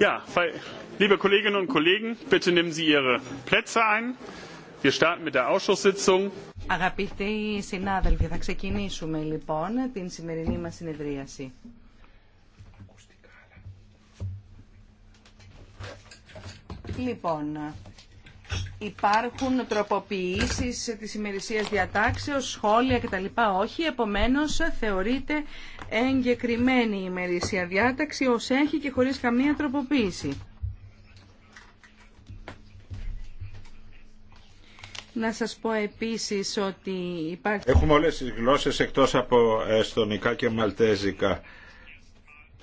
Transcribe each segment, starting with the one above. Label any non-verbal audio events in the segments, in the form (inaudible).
Ja, liebe Kolleginnen und Kollegen, bitte nehmen Sie Ihre Plätze ein. Wir starten mit der Ausschusssitzung. Αγαπητοί συνάδελφοι, θα ξεκινήσουμε λοιπόν την σημερινή μας συνεδρίαση. Λοιπόν, υπάρχουν τροποποιήσεις τη ημερησία διατάξεω, σχόλια κτλ. Όχι, επομένως θεωρείται εγκεκριμένη η ημερησία διάταξη ω έχει και χωρίς καμία τροποποίηση. Να σας πω επίσης ότι υπάρχει... Έχουμε όλες τις γλώσσες εκτός από εστονικά και μαλτέζικα.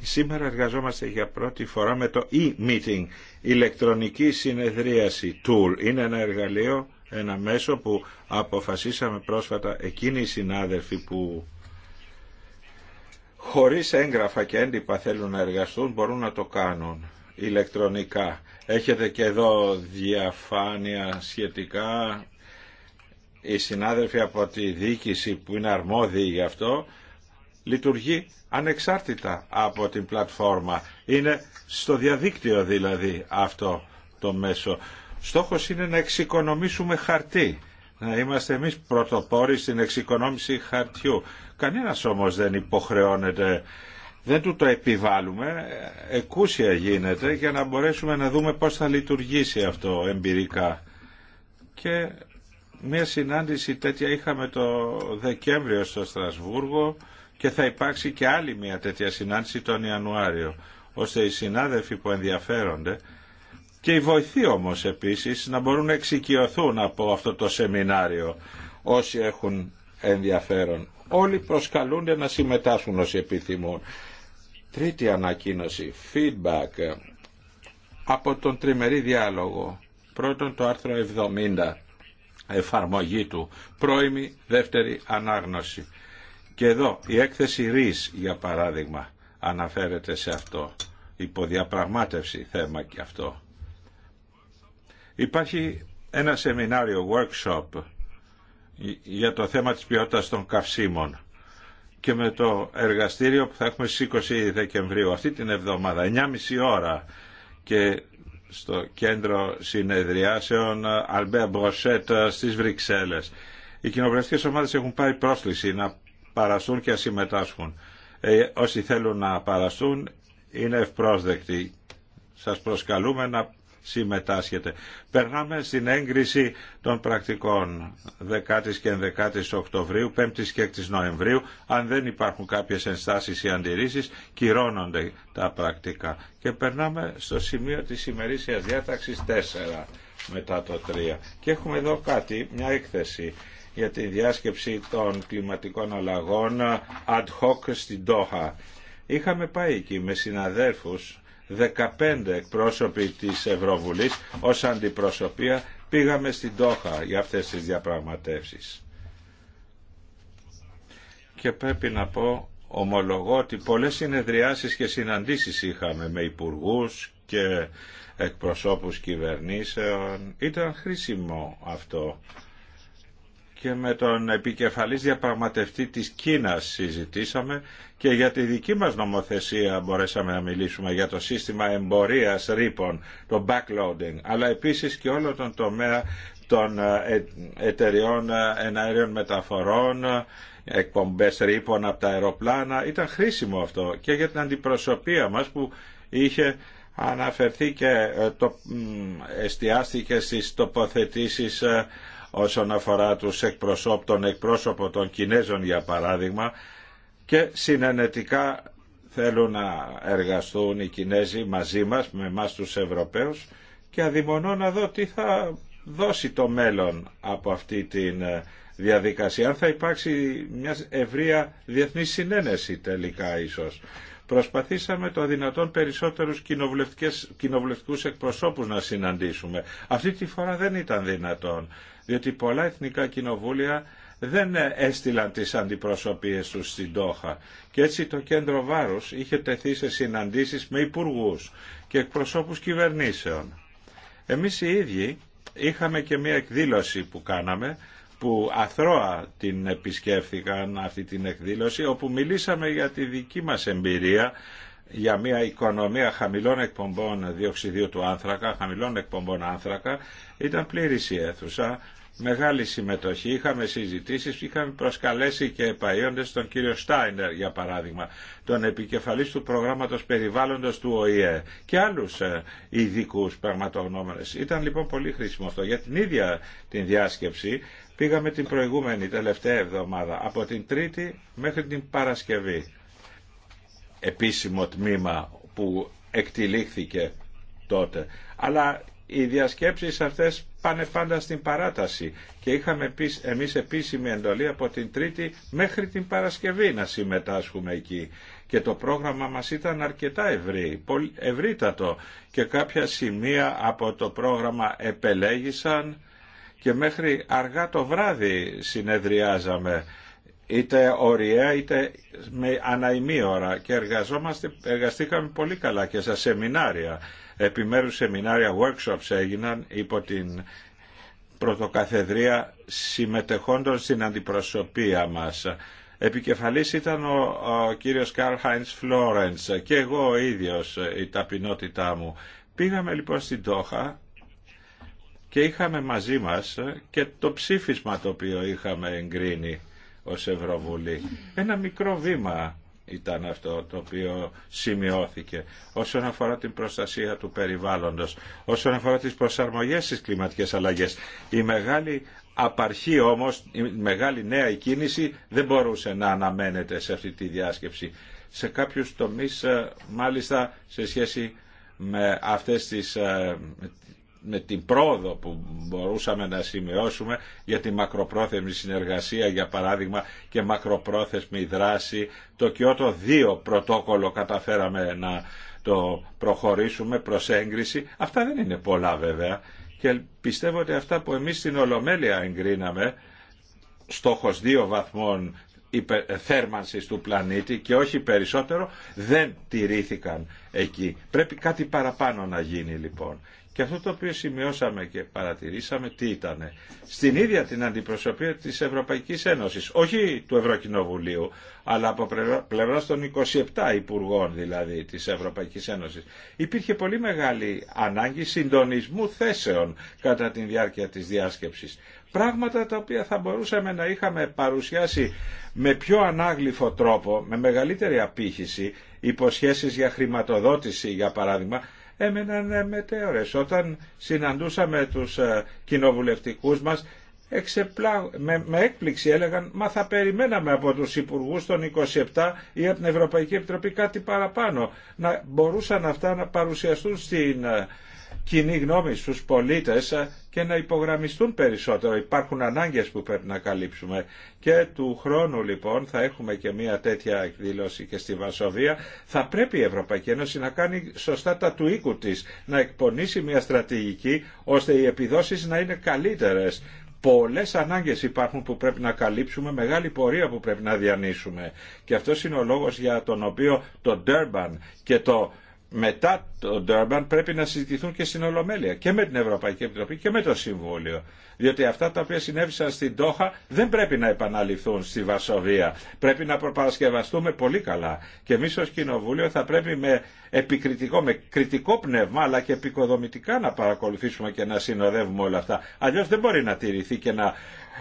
Σήμερα εργαζόμαστε για πρώτη φορά με το e-meeting, ηλεκτρονική συνεδρίαση tool. Είναι ένα εργαλείο, ένα μέσο που αποφασίσαμε πρόσφατα εκείνοι οι συνάδελφοι που χωρίς έγγραφα και έντυπα θέλουν να εργαστούν μπορούν να το κάνουν ηλεκτρονικά. Έχετε και εδώ διαφάνεια σχετικά οι συνάδελφοι από τη διοίκηση που είναι αρμόδιοι γι' αυτό λειτουργεί ανεξάρτητα από την πλατφόρμα. Είναι στο διαδίκτυο δηλαδή αυτό το μέσο. Στόχος είναι να εξοικονομήσουμε χαρτί. Να είμαστε εμείς πρωτοπόροι στην εξοικονόμηση χαρτιού. Κανένας όμως δεν υποχρεώνεται, δεν του το επιβάλλουμε, εκούσια γίνεται για να μπορέσουμε να δούμε πώς θα λειτουργήσει αυτό εμπειρικά. Και μια συνάντηση τέτοια είχαμε το Δεκέμβριο στο Στρασβούργο και θα υπάρξει και άλλη μια τέτοια συνάντηση τον Ιανουάριο, ώστε οι συνάδελφοι που ενδιαφέρονται και οι βοηθοί όμως επίσης να μπορούν να εξοικειωθούν από αυτό το σεμινάριο όσοι έχουν ενδιαφέρον. Όλοι προσκαλούνται να συμμετάσχουν όσοι επιθυμούν. Τρίτη ανακοίνωση, feedback από τον τριμερή διάλογο. Πρώτον το άρθρο 70, εφαρμογή του. Πρώιμη δεύτερη ανάγνωση. Και εδώ η έκθεση ΡΙΣ για παράδειγμα αναφέρεται σε αυτό. Υποδιαπραγμάτευση θέμα και αυτό. Υπάρχει ένα σεμινάριο, workshop για το θέμα της ποιότητας των καυσίμων και με το εργαστήριο που θα έχουμε στις 20 Δεκεμβρίου αυτή την εβδομάδα, 9.30 ώρα και στο κέντρο συνεδριάσεων Αλμπέα Μποσέτ στις Βρυξέλλες. Οι κοινοβουλευτικές ομάδες έχουν πάρει πρόσκληση να παραστούν και συμμετάσχουν. Ε, όσοι θέλουν να παραστούν είναι ευπρόσδεκτοι. Σας προσκαλούμε να συμμετάσχετε. Περνάμε στην έγκριση των πρακτικών και 11ης Οκτωβρίου, 5ης και 6 Νοεμβρίου. Αν δεν υπάρχουν κάποιες ενστάσεις ή αντιρρήσεις, κυρώνονται τα πρακτικά. Και περνάμε στο σημείο της ημερήσιας διάταξης 4 μετά το 3. Και έχουμε εδώ κάτι, μια έκθεση για τη διάσκεψη των κλιματικών αλλαγών ad hoc στην Τόχα. Είχαμε πάει εκεί με συναδέρφους 15 εκπρόσωποι της Ευρωβουλής ως αντιπροσωπεία πήγαμε στην Τόχα για αυτές τις διαπραγματεύσεις. Και πρέπει να πω, ομολογώ ότι πολλές συνεδριάσεις και συναντήσεις είχαμε με υπουργούς και εκπροσώπους κυβερνήσεων. Ήταν χρήσιμο αυτό και με τον επικεφαλής διαπραγματευτή της Κίνας συζητήσαμε και για τη δική μας νομοθεσία μπορέσαμε να μιλήσουμε για το σύστημα εμπορίας ρήπων, το backloading, αλλά επίσης και όλο τον τομέα των ε, ε, εταιριών ε, εναέριων μεταφορών, εκπομπές ρήπων από τα αεροπλάνα. Ήταν χρήσιμο αυτό και για την αντιπροσωπεία μας που είχε αναφερθεί και το, εστιάστηκε στις τοποθετήσεις όσον αφορά τους εκπροσώπ, τον εκπρόσωπο των Κινέζων για παράδειγμα και συνενετικά θέλουν να εργαστούν οι Κινέζοι μαζί μας, με εμάς τους Ευρωπαίους και αδειμονώ να δω τι θα δώσει το μέλλον από αυτή τη ε, διαδικασία. Αν θα υπάρξει μια ευρεία διεθνή συνένεση τελικά ίσως. Προσπαθήσαμε το δυνατόν περισσότερους κοινοβουλευτικούς εκπροσώπους να συναντήσουμε. Αυτή τη φορά δεν ήταν δυνατόν διότι πολλά εθνικά κοινοβούλια δεν έστειλαν τις αντιπροσωπείες τους στην Τόχα και έτσι το κέντρο βάρους είχε τεθεί σε συναντήσεις με υπουργούς και εκπροσώπους κυβερνήσεων. Εμείς οι ίδιοι είχαμε και μία εκδήλωση που κάναμε που αθρώα την επισκέφθηκαν αυτή την εκδήλωση όπου μιλήσαμε για τη δική μας εμπειρία για μια οικονομία χαμηλών εκπομπών διοξιδίου του άνθρακα, χαμηλών εκπομπών άνθρακα ήταν πλήρης η αίθουσα, μεγάλη συμμετοχή, είχαμε συζητήσεις, είχαμε προσκαλέσει και επαΐοντες τον κύριο Στάινερ για παράδειγμα, τον επικεφαλής του προγράμματος περιβάλλοντος του ΟΗΕ και άλλους ε, ειδικού πραγματογνώμενες. Ήταν λοιπόν πολύ χρήσιμο αυτό για την ίδια την διάσκεψη. Πήγαμε την προηγούμενη τελευταία εβδομάδα, από την Τρίτη μέχρι την Παρασκευή. Επίσημο τμήμα που εκτιλήχθηκε τότε. Αλλά οι διασκέψεις αυτές πάνε πάντα στην παράταση και είχαμε εμείς επίσημη εντολή από την Τρίτη μέχρι την Παρασκευή να συμμετάσχουμε εκεί και το πρόγραμμα μας ήταν αρκετά ευρύ, ευρύτατο και κάποια σημεία από το πρόγραμμα επελέγησαν και μέχρι αργά το βράδυ συνεδριάζαμε είτε ωριαία είτε με αναημίωρα και εργαζόμαστε, εργαστήκαμε πολύ καλά και στα σεμινάρια, επιμέρους σεμινάρια, workshops έγιναν υπό την πρωτοκαθεδρία συμμετεχόντων στην αντιπροσωπεία μας. Επικεφαλής ήταν ο, κύριος Καρλ Χάιντς Φλόρενς και εγώ ο ίδιος η ταπεινότητά μου. Πήγαμε λοιπόν στην Τόχα και είχαμε μαζί μας και το ψήφισμα το οποίο είχαμε εγκρίνει ως Ευρωβουλή. Ένα μικρό βήμα ήταν αυτό το οποίο σημειώθηκε όσον αφορά την προστασία του περιβάλλοντος, όσον αφορά τις προσαρμογές στις κλιματικές αλλαγές. Η μεγάλη απαρχή όμως, η μεγάλη νέα κίνηση δεν μπορούσε να αναμένεται σε αυτή τη διάσκεψη. Σε κάποιους τομείς ε, μάλιστα σε σχέση με αυτές τις ε, με την πρόοδο που μπορούσαμε να σημειώσουμε για τη μακροπρόθεσμη συνεργασία για παράδειγμα και μακροπρόθεσμη δράση το Κιώτο 2 πρωτόκολλο καταφέραμε να το προχωρήσουμε προς έγκριση αυτά δεν είναι πολλά βέβαια και πιστεύω ότι αυτά που εμείς στην Ολομέλεια εγκρίναμε στόχος δύο βαθμών θέρμανσης του πλανήτη και όχι περισσότερο δεν τηρήθηκαν εκεί. Πρέπει κάτι παραπάνω να γίνει λοιπόν. Και αυτό το οποίο σημειώσαμε και παρατηρήσαμε τι ήταν. Στην ίδια την αντιπροσωπεία της Ευρωπαϊκής Ένωσης, όχι του Ευρωκοινοβουλίου, αλλά από πλευρά των 27 υπουργών δηλαδή της Ευρωπαϊκής Ένωσης. Υπήρχε πολύ μεγάλη ανάγκη συντονισμού θέσεων κατά τη διάρκεια της διάσκεψης. Πράγματα τα οποία θα μπορούσαμε να είχαμε παρουσιάσει με πιο ανάγλυφο τρόπο, με μεγαλύτερη απήχηση, υποσχέσεις για χρηματοδότηση για παράδειγμα, έμεναν ε, μετέωρες. Όταν συναντούσαμε τους ε, κοινοβουλευτικούς μας, εξεπλά, με, με έκπληξη έλεγαν «Μα θα περιμέναμε από τους υπουργούς των 27 ή από την Ευρωπαϊκή Επιτροπή κάτι παραπάνω». Να μπορούσαν αυτά να παρουσιαστούν στην ε, κοινή γνώμη στους πολίτες και να υπογραμμιστούν περισσότερο. Υπάρχουν ανάγκες που πρέπει να καλύψουμε. Και του χρόνου λοιπόν θα έχουμε και μια τέτοια εκδήλωση και στη Βασοβία. Θα πρέπει η Ευρωπαϊκή Ένωση να κάνει σωστά τα του οίκου της, να εκπονήσει μια στρατηγική ώστε οι επιδόσεις να είναι καλύτερες. Πολλές ανάγκες υπάρχουν που πρέπει να καλύψουμε, μεγάλη πορεία που πρέπει να διανύσουμε. Και αυτό είναι ο λόγος για τον οποίο το Durban και το μετά το Ντέρμπαν πρέπει να συζητηθούν και στην Ολομέλεια και με την Ευρωπαϊκή Επιτροπή και με το Συμβούλιο. Διότι αυτά τα οποία συνέβησαν στην Τόχα δεν πρέπει να επαναληφθούν στη Βασοβία. Πρέπει να προπαρασκευαστούμε πολύ καλά. Και εμεί ω Κοινοβούλιο θα πρέπει με επικριτικό, με κριτικό πνεύμα αλλά και επικοδομητικά να παρακολουθήσουμε και να συνοδεύουμε όλα αυτά. Αλλιώ δεν μπορεί να τηρηθεί και να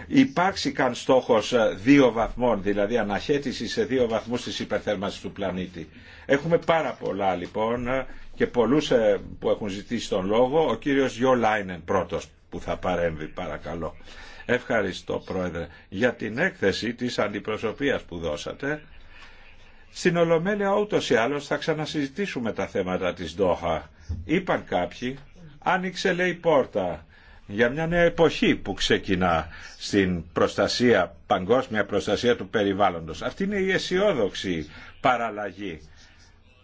υπάρξει καν στόχος ε, δύο βαθμών, δηλαδή αναχέτηση σε δύο βαθμούς της υπερθέρμανσης του πλανήτη. Έχουμε πάρα πολλά λοιπόν ε, και πολλούς ε, που έχουν ζητήσει τον λόγο. Ο κύριος Γιώ Λάινεν πρώτος που θα παρέμβει παρακαλώ. Ευχαριστώ Πρόεδρε για την έκθεση της αντιπροσωπείας που δώσατε. Στην Ολομέλεια ούτως ή άλλως θα ξανασυζητήσουμε τα θέματα της Ντόχα. Είπαν κάποιοι, άνοιξε λέει πόρτα για μια νέα εποχή που ξεκινά στην προστασία, παγκόσμια προστασία του περιβάλλοντος. Αυτή είναι η αισιόδοξη παραλλαγή.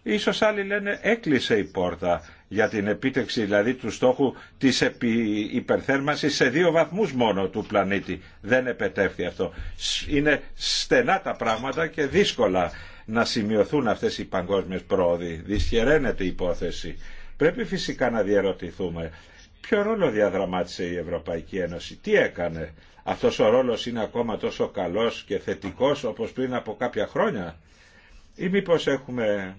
Ίσως άλλοι λένε έκλεισε η πόρτα για την επίτευξη δηλαδή του στόχου της υπερθέρμανσης σε δύο βαθμούς μόνο του πλανήτη. Δεν επετεύχθη αυτό. Είναι στενά τα πράγματα και δύσκολα να σημειωθούν αυτές οι παγκόσμιες πρόοδοι. Δυσχεραίνεται η υπόθεση. Πρέπει φυσικά να διαρωτηθούμε Ποιο ρόλο διαδραμάτισε η Ευρωπαϊκή Ένωση, τι έκανε. Αυτός ο ρόλος είναι ακόμα τόσο καλός και θετικός όπως πριν από κάποια χρόνια ή μήπω έχουμε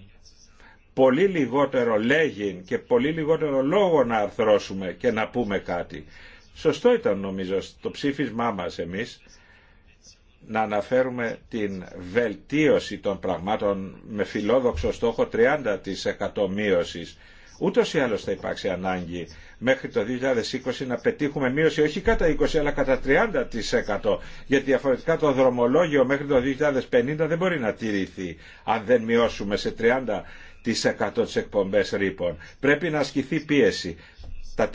πολύ λιγότερο λέγειν και πολύ λιγότερο λόγο να αρθρώσουμε και να πούμε κάτι. Σωστό ήταν νομίζω το ψήφισμά μας εμείς να αναφέρουμε την βελτίωση των πραγμάτων με φιλόδοξο στόχο 30% μείωσης. Ούτως ή άλλως θα υπάρξει ανάγκη μέχρι το 2020 να πετύχουμε μείωση όχι κατά 20 αλλά κατά 30% γιατί διαφορετικά το δρομολόγιο μέχρι το 2050 δεν μπορεί να τηρηθεί αν δεν μειώσουμε σε 30% τις εκπομπές ρήπων. Πρέπει να ασκηθεί πίεση τα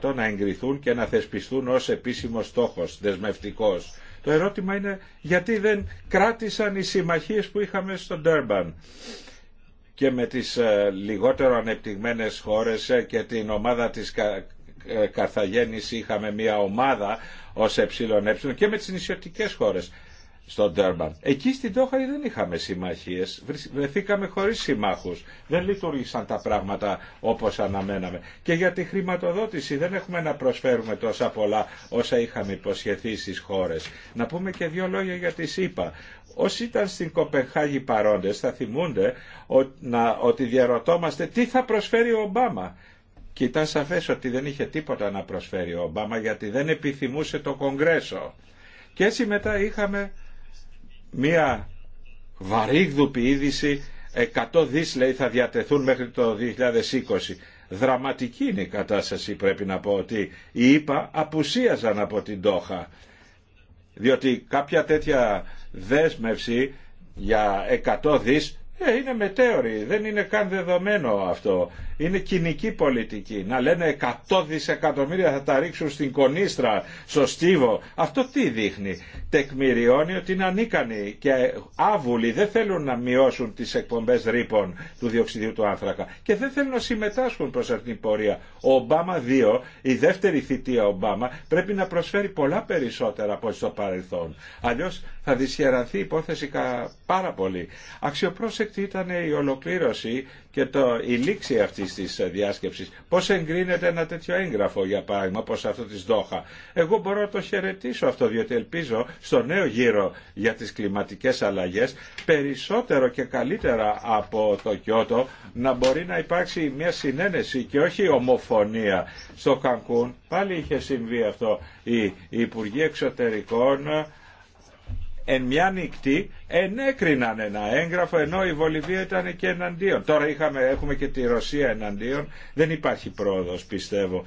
30% να εγκριθούν και να θεσπιστούν ως επίσημος στόχος, δεσμευτικός. Το ερώτημα είναι γιατί δεν κράτησαν οι συμμαχίες που είχαμε στο Ντέρμπαν και με τις ε, λιγότερο ανεπτυγμένες χώρες ε, και την ομάδα της καθαγέννηση ε, είχαμε μια ομάδα ως ΕΕ και με τις νησιωτικές χώρες στο Εκεί στην Τόχα δεν είχαμε συμμαχίε. Βρεθήκαμε χωρί συμμάχου. Δεν λειτουργήσαν τα πράγματα όπω αναμέναμε. Και για τη χρηματοδότηση δεν έχουμε να προσφέρουμε τόσα πολλά όσα είχαμε υποσχεθεί στι χώρε. Να πούμε και δύο λόγια για τη ΣΥΠΑ. Όσοι ήταν στην Κοπεχάγη παρόντε θα θυμούνται ότι διαρωτόμαστε τι θα προσφέρει ο Ομπάμα. Και ήταν σαφές ότι δεν είχε τίποτα να προσφέρει ο Ομπάμα γιατί δεν επιθυμούσε το Κογκρέσο. Και έτσι μετά είχαμε μία βαρύγδουπη είδηση 100 δις λέει θα διατεθούν μέχρι το 2020. Δραματική είναι η κατάσταση πρέπει να πω ότι οι ΙΠΑ απουσίαζαν από την Τόχα διότι κάποια τέτοια δέσμευση για 100 δις ε, είναι μετέωρη, δεν είναι καν δεδομένο αυτό είναι κοινική πολιτική. Να λένε 100 δισεκατομμύρια θα τα ρίξουν στην κονίστρα, στο στίβο. Αυτό τι δείχνει. Τεκμηριώνει ότι είναι ανίκανοι και άβουλοι. Δεν θέλουν να μειώσουν τις εκπομπές ρήπων του διοξιδίου του άνθρακα. Και δεν θέλουν να συμμετάσχουν προς αυτήν την πορεία. Ο Ομπάμα 2, η δεύτερη θητεία Ομπάμα, πρέπει να προσφέρει πολλά περισσότερα από στο παρελθόν. Αλλιώ θα δυσχερανθεί η υπόθεση πάρα πολύ. Αξιοπρόσεκτη ήταν η ολοκλήρωση και το, η λήξη αυτή. Τη της ε, διάσκεψης. Πώς εγκρίνεται ένα τέτοιο έγγραφο για παράδειγμα όπως αυτό της Δόχα. Εγώ μπορώ να το χαιρετήσω αυτό διότι ελπίζω στο νέο γύρο για τις κλιματικές αλλαγές περισσότερο και καλύτερα από το Κιώτο να μπορεί να υπάρξει μια συνένεση και όχι ομοφωνία. Στο Κανκούν πάλι είχε συμβεί αυτό. η Υπουργοί Εξωτερικών εν μια νυχτή ενέκριναν ένα έγγραφο ενώ η Βολιβία ήταν και εναντίον. Τώρα είχαμε, έχουμε και τη Ρωσία εναντίον. Δεν υπάρχει πρόοδος πιστεύω.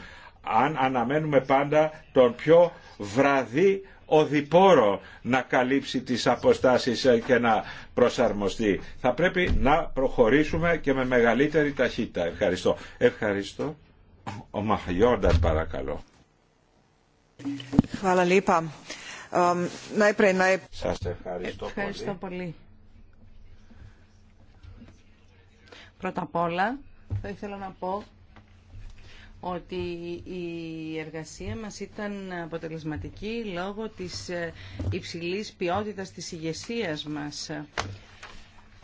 Αν αναμένουμε πάντα τον πιο βραδύ οδηπόρο να καλύψει τις αποστάσεις ε, και να προσαρμοστεί. Θα πρέπει να προχωρήσουμε και με μεγαλύτερη ταχύτητα. Ευχαριστώ. Ευχαριστώ. Ο Μαχιόντας παρακαλώ. Ναι, ναι. Σας ευχαριστώ, ευχαριστώ πολύ. Πρώτα απ' όλα θα ήθελα να πω ότι η εργασία μας ήταν αποτελεσματική λόγω της ε, υψηλής ποιότητας της ηγεσία μας.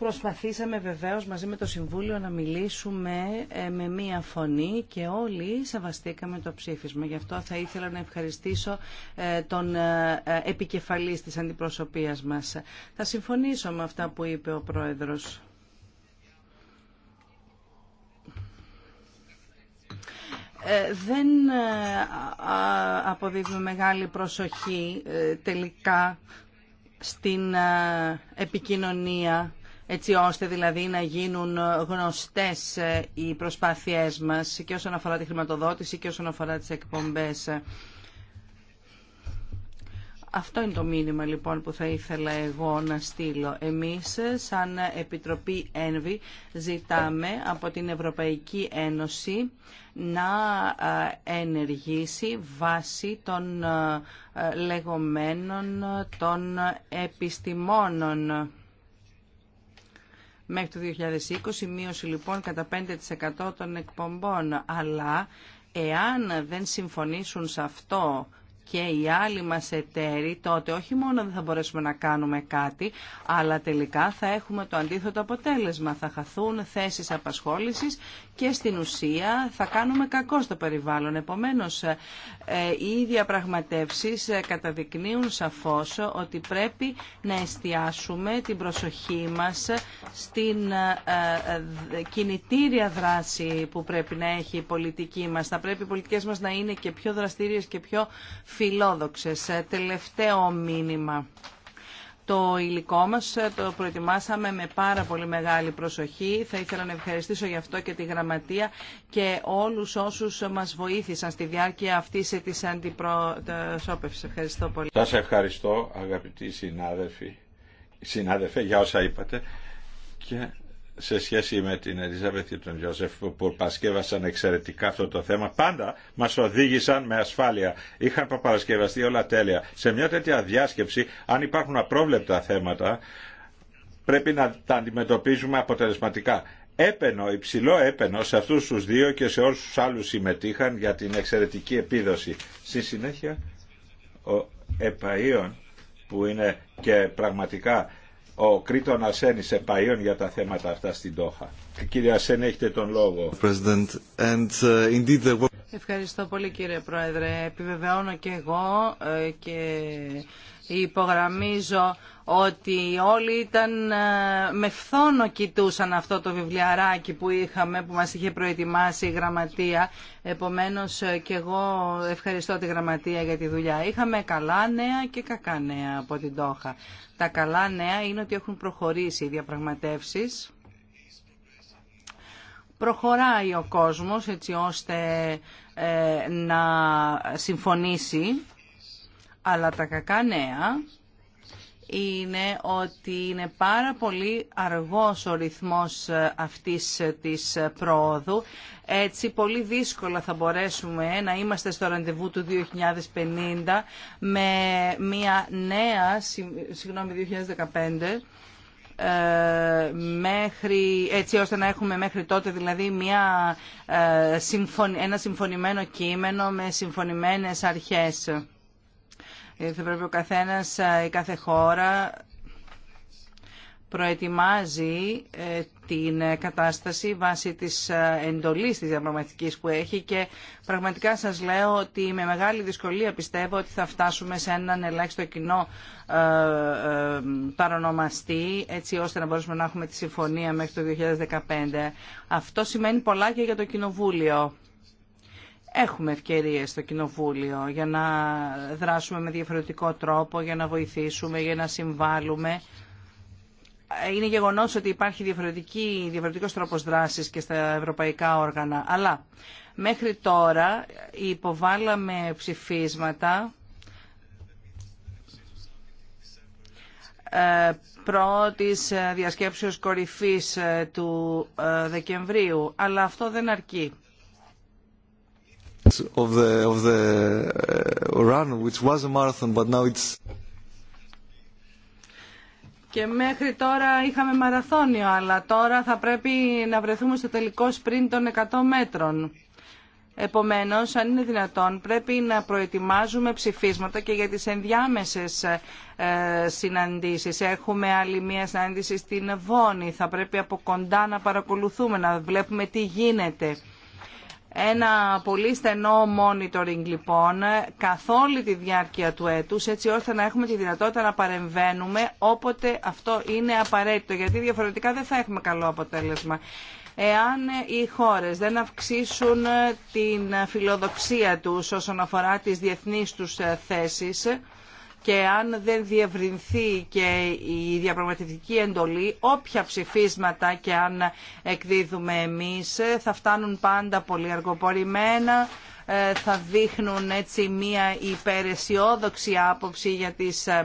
Προσπαθήσαμε βεβαίως μαζί με το Συμβούλιο να μιλήσουμε ε, με μία φωνή και όλοι σεβαστήκαμε το ψήφισμα. Γι' αυτό θα ήθελα να ευχαριστήσω ε, τον ε, επικεφαλής της αντιπροσωπείας μας. Θα συμφωνήσω με αυτά που είπε ο Πρόεδρος. Δεν αποδίδουμε μεγάλη προσοχή τελικά στην επικοινωνία έτσι ώστε δηλαδή να γίνουν γνωστές ε, οι προσπάθειές μας και όσον αφορά τη χρηματοδότηση και όσον αφορά τις εκπομπές. Αυτό είναι το μήνυμα λοιπόν που θα ήθελα εγώ να στείλω. Εμείς σαν Επιτροπή Ένβη ζητάμε από την Ευρωπαϊκή Ένωση να ε, ενεργήσει βάσει των ε, λεγόμενων των επιστημόνων μέχρι το 2020, μείωση λοιπόν κατά 5% των εκπομπών. Αλλά εάν δεν συμφωνήσουν σε αυτό και οι άλλοι μας εταίροι, τότε όχι μόνο δεν θα μπορέσουμε να κάνουμε κάτι, αλλά τελικά θα έχουμε το αντίθετο αποτέλεσμα. Θα χαθούν θέσεις απασχόλησης και στην ουσία θα κάνουμε κακό στο περιβάλλον. Επομένως, ε, ε, οι διαπραγματεύσεις ε, καταδεικνύουν σαφώς ότι πρέπει να εστιάσουμε την προσοχή μας στην κινητήρια δράση που πρέπει να έχει η πολιτική μας. Θα πρέπει οι πολιτικές μας να είναι και πιο δραστήριες και πιο φιλόδοξες. Τελευταίο μήνυμα. Το υλικό μας ε, το προετοιμάσαμε με πάρα πολύ μεγάλη προσοχή. Θα ήθελα να ευχαριστήσω γι' αυτό και τη Γραμματεία και όλους όσους μας βοήθησαν στη διάρκεια αυτής της αντιπροσώπευσης. Ευχαριστώ πολύ. Σας ευχαριστώ αγαπητοί συνάδελφοι, συνάδελφε για όσα είπατε και σε σχέση με την Ελίσαβεθ και τον Ιωσέφ που πασκεύασαν εξαιρετικά αυτό το θέμα, πάντα μα οδήγησαν με ασφάλεια. Είχαν παρασκευαστεί όλα τέλεια. Σε μια τέτοια διάσκεψη, αν υπάρχουν απρόβλεπτα θέματα, πρέπει να τα αντιμετωπίζουμε αποτελεσματικά. Έπαινο, υψηλό έπαινο σε αυτούς τους δύο και σε του άλλους συμμετείχαν για την εξαιρετική επίδοση. Στη συνέχεια, ο Επαΐων που είναι και πραγματικά ο Κρήτον Ασένη επαίων για τα θέματα αυτά στην Τόχα. Κύριε Ασένη, έχετε τον λόγο. Uh, Ευχαριστώ πολύ κύριε Πρόεδρε. Επιβεβαιώνω και εγώ ε, και υπογραμμίζω ότι όλοι ήταν ε, με φθόνο κοιτούσαν αυτό το βιβλιαράκι που είχαμε, που μας είχε προετοιμάσει η γραμματεία. Επομένως ε, και εγώ ευχαριστώ τη γραμματεία για τη δουλειά. Είχαμε καλά νέα και κακά νέα από την Τόχα. Τα καλά νέα είναι ότι έχουν προχωρήσει οι διαπραγματεύσεις. Προχωράει ο κόσμος έτσι ώστε ε, να συμφωνήσει, αλλά τα κακά νέα είναι ότι είναι πάρα πολύ αργός ο ρυθμός ε, αυτής ε, της ε, πρόοδου. Έτσι, πολύ δύσκολα θα μπορέσουμε να είμαστε στο ραντεβού του 2050 με μια νέα, συγγνώμη, 2015, μέχρι, έτσι ώστε να έχουμε μέχρι τότε δηλαδή μια, ένα συμφωνημένο κείμενο με συμφωνημένες αρχές. Ε, θα πρέπει ο καθένας, ε, η κάθε χώρα προετοιμάζει ε, την κατάσταση βάσει της εντολής της διαπραγματικής που έχει και πραγματικά σας λέω ότι με μεγάλη δυσκολία πιστεύω ότι θα φτάσουμε σε έναν ελάχιστο κοινό παρονομαστή έτσι ώστε να μπορούμε να έχουμε τη συμφωνία μέχρι το 2015. Αυτό σημαίνει πολλά και για το Κοινοβούλιο έχουμε ευκαιρίες στο Κοινοβούλιο για να δράσουμε με διαφορετικό τρόπο, για να βοηθήσουμε, για να συμβάλλουμε. Είναι γεγονός ότι υπάρχει διαφορετική, διαφορετικός τρόπος δράσης και στα ευρωπαϊκά όργανα. Αλλά μέχρι τώρα υποβάλαμε ψηφίσματα ε, πρώτης ε, διασκέψεως κορυφής ε, του Δεκεμβρίου. Αλλά αυτό δεν αρκεί. Of the, of the uh, run, which was a marathon, but now it's... Και μέχρι τώρα είχαμε μαραθώνιο, αλλά τώρα θα πρέπει να βρεθούμε στο τελικό σπριν των 100 μέτρων. Επομένως, αν είναι δυνατόν, πρέπει να προετοιμάζουμε ψηφίσματα και για τις ενδιάμεσες ε, συναντήσεις. Έχουμε άλλη μία συνάντηση στην Βόνη. Θα πρέπει από κοντά να παρακολουθούμε, να βλέπουμε τι γίνεται. Ένα πολύ στενό monitoring λοιπόν καθ' όλη τη διάρκεια του έτους έτσι ώστε να έχουμε τη δυνατότητα να παρεμβαίνουμε όποτε αυτό είναι απαραίτητο γιατί διαφορετικά δεν θα έχουμε καλό αποτέλεσμα. Εάν οι χώρες δεν αυξήσουν την φιλοδοξία τους όσον αφορά τις διεθνείς τους θέσεις και αν δεν διευρυνθεί και η διαπραγματευτική εντολή, όποια ψηφίσματα και αν εκδίδουμε εμείς ε, θα φτάνουν πάντα πολύ αργοπορημένα, ε, θα δείχνουν έτσι μία υπεραισιόδοξη άποψη για τις ε,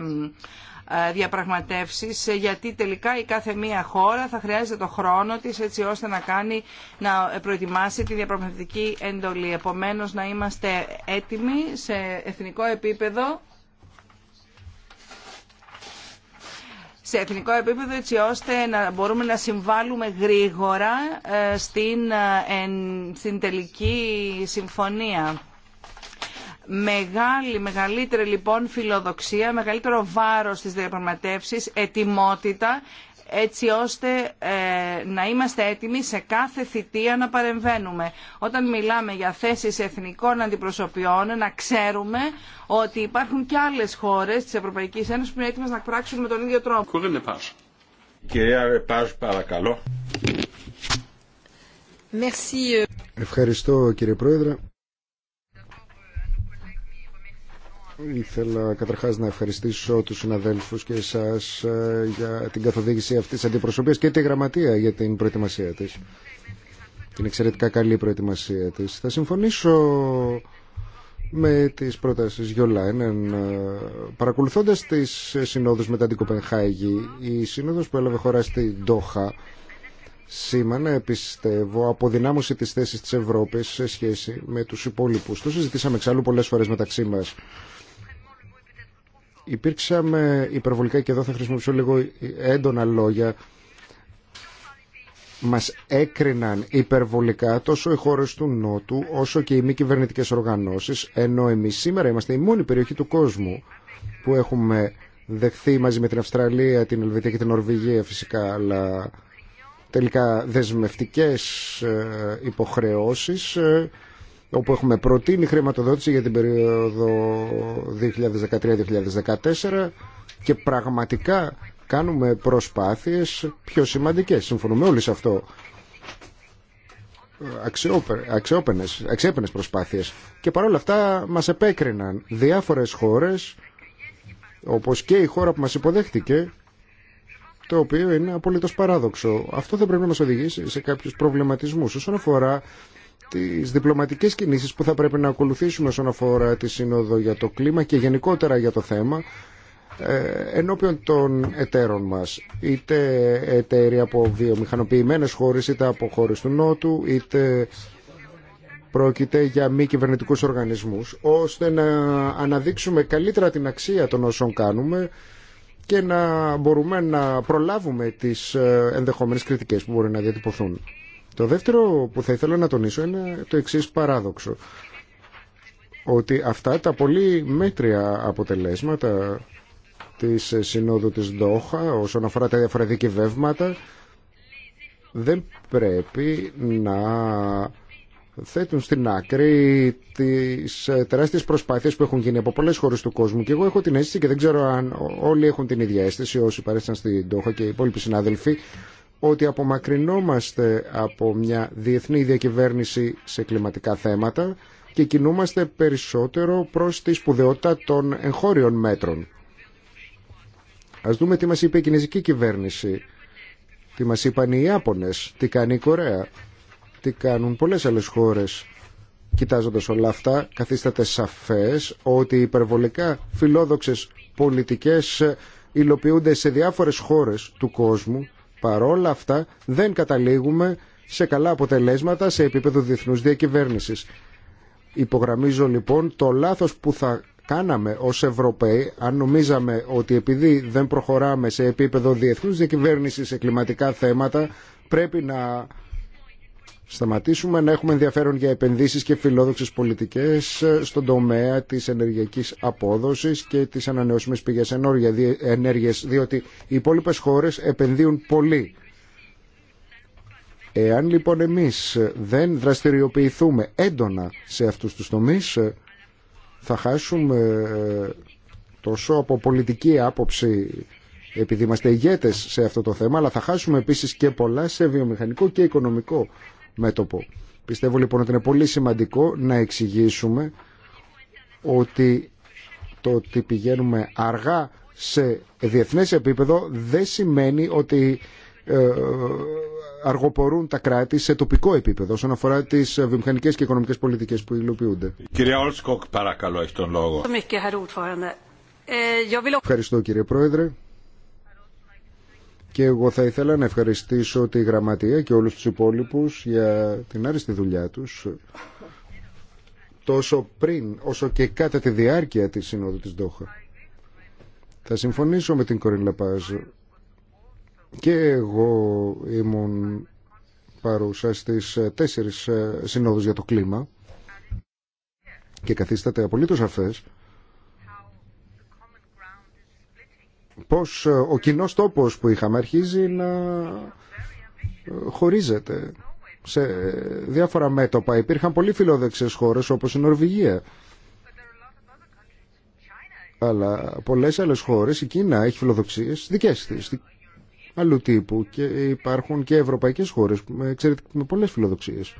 διαπραγματεύσεις γιατί τελικά η κάθε μία χώρα θα χρειάζεται το χρόνο της έτσι ώστε να, κάνει, να προετοιμάσει τη διαπραγματευτική εντολή. Επομένως να είμαστε έτοιμοι σε εθνικό επίπεδο σε εθνικό επίπεδο έτσι ώστε να μπορούμε να συμβάλλουμε γρήγορα ε, στην, ε, στην τελική συμφωνία. Μεγάλη, μεγαλύτερη λοιπόν φιλοδοξία, μεγαλύτερο βάρος στις διαπραγματεύσεις, ετοιμότητα έτσι ώστε ε, να είμαστε έτοιμοι σε κάθε θητεία να παρεμβαίνουμε. Όταν μιλάμε για θέσεις εθνικών αντιπροσωπιών, να ξέρουμε ότι υπάρχουν και άλλες χώρες της Ευρωπαϊκής Ένωσης που είναι έτοιμες να πράξουν με τον ίδιο τρόπο. Κυρία Ρεπάζ, παρακαλώ. Ε. Ευχαριστώ κύριε Πρόεδρε. Ήθελα καταρχάς να ευχαριστήσω τους συναδέλφους και εσάς ε, για την καθοδήγηση αυτής της αντιπροσωπείας και τη γραμματεία για την προετοιμασία της. Την εξαιρετικά καλή προετοιμασία της. Θα συμφωνήσω με τις πρότασεις Γιολάινεν. Ε, παρακολουθώντας τις συνόδους μετά την Κοπενχάγη, η σύνοδος που έλαβε χώρα στη Ντόχα σήμανε, πιστεύω, αποδυνάμωση της θέσης της Ευρώπης σε σχέση με τους υπόλοιπους. Το συζητήσαμε εξάλλου πολλέ φορέ μεταξύ μα υπήρξαμε υπερβολικά και εδώ θα χρησιμοποιήσω λίγο έντονα λόγια μας έκριναν υπερβολικά τόσο οι χώρες του Νότου όσο και οι μη κυβερνητικέ οργανώσεις ενώ εμείς σήμερα είμαστε η μόνη περιοχή του κόσμου που έχουμε δεχθεί μαζί με την Αυστραλία, την Ελβετία και την Νορβηγία φυσικά αλλά τελικά δεσμευτικές ε, υποχρεώσεις ε, όπου έχουμε προτείνει χρηματοδότηση για την περίοδο 2013-2014 και πραγματικά κάνουμε προσπάθειες πιο σημαντικές. Συμφωνούμε όλοι σε αυτό. Αξιόπαινες, αξιόπαινες προσπάθειες. Και παρόλα αυτά μας επέκριναν διάφορες χώρες, όπως και η χώρα που μας υποδέχτηκε, το οποίο είναι απολύτως παράδοξο. Αυτό δεν πρέπει να μας οδηγήσει σε κάποιους προβληματισμούς. Όσον αφορά τις διπλωματικές κινήσεις που θα πρέπει να ακολουθήσουμε όσον αφορά τη Σύνοδο για το κλίμα και γενικότερα για το θέμα ε, ενώπιον των εταίρων μας είτε εταίροι από βιομηχανοποιημένες χώρες είτε από χώρες του Νότου είτε πρόκειται για μη κυβερνητικούς οργανισμούς ώστε να αναδείξουμε καλύτερα την αξία των όσων κάνουμε και να μπορούμε να προλάβουμε τις ε, ενδεχόμενες κριτικές που μπορεί να διατυπωθούν. Το δεύτερο που θα ήθελα να τονίσω είναι το εξή παράδοξο. Ότι αυτά τα πολύ μέτρια αποτελέσματα της Συνόδου της Ντόχα όσον αφορά τα διαφορετική βεύματα δεν πρέπει να θέτουν στην άκρη τις τεράστιες προσπάθειες που έχουν γίνει από πολλές χώρες του κόσμου και εγώ έχω την αίσθηση και δεν ξέρω αν όλοι έχουν την ίδια αίσθηση όσοι παρέστησαν στην Ντόχα και οι υπόλοιποι συνάδελφοι ότι απομακρυνόμαστε από μια διεθνή διακυβέρνηση σε κλιματικά θέματα και κινούμαστε περισσότερο προς τη σπουδαιότητα των εγχώριων μέτρων. Ας δούμε τι μας είπε η κινέζικη κυβέρνηση, τι μας είπαν οι Ιάπωνες, τι κάνει η Κορέα, τι κάνουν πολλές άλλες χώρες. Κοιτάζοντας όλα αυτά, καθίσταται σαφές ότι οι υπερβολικά φιλόδοξες πολιτικές υλοποιούνται σε διάφορες χώρες του κόσμου Παρόλα αυτά δεν καταλήγουμε σε καλά αποτελέσματα σε επίπεδο διεθνούς διακυβέρνησης. Υπογραμμίζω λοιπόν το λάθος που θα κάναμε ως Ευρωπαίοι αν νομίζαμε ότι επειδή δεν προχωράμε σε επίπεδο διεθνούς διακυβέρνησης σε κλιματικά θέματα πρέπει να σταματήσουμε να έχουμε ενδιαφέρον για επενδύσεις και φιλόδοξες πολιτικές ε, στον τομέα της ενεργειακής απόδοσης και της ανανεώσιμης πηγές ενέργειας, διότι οι υπόλοιπε χώρες επενδύουν πολύ. Εάν λοιπόν εμείς δεν δραστηριοποιηθούμε έντονα σε αυτούς τους τομείς, ε, θα χάσουμε ε, τόσο από πολιτική άποψη επειδή είμαστε ηγέτες σε αυτό το θέμα, αλλά θα χάσουμε επίσης και πολλά σε βιομηχανικό και οικονομικό μέτωπο. Πιστεύω λοιπόν ότι είναι πολύ σημαντικό να εξηγήσουμε ότι το ότι πηγαίνουμε αργά σε διεθνές επίπεδο δεν σημαίνει ότι ε, αργοπορούν τα κράτη σε τοπικό επίπεδο όσον αφορά τι βιομηχανικέ και οικονομικέ πολιτικέ που υλοποιούνται. Κυρία Όλσκοκ, παρακαλώ, έχει τον λόγο. Ευχαριστώ κύριε Πρόεδρε. Ε, και εγώ θα ήθελα να ευχαριστήσω τη Γραμματεία και όλους τους υπόλοιπους για την άριστη δουλειά τους τόσο πριν όσο και κατά τη διάρκεια της Συνόδου της Ντόχα. Θα συμφωνήσω με την Κορίν Λαπάζ. Και εγώ ήμουν παρούσα στις τέσσερις συνόδους για το κλίμα και καθίσταται απολύτως αφές πώς ε, ο κοινός τόπος που είχαμε αρχίζει να ε, χωρίζεται σε διάφορα μέτωπα. Υπήρχαν πολύ φιλόδεξες χώρες όπως η Νορβηγία. Αλλά πολλές άλλες χώρες, η Κίνα έχει φιλοδοξίες δικές της, αλλού τύπου και υπάρχουν και ευρωπαϊκές χώρες με, με πολλές φιλοδοξίες.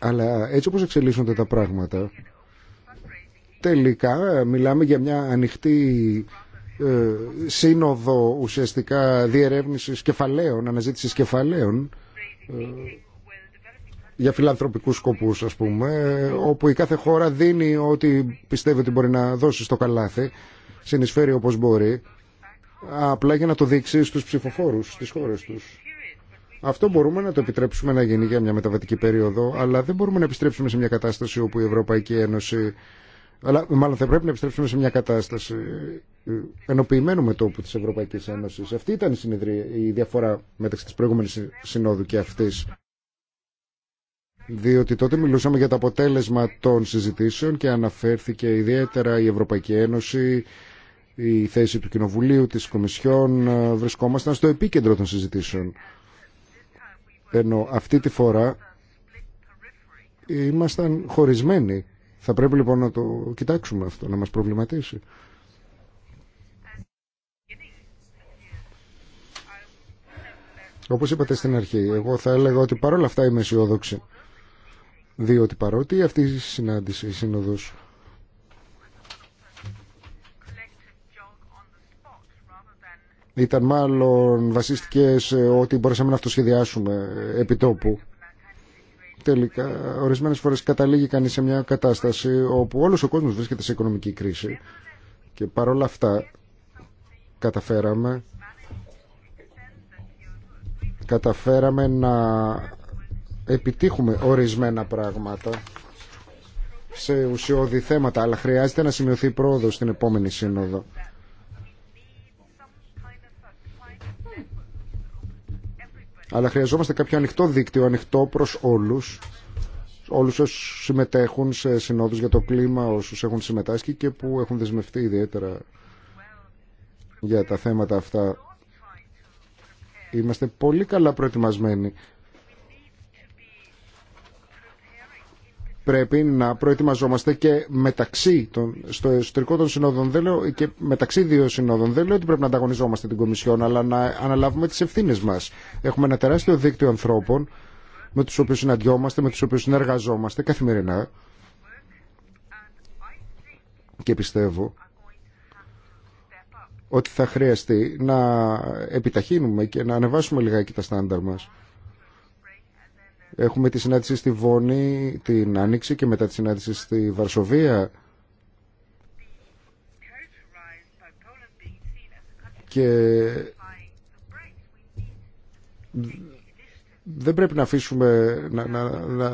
Αλλά έτσι όπως εξελίσσονται τα πράγματα, Τελικά μιλάμε για μια ανοιχτή ε, σύνοδο ουσιαστικά διερεύνησης κεφαλαίων, αναζήτησης κεφαλαίων ε, για φιλανθρωπικούς σκοπούς ας πούμε όπου η κάθε χώρα δίνει ό,τι πιστεύει ότι μπορεί να δώσει στο καλάθι συνεισφέρει όπως μπορεί απλά για να το δείξει στους ψηφοφόρους στις χώρες τους. Αυτό μπορούμε να το επιτρέψουμε να γίνει για μια μεταβατική περίοδο, αλλά δεν μπορούμε να επιστρέψουμε σε μια κατάσταση όπου η Ευρωπαϊκή Ένωση αλλά μάλλον θα πρέπει να επιστρέψουμε σε μια κατάσταση ε, ενοποιημένου μετόπου της Ευρωπαϊκής Ένωσης. Αυτή ήταν η, συνεδρία, η διαφορά μεταξύ της προηγούμενης συνόδου και αυτής. Διότι τότε μιλούσαμε για το αποτέλεσμα των συζητήσεων και αναφέρθηκε ιδιαίτερα η Ευρωπαϊκή Ένωση, η θέση του Κοινοβουλίου, της Κομισιόν. Ε, βρισκόμασταν στο επίκεντρο των συζητήσεων. Ενώ αυτή τη φορά ήμασταν χωρισμένοι θα πρέπει λοιπόν να το κοιτάξουμε αυτό, να μας προβληματίσει. Όπως είπατε στην αρχή, εγώ θα έλεγα ότι παρόλα αυτά είμαι αισιόδοξη. Διότι παρότι αυτή η συνάντηση, η σύνοδος ήταν μάλλον βασίστηκε σε ό,τι μπορέσαμε να αυτοσχεδιάσουμε επί τόπου τελικά ορισμένες φορές καταλήγει κανείς σε μια κατάσταση όπου όλος ο κόσμος βρίσκεται σε οικονομική κρίση και παρόλα αυτά καταφέραμε καταφέραμε να επιτύχουμε ορισμένα πράγματα σε ουσιώδη θέματα αλλά χρειάζεται να σημειωθεί πρόοδος στην επόμενη σύνοδο αλλά χρειαζόμαστε κάποιο ανοιχτό δίκτυο, ανοιχτό προς όλους, όλου όσου συμμετέχουν σε συνόδους για το κλίμα, όσου έχουν συμμετάσχει και που έχουν δεσμευτεί ιδιαίτερα για τα θέματα αυτά. Είμαστε πολύ καλά προετοιμασμένοι πρέπει να προετοιμαζόμαστε και μεταξύ των, στο εσωτερικό των συνόδων και μεταξύ δύο συνόδων δεν λέω ότι πρέπει να ανταγωνιζόμαστε την Κομισιόν αλλά να αναλάβουμε τις ευθύνες μας έχουμε ένα τεράστιο δίκτυο ανθρώπων με τους οποίους συναντιόμαστε, με τους οποίους συνεργαζόμαστε καθημερινά και πιστεύω ότι θα χρειαστεί να επιταχύνουμε και να ανεβάσουμε λιγάκι τα στάνταρ μας. Έχουμε τη συνάντηση στη Βόνη την Άνοιξη και μετά τη συνάντηση στη Βαρσοβία. Και δεν πρέπει να αφήσουμε να, να, να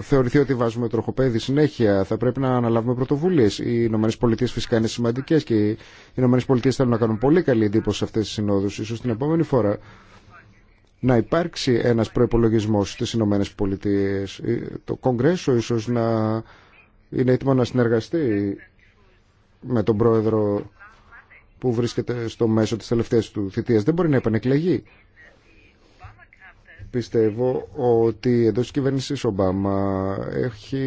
θεωρηθεί ότι βάζουμε τροχοπέδι συνέχεια. Θα πρέπει να αναλάβουμε πρωτοβουλίε. Οι Ηνωμένε Πολιτείε φυσικά είναι σημαντικέ και οι Ηνωμένε Πολιτείε θέλουν να κάνουν πολύ καλή εντύπωση σε αυτέ τι συνόδου. σω την επόμενη φορά να υπάρξει ένας προϋπολογισμός στις Ηνωμένες Πολιτείες. Ε, το Κογκρέσο ίσως να είναι έτοιμο να συνεργαστεί με τον πρόεδρο που βρίσκεται στο μέσο της τελευταίας του θητείας. Δεν μπορεί να επανεκλεγεί. Πιστεύω ότι εντό τη κυβέρνηση Ομπάμα έχει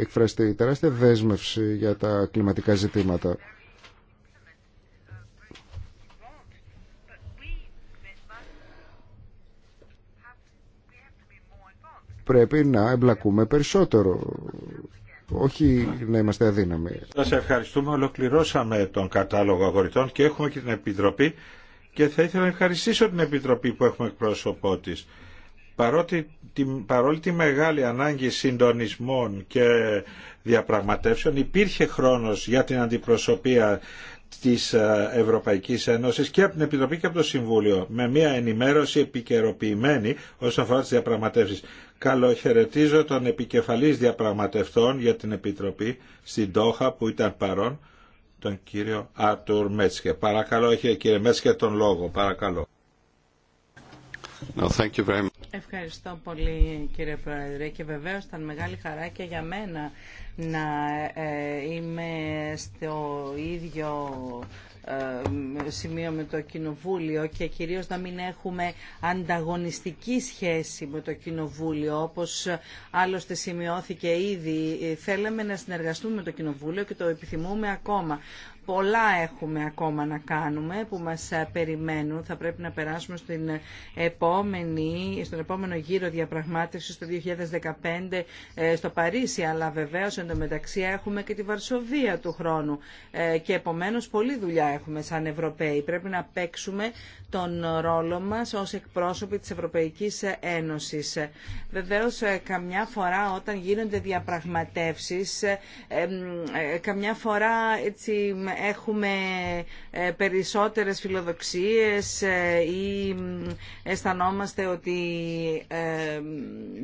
εκφραστεί τεράστια δέσμευση για τα κλιματικά ζητήματα. πρέπει να εμπλακούμε περισσότερο. Όχι να είμαστε αδύναμοι. Σα ευχαριστούμε. Ολοκληρώσαμε τον κατάλογο αγορητών και έχουμε και την Επιτροπή και θα ήθελα να ευχαριστήσω την Επιτροπή που έχουμε εκπρόσωπό τη. Παρότι, την, παρόλη τη μεγάλη ανάγκη συντονισμών και διαπραγματεύσεων υπήρχε χρόνος για την αντιπροσωπεία της ε, Ευρωπαϊκής Ένωσης και από την Επιτροπή και από το Συμβούλιο με μια ενημέρωση επικαιροποιημένη όσον αφορά τις διαπραγματεύσεις. Καλοχαιρετίζω τον επικεφαλής διαπραγματευτών για την Επιτροπή στην Τόχα που ήταν παρόν, τον κύριο Αρτούρ Μέτσκε. Παρακαλώ, έχει κύριε Μέτσκε τον λόγο. Παρακαλώ. Ευχαριστώ πολύ κύριε Πρόεδρε και βεβαίως ήταν μεγάλη χαρά και για μένα να ε, είμαι στο ίδιο ε, σημείο με το Κοινοβούλιο και κυρίως να μην έχουμε ανταγωνιστική σχέση με το Κοινοβούλιο όπως άλλωστε σημειώθηκε ήδη. Θέλαμε να συνεργαστούμε με το Κοινοβούλιο και το επιθυμούμε ακόμα. Πολλά έχουμε ακόμα να κάνουμε που μας ε, περιμένουν. Θα πρέπει να περάσουμε στην επόμενη, στον επόμενο γύρο διαπραγμάτευσης το 2015 ε, στο Παρίσι. Αλλά βεβαίως εντωμεταξύ έχουμε και τη Βαρσοβία του χρόνου. Ε, και επομένως πολλή δουλειά έχουμε σαν Ευρωπαίοι. Πρέπει να παίξουμε τον ρόλο μας ως εκπρόσωποι της Ευρωπαϊκής Ένωσης. Βεβαίως καμιά φορά όταν γίνονται διαπραγματεύσεις, καμιά φορά έτσι έχουμε ε, περισσότερες φιλοδοξίες ε, ή ε, αισθανόμαστε ότι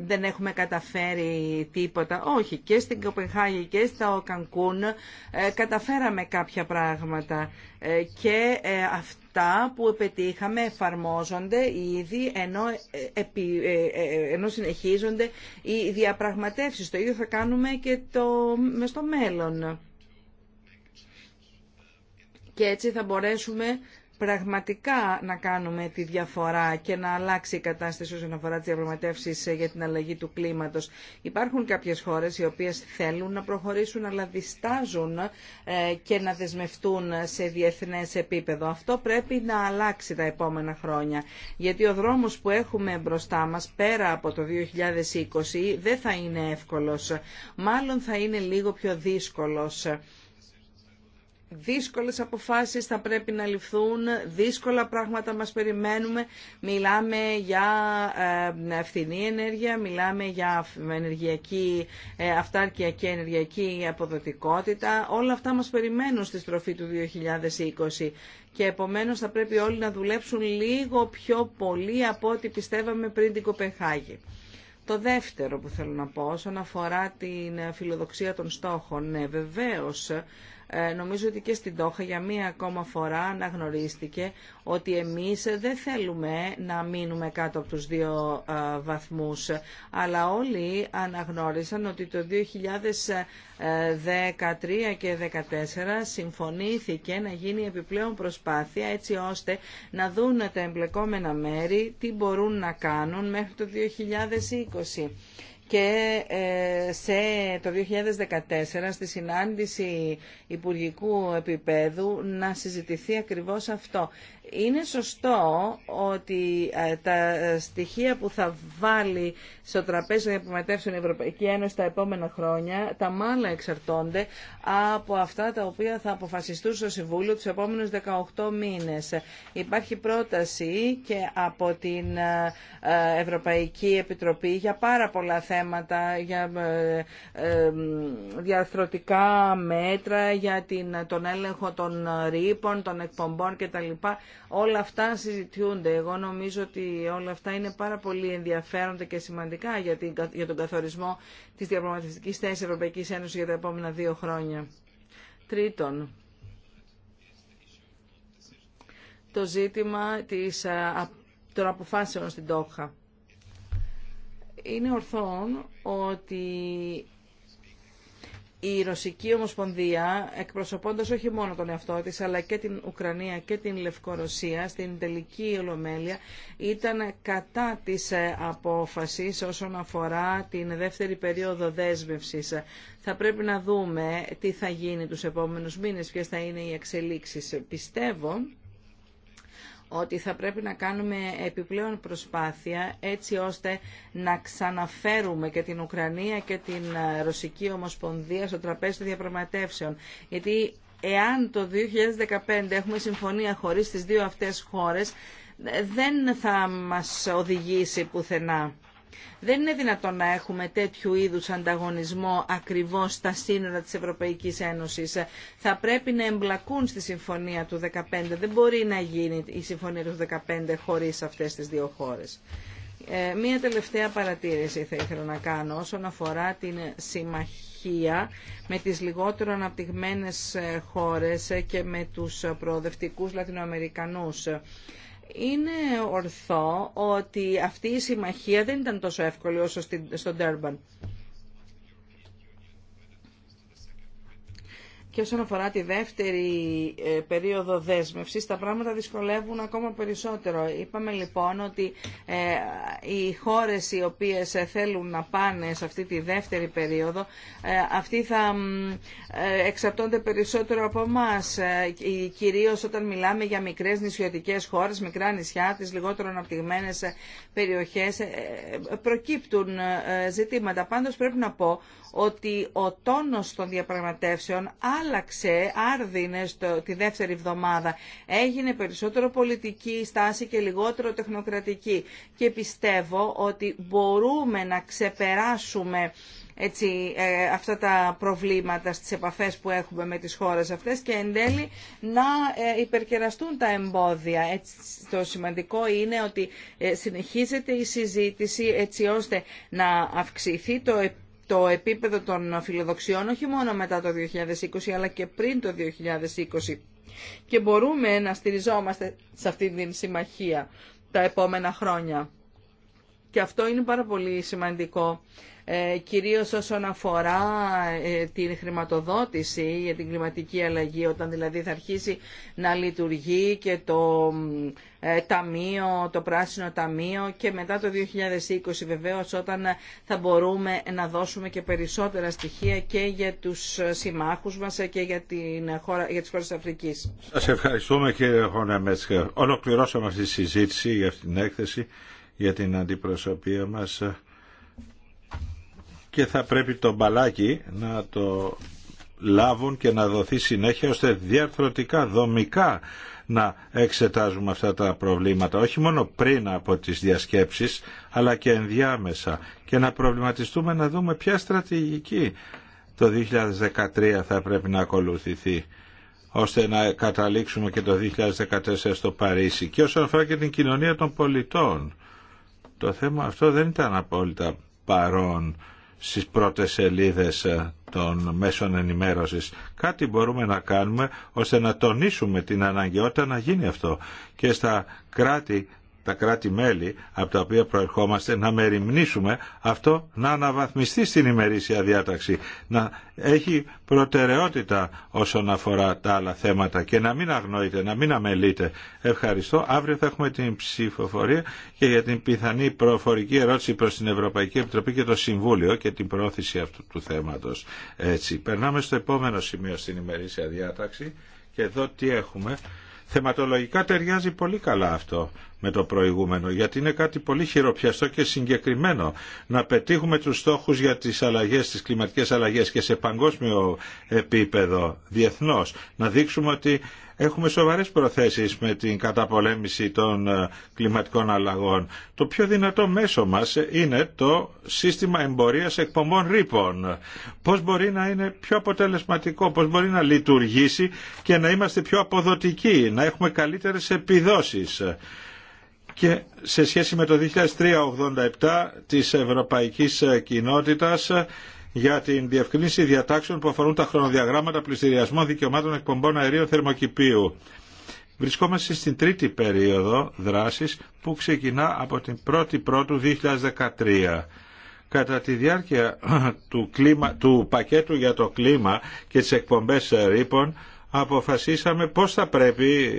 δεν έχουμε καταφέρει τίποτα. Όχι, και στην Κοπενχάγη και στα Κανκούν καταφέραμε κάποια πράγματα και αυτά που πετύχαμε εφαρμόζονται ήδη ενώ, ενώ συνεχίζονται οι διαπραγματεύσεις. Το ίδιο θα κάνουμε και το, στο μέλλον και έτσι θα μπορέσουμε πραγματικά να κάνουμε τη διαφορά και να αλλάξει η κατάσταση όσον αφορά τις διαπραγματεύσεις ε, για την αλλαγή του κλίματος. Υπάρχουν κάποιες χώρες οι οποίες θέλουν να προχωρήσουν αλλά διστάζουν ε, και να δεσμευτούν σε διεθνές επίπεδο. Αυτό πρέπει να αλλάξει τα επόμενα χρόνια γιατί ο δρόμος που έχουμε μπροστά μας πέρα από το 2020 δεν θα είναι εύκολος, μάλλον θα είναι λίγο πιο δύσκολος δύσκολες αποφάσεις θα πρέπει να ληφθούν, δύσκολα πράγματα μας περιμένουμε. Μιλάμε για ευθυνή ενέργεια, μιλάμε για ενεργειακή ε, αυτάρκεια και ενεργειακή αποδοτικότητα. Όλα αυτά μας περιμένουν στη στροφή του 2020 και επομένως θα πρέπει όλοι να δουλέψουν λίγο πιο πολύ από ό,τι πιστεύαμε πριν την Κοπεχάγη. Το δεύτερο που θέλω να πω όσον αφορά την φιλοδοξία των στόχων, ναι, ε, νομίζω ότι και στην Τόχα για μία ακόμα φορά αναγνωρίστηκε ότι εμείς δεν θέλουμε να μείνουμε κάτω από τους δύο ε, βαθμούς, αλλά όλοι αναγνώρισαν ότι το 2013 ε, και 2014 συμφωνήθηκε να γίνει επιπλέον προσπάθεια έτσι ώστε να δουν τα εμπλεκόμενα μέρη τι μπορούν να κάνουν μέχρι το 2020 και ε, σε το 2014 στη συνάντηση υπουργικού επίπεδου να συζητηθεί ακριβώς αυτό είναι σωστό ότι ε, τα στοιχεία που θα βάλει στο τραπέζι να διαπραγματεύσουν η Ευρωπαϊκή Ένωση τα επόμενα χρόνια, τα μάλλα εξαρτώνται από αυτά τα οποία θα αποφασιστούν στο Συμβούλιο του επόμενου 18 μήνες. Υπάρχει πρόταση και από την ε, ε, Ευρωπαϊκή Επιτροπή για πάρα πολλά θέματα, για διαρθρωτικά μέτρα, για την, τον έλεγχο των ρήπων, των εκπομπών κτλ. Όλα αυτά συζητιούνται. Εγώ νομίζω ότι όλα αυτά είναι πάρα πολύ ενδιαφέροντα και σημαντικά για, για τον καθορισμό της διαπραγματευτικής θέσης Ευρωπαϊκής Ένωσης για τα επόμενα δύο χρόνια. Τρίτον, το ζήτημα της, των αποφάσεων στην Τόχα. Είναι ορθόν ότι η Ρωσική Ομοσπονδία, εκπροσωπώντας όχι μόνο τον εαυτό της, αλλά και την Ουκρανία και την Λευκορωσία, στην τελική ολομέλεια, ήταν κατά της ε, απόφασης όσον αφορά την δεύτερη περίοδο δέσμευσης. Θα πρέπει να δούμε τι θα γίνει τους επόμενους μήνες, ποιες θα είναι οι εξελίξεις. Πιστεύω ότι θα πρέπει να κάνουμε επιπλέον προσπάθεια έτσι ώστε να ξαναφέρουμε και την Ουκρανία και την ε, Ρωσική Ομοσπονδία στο τραπέζι των διαπραγματεύσεων. Γιατί εάν το 2015 έχουμε συμφωνία χωρίς τις δύο αυτές χώρες, ε, δεν θα μας οδηγήσει πουθενά. Δεν είναι δυνατόν να έχουμε τέτοιου είδους ανταγωνισμό ακριβώς στα σύνορα της Ευρωπαϊκής Ένωσης. Θα πρέπει να εμπλακούν στη Συμφωνία του 2015. Δεν μπορεί να γίνει η Συμφωνία του 2015 χωρίς αυτές τις δύο χώρες. Ε, μία τελευταία παρατήρηση θα ήθελα να κάνω όσον αφορά την συμμαχία με τις λιγότερο αναπτυγμένες ε, χώρες και με τους προοδευτικούς Λατινοαμερικανούς είναι ορθό ότι αυτή η συμμαχία δεν ήταν τόσο εύκολη όσο στον Τέρμπαν. Και όσον αφορά τη δεύτερη ε, περίοδο δέσμευση, τα πράγματα δυσκολεύουν ακόμα περισσότερο. Είπαμε λοιπόν ότι ε, οι χώρε οι οποίες ε, θέλουν να πάνε σε αυτή τη δεύτερη περίοδο, αυτοί θα εξαρτώνται περισσότερο από εμά. Κυρίως όταν μιλάμε για μικρές νησιωτικές χώρε, μικρά νησιά, τις λιγότερο αναπτυγμένε περιοχές ε, προκύπτουν ε, ζητήματα. Πάντως πρέπει να πω ότι ο τόνος των διαπραγματεύσεων άλλαξε άρδινε τη δεύτερη εβδομάδα. Έγινε περισσότερο πολιτική στάση και λιγότερο τεχνοκρατική. Και πιστεύω ότι μπορούμε να ξεπεράσουμε έτσι, ε, αυτά τα προβλήματα στις επαφές που έχουμε με τις χώρες αυτές και εν τέλει να ε, υπερκεραστούν τα εμπόδια. Έτσι, το σημαντικό είναι ότι ε, συνεχίζεται η συζήτηση έτσι ώστε να αυξηθεί το επίπεδο το επίπεδο των φιλοδοξιών όχι μόνο μετά το 2020 αλλά και πριν το 2020 και μπορούμε να στηριζόμαστε σε αυτή την συμμαχία τα επόμενα χρόνια και αυτό είναι πάρα πολύ σημαντικό ε, κυρίως όσον αφορά ε, την χρηματοδότηση για την κλιματική αλλαγή, όταν δηλαδή θα αρχίσει να λειτουργεί και το ε, ταμείο, το πράσινο ταμείο και μετά το 2020 βεβαίως όταν θα μπορούμε να δώσουμε και περισσότερα στοιχεία και για τους συμμάχους μας και για, την χώρα, για τις χώρες της Αφρικής. Σας ευχαριστούμε κύριε Χωνεμέτσκα. Ολοκληρώσαμε αυτή τη συζήτηση για αυτή την έκθεση για την αντιπροσωπεία μας και θα πρέπει το μπαλάκι να το λάβουν και να δοθεί συνέχεια ώστε διαρθρωτικά, δομικά να εξετάζουμε αυτά τα προβλήματα όχι μόνο πριν από τις διασκέψεις αλλά και ενδιάμεσα και να προβληματιστούμε να δούμε ποια στρατηγική το 2013 θα πρέπει να ακολουθηθεί ώστε να καταλήξουμε και το 2014 στο Παρίσι και όσον αφορά και την κοινωνία των πολιτών το θέμα αυτό δεν ήταν απόλυτα παρόν στις πρώτες σελίδες ε, των μέσων ενημέρωσης. Κάτι μπορούμε να κάνουμε ώστε να τονίσουμε την αναγκαιότητα να γίνει αυτό και στα κράτη τα κράτη-μέλη από τα οποία προερχόμαστε να μεριμνήσουμε αυτό να αναβαθμιστεί στην ημερήσια διάταξη, να έχει προτεραιότητα όσον αφορά τα άλλα θέματα και να μην αγνοείται, να μην αμελείται. Ευχαριστώ. Αύριο θα έχουμε την ψηφοφορία και για την πιθανή προφορική ερώτηση προς την Ευρωπαϊκή Επιτροπή και το Συμβούλιο και την προώθηση αυτού του θέματος. Έτσι. Περνάμε στο επόμενο σημείο στην ημερήσια διάταξη και εδώ τι έχουμε. Θεματολογικά ταιριάζει πολύ καλά αυτό με το προηγούμενο, γιατί είναι κάτι πολύ χειροπιαστό και συγκεκριμένο. Να πετύχουμε τους στόχους για τις αλλαγές, τις κλιματικές αλλαγές και σε παγκόσμιο επίπεδο, διεθνώς, να δείξουμε ότι έχουμε σοβαρές προθέσεις με την καταπολέμηση των ε, κλιματικών αλλαγών. Το πιο δυνατό μέσο μας είναι το σύστημα εμπορίας εκπομπών ρήπων. Πώς μπορεί να είναι πιο αποτελεσματικό, πώς μπορεί να λειτουργήσει και να είμαστε πιο αποδοτικοί, να έχουμε καλύτερες επιδόσεις και σε σχέση με το 2003-87 της Ευρωπαϊκής Κοινότητας για την διευκρίνηση διατάξεων που αφορούν τα χρονοδιαγράμματα πληστηριασμών δικαιωμάτων εκπομπών αερίων θερμοκηπίου. Βρισκόμαστε στην τρίτη περίοδο δράσης που ξεκινά από την 1η Πρώτου 2013. Κατά τη διάρκεια του, πακέτου για το κλίμα και τις εκπομπές ρήπων, αποφασίσαμε πώς θα πρέπει,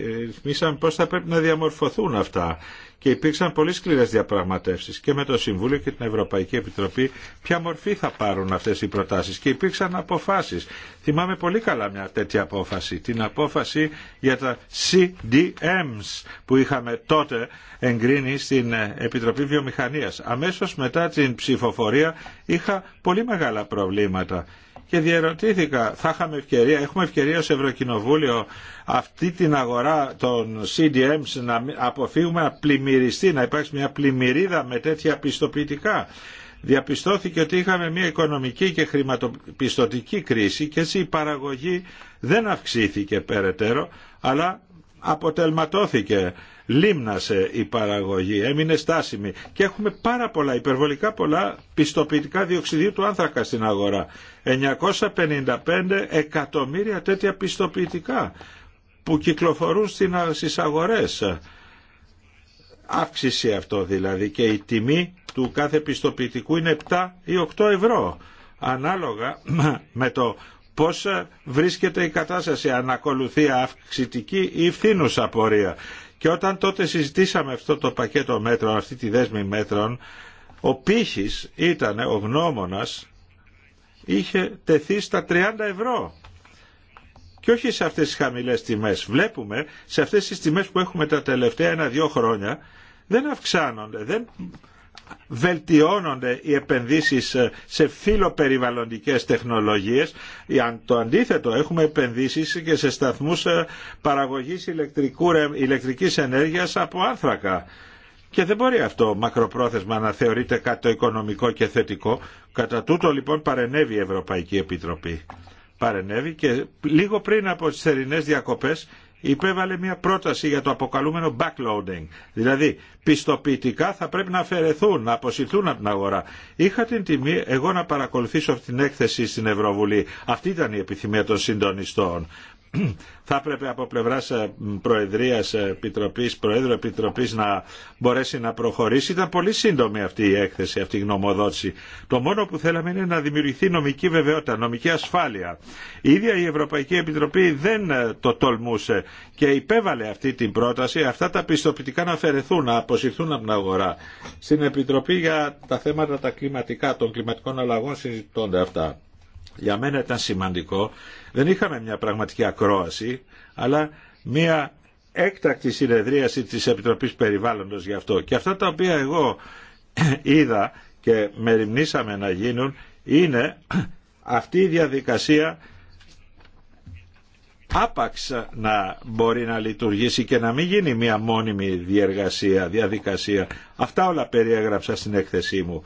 πώς θα πρέπει να διαμορφωθούν αυτά και υπήρξαν πολύ σκληρές διαπραγματεύσεις και με το Συμβούλιο και την Ευρωπαϊκή Επιτροπή ποια μορφή θα πάρουν αυτές οι προτάσεις και υπήρξαν αποφάσεις. Θυμάμαι πολύ καλά μια τέτοια απόφαση, την απόφαση για τα CDMs που είχαμε τότε εγκρίνει στην Επιτροπή Βιομηχανίας. Αμέσως μετά την ψηφοφορία είχα πολύ μεγάλα προβλήματα και διαρωτήθηκα, θα είχαμε ευκαιρία, έχουμε ευκαιρία ως Ευρωκοινοβούλιο αυτή την αγορά των CDMs να αποφύγουμε να πλημμυριστεί, να υπάρξει μια πλημμυρίδα με τέτοια πιστοποιητικά. Διαπιστώθηκε ότι είχαμε μια οικονομική και χρηματοπιστωτική κρίση και έτσι η παραγωγή δεν αυξήθηκε περαιτέρω, αλλά αποτελματώθηκε λίμνασε η παραγωγή, έμεινε στάσιμη και έχουμε πάρα πολλά, υπερβολικά πολλά πιστοποιητικά διοξιδίου του άνθρακα στην αγορά. 955 εκατομμύρια τέτοια πιστοποιητικά που κυκλοφορούν στις αγορές. Αύξηση αυτό δηλαδή και η τιμή του κάθε πιστοποιητικού είναι 7 ή 8 ευρώ ανάλογα (clears throat) με το πώς βρίσκεται η κατάσταση, αν ακολουθεί αυξητική ή φθήνουσα πορεία. Και όταν τότε συζητήσαμε αυτό το πακέτο μέτρων, αυτή τη δέσμη μέτρων, ο πύχης ήταν, ο γνώμονας, είχε τεθεί στα 30 ευρώ. Και όχι σε αυτές τις χαμηλές τιμές. Βλέπουμε σε αυτές τις τιμές που έχουμε τα τελευταία ένα-δύο χρόνια δεν αυξάνονται, δεν βελτιώνονται οι επενδύσεις σε φιλοπεριβαλλοντικές τεχνολογίες. Αν το αντίθετο έχουμε επενδύσεις και σε σταθμούς ε, παραγωγής ηλεκτρικού, ηλεκτρικής ενέργειας από άνθρακα. Και δεν μπορεί αυτό μακροπρόθεσμα να θεωρείται κάτι το οικονομικό και θετικό. Κατά τούτο λοιπόν παρενέβη η Ευρωπαϊκή Επιτροπή. Παρενέβη και λίγο πριν από τις θερινές διακοπές υπέβαλε μια πρόταση για το αποκαλούμενο backloading. Δηλαδή, πιστοποιητικά θα πρέπει να αφαιρεθούν, να αποσυρθούν από την αγορά. Είχα την τιμή εγώ να παρακολουθήσω την έκθεση στην Ευρωβουλή. Αυτή ήταν η επιθυμία των συντονιστών θα έπρεπε από πλευρά ε, Προεδρία ε, Επιτροπή, Προέδρου Επιτροπή να μπορέσει να προχωρήσει. Ήταν πολύ σύντομη αυτή η έκθεση, αυτή η γνωμοδότηση. Το μόνο που θέλαμε είναι να δημιουργηθεί νομική βεβαιότητα, νομική ασφάλεια. Η ίδια η Ευρωπαϊκή Επιτροπή δεν ε, το τολμούσε και υπέβαλε αυτή την πρόταση, αυτά τα πιστοποιητικά να αφαιρεθούν, να αποσυρθούν από την αγορά. Στην Επιτροπή για τα θέματα τα κλιματικά, των κλιματικών αλλαγών συζητώνται αυτά για μένα ήταν σημαντικό. Δεν είχαμε μια πραγματική ακρόαση, αλλά μια έκτακτη συνεδρίαση της Επιτροπής Περιβάλλοντος γι' αυτό. Και αυτά τα οποία εγώ (clears throat) είδα και μεριμνήσαμε να γίνουν είναι (clears throat) αυτή η διαδικασία άπαξ να μπορεί να λειτουργήσει και να μην γίνει μια μόνιμη διεργασία, διαδικασία. Αυτά όλα περιέγραψα στην έκθεσή μου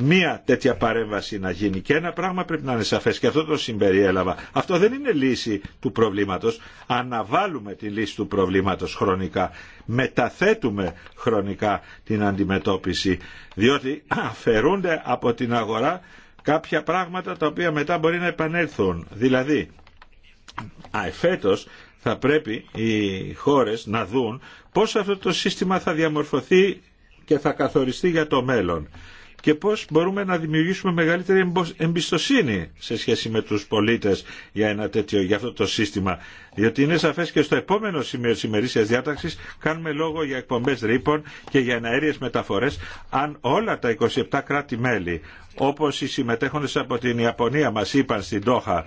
μία τέτοια παρέμβαση να γίνει. Και ένα πράγμα πρέπει να είναι σαφέ και αυτό το συμπεριέλαβα. Αυτό δεν είναι λύση του προβλήματος. Αναβάλουμε τη λύση του προβλήματος χρονικά. Μεταθέτουμε χρονικά την αντιμετώπιση. Διότι αφαιρούνται από την αγορά κάποια πράγματα τα οποία μετά μπορεί να επανέλθουν. Δηλαδή, αεφέτος θα πρέπει οι χώρες να δουν πώς αυτό το σύστημα θα διαμορφωθεί και θα καθοριστεί για το μέλλον και πώς μπορούμε να δημιουργήσουμε μεγαλύτερη εμπιστοσύνη σε σχέση με τους πολίτες για ένα τέτοιο, για αυτό το σύστημα. Διότι είναι σαφές και στο επόμενο σημείο της ημερήσιας διάταξης κάνουμε λόγο για εκπομπές ρήπων και για εναέριες μεταφορές αν όλα τα 27 κράτη-μέλη όπως οι συμμετέχοντες από την Ιαπωνία μας είπαν στην Τόχα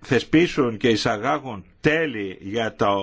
θεσπίσουν και εισαγάγουν τέλη για το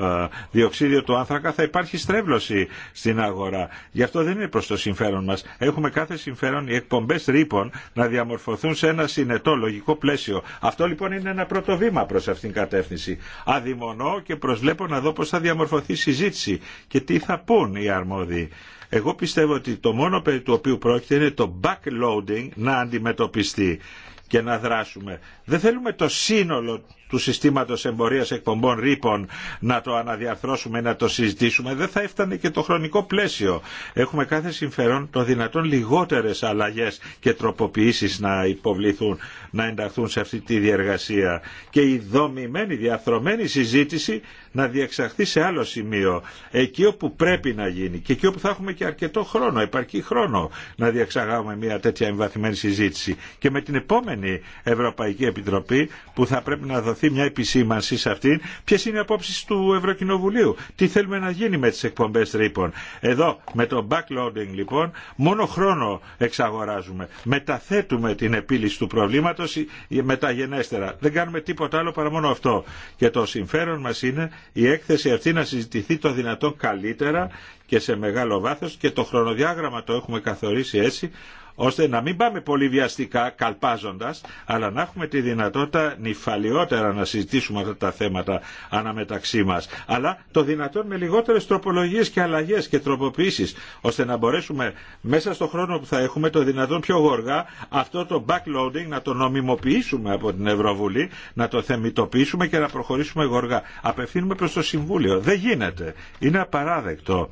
ε, διοξίδιο του άνθρακα θα υπάρχει στρέβλωση στην αγορά. Γι' αυτό δεν είναι προς το συμφέρον μας. Έχουμε κάθε συμφέρον οι εκπομπές ρήπων να διαμορφωθούν σε ένα συνετό λογικό πλαίσιο. Αυτό λοιπόν είναι ένα πρώτο βήμα προς αυτήν την κατεύθυνση. Αδειμονώ και προσβλέπω να δω πώς θα διαμορφωθεί η συζήτηση και τι θα πούν οι αρμόδιοι. Εγώ πιστεύω ότι το μόνο περί του οποίου πρόκειται είναι το backloading να αντιμετωπιστεί και να δράσουμε. Δεν θέλουμε το σύνολο του συστήματος εμπορίας εκπομπών ρήπων να το αναδιαρθρώσουμε, να το συζητήσουμε, δεν θα έφτανε και το χρονικό πλαίσιο. Έχουμε κάθε συμφερόν των δυνατόν λιγότερες αλλαγές και τροποποιήσεις να υποβληθούν, να ενταχθούν σε αυτή τη διεργασία. Και η δομημένη, διαθρωμένη συζήτηση να διεξαχθεί σε άλλο σημείο, εκεί όπου πρέπει να γίνει και εκεί όπου θα έχουμε και αρκετό χρόνο, επαρκή χρόνο να διεξαγάγουμε μια τέτοια εμβαθυμένη συζήτηση. Και με την επόμενη Ευρωπαϊκή Επιτροπή που θα πρέπει να δοθεί δοθεί μια επισήμανση σε αυτήν ποιε είναι οι απόψει του Ευρωκοινοβουλίου. Τι θέλουμε να γίνει με τι εκπομπέ λοιπόν. Εδώ με το backloading λοιπόν μόνο χρόνο εξαγοράζουμε. Μεταθέτουμε την επίλυση του προβλήματο μεταγενέστερα. Δεν κάνουμε τίποτα άλλο παρά μόνο αυτό. Και το συμφέρον μα είναι η έκθεση αυτή να συζητηθεί το δυνατόν καλύτερα και σε μεγάλο βάθο και το χρονοδιάγραμμα το έχουμε καθορίσει έτσι ώστε να μην πάμε πολύ βιαστικά καλπάζοντας, αλλά να έχουμε τη δυνατότητα νυφαλιότερα να συζητήσουμε αυτά τα θέματα αναμεταξύ μας. Αλλά το δυνατόν με λιγότερες τροπολογίες και αλλαγές και τροποποιήσεις, ώστε να μπορέσουμε μέσα στο χρόνο που θα έχουμε το δυνατόν πιο γοργά αυτό το backloading να το νομιμοποιήσουμε από την Ευρωβουλή, να το θεμητοποιήσουμε και να προχωρήσουμε γοργά. Απευθύνουμε προς το Συμβούλιο. Δεν γίνεται. Είναι απαράδεκτο.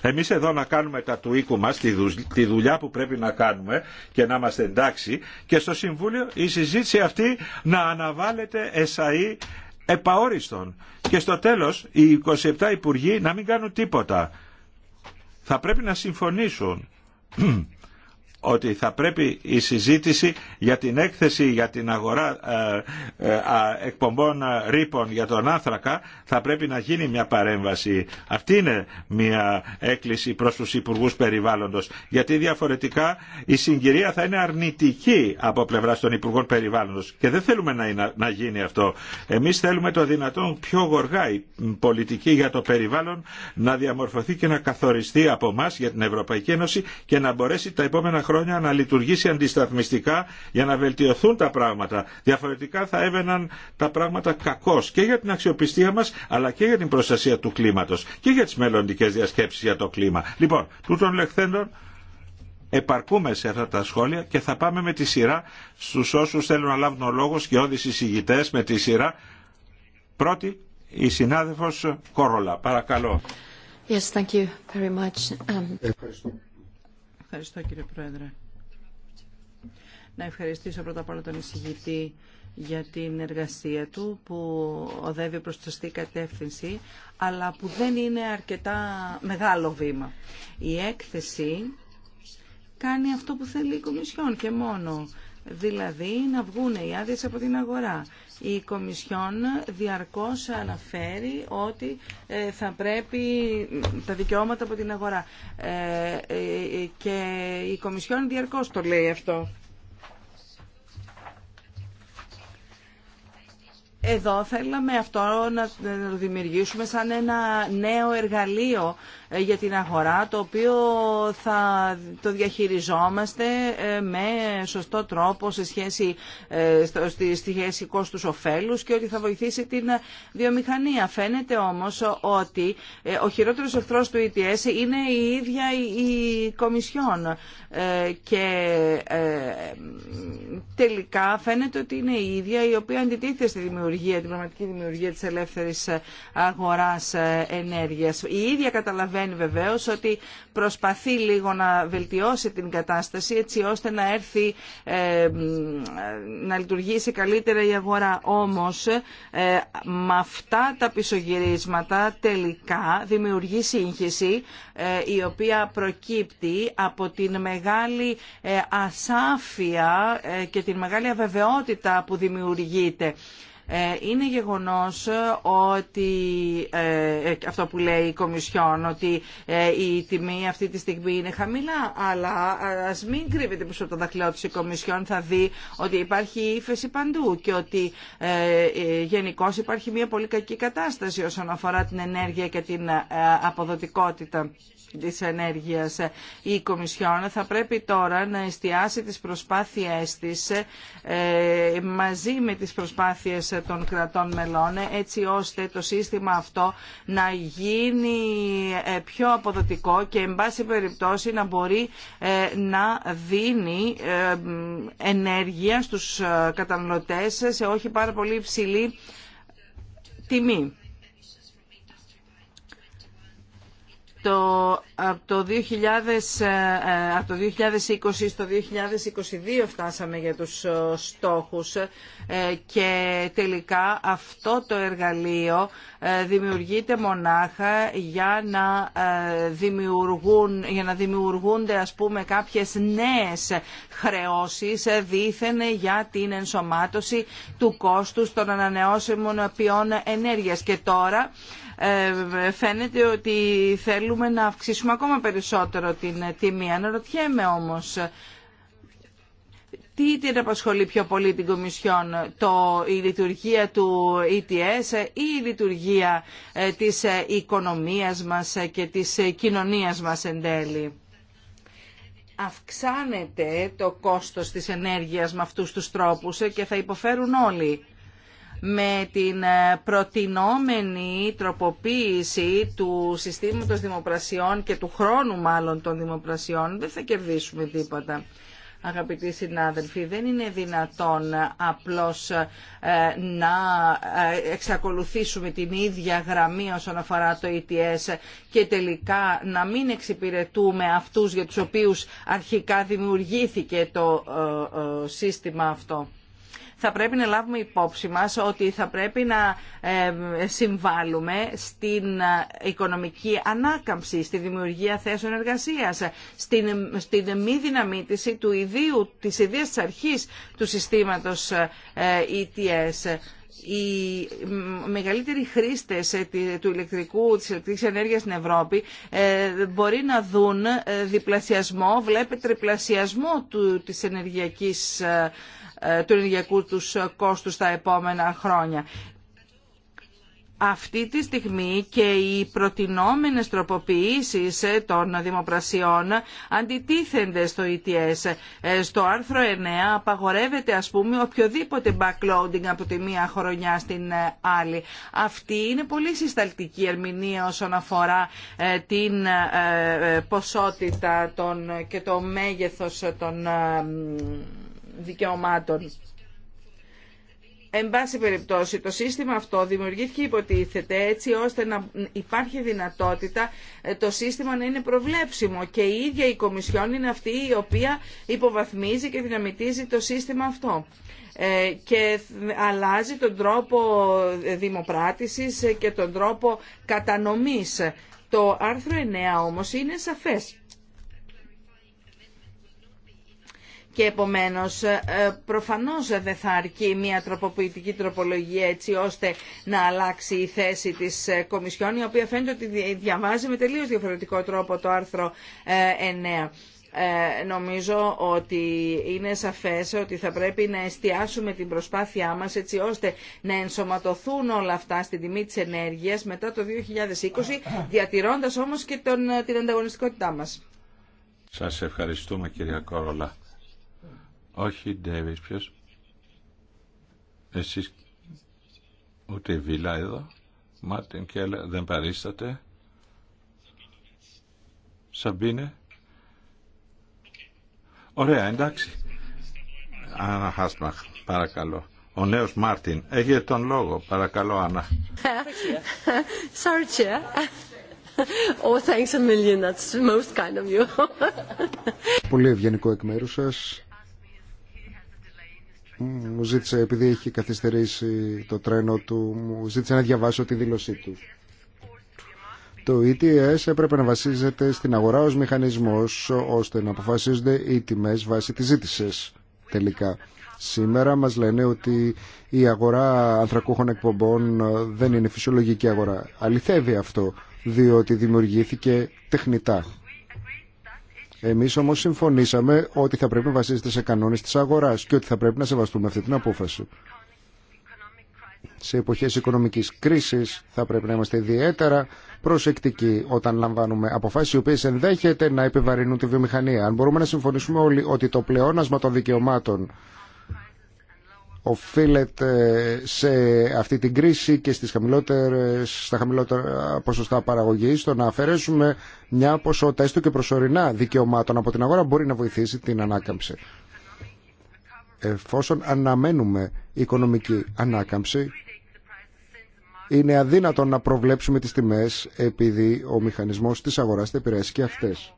εμεί εδώ να κάνουμε τα του οίκου μας, τη δουλειά που πρέπει να κάνουμε και να είμαστε εντάξει και στο Συμβούλιο η συζήτηση αυτή να αναβάλλεται εσαΐ επαόριστον και στο τέλος οι 27 Υπουργοί να μην κάνουν τίποτα. Θα πρέπει να συμφωνήσουν (clears throat) ότι θα πρέπει η συζήτηση για την έκθεση για την αγορά ε, ε, εκπομπών ε, ρήπων για τον άνθρακα θα πρέπει να γίνει μια παρέμβαση. Αυτή είναι μια έκκληση προς τους Υπουργούς Περιβάλλοντος γιατί διαφορετικά η συγκυρία θα είναι αρνητική από πλευρά των Υπουργών Περιβάλλοντος και δεν θέλουμε να γίνει αυτό. Εμείς θέλουμε το δυνατόν πιο γοργά η πολιτική για το περιβάλλον να διαμορφωθεί και να καθοριστεί από εμά για την Ευρωπαϊκή Ένωση και να μπορέσει τα επόμενα χρόνια να λειτουργήσει αντισταθμιστικά για να βελτιωθούν τα πράγματα. Διαφορετικά θα έβαιναν τα πράγματα κακώ και για την αξιοπιστία μα αλλά και για την προστασία του κλίματο και για τι μελλοντικέ διασκέψει για το κλίμα. Λοιπόν, τούτων λεχθέντων επαρκούμε σε αυτά τα σχόλια και θα πάμε με τη σειρά στους όσους θέλουν να λάβουν ο λόγο και όδη συγητέ με τη σειρά. Πρώτη, η συνάδελφο Κόρολα. Παρακαλώ. Yes, thank you very much. Um, Ευχαριστώ κύριε Πρόεδρε. Να ευχαριστήσω πρώτα απ' όλα τον εισηγητή για την εργασία του που οδεύει προς τη σωστή κατεύθυνση αλλά που δεν είναι αρκετά μεγάλο βήμα. Η έκθεση κάνει αυτό που θέλει η Κομισιόν και μόνο δηλαδή να βγουν οι άδειε από την αγορά. Η Κομισιόν διαρκώς αναφέρει ότι ε, θα πρέπει τα δικαιώματα από την αγορά ε, ε, και η Κομισιόν διαρκώς το λέει αυτό. Εδώ θέλαμε αυτό να δημιουργήσουμε σαν ένα νέο εργαλείο ε, για την αγορά, το οποίο θα το διαχειριζόμαστε ε, με σωστό τρόπο σε σχέση, ε, στη σχέση κόστους ωφέλους και ότι θα βοηθήσει την βιομηχανία. Φαίνεται όμως ότι ο χειρότερος εχθρός του ETS είναι η ίδια η Κομισιόν και τελικά φαίνεται ότι είναι η ίδια η οποία αντιτίθεται στη δημιουργία, την πραγματική δημιουργία της ελεύθερης αγοράς ενέργειας. Η ίδια καταλαβαίνει είναι βεβαίως ότι προσπαθεί λίγο να βελτιώσει την κατάσταση έτσι ώστε να έρθει ε, να λειτουργήσει καλύτερα η αγορά. Όμως ε, με αυτά τα πισωγυρίσματα τελικά δημιουργεί σύγχυση ε, η οποία προκύπτει από την μεγάλη ασάφεια και την μεγάλη αβεβαιότητα που δημιουργείται. Ε, είναι γεγονός ε, ότι ε, αυτό που λέει η Κομισιόν, ότι η τιμή αυτή τη στιγμή είναι χαμηλά, αλλά ας μην κρύβεται πίσω από το δαχτυλό της η Κομισιόν, θα δει ότι υπάρχει ύφεση παντού και ότι γενικώ υπάρχει μια πολύ κακή κατάσταση όσον αφορά την ενέργεια και την αποδοτικότητα της ενέργειας. Η Κομισιόν θα πρέπει τώρα να εστιάσει τις προσπάθειές της ε, μαζί με τις προσπάθειες των κρατών μελών έτσι ώστε το σύστημα αυτό να γίνει ε, πιο αποδοτικό και εν πάση περιπτώσει να μπορεί ε, να δίνει ενέργεια στους καταναλωτές σε όχι πάρα πολύ υψηλή τιμή. το, από, το 2000, ε, το 2020 στο 2022 φτάσαμε για τους ε, στόχους ε, και τελικά αυτό το εργαλείο δημιουργείται μονάχα για να, δημιουργούν, για να δημιουργούνται ας πούμε κάποιες νέες χρεώσεις δήθεν για την ενσωμάτωση του κόστους των ανανεώσιμων ποιών ενέργειας και τώρα ε, φαίνεται ότι θέλουμε να αυξήσουμε ακόμα περισσότερο την τιμή. Αναρωτιέμαι όμως, τι την απασχολεί πιο πολύ την Κομισιόν, το, η λειτουργία του ETS ή η λειτουργία ε, της ε, οικονομίας μας και της κοινωνίας μας εν τέλει. Αυξάνεται το κόστος της ενέργειας με αυτούς τους τρόπους και θα υποφέρουν όλοι με την ε, προτινόμενη τροποποίηση του συστήματος δημοπρασιών και του χρόνου μάλλον των δημοπρασιών δεν θα κερδίσουμε τίποτα. Αγαπητοί συνάδελφοι, δεν είναι δυνατόν απλώς ε, να ε, εξακολουθήσουμε την ίδια γραμμή όσον αφορά το ETS και τελικά να μην εξυπηρετούμε αυτούς για τους οποίους αρχικά δημιουργήθηκε το σύστημα αυτό θα πρέπει να λάβουμε υπόψη μας ότι θα πρέπει να συμβάλλουμε στην ε, οικονομική ανάκαμψη, στη δημιουργία θέσεων εργασίας, στην, στην μη δυναμίτηση του ιδίου, της ιδίας αρχής του συστήματος ε, ETS οι μεγαλύτεροι χρήστες ε, του ηλεκτρικού, της ηλεκτρικής ενέργειας στην Ευρώπη μπορεί να δουν διπλασιασμό, βλέπετε τριπλασιασμό της ενεργειακής ε, του ενεργειακού τους κόστου στα επόμενα χρόνια. Αυτή τη στιγμή και οι προτινόμενες τροποποιήσεις ε, των δημοπρασιών αντιτίθενται στο ETS. Ε, στο άρθρο 9 απαγορεύεται ας πούμε οποιοδήποτε backloading από τη μία χρονιά στην άλλη. Αυτή είναι πολύ συσταλτική ερμηνεία όσον αφορά την ποσότητα και το μέγεθος των δικαιωμάτων. Εν πάση περιπτώσει, το σύστημα αυτό δημιουργήθηκε υποτίθεται έτσι ώστε να υπάρχει δυνατότητα ε, το σύστημα να είναι προβλέψιμο και η ίδια η Κομισιόν είναι αυτή η οποία υποβαθμίζει και δυναμητίζει το σύστημα αυτό ε, και αλλάζει τον τρόπο δημοπράτησης και τον τρόπο κατανομής. Το άρθρο 9 όμως είναι σαφές και επομένως ε, προφανώς δεν θα αρκεί μια τροποποιητική τροπολογία έτσι ώστε να αλλάξει η θέση της ε, Κομισιόν η οποία φαίνεται ότι διαβάζει με τελείως διαφορετικό τρόπο το άρθρο 9. Ε, νομίζω ότι είναι σαφές ότι θα πρέπει να εστιάσουμε την προσπάθειά μας έτσι ώστε να ενσωματωθούν όλα αυτά στην τιμή της ενέργειας μετά το 2020 διατηρώντας όμως και τον, την ανταγωνιστικότητά μας. Σας ευχαριστούμε κυρία Κόρολα. Όχι, Ντέβις, ποιος. Εσείς ούτε Βίλα εδώ. Μάρτιν Κέλλερ δεν παρίσταται. Σαμπίνε. Ωραία, εντάξει. Άννα Χάσμαχ, παρακαλώ. Ο νέος Μάρτιν, έχετε τον λόγο, παρακαλώ Άννα. Sorry, Oh, thanks a million. That's most kind of you. Πολύ ευγενικό εκ μέρους σας μου ζήτησε, επειδή έχει καθυστερήσει το τρένο του, μου ζήτησε να διαβάσω τη δήλωσή του. Το ETS έπρεπε να βασίζεται στην αγορά ως μηχανισμός ώστε να αποφασίζονται οι τιμές βάσει της ζήτησης τελικά. Σήμερα μας λένε ότι η αγορά ανθρακούχων εκπομπών δεν είναι φυσιολογική αγορά. Αληθεύει αυτό, διότι δημιουργήθηκε τεχνητά εμείς όμως συμφωνήσαμε ότι θα πρέπει να βασίζεται σε κανόνες της αγοράς και ότι θα πρέπει να σεβαστούμε αυτή την απόφαση. Σε εποχές οικονομικής κρίσης θα πρέπει να είμαστε ιδιαίτερα προσεκτικοί όταν λαμβάνουμε αποφάσεις οι οποίες ενδέχεται να επιβαρυνούν τη βιομηχανία. Αν μπορούμε να συμφωνήσουμε όλοι ότι το πλεόνασμα των δικαιωμάτων οφείλεται σε αυτή την κρίση και στις χαμηλότερες, στα χαμηλότερα ποσοστά παραγωγής. Το να αφαιρέσουμε μια ποσότητα έστω και προσωρινά δικαιωμάτων από την αγορά μπορεί να βοηθήσει την ανάκαμψη. Εφόσον αναμένουμε οικονομική ανάκαμψη, είναι αδύνατο να προβλέψουμε τις τιμές επειδή ο μηχανισμός της αγοράς θα επηρεάσει και αυτές.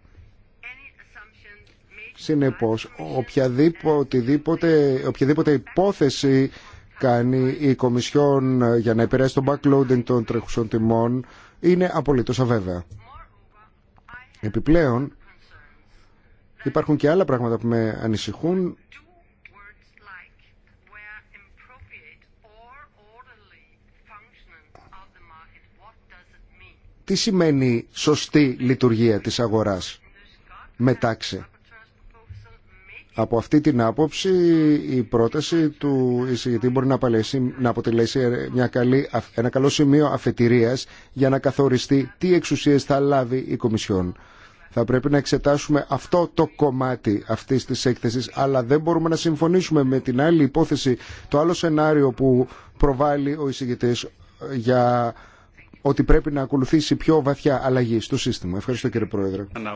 Συνεπώς, οποιαδήποτε, οποιαδήποτε υπόθεση κάνει η Κομισιόν για να επηρεάσει τον backloading των τρέχουσων τιμών είναι απολύτως αβέβαια. Επιπλέον, υπάρχουν και άλλα πράγματα που με ανησυχούν Τι σημαίνει σωστή λειτουργία της αγοράς μετάξε. Από αυτή την άποψη η πρόταση του εισηγητή μπορεί να, να αποτελέσει μια καλή, ένα καλό σημείο αφετηρίας για να καθοριστεί τι εξουσίες θα λάβει η Κομισιόν. Θα πρέπει να εξετάσουμε αυτό το κομμάτι αυτής της έκθεσης, αλλά δεν μπορούμε να συμφωνήσουμε με την άλλη υπόθεση, το άλλο σενάριο που προβάλλει ο εισηγητής για ότι πρέπει να ακολουθήσει πιο βαθιά αλλαγή στο σύστημα. Ευχαριστώ κύριε Πρόεδρε. Ανά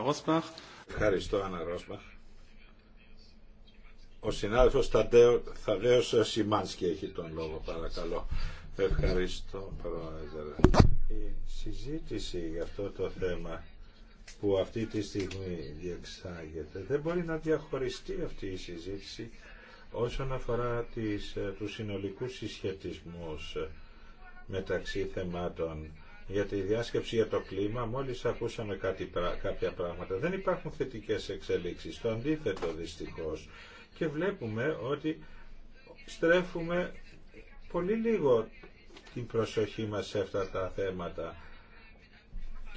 ο συνάδελφος Θαδέος Σιμάνσκι έχει τον λόγο παρακαλώ. Ευχαριστώ πρόεδρε. Η συζήτηση για αυτό το θέμα που αυτή τη στιγμή διεξάγεται δεν μπορεί να διαχωριστεί αυτή η συζήτηση όσον αφορά τις, τους συνολικούς συσχετισμούς μεταξύ θεμάτων για τη διάσκεψη για το κλίμα μόλις ακούσαμε κάποια πράγματα δεν υπάρχουν θετικές εξελίξεις το αντίθετο δυστυχώς και βλέπουμε ότι στρέφουμε πολύ λίγο την προσοχή μας σε αυτά τα θέματα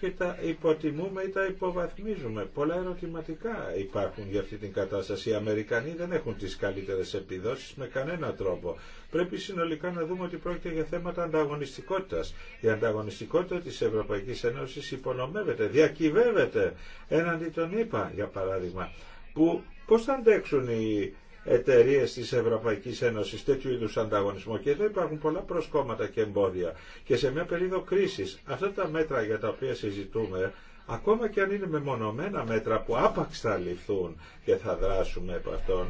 και τα υποτιμούμε ή τα υποβαθμίζουμε. Πολλά ερωτηματικά υπάρχουν για αυτή την κατάσταση. Οι Αμερικανοί δεν έχουν τις καλύτερες επιδόσεις με κανένα τρόπο. Πρέπει συνολικά να δούμε ότι πρόκειται για θέματα ανταγωνιστικότητας. Η ανταγωνιστικότητα της Ευρωπαϊκής Ένωσης υπονομεύεται, διακυβεύεται έναντι τον ειπα για παράδειγμα που πώς θα αντέξουν οι εταιρείε τη Ευρωπαϊκή Ένωση τέτοιου είδου ανταγωνισμό. Και εδώ υπάρχουν πολλά προσκόμματα και εμπόδια. Και σε μια περίοδο κρίση, αυτά τα μέτρα για τα οποία συζητούμε, ακόμα και αν είναι μεμονωμένα μέτρα που άπαξ θα ληφθούν και θα δράσουμε από αυτόν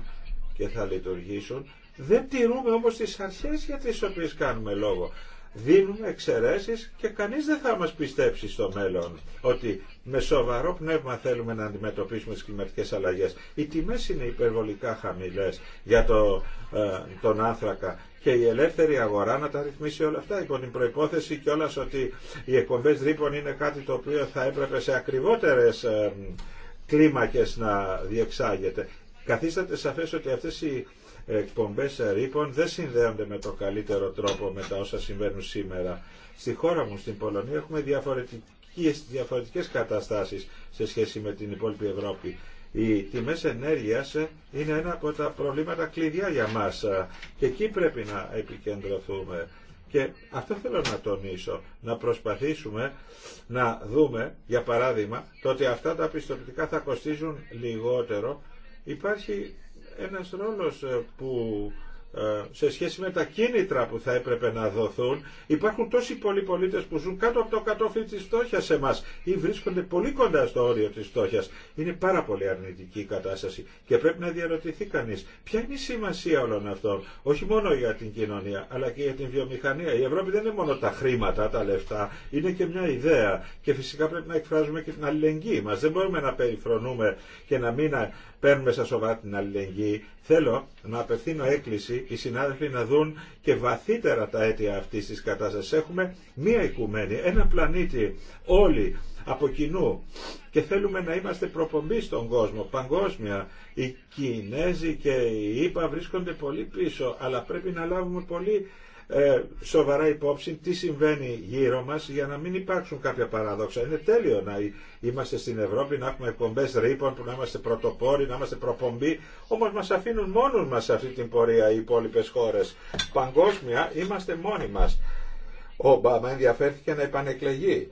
και θα λειτουργήσουν, δεν τηρούμε όμω τι αρχέ για τι οποίε κάνουμε λόγο δίνουμε εξαιρέσεις και κανείς δεν θα μας πιστέψει στο μέλλον ότι με σοβαρό πνεύμα θέλουμε να αντιμετωπίσουμε τις κλιματικές αλλαγές. Οι τιμές είναι υπερβολικά χαμηλές για το, ε, τον άνθρακα και η ελεύθερη αγορά να τα ρυθμίσει όλα αυτά υπό την λοιπόν, προϋπόθεση κιόλα ότι οι εκπομπές ρήπων είναι κάτι το οποίο θα έπρεπε σε ακριβότερες ε, κλίμακες να διεξάγεται. Καθίσταται σαφές ότι αυτές οι εκπομπές ρήπων δεν συνδέονται με το καλύτερο τρόπο με τα όσα συμβαίνουν σήμερα. Στη χώρα μου, στην Πολωνία, έχουμε διαφορετικές, διαφορετικές καταστάσεις σε σχέση με την υπόλοιπη Ευρώπη. Οι τιμέ ενέργειας είναι ένα από τα προβλήματα κλειδιά για μας και εκεί πρέπει να επικεντρωθούμε. Και αυτό θέλω να τονίσω, να προσπαθήσουμε να δούμε, για παράδειγμα, το ότι αυτά τα πιστοποιητικά θα κοστίζουν λιγότερο. Υπάρχει ένας ρόλος ε, που ε, σε σχέση με τα κίνητρα που θα έπρεπε να δοθούν. Υπάρχουν τόσοι πολλοί πολίτες που ζουν κάτω από το κατόφλι της φτώχειας σε μας ή βρίσκονται πολύ κοντά στο όριο της φτώχειας είναι πάρα πολύ αρνητική η κατάσταση και πρέπει να διαρωτηθεί κανείς ποια είναι η σημασία όλων αυτών, όχι μόνο για την κοινωνία αλλά και για την βιομηχανία. Η Ευρώπη δεν είναι μόνο τα χρήματα, τα λεφτά, είναι και μια ιδέα και φυσικά πρέπει να εκφράζουμε και την αλληλεγγύη μας. Δεν μπορούμε να περιφρονούμε και να μην παίρνουμε στα σοβαρά την αλληλεγγύη. Θέλω να απευθύνω έκκληση οι συνάδελφοι να δουν και βαθύτερα τα αίτια αυτή τη κατάσταση. Έχουμε μία οικουμένη, ένα πλανήτη, όλοι από κοινού και θέλουμε να είμαστε προπομπή στον κόσμο, παγκόσμια. Οι Κινέζοι και οι ΙΠΑ βρίσκονται πολύ πίσω, αλλά πρέπει να λάβουμε πολύ ε, σοβαρά υπόψη τι συμβαίνει γύρω μας για να μην υπάρξουν κάποια παράδοξα. Είναι τέλειο να είμαστε στην Ευρώπη, να έχουμε εκπομπέ ρήπων, που να είμαστε πρωτοπόροι, να είμαστε προπομπή, όμως μας αφήνουν μόνους μας σε αυτή την πορεία οι υπόλοιπε χώρες. Παγκόσμια είμαστε μόνοι μας. Ο Ομπάμα ενδιαφέρθηκε να επανεκλεγεί.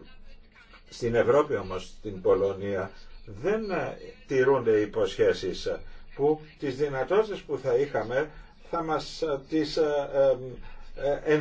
Στην Ευρώπη όμως, στην Πολωνία, δεν ε, τηρούνται οι υποσχέσεις που τις δυνατότητες που θα είχαμε θα μας ε, τις ε,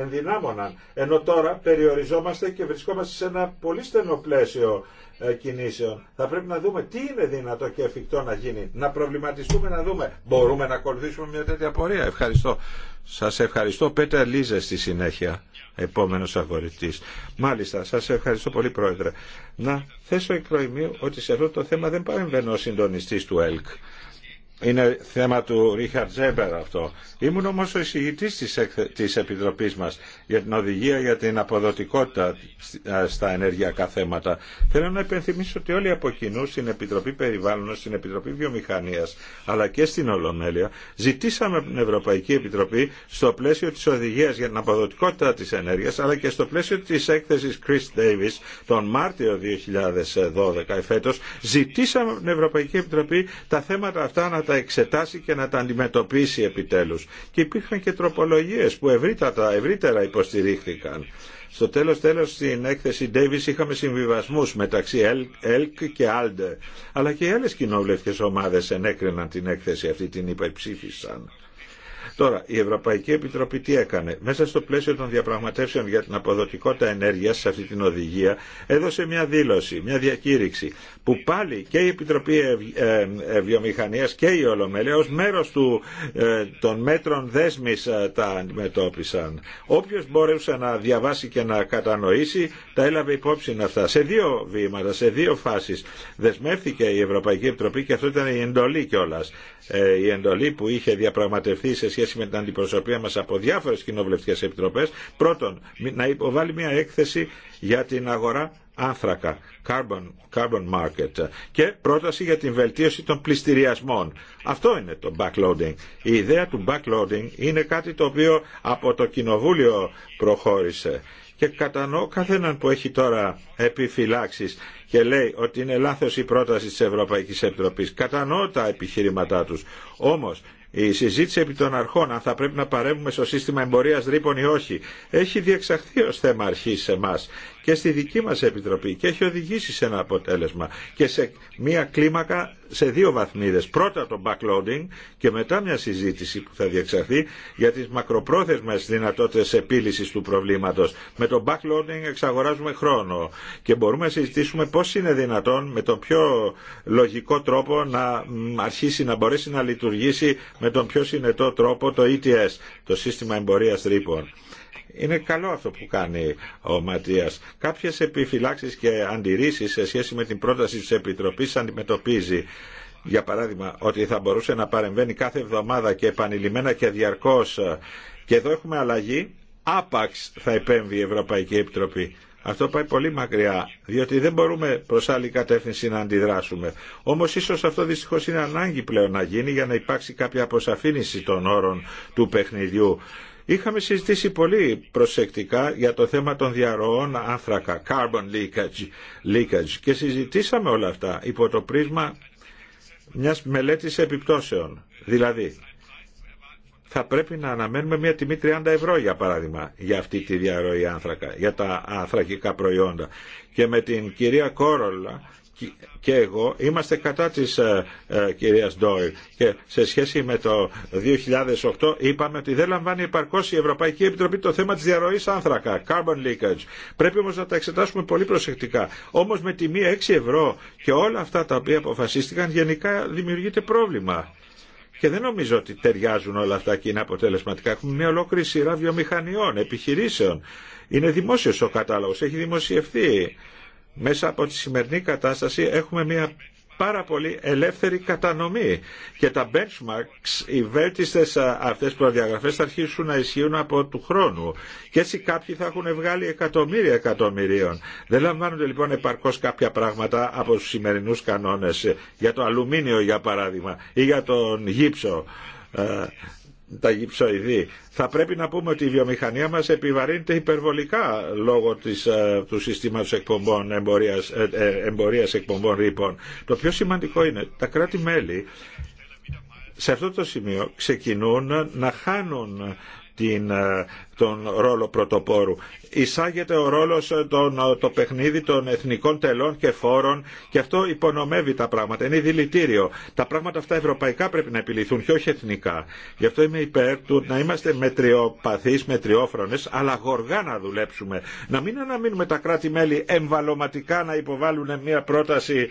ενδυνάμωναν. Ενώ τώρα περιοριζόμαστε και βρισκόμαστε σε ένα πολύ στενό πλαίσιο ε, κινήσεων. Θα πρέπει να δούμε τι είναι δυνατό και εφικτό να γίνει. Να προβληματιστούμε να δούμε. Μπορούμε να ακολουθήσουμε μια τέτοια πορεία. Ευχαριστώ. Σας ευχαριστώ Πέτρα λίζες στη συνέχεια. Επόμενος αγορητής. Μάλιστα, σας ευχαριστώ πολύ Πρόεδρε. Να θέσω εκ ότι σε αυτό το θέμα δεν παρεμβαίνω ο συντονιστής του ΕΛΚ. Είναι θέμα του Ρίχαρτ Ζέμπερ αυτό. Ήμουν όμως ο εισηγητής της, της Επιτροπής μας για την οδηγία για την αποδοτικότητα στα ενεργειακά θέματα. Θέλω να υπενθυμίσω ότι όλοι από κοινού στην Επιτροπή Περιβάλλοντος, στην Επιτροπή Βιομηχανίας αλλά και στην Ολομέλεια ζητήσαμε την Ευρωπαϊκή Επιτροπή στο πλαίσιο της οδηγίας για την αποδοτικότητα της ενέργειας αλλά και στο πλαίσιο της έκθεσης Chris Davis τον Μάρτιο 2012 εφέτος ζητήσαμε την Ευρωπαϊκή Επιτροπή τα θέματα αυτά να τα εξετάσει και να τα αντιμετωπίσει επιτέλους. Και υπήρχαν και τροπολογίες που ευρύτατα, ευρύτερα υποστηρίχθηκαν. Στο τέλος τέλος στην έκθεση Davis είχαμε συμβιβασμούς μεταξύ ΕΛΚ και ΑΛΔΕ. Αλλά και οι άλλες κοινοβουλευτικές ομάδες ενέκριναν την έκθεση αυτή, την υπερψήφισαν. Τώρα, η Ευρωπαϊκή Επιτροπή τι έκανε. Μέσα στο πλαίσιο των διαπραγματεύσεων για την αποδοτικότητα ενέργεια σε αυτή την οδηγία, έδωσε μια δήλωση, μια διακήρυξη, που πάλι και η Επιτροπή ε, Βιομηχανία και η Ολομέλεια ω μέρο ε, των μέτρων δέσμη ε, τα αντιμετώπισαν. Όποιο μπόρεσε να διαβάσει και να κατανοήσει, τα έλαβε υπόψη αυτά. Σε δύο βήματα, σε δύο φάσει δεσμεύτηκε η Ευρωπαϊκή Επιτροπή και αυτό ήταν η εντολή κιόλα. Η εντολή που είχε διαπραγματευτεί σε σχέση με την αντιπροσωπεία μας από διάφορες κοινοβουλευτικές επιτροπές. Πρώτον, να υποβάλει μια έκθεση για την αγορά άνθρακα, carbon, carbon market και πρόταση για την βελτίωση των πληστηριασμών. Αυτό είναι το backloading. Η ιδέα του backloading είναι κάτι το οποίο από το Κοινοβούλιο προχώρησε και κατανοώ καθέναν που έχει τώρα επιφυλάξεις και λέει ότι είναι λάθος η πρόταση της Ευρωπαϊκής Επιτροπής. Κατανοώ τα επιχειρήματά τους. Όμως η συζήτηση επί των αρχών, αν θα πρέπει να παρέμβουμε στο σύστημα εμπορία ρήπων ή όχι, έχει διεξαχθεί ω θέμα αρχή σε εμά και στη δική μας Επιτροπή και έχει οδηγήσει σε ένα αποτέλεσμα και σε μία κλίμακα σε δύο βαθμίδες. Πρώτα το backloading και μετά μια συζήτηση που θα διεξαχθεί για τις μακροπρόθεσμες δυνατότητες επίλυσης του προβλήματος. Με το backloading εξαγοράζουμε χρόνο και μπορούμε να συζητήσουμε πώς είναι δυνατόν με τον πιο λογικό τρόπο να αρχίσει να μπορέσει να λειτουργήσει με τον πιο συνετό τρόπο το ETS, το σύστημα εμπορίας τρύπων. Είναι καλό αυτό που κάνει ο Ματία. Κάποιε επιφυλάξει και αντιρρήσει σε σχέση με την πρόταση τη Επιτροπής αντιμετωπίζει για παράδειγμα, ότι θα μπορούσε να παρεμβαίνει κάθε εβδομάδα και επανειλημμένα και διαρκώ Και εδώ έχουμε αλλαγή. Άπαξ θα επέμβει η Ευρωπαϊκή Επιτροπή. Αυτό πάει πολύ μακριά, διότι δεν μπορούμε προ άλλη κατεύθυνση να αντιδράσουμε. Όμω ίσω αυτό δυστυχώ είναι ανάγκη πλέον να γίνει για να υπάρξει κάποια αποσαφήνιση των όρων του παιχνιδιού Είχαμε συζητήσει πολύ προσεκτικά για το θέμα των διαρροών άνθρακα, carbon leakage, leakage και συζητήσαμε όλα αυτά υπό το πρίσμα μιας μελέτης επιπτώσεων. Δηλαδή, θα πρέπει να αναμένουμε μια τιμή 30 ευρώ για παράδειγμα για αυτή τη διαρροή άνθρακα, για τα ανθρακικά προϊόντα. Και με την κυρία Κόρολα και εγώ είμαστε κατά της ε, ε, κυρίας Ντόιλ και σε σχέση με το 2008 είπαμε ότι δεν λαμβάνει επαρκώς η Ευρωπαϊκή Επιτροπή το θέμα της διαρροής άνθρακα, carbon leakage. Πρέπει όμως να τα εξετάσουμε πολύ προσεκτικά. Όμως με τιμή 6 ευρώ και όλα αυτά τα οποία αποφασίστηκαν γενικά δημιουργείται πρόβλημα. Και δεν νομίζω ότι ταιριάζουν όλα αυτά και είναι αποτελεσματικά. Έχουμε μια ολόκληρη σειρά βιομηχανιών, επιχειρήσεων. Είναι δημόσιος ο κατάλογος, έχει δημοσιευθεί μέσα από τη σημερινή κατάσταση έχουμε μια πάρα πολύ ελεύθερη κατανομή και τα benchmarks, οι βέλτιστες αυτές προδιαγραφές θα αρχίσουν να ισχύουν από του χρόνου και έτσι κάποιοι θα έχουν βγάλει εκατομμύρια εκατομμυρίων. Δεν λαμβάνονται λοιπόν επαρκώς κάποια πράγματα από τους σημερινούς κανόνες για το αλουμίνιο για παράδειγμα ή για τον γύψο ε, τα γυψοειδή. Θα πρέπει να πούμε ότι η βιομηχανία μας επιβαρύνεται υπερβολικά λόγω της, ε, του συστήματος εκπομπών, εμπορίας, ε, ε, εμπορίας εκπομπών ρήπων. Το πιο σημαντικό είναι τα κράτη-μέλη σε αυτό το σημείο ξεκινούν να χάνουν ε, τον ρόλο πρωτοπόρου. Εισάγεται ο ρόλος, ε, των, ε, το παιχνίδι των εθνικών τελών και φόρων και αυτό υπονομεύει τα πράγματα. Είναι δηλητήριο. Τα πράγματα αυτά ευρωπαϊκά πρέπει να επιληθούν και όχι εθνικά. Γι' αυτό είμαι υπέρ του να είμαστε μετριοπαθείς, μετριόφρονες, αλλά γοργά να δουλέψουμε. Να μην αναμείνουμε τα κράτη-μέλη εμβαλωματικά να υποβάλουν μια πρόταση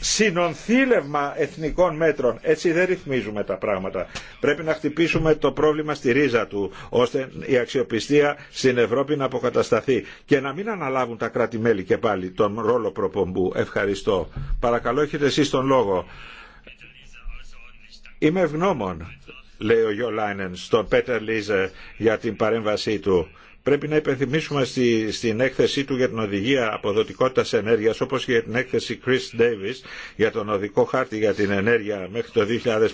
συνονθήλευμα εθνικών μέτρων. Έτσι δεν ρυθμίζουμε τα πράγματα. Πρέπει να χτυπήσουμε το πρόβλημα στη ρίζα του, ώστε η αξιοπιστία στην Ευρώπη να αποκατασταθεί και να μην αναλάβουν τα κράτη-μέλη και πάλι τον ρόλο προπομπού. Ευχαριστώ. Παρακαλώ, έχετε εσείς τον λόγο. Είμαι ευγνώμων, λέει ο Λάινεν, στον Πέτερ Λίζε για την παρέμβασή του Πρέπει να υπενθυμίσουμε στη, στην έκθεσή του για την οδηγία αποδοτικότητας ενέργειας όπως και την έκθεση Chris Davis για τον οδικό χάρτη για την ενέργεια μέχρι το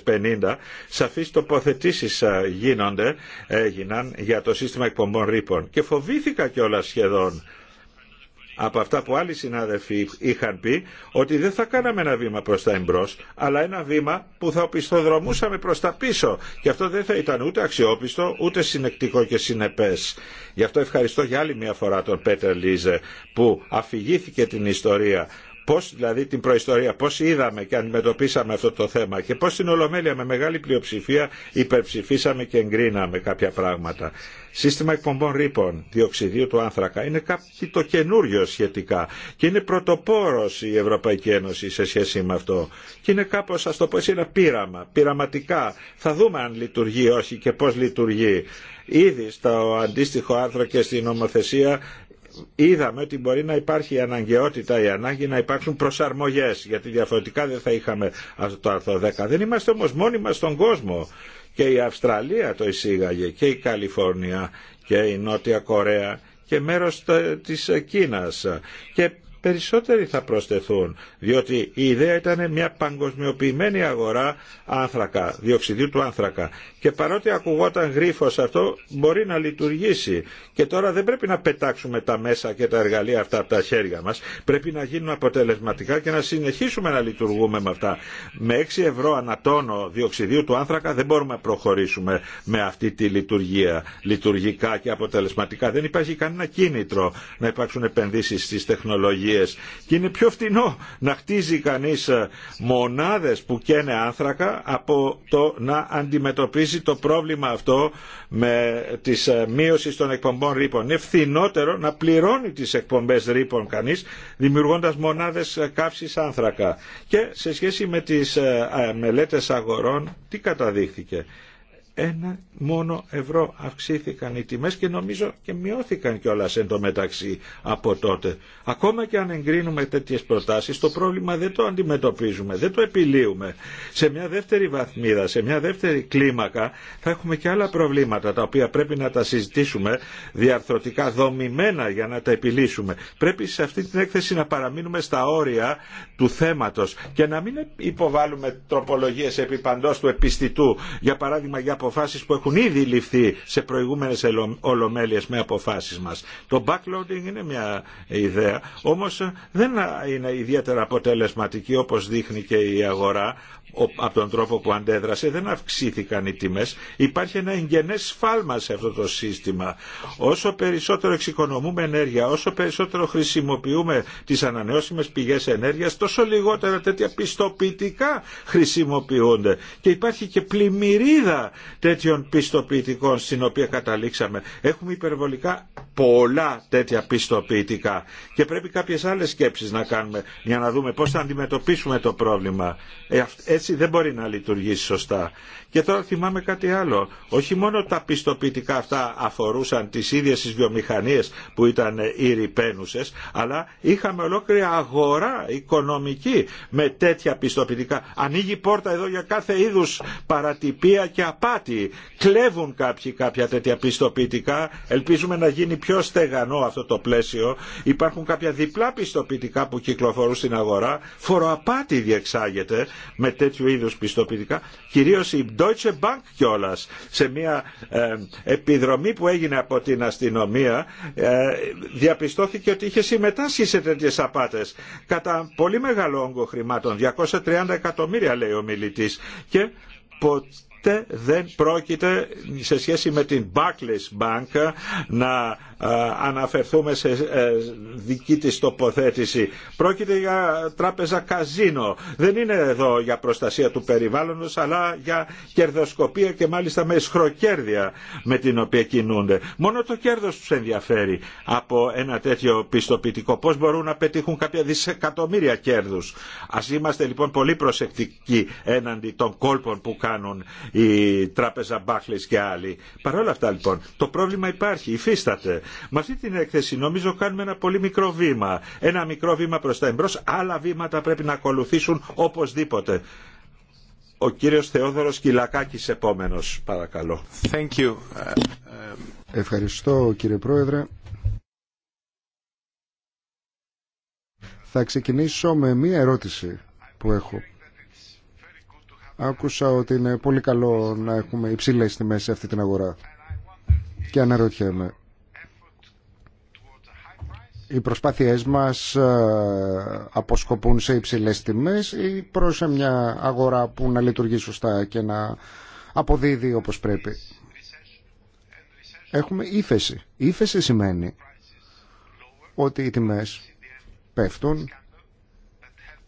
2050 σαφείς τοποθετήσεις γίνονται έγιναν για το σύστημα εκπομπών ρήπων και φοβήθηκα κιόλα σχεδόν από αυτά που άλλοι συνάδελφοι είχαν πει ότι δεν θα κάναμε ένα βήμα προς τα εμπρός αλλά ένα βήμα που θα οπισθοδρομούσαμε προς τα πίσω και αυτό δεν θα ήταν ούτε αξιόπιστο ούτε συνεκτικό και συνεπές. Γι' αυτό ευχαριστώ για άλλη μια φορά τον Πέτερ Λίζε που αφηγήθηκε την ιστορία Πώς δηλαδή την προϊστορία, πώς είδαμε και αντιμετωπίσαμε αυτό το θέμα και πώς στην Ολομέλεια με μεγάλη πλειοψηφία υπερψηφίσαμε και εγκρίναμε κάποια πράγματα. Σύστημα εκπομπών ρήπων διοξιδίου του άνθρακα είναι κάτι το καινούριο σχετικά και είναι πρωτοπόρος η Ευρωπαϊκή Ένωση σε σχέση με αυτό. Και είναι κάπως, ας το πω έτσι, ένα πείραμα, πειραματικά. Θα δούμε αν λειτουργεί ή όχι και πώς λειτουργεί. Ήδη στο αντίστοιχο άρθρο και στην νομοθεσία είδαμε ότι μπορεί να υπάρχει η αναγκαιότητα, η ανάγκη να υπάρξουν προσαρμογές, γιατί διαφορετικά δεν θα είχαμε αυτό το άρθρο 10. Δεν είμαστε όμως μόνοι μας στον κόσμο. Και η Αυστραλία το εισήγαγε και η Καλιφόρνια και η Νότια Κορέα και μέρος της Κίνας. Και περισσότεροι θα προσθεθούν, διότι η ιδέα ήταν μια παγκοσμιοποιημένη αγορά άνθρακα, διοξιδίου του άνθρακα. Και παρότι ακουγόταν γρίφος αυτό, μπορεί να λειτουργήσει. Και τώρα δεν πρέπει να πετάξουμε τα μέσα και τα εργαλεία αυτά από τα χέρια μας. Πρέπει να γίνουν αποτελεσματικά και να συνεχίσουμε να λειτουργούμε με αυτά. Με 6 ευρώ ανατόνο διοξιδίου του άνθρακα δεν μπορούμε να προχωρήσουμε με αυτή τη λειτουργία. Λειτουργικά και αποτελεσματικά. Δεν υπάρχει κανένα κίνητρο να υπάρξουν επενδύσεις στις τεχνολογίες και είναι πιο φτηνό να χτίζει κανείς ε, μονάδες που καίνε άνθρακα από το να αντιμετωπίζει το πρόβλημα αυτό με τις ε, μείωσης των εκπομπών ρήπων. Είναι φθηνότερο να πληρώνει τις εκπομπές ρήπων κανείς δημιουργώντας μονάδες ε, καύσης άνθρακα. Και σε σχέση με τις μελέτες αγορών τι καταδείχθηκε ένα μόνο ευρώ αυξήθηκαν οι τιμές και νομίζω και μειώθηκαν κιόλα εν τω μεταξύ από τότε. Ακόμα και αν εγκρίνουμε τέτοιες προτάσεις το πρόβλημα δεν το αντιμετωπίζουμε, δεν το επιλύουμε. Σε μια δεύτερη βαθμίδα, σε μια δεύτερη κλίμακα θα έχουμε και άλλα προβλήματα τα οποία πρέπει να τα συζητήσουμε διαρθρωτικά δομημένα για να τα επιλύσουμε. Πρέπει σε αυτή την έκθεση να παραμείνουμε στα όρια του θέματος και να μην υποβάλουμε τροπολογίες επί του επιστητού για παράδειγμα για αποφάσεις που έχουν ήδη ληφθεί σε προηγούμενες ολομέλειες με αποφάσεις μας. Το backloading είναι μια ιδέα, όμως δεν είναι ιδιαίτερα αποτελεσματική όπως δείχνει και η αγορά από τον τρόπο που αντέδρασε δεν αυξήθηκαν οι τιμές. Υπάρχει ένα εγγενές σφάλμα σε αυτό το σύστημα. Όσο περισσότερο εξοικονομούμε ενέργεια, όσο περισσότερο χρησιμοποιούμε τις ανανεώσιμες πηγές ενέργειας, τόσο λιγότερα τέτοια πιστοποιητικά χρησιμοποιούνται. Και υπάρχει και πλημμυρίδα τέτοιων πιστοποιητικών στην οποία καταλήξαμε. Έχουμε υπερβολικά πολλά τέτοια πιστοποιητικά και πρέπει κάποιες άλλες σκέψεις να κάνουμε για να δούμε πώς θα αντιμετωπίσουμε το πρόβλημα. Ε, ε, έτσι δεν μπορεί να λειτουργήσει σωστά. Και τώρα θυμάμαι κάτι άλλο. Όχι μόνο τα πιστοποιητικά αυτά αφορούσαν τις ίδιες τις βιομηχανίες που ήταν ηρυπαίνουσες, αλλά είχαμε ολόκληρη αγορά οικονομική με τέτοια πιστοποιητικά. Ανοίγει πόρτα εδώ για κάθε είδους παρατυπία και απάτη. Κλέβουν κάποιοι κάποια τέτοια πιστοποιητικά. Ελπίζουμε να γίνει πιο στεγανό αυτό το πλαίσιο. Υπάρχουν κάποια διπλά πιστοποιητικά που κυκλοφορούν στην αγορά. Φοροαπάτη διεξάγεται με τέτοιου είδους κυρίως η Deutsche Bank κιόλα, σε μια ε, επιδρομή που έγινε από την αστυνομία, ε, διαπιστώθηκε ότι είχε συμμετάσχει σε τέτοιες απάτες κατά πολύ μεγάλο όγκο χρημάτων, 230 εκατομμύρια λέει ο μιλητής και ποτέ δεν πρόκειται σε σχέση με την Barclays Bank να αναφερθούμε σε ε, δική της τοποθέτηση. Πρόκειται για τράπεζα καζίνο. Δεν είναι εδώ για προστασία του περιβάλλοντος αλλά για κερδοσκοπία και μάλιστα με σχροκέρδια με την οποία κινούνται. Μόνο το κέρδος τους ενδιαφέρει από ένα τέτοιο πιστοποιητικό. Πώς μπορούν να πετύχουν κάποια δισεκατομμύρια κέρδους. Ας είμαστε λοιπόν πολύ προσεκτικοί έναντι των κόλπων που κάνουν η τράπεζα Μπάχλης και άλλοι. Παρ' όλα αυτά λοιπόν το πρόβλημα υπάρχει, υφίσταται με αυτή την έκθεση νομίζω κάνουμε ένα πολύ μικρό βήμα. Ένα μικρό βήμα προς τα εμπρός, άλλα βήματα πρέπει να ακολουθήσουν οπωσδήποτε. Ο κύριος Θεόδωρος Κυλακάκης επόμενος, παρακαλώ. Thank you. Ευχαριστώ κύριε Πρόεδρε. Θα ξεκινήσω με μία ερώτηση που έχω. Άκουσα ότι είναι πολύ καλό να έχουμε υψηλές τιμές σε αυτή την αγορά. Και αναρωτιέμαι οι προσπάθειές μας ε, αποσκοπούν σε υψηλές τιμές ή προς μια αγορά που να λειτουργεί σωστά και να αποδίδει όπως πρέπει. Έχουμε ύφεση. Ήφεση σημαίνει ότι οι τιμές πέφτουν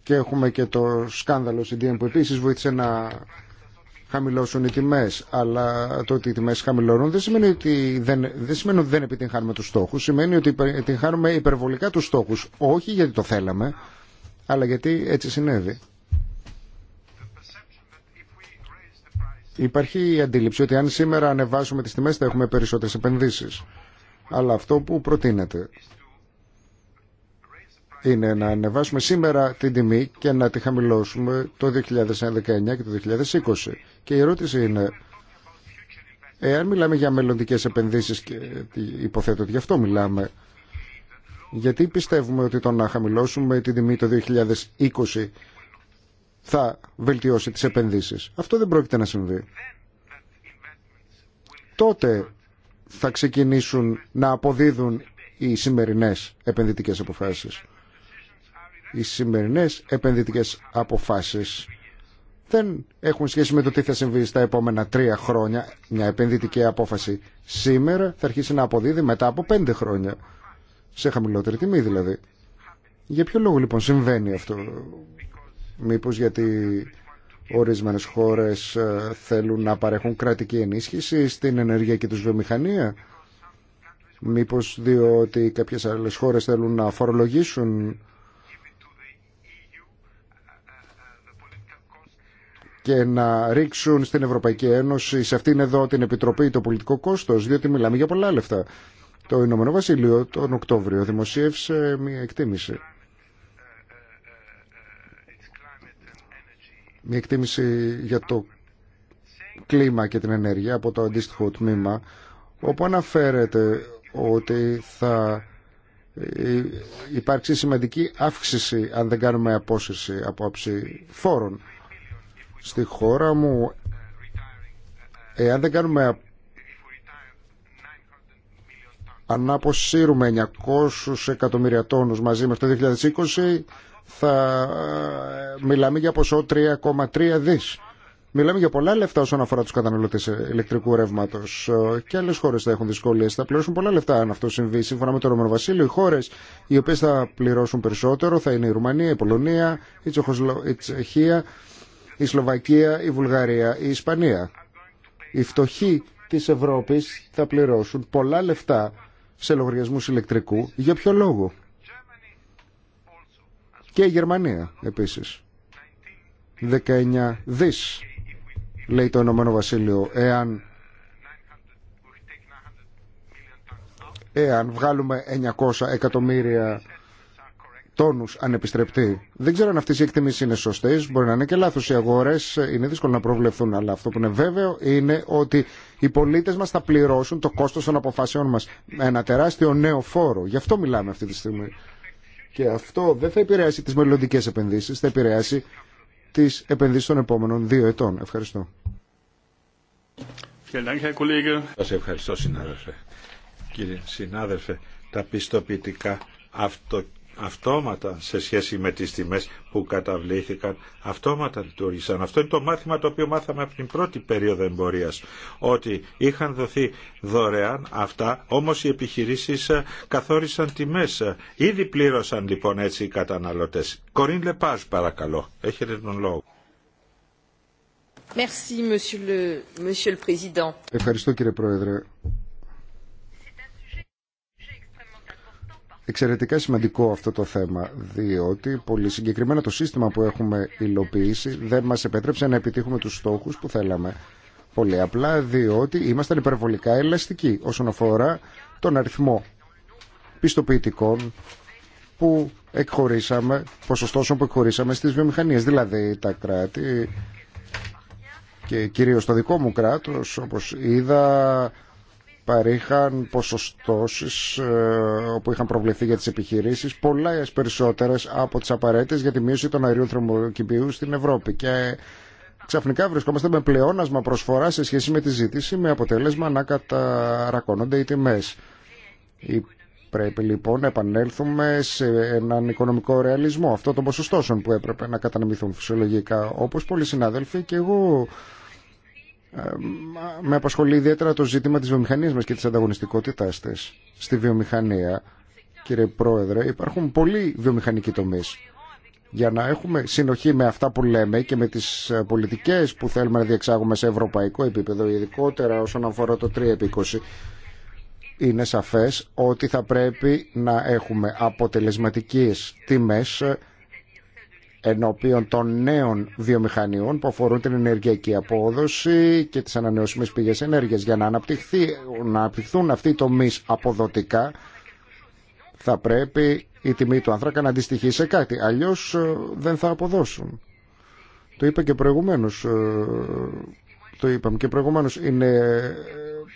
και έχουμε και το σκάνδαλο CDM που επίσης βοήθησε να χαμηλώσουν οι τιμέ. Αλλά το ότι οι τιμές χαμηλώνουν δεν σημαίνει ότι δεν, δεν, σημαίνει ότι δεν επιτυγχάνουμε τους στόχους. Σημαίνει ότι επιτυγχάνουμε υπερβολικά τους στόχους. Όχι γιατί το θέλαμε, αλλά γιατί έτσι συνέβη. Υπάρχει η αντίληψη ότι αν σήμερα ανεβάσουμε τις τιμές θα έχουμε περισσότερες επενδύσεις. Αλλά αυτό που προτείνεται είναι να ανεβάσουμε σήμερα την τιμή και να τη χαμηλώσουμε το 2019 και το 2020. Και η ερώτηση είναι, εάν μιλάμε για μελλοντικές επενδύσεις, και υποθέτω ότι γι' αυτό μιλάμε, γιατί πιστεύουμε ότι το να χαμηλώσουμε την τιμή το 2020 θα βελτιώσει τις επενδύσεις. Αυτό δεν πρόκειται να συμβεί. Τότε θα ξεκινήσουν να αποδίδουν οι σημερινές επενδυτικές αποφάσεις οι σημερινές επενδυτικές αποφάσεις δεν έχουν σχέση με το τι θα συμβεί στα επόμενα τρία χρόνια. Μια επενδυτική απόφαση σήμερα θα αρχίσει να αποδίδει μετά από πέντε χρόνια. Σε χαμηλότερη τιμή δηλαδή. Για ποιο λόγο λοιπόν συμβαίνει αυτό. Μήπως γιατί ορισμένες χώρες ε, θέλουν να παρέχουν κρατική ενίσχυση στην και τους βιομηχανία. Μήπως διότι κάποιες άλλες χώρες θέλουν να φορολογήσουν και να ρίξουν στην Ευρωπαϊκή Ένωση, σε αυτήν εδώ την Επιτροπή, το πολιτικό κόστος, διότι μιλάμε για πολλά λεφτά. Το Ηνωμένο Βασίλειο τον Οκτώβριο δημοσίευσε μια εκτίμηση. Μια εκτίμηση για το κλίμα και την ενέργεια από το αντίστοιχο τμήμα, όπου αναφέρεται ότι θα υπάρξει σημαντική αύξηση αν δεν κάνουμε απόσυρση από φόρων. Στη χώρα μου, εάν δεν κάνουμε αν αποσύρουμε 900 εκατομμύρια τόνους μαζί με το 2020 θα ε, μιλάμε για ποσό 3,3 δις. Μιλάμε για πολλά λεφτά όσον αφορά τους καταναλωτές ηλεκτρικού ρεύματος ε, και άλλες χώρες θα έχουν δυσκολίες. Θα πληρώσουν πολλά λεφτά αν αυτό συμβεί. Σύμφωνα με το Ρωμανό οι χώρες οι οποίες θα πληρώσουν περισσότερο θα είναι η Ρουμανία, η Πολωνία, η Τσεχία, η Σλοβακία, η Βουλγαρία, η Ισπανία. Οι φτωχοί της Ευρώπης θα πληρώσουν πολλά λεφτά σε λογαριασμούς ηλεκτρικού. Για ποιο λόγο. Και η Γερμανία επίσης. 19 δις λέει το Ηνωμένο Βασίλειο εάν εάν βγάλουμε 900 εκατομμύρια τόνου ανεπιστρεπτή. Δεν ξέρω αν αυτέ οι εκτιμήσει είναι σωστέ, μπορεί να είναι και λάθο οι αγορέ, είναι δύσκολο να προβλεφθούν, αλλά αυτό που είναι βέβαιο είναι ότι οι πολίτε μα θα πληρώσουν το κόστο των αποφάσεών μα. Ένα τεράστιο νέο φόρο. Γι' αυτό μιλάμε αυτή τη στιγμή. Και αυτό δεν θα επηρεάσει τι μελλοντικέ επενδύσει, θα επηρεάσει τι επενδύσει των επόμενων δύο ετών. Ευχαριστώ. Σα ευχαριστώ, συνάδελφε. Κύριε συνάδελφε, τα πιστοποιητικά αυτοκίνητα αυτόματα σε σχέση με τις τιμές που καταβλήθηκαν, αυτόματα λειτουργήσαν. Αυτό είναι το μάθημα το οποίο μάθαμε από την πρώτη περίοδο εμπορίας, ότι είχαν δοθεί δωρεάν αυτά, όμως οι επιχειρήσεις ε, καθόρισαν τιμές. Ε, ήδη πλήρωσαν λοιπόν έτσι οι καταναλωτές. Κορίν Λεπάζ παρακαλώ, έχετε τον λόγο. Ευχαριστώ κύριε Πρόεδρε. εξαιρετικά σημαντικό αυτό το θέμα, διότι πολύ συγκεκριμένα το σύστημα που έχουμε υλοποιήσει δεν μας επέτρεψε να επιτύχουμε τους στόχους που θέλαμε. Πολύ απλά διότι ήμασταν υπερβολικά ελαστικοί όσον αφορά τον αριθμό πιστοποιητικών που εκχωρήσαμε, ποσοστόσων που εκχωρήσαμε στις βιομηχανίες. Δηλαδή τα κράτη και κυρίως το δικό μου κράτος, όπως είδα, παρήχαν ποσοστώσεις ε, που είχαν προβληθεί για τις επιχειρήσεις πολλές περισσότερες από τις απαραίτητες για τη μείωση των αερίων θερμοκηπίου στην Ευρώπη και ξαφνικά βρισκόμαστε με πλεόνασμα προσφορά σε σχέση με τη ζήτηση με αποτέλεσμα να καταρακώνονται οι τιμές. Πρέπει λοιπόν να επανέλθουμε σε έναν οικονομικό ρεαλισμό αυτό των ποσοστώσεων που έπρεπε να κατανεμηθούν φυσιολογικά όπως πολλοί συνάδελφοι και εγώ ε, με απασχολεί ιδιαίτερα το ζήτημα της βιομηχανίας μας και της ανταγωνιστικότητάς της στη βιομηχανία. Κύριε Πρόεδρε, υπάρχουν πολλοί βιομηχανικοί τομείς. Για να έχουμε συνοχή με αυτά που λέμε και με τις ε, πολιτικές που θέλουμε να διεξάγουμε σε ευρωπαϊκό επίπεδο, ειδικότερα όσον αφορά το 3 επί 20, είναι σαφές ότι θα πρέπει να έχουμε αποτελεσματικές τιμές ε, ενώπιον των νέων βιομηχανιών που αφορούν την ενεργειακή απόδοση και τις ανανεώσιμες πηγές ενέργειας. Για να, αναπτυχθεί, να αναπτυχθούν αυτοί οι τομείς αποδοτικά θα πρέπει η τιμή του άνθρακα να αντιστοιχεί σε κάτι. Αλλιώς ε, δεν θα αποδώσουν. Το είπα και προηγουμένως. Ε, το είπαμε και προηγουμένως. Είναι ε,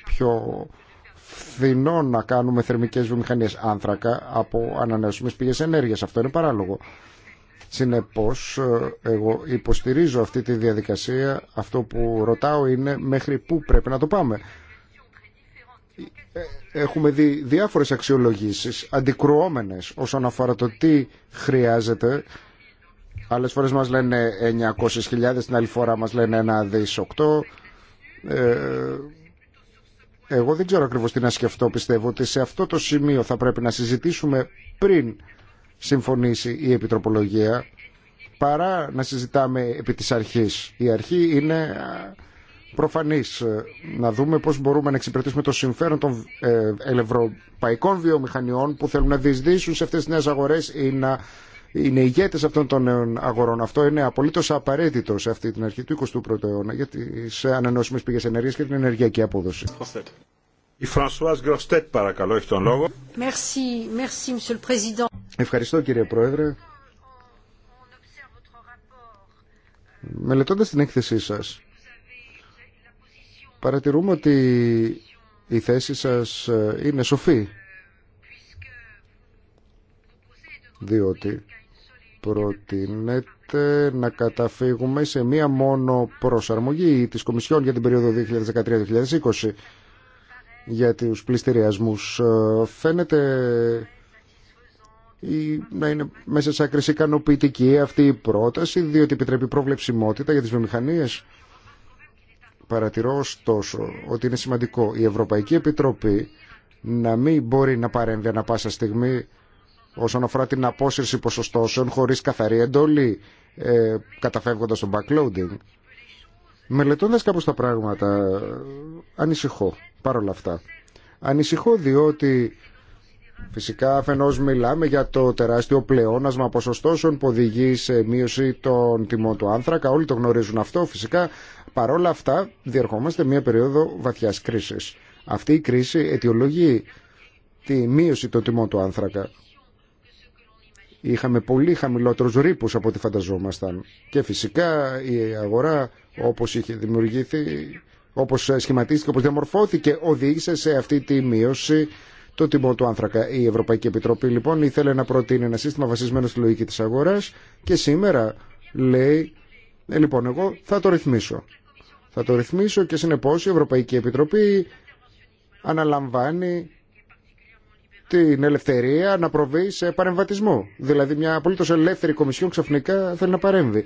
πιο φθηνό να κάνουμε θερμικές βιομηχανίες άνθρακα από ανανεώσιμες πηγές ενέργειας. Αυτό είναι παράλογο. Συνεπώς, ε, εγώ υποστηρίζω αυτή τη διαδικασία. Αυτό που ρωτάω είναι μέχρι πού πρέπει να το πάμε. Ε, έχουμε δει διάφορες αξιολογήσεις αντικρουόμενες όσον αφορά το τι χρειάζεται. Άλλες φορές μας λένε 900.000, την άλλη φορά μας λένε 1 δις 8. Ε, εγώ δεν ξέρω ακριβώς τι να σκεφτώ. Πιστεύω ότι σε αυτό το σημείο θα πρέπει να συζητήσουμε πριν συμφωνήσει η Επιτροπολογία παρά να συζητάμε επί της αρχής. Η αρχή είναι ε, προφανής. Να δούμε πώς μπορούμε να εξυπηρετήσουμε το συμφέρον των ε, ευρωπαϊκών βιομηχανιών που θέλουν να διεισδύσουν σε αυτές τις νέες αγορές ή να είναι ηγέτες αυτών των νέων αγορών. Αυτό είναι απολύτως απαραίτητο σε αυτή την αρχή του 21ου αιώνα για τις ανανεώσιμες πηγές ενέργειας και την ενεργειακή απόδοση. Η Φρανσουάς Γκροστέτ παρακαλώ έχει τον λόγο. Merci, merci, Ευχαριστώ κύριε Πρόεδρε. Μελετώντας την έκθεσή σας, παρατηρούμε ότι η θέση σας ε, είναι σοφή, διότι προτείνεται να καταφύγουμε σε μία μόνο προσαρμογή της Κομισιόν για την περίοδο 2013-2020 για τους πληστηριασμούς. Ε, φαίνεται ή να είναι μέσα σε άκρηση ικανοποιητική αυτή η πρόταση, σε άκρη ικανοποιητικη επιτρέπει προβλεψιμότητα για τις βιομηχανίες. Παρατηρώ ωστόσο ότι είναι σημαντικό η Ευρωπαϊκή Επιτροπή να μην μπορεί να παρέμβει ανα πάσα στιγμή όσον αφορά την απόσυρση ποσοστώσεων χωρίς καθαρή εντολή, ε, καταφεύγοντας τον backloading. Μελετώντας κάπως τα πράγματα, ανησυχώ παρόλα αυτά. Ανησυχώ διότι Φυσικά αφενός μιλάμε για το τεράστιο πλεόνασμα ποσοστώσεων που οδηγεί σε μείωση των τιμών του άνθρακα. Όλοι το γνωρίζουν αυτό. Φυσικά παρόλα αυτά διερχόμαστε μια περίοδο βαθιάς κρίσης. Αυτή η κρίση αιτιολογεί τη μείωση των τιμών του άνθρακα. Είχαμε πολύ χαμηλότερου ρήπου από ό,τι φανταζόμασταν. Και φυσικά η αγορά όπως είχε δημιουργηθεί, όπως σχηματίστηκε, όπως διαμορφώθηκε, οδήγησε σε αυτή τη μείωση το τιμό του άνθρακα. Η Ευρωπαϊκή Επιτροπή λοιπόν ήθελε να προτείνει ένα σύστημα βασισμένο στη λογική της αγοράς και σήμερα λέει ε, λοιπόν εγώ θα το ρυθμίσω. Θα το ρυθμίσω και συνεπώς η Ευρωπαϊκή Επιτροπή αναλαμβάνει την ελευθερία να προβεί σε παρεμβατισμό. Δηλαδή μια απολύτω ελεύθερη κομισιόν ξαφνικά θέλει να παρέμβει.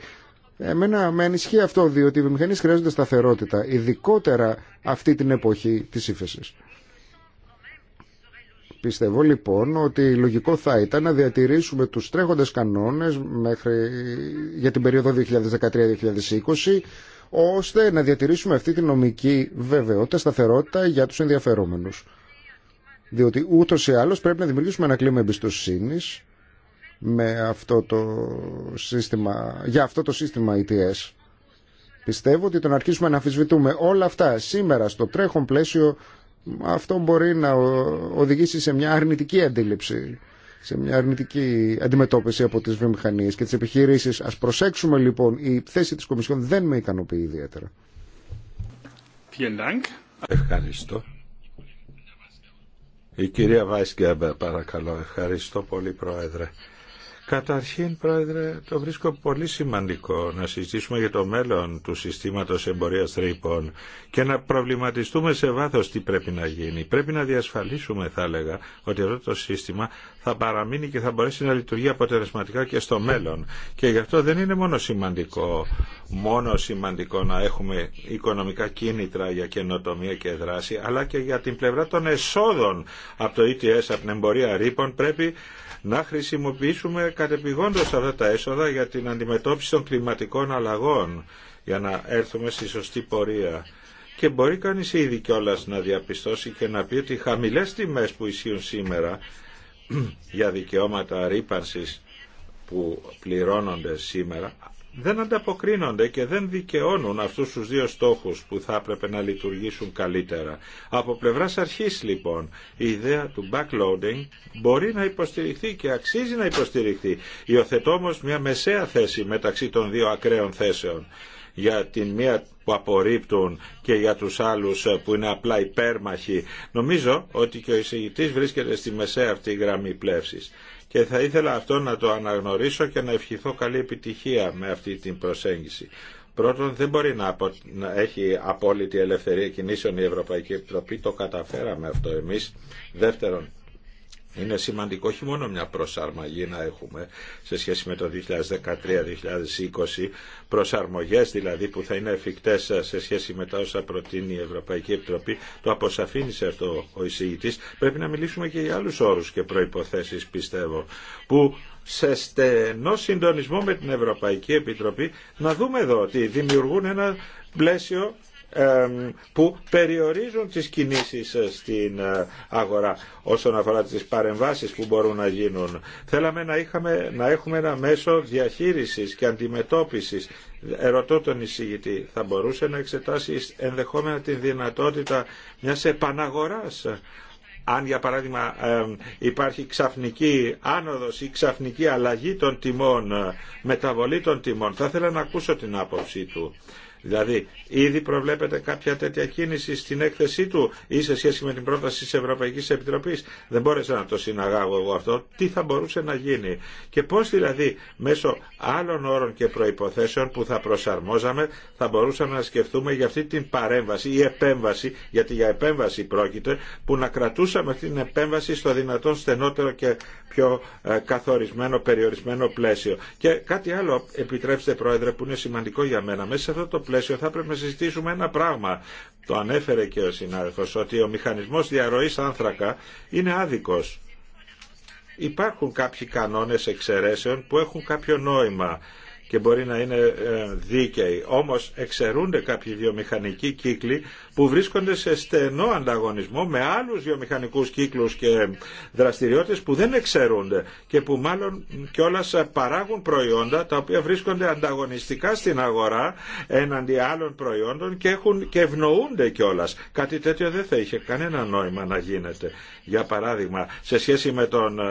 Εμένα με ανισχύει αυτό διότι οι βιομηχανίες χρειάζονται σταθερότητα, ειδικότερα αυτή την εποχή τη ύφεση. Πιστεύω λοιπόν ότι λογικό θα ήταν να διατηρήσουμε τους τρέχοντες κανόνες μέχρι για την περίοδο 2013-2020 ώστε να διατηρήσουμε αυτή τη νομική βεβαιότητα, σταθερότητα για τους ενδιαφερόμενους. Διότι ούτως ή άλλως πρέπει να δημιουργήσουμε ένα κλίμα εμπιστοσύνης με αυτό το σύστημα, για αυτό το σύστημα ETS. Πιστεύω ότι το να αρχίσουμε να αμφισβητούμε όλα αυτά σήμερα στο τρέχον πλαίσιο αυτό μπορεί να οδηγήσει σε μια αρνητική αντίληψη, σε μια αρνητική αντιμετώπιση από τις βιομηχανίες και τις επιχειρήσεις. Ας προσέξουμε λοιπόν, η θέση της Κομισιόν δεν με ικανοποιεί ιδιαίτερα. Ευχαριστώ. Η κυρία Βάισκεμπερ, παρακαλώ. Ευχαριστώ πολύ, Πρόεδρε. Καταρχήν, Πρόεδρε, το βρίσκω πολύ σημαντικό να συζητήσουμε για το μέλλον του συστήματος εμπορίας τρύπων και να προβληματιστούμε σε βάθος τι πρέπει να γίνει. Πρέπει να διασφαλίσουμε, θα έλεγα, ότι αυτό το σύστημα θα παραμείνει και θα μπορέσει να λειτουργεί αποτελεσματικά και στο μέλλον. Και γι' αυτό δεν είναι μόνο σημαντικό, μόνο σημαντικό να έχουμε οικονομικά κίνητρα για καινοτομία και δράση, αλλά και για την πλευρά των εσόδων από το ETS, από την εμπορία ρήπων, πρέπει να χρησιμοποιήσουμε κατεπηγόντως αυτά τα έσοδα για την αντιμετώπιση των κλιματικών αλλαγών για να έρθουμε στη σωστή πορεία. Και μπορεί κανείς ήδη κιόλα να διαπιστώσει και να πει ότι οι χαμηλές τιμές που ισχύουν σήμερα (clears throat) για δικαιώματα ρήπανσης που πληρώνονται σήμερα δεν ανταποκρίνονται και δεν δικαιώνουν αυτούς τους δύο στόχους που θα έπρεπε να λειτουργήσουν καλύτερα. Από πλευράς αρχής λοιπόν η ιδέα του backloading μπορεί να υποστηριχθεί και αξίζει να υποστηριχθεί. Υιοθετώ όμως μια μεσαία θέση μεταξύ των δύο ακραίων θέσεων για την μία που απορρίπτουν και για τους άλλους που είναι απλά υπέρμαχοι. Νομίζω ότι και ο εισηγητής βρίσκεται στη μεσαία αυτή γραμμή πλεύσης και θα ήθελα αυτό να το αναγνωρίσω και να ευχηθώ καλή επιτυχία με αυτή την προσέγγιση. Πρώτον, δεν μπορεί να, να έχει απόλυτη ελευθερία κινήσεων η Ευρωπαϊκή Επιτροπή, το καταφέραμε αυτό εμείς. Δεύτερον, είναι σημαντικό όχι μόνο μια προσαρμογή να έχουμε σε σχέση με το 2013-2020, προσαρμογές δηλαδή που θα είναι εφικτές σε σχέση με τα όσα προτείνει η Ευρωπαϊκή Επιτροπή, το αποσαφήνισε αυτό ο εισηγητής. Πρέπει να μιλήσουμε και για άλλους όρους και προϋποθέσεις πιστεύω, που σε στενό συντονισμό με την Ευρωπαϊκή Επιτροπή να δούμε εδώ ότι δημιουργούν ένα πλαίσιο που περιορίζουν τις κινήσεις ε, στην ε, αγορά όσον αφορά τις παρεμβάσεις που μπορούν να γίνουν. Θέλαμε να, είχαμε, να έχουμε ένα μέσο διαχείρισης και αντιμετώπισης. Ερωτώ τον εισηγητή, θα μπορούσε να εξετάσει ενδεχόμενα την δυνατότητα μιας επαναγοράς αν για παράδειγμα υπάρχει ξαφνική άνοδος ή ξαφνική αλλαγή των τιμών, ε, μεταβολή των τιμών, θα ήθελα να ακούσω την άποψή του. Δηλαδή, ήδη προβλέπεται κάποια τέτοια κίνηση στην έκθεσή του ή σε σχέση με την πρόταση τη Ευρωπαϊκή Επιτροπή. Δεν μπόρεσα να το συναγάγω εγώ αυτό. Τι θα μπορούσε να γίνει και πώ δηλαδή μέσω άλλων όρων και προποθέσεων που θα προσαρμόζαμε θα μπορούσαμε να σκεφτούμε για αυτή την παρέμβαση ή επέμβαση, γιατί για επέμβαση πρόκειται, που να κρατούσαμε αυτή την επέμβαση στο δυνατόν στενότερο και πιο ε, καθορισμένο, περιορισμένο πλαίσιο. Και κάτι άλλο, επιτρέψτε Πρόεδρε, που είναι σημαντικό για μένα. Μέσα σε αυτό πλαίσιο θα πρέπει να συζητήσουμε ένα πράγμα. Το ανέφερε και ο συνάδελφος ότι ο μηχανισμός διαρροής άνθρακα είναι άδικος. Υπάρχουν κάποιοι κανόνες εξαιρέσεων που έχουν κάποιο νόημα και μπορεί να είναι ε, δίκαιοι. Όμως εξαιρούνται κάποιοι βιομηχανικοί κύκλοι που βρίσκονται σε στενό ανταγωνισμό με άλλους βιομηχανικούς κύκλους και δραστηριότητες που δεν εξαιρούνται και που μάλλον κιόλα παράγουν προϊόντα τα οποία βρίσκονται ανταγωνιστικά στην αγορά έναντι άλλων προϊόντων και, έχουν, και ευνοούνται κιόλα. Κάτι τέτοιο δεν θα είχε κανένα νόημα να γίνεται. Για παράδειγμα, σε σχέση με τον ε,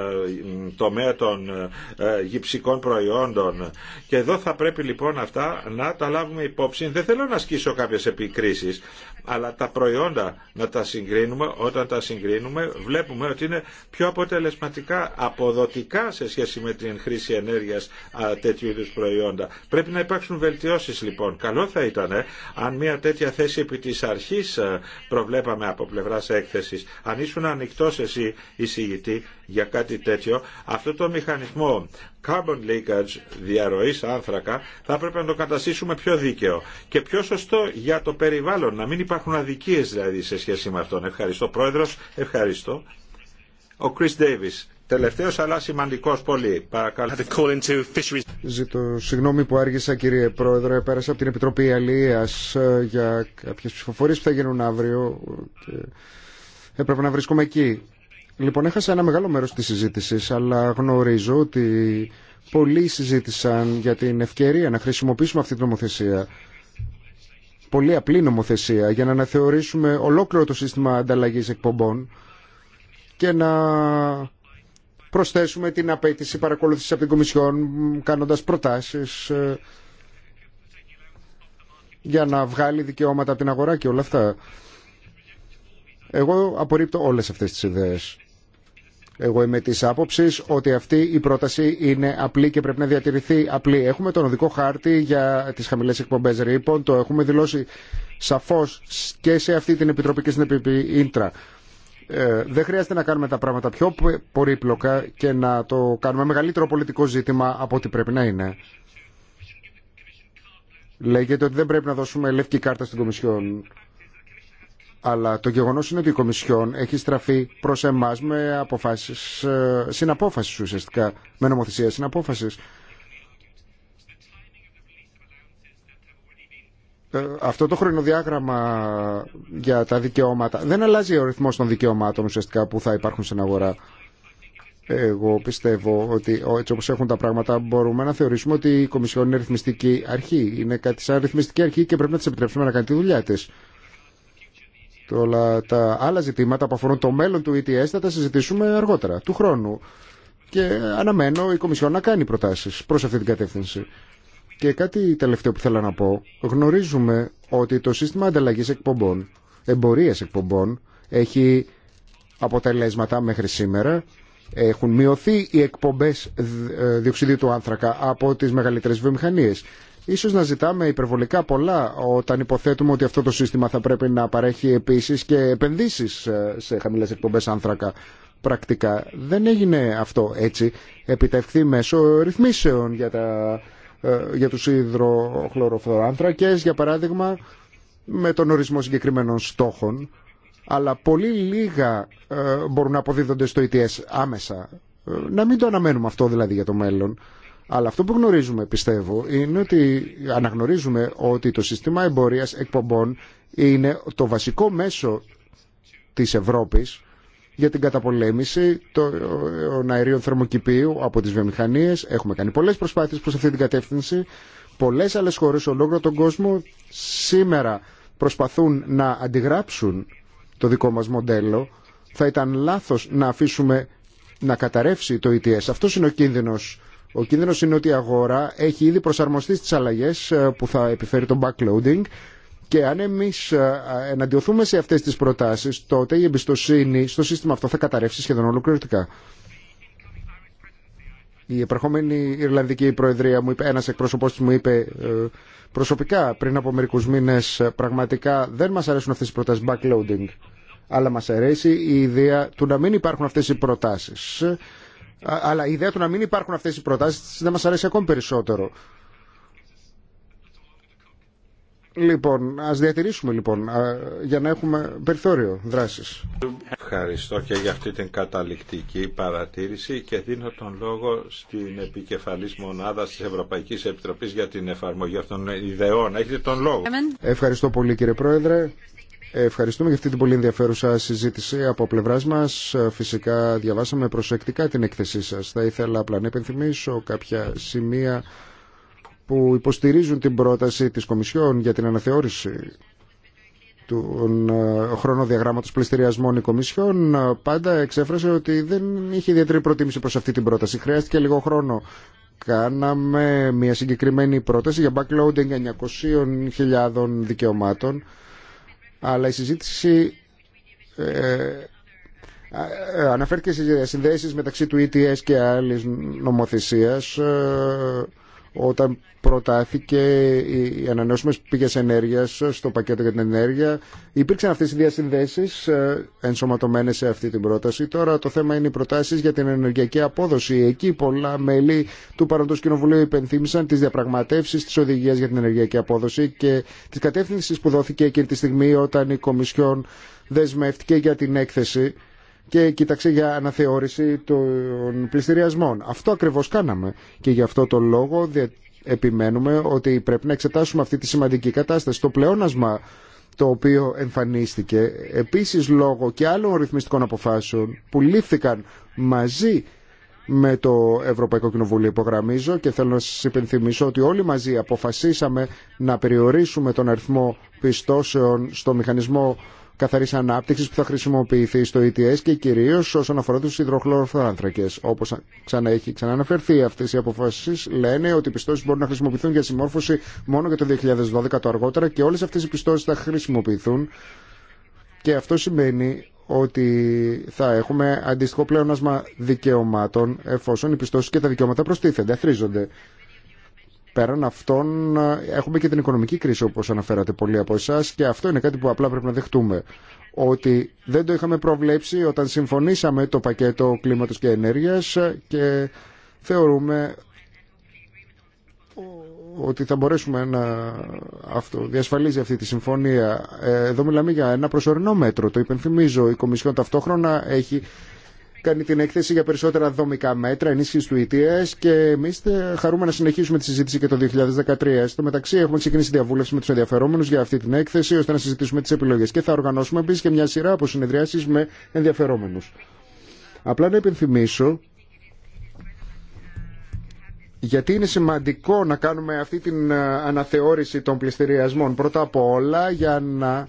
τομέα των ε, γυψικών προϊόντων και εδώ θα πρέπει λοιπόν αυτά να τα λάβουμε υπόψη. Δεν θέλω να ασκήσω κάποιε επικρίσεις, αλλά τα προϊόντα να τα συγκρίνουμε, όταν τα συγκρίνουμε βλέπουμε ότι είναι πιο αποτελεσματικά αποδοτικά σε σχέση με την χρήση ενέργειας α, τέτοιου είδους προϊόντα. Πρέπει να υπάρξουν βελτιώσεις λοιπόν. Καλό θα ήταν αν μια τέτοια θέση επί της αρχής προβλέπαμε από πλευράς έκθεσης. Αν ήσουν ανοιχτός εσύ εισηγητή για κάτι τέτοιο, αυτό το μηχανισμό carbon leakage, διαρροή άνθρακα, θα έπρεπε να το καταστήσουμε πιο δίκαιο και πιο σωστό για το περιβάλλον, να μην υπάρχουν αδικίες δηλαδή σε σχέση με αυτόν. Ευχαριστώ Πρόεδρος, ευχαριστώ. Ο Chris Davis, τελευταίος αλλά σημαντικός πολύ. Παρακαλώ. Ζητώ συγγνώμη που άργησα κύριε Πρόεδρε, πέρασα από την Επιτροπή Αλίας ε, για κάποιες ψηφοφορίες που θα γίνουν αύριο έπρεπε να βρίσκομαι εκεί. Λοιπόν, έχασα ένα μεγάλο μέρος της συζήτησης, αλλά γνωρίζω ότι πολλοί συζήτησαν για την ευκαιρία να χρησιμοποιήσουμε αυτή την νομοθεσία πολύ απλή νομοθεσία για να αναθεωρήσουμε ολόκληρο το σύστημα ανταλλαγής εκπομπών και να προσθέσουμε την απέτηση παρακολούθησης από την Κομισιόν κάνοντας προτάσεις ε, για να βγάλει δικαιώματα από την αγορά και όλα αυτά. Εγώ απορρίπτω όλες αυτές τις ιδέες. Εγώ είμαι τη άποψη ότι αυτή η πρόταση είναι απλή και πρέπει να διατηρηθεί απλή. Έχουμε τον οδικό χάρτη για τι χαμηλέ εκπομπέ ρήπων. Το έχουμε δηλώσει σαφώ και σε αυτή την επιτροπή και στην επιτροπή Ίντρα. Ε, δεν χρειάζεται να κάνουμε τα πράγματα πιο πολύπλοκα και να το κάνουμε μεγαλύτερο πολιτικό ζήτημα από ό,τι πρέπει να είναι. Λέγεται ότι δεν πρέπει να δώσουμε λευκή κάρτα στην Κομισιόν. Αλλά το γεγονός είναι ότι η Κομισιόν έχει στραφεί προς εμάς με αποφάσεις ε, συναπόφασης ουσιαστικά, με νομοθεσία συναπόφασης. Ε, αυτό το χρονοδιάγραμμα για τα δικαιώματα δεν αλλάζει ο ρυθμός των δικαιωμάτων ουσιαστικά που θα υπάρχουν στην αγορά. Εγώ πιστεύω ότι έτσι όπως έχουν τα πράγματα μπορούμε να θεωρήσουμε ότι η Κομισιόν είναι ρυθμιστική αρχή. Είναι κάτι σαν ρυθμιστική αρχή και πρέπει να της επιτρέψουμε να κάνει τη δουλειά της όλα τα άλλα ζητήματα που αφορούν το μέλλον του ETS θα τα συζητήσουμε αργότερα, του χρόνου. Και αναμένω η Κομισιόν να κάνει προτάσεις προς αυτή την κατεύθυνση. Και κάτι τελευταίο που θέλω να πω. Γνωρίζουμε ότι το σύστημα ανταλλαγή εκπομπών, εμπορίας εκπομπών, έχει αποτελέσματα μέχρι σήμερα. Έχουν μειωθεί οι εκπομπές ε, διοξιδίου του άνθρακα από τις μεγαλύτερες βιομηχανίες. Ίσως να ζητάμε υπερβολικά πολλά όταν υποθέτουμε ότι αυτό το σύστημα θα πρέπει να παρέχει επίσης και επενδύσεις ε, σε χαμηλές εκπομπές άνθρακα. Πρακτικά δεν έγινε αυτό έτσι. Επιτευχθεί μέσω ρυθμίσεων για, τα, ε, για τους υδροχλωροφθοράνθρακες, για παράδειγμα, με τον ορισμό συγκεκριμένων στόχων. Αλλά πολύ λίγα ε, μπορούν να αποδίδονται στο ETS άμεσα. Να μην το αναμένουμε αυτό δηλαδή για το μέλλον. Αλλά αυτό που γνωρίζουμε, πιστεύω, είναι ότι αναγνωρίζουμε ότι το σύστημα εμπορίας εκπομπών είναι το βασικό μέσο της Ευρώπης για την καταπολέμηση ε, των αερίων θερμοκηπίου από τις βιομηχανίες. Έχουμε κάνει πολλές προσπάθειες προς αυτή την κατεύθυνση. Πολλές άλλες χώρες ολόκληρο τον κόσμο σήμερα προσπαθούν να αντιγράψουν το δικό μας μοντέλο. Θα ήταν λάθος να αφήσουμε να καταρρεύσει το ETS. Αυτό είναι ο κίνδυνος ο κίνδυνο είναι ότι η αγορά έχει ήδη προσαρμοστεί στι αλλαγέ ε, που θα επιφέρει το backloading και αν εμεί ε, ε, εναντιωθούμε σε αυτέ τι προτάσει, τότε η εμπιστοσύνη στο σύστημα αυτό θα καταρρεύσει σχεδόν ολοκληρωτικά. Η επερχόμενη Ιρλανδική Προεδρία, μου είπε, ένας εκπρόσωπός μου είπε προσωπικά πριν από μερικούς μήνες πραγματικά δεν μας αρέσουν αυτές οι προτάσεις backloading αλλά μας αρέσει η ιδέα του να μην υπάρχουν αυτές οι προτάσεις αλλά η ιδέα του να μην υπάρχουν αυτές οι προτάσεις δεν μας αρέσει ακόμη περισσότερο. Λοιπόν, ας διατηρήσουμε λοιπόν για να έχουμε περιθώριο δράσης. Ευχαριστώ και για αυτή την καταληκτική παρατήρηση και δίνω τον λόγο στην επικεφαλής μονάδα της Ευρωπαϊκής Επιτροπής για την εφαρμογή αυτών των ιδεών. Έχετε τον λόγο. Ευχαριστώ πολύ κύριε Πρόεδρε. Ευχαριστούμε για αυτή την πολύ ενδιαφέρουσα συζήτηση από πλευρά μα. Φυσικά διαβάσαμε προσεκτικά την έκθεσή σα. Θα ήθελα απλά να υπενθυμίσω κάποια σημεία που υποστηρίζουν την πρόταση της Κομισιόν για την αναθεώρηση του ε, χρονοδιαγράμματος πληστηριασμών η Κομισιόν ε, πάντα εξέφρασε ότι δεν είχε ιδιαίτερη προτίμηση προς αυτή την πρόταση. Χρειάστηκε λίγο χρόνο. Κάναμε μια συγκεκριμένη πρόταση για backloading 900.000 δικαιωμάτων αλλά η συζήτηση ε, ε, ε, αναφέρθηκε σε συνδέσεις μεταξύ του ETS και άλλης νομοθεσίας ε, όταν προτάθηκε οι ανανεώσιμες πηγές ενέργειας στο πακέτο για την ενέργεια. Υπήρξαν αυτές οι διασυνδέσεις ε, ενσωματωμένες σε αυτή την πρόταση. Τώρα το θέμα είναι οι προτάσεις για την ενεργειακή απόδοση. Εκεί πολλά μέλη του παροντό κοινοβουλίου υπενθύμησαν τις διαπραγματεύσεις της οδηγίας για την ενεργειακή απόδοση και τη κατεύθυνση που δόθηκε εκείνη τη στιγμή όταν η Κομισιόν δεσμεύτηκε για την έκθεση και κοίταξε για αναθεώρηση των πληστηριασμών. Αυτό ακριβώς κάναμε και γι' αυτό το λόγο επιμένουμε ότι πρέπει να εξετάσουμε αυτή τη σημαντική κατάσταση. Το πλεόνασμα το οποίο εμφανίστηκε επίσης λόγω και άλλων ρυθμιστικών αποφάσεων που λήφθηκαν μαζί με το Ευρωπαϊκό Κοινοβούλιο υπογραμμίζω και θέλω να σας υπενθυμίσω ότι όλοι μαζί αποφασίσαμε να περιορίσουμε τον αριθμό πιστώσεων στο μηχανισμό καθαρή ανάπτυξη που θα χρησιμοποιηθεί στο ETS και κυρίω όσον αφορά του υδροχλωροφθοράνθρακες. Όπω ξανά έχει ξανααναφερθεί αυτέ οι αποφάσει. λένε ότι οι πιστώσει μπορούν να χρησιμοποιηθούν για συμμόρφωση μόνο για το 2012 το αργότερα και όλε αυτέ οι πιστώσει θα χρησιμοποιηθούν και αυτό σημαίνει ότι θα έχουμε αντίστοιχο πλεόνασμα δικαιωμάτων εφόσον οι πιστώσει και τα δικαιώματα προστίθενται, αθρίζονται πέραν αυτών ε, έχουμε και την οικονομική κρίση όπως αναφέρατε πολλοί από εσά και αυτό είναι κάτι που απλά πρέπει να δεχτούμε ότι δεν το είχαμε προβλέψει όταν συμφωνήσαμε το πακέτο κλίματος και ενέργειας και θεωρούμε ότι θα μπορέσουμε να αυτό, διασφαλίζει αυτή τη συμφωνία. Ε, εδώ μιλάμε για ένα προσωρινό μέτρο, το υπενθυμίζω. Η Κομισιόν ταυτόχρονα έχει κάνει την έκθεση για περισσότερα δομικά μέτρα, ενίσχυση του ΙΤΕΣ e και εμεί χαρούμε να συνεχίσουμε τη συζήτηση και το 2013. Στο μεταξύ, έχουμε ξεκινήσει διαβούλευση με του ενδιαφερόμενου για αυτή την έκθεση, ώστε να συζητήσουμε τι επιλογέ και θα οργανώσουμε επίση και μια σειρά από συνεδριάσει με ενδιαφερόμενου. Απλά να υπενθυμίσω γιατί είναι σημαντικό να κάνουμε αυτή την ε, αναθεώρηση των πληστηριασμών πρώτα απ' όλα για να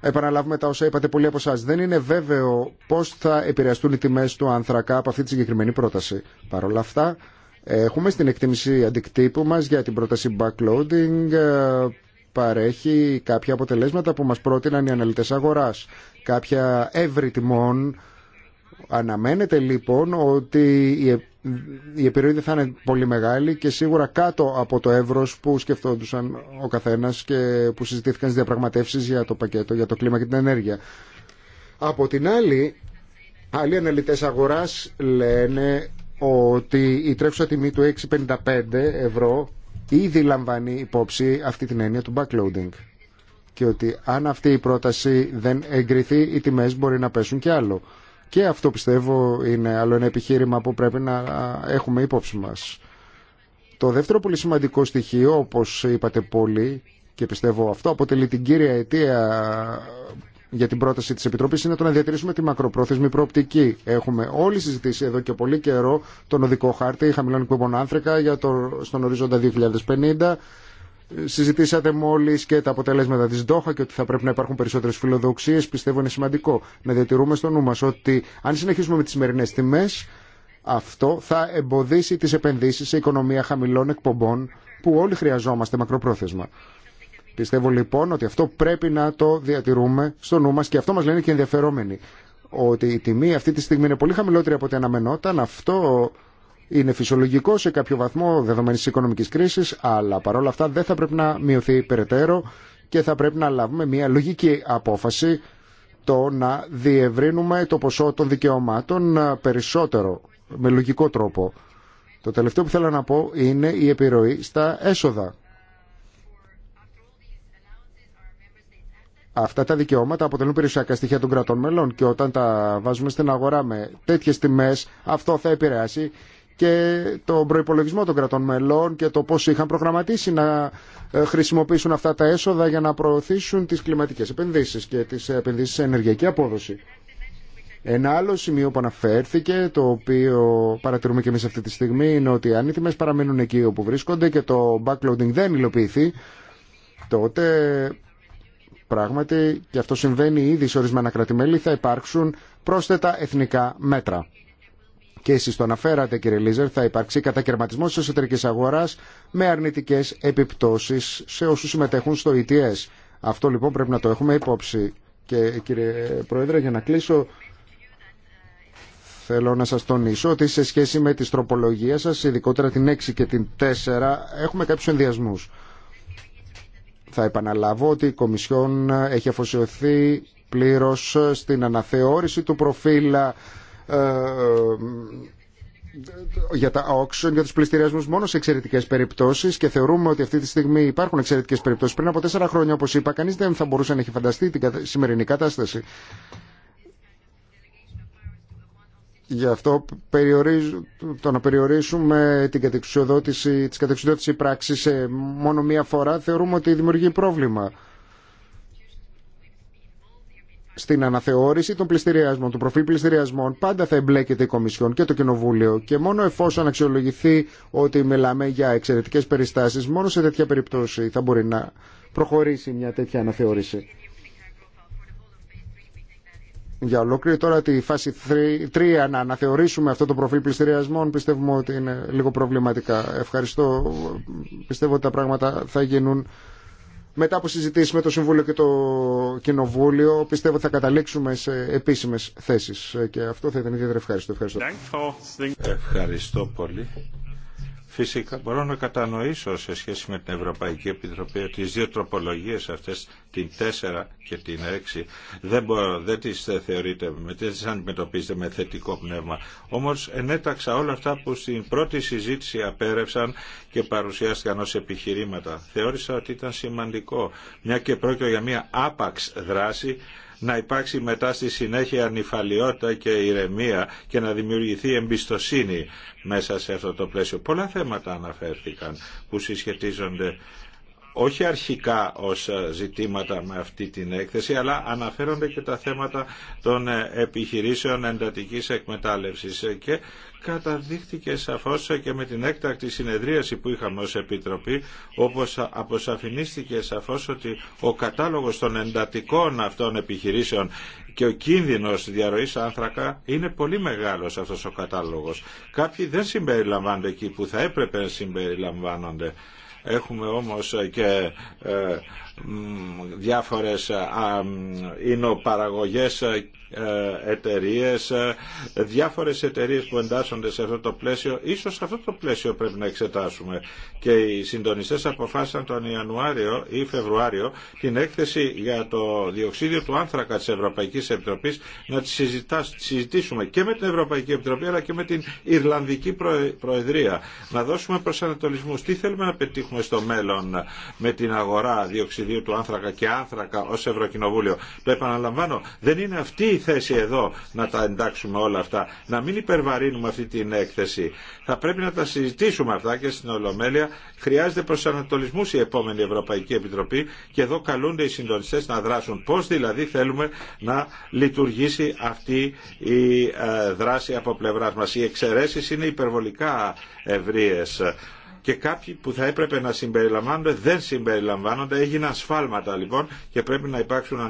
επαναλάβουμε τα όσα είπατε πολλοί από εσά. Δεν είναι βέβαιο πώ θα επηρεαστούν οι τιμέ του άνθρακα από αυτή τη συγκεκριμένη πρόταση. Παρ' όλα αυτά, έχουμε στην εκτίμηση αντικτύπου μα για την πρόταση backloading ε, παρέχει κάποια αποτελέσματα που μας πρότειναν οι αναλυτέ αγοράς. Κάποια εύρη τιμών. Αναμένεται λοιπόν ότι η επιρροή δεν θα είναι πολύ μεγάλη και σίγουρα κάτω από το εύρο που σκεφτόντουσαν ο καθένα και που συζητήθηκαν στι διαπραγματεύσει για το πακέτο, για το κλίμα και την ενέργεια. Από την άλλη, άλλοι αναλυτέ αγορά λένε ότι η τρέχουσα τιμή του 6,55 ευρώ ήδη λαμβάνει υπόψη αυτή την έννοια του backloading και ότι αν αυτή η πρόταση δεν εγκριθεί οι τιμές μπορεί να πέσουν και άλλο. Και αυτό πιστεύω είναι άλλο ένα επιχείρημα που πρέπει να έχουμε υπόψη μας. Το δεύτερο πολύ σημαντικό στοιχείο, όπως είπατε πολύ, και πιστεύω αυτό αποτελεί την κύρια αιτία για την πρόταση της Επιτροπής, είναι το να διατηρήσουμε τη μακροπρόθεσμη προοπτική. Έχουμε όλοι συζητήσει εδώ και πολύ καιρό τον οδικό χάρτη χαμηλών εκπομπών άνθρακα για στον ορίζοντα 2050 Συζητήσατε μόλι και τα αποτελέσματα τη Ντόχα και ότι θα πρέπει να υπάρχουν περισσότερε φιλοδοξίε. Πιστεύω είναι σημαντικό να διατηρούμε στο νου μα ότι αν συνεχίσουμε με τι σημερινέ τιμέ, αυτό θα εμποδίσει τι επενδύσει σε οικονομία χαμηλών εκπομπών που όλοι χρειαζόμαστε μακροπρόθεσμα. Πιστεύω λοιπόν ότι αυτό πρέπει να το διατηρούμε στο νου μα και αυτό μα λένε και ενδιαφερόμενοι. Ότι η τιμή αυτή τη στιγμή είναι πολύ χαμηλότερη από ό,τι αναμενόταν. Αυτό είναι φυσιολογικό σε κάποιο βαθμό τη οικονομικής κρίσης, αλλά παρόλα αυτά δεν θα πρέπει να μειωθεί περαιτέρω και θα πρέπει να λάβουμε μια λογική απόφαση το να διευρύνουμε το ποσό των δικαιωμάτων ε, περισσότερο, με λογικό τρόπο. Το τελευταίο που θέλω να πω είναι η επιρροή στα έσοδα. Αυτά τα δικαιώματα αποτελούν περιουσιακά στοιχεία των κρατών μελών και όταν τα βάζουμε στην αγορά με τέτοιε τιμέ, αυτό θα επηρεάσει και τον προπολογισμό των κρατών μελών και το πώ είχαν προγραμματίσει να ε, χρησιμοποιήσουν αυτά τα έσοδα για να προωθήσουν τι κλιματικέ επενδύσει και τι επενδύσει σε ενεργειακή απόδοση. Ένα άλλο σημείο που αναφέρθηκε, το οποίο παρατηρούμε και εμεί αυτή τη στιγμή, είναι ότι αν οι τιμέ παραμείνουν εκεί όπου βρίσκονται και το backloading δεν υλοποιηθεί, τότε πράγματι, και αυτό συμβαίνει ήδη σε ορισμένα κρατημέλη, θα υπάρξουν πρόσθετα εθνικά μέτρα και εσεί το αναφέρατε κύριε Λίζερ, θα υπάρξει κατακαιρματισμό τη εσωτερική αγορά με αρνητικέ επιπτώσει σε όσου συμμετέχουν στο ETS. Αυτό λοιπόν πρέπει να το έχουμε υπόψη. Και κύριε Πρόεδρε, για να κλείσω, θέλω να σας τονίσω ότι σε σχέση με τις τροπολογίες σας, ειδικότερα την 6 και την 4, έχουμε κάποιους ενδιασμούς. Θα επαναλάβω ότι η Κομισιόν έχει αφοσιωθεί πλήρως στην αναθεώρηση του προφίλ ε, ε, για τα auction, για του πληστηριασμού μόνο σε εξαιρετικέ περιπτώσει και θεωρούμε ότι αυτή τη στιγμή υπάρχουν εξαιρετικέ περιπτώσει. Πριν από τέσσερα χρόνια, όπω είπα, κανεί δεν θα μπορούσε να έχει φανταστεί την σημερινή κατάσταση. Γι' αυτό το να περιορίσουμε την κατεξουσιοδότηση, της κατεξουσιοδότηση πράξη σε μόνο μία φορά θεωρούμε ότι δημιουργεί πρόβλημα στην αναθεώρηση των πληστηριασμών, του προφίλ πληστηριασμών, πάντα θα εμπλέκεται η Κομισιόν και το Κοινοβούλιο. Και μόνο εφόσον αξιολογηθεί ότι μιλάμε για εξαιρετικέ περιστάσει, μόνο σε τέτοια περιπτώσει θα μπορεί να προχωρήσει μια τέτοια αναθεώρηση. Για ολόκληρη τώρα τη φάση 3 να αναθεωρήσουμε αυτό το προφίλ πληστηριασμών πιστεύουμε ότι είναι λίγο προβληματικά. Ευχαριστώ. Πιστεύω ότι τα πράγματα θα γίνουν μετά από συζητήσει με το Συμβούλιο και το Κοινοβούλιο, πιστεύω ότι θα καταλήξουμε σε επίσημες θέσεις. Και αυτό θα ήταν ιδιαίτερα ευχάριστο. Ευχαριστώ, ευχαριστώ πολύ. Φυσικά μπορώ να κατανοήσω σε σχέση με την Ευρωπαϊκή Επιτροπή ότι τις δύο τροπολογίες αυτές, την 4 και την 6, δεν, μπορώ, δεν τις θεωρείτε, δεν τις αντιμετωπίζετε με θετικό πνεύμα. Όμως ενέταξα όλα αυτά που στην πρώτη συζήτηση απέρευσαν και παρουσιάστηκαν ως επιχειρήματα. Θεώρησα ότι ήταν σημαντικό, μια και πρόκειται για μια άπαξ δράση, να υπάρξει μετά στη συνέχεια ανυφαλιότητα και ηρεμία και να δημιουργηθεί εμπιστοσύνη μέσα σε αυτό το πλαίσιο. Πολλά θέματα αναφέρθηκαν που συσχετίζονται όχι αρχικά ως ε, ζητήματα με αυτή την έκθεση, αλλά αναφέρονται και τα θέματα των ε, επιχειρήσεων εντατικής εκμετάλλευσης και καταδείχθηκε σαφώς ε, και με την έκτακτη συνεδρίαση που είχαμε ως Επιτροπή, όπως αποσαφηνίστηκε σαφώς ότι ο κατάλογος των εντατικών αυτών επιχειρήσεων και ο κίνδυνος διαρροής άνθρακα είναι πολύ μεγάλος αυτός ο κατάλογος. Κάποιοι δεν συμπεριλαμβάνονται εκεί που θα έπρεπε να συμπεριλαμβάνονται. Έχουμε όμως και ε, διάφορες παραγωγές. Ε, εταιρείε, ε, διάφορες εταιρείε που εντάσσονται σε αυτό το πλαίσιο. Ίσως σε αυτό το πλαίσιο πρέπει να εξετάσουμε. Και οι συντονιστές αποφάσισαν τον Ιανουάριο ή Φεβρουάριο την έκθεση για το διοξίδιο του άνθρακα της Ευρωπαϊκής Επιτροπής να τη συζητήσουμε και με την Ευρωπαϊκή Επιτροπή αλλά και με την Ιρλανδική Προεδρία. Να δώσουμε προσανατολισμούς. Τι θέλουμε να πετύχουμε στο μέλλον με την αγορά διοξιδίου του άνθρακα και άνθρακα ως Ευρωκοινοβούλιο. Το επαναλαμβάνω, δεν είναι αυτή θέση εδώ να τα εντάξουμε όλα αυτά. Να μην υπερβαρύνουμε αυτή την έκθεση. Θα πρέπει να τα συζητήσουμε αυτά και στην Ολομέλεια. Χρειάζεται προσανατολισμού η επόμενη Ευρωπαϊκή Επιτροπή και εδώ καλούνται οι συντονιστέ να δράσουν. Πώ δηλαδή θέλουμε να λειτουργήσει αυτή η ε, δράση από πλευρά μα. Οι εξαιρέσει είναι υπερβολικά ευρείε και κάποιοι που θα έπρεπε να συμπεριλαμβάνονται δεν συμπεριλαμβάνονται. Έγιναν σφάλματα λοιπόν και πρέπει να υπάρξουν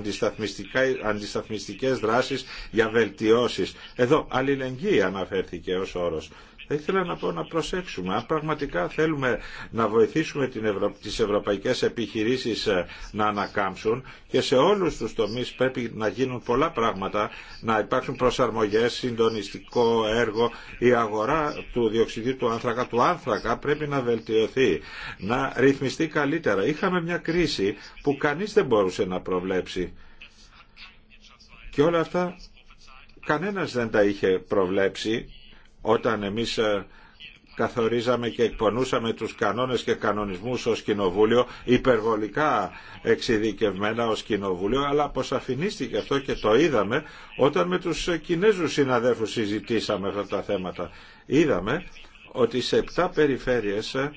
αντισταθμιστικές δράσεις για βελτιώσεις. Εδώ αλληλεγγύη αναφέρθηκε ως όρος. Θα ήθελα να πω να προσέξουμε. Αν πραγματικά θέλουμε να βοηθήσουμε την Ευρω... τις ευρωπαϊκές επιχειρήσεις ε, να ανακάμψουν και σε όλους τους τομείς πρέπει να γίνουν πολλά πράγματα, να υπάρξουν προσαρμογές, συντονιστικό έργο. Η αγορά του διοξιδίου του άνθρακα, του άνθρακα πρέπει να βελτιωθεί, να ρυθμιστεί καλύτερα. Είχαμε μια κρίση που κανείς δεν μπορούσε να προβλέψει. Και όλα αυτά κανένας δεν τα είχε προβλέψει όταν εμείς ε, καθορίζαμε και εκπονούσαμε τους κανόνες και κανονισμούς ως κοινοβούλιο, υπερβολικά εξειδικευμένα ως κοινοβούλιο, αλλά αποσαφηνίστηκε αυτό και το είδαμε όταν με τους ε, Κινέζους συναδέλφους συζητήσαμε αυτά τα θέματα. Είδαμε ότι σε επτά περιφέρειες ε,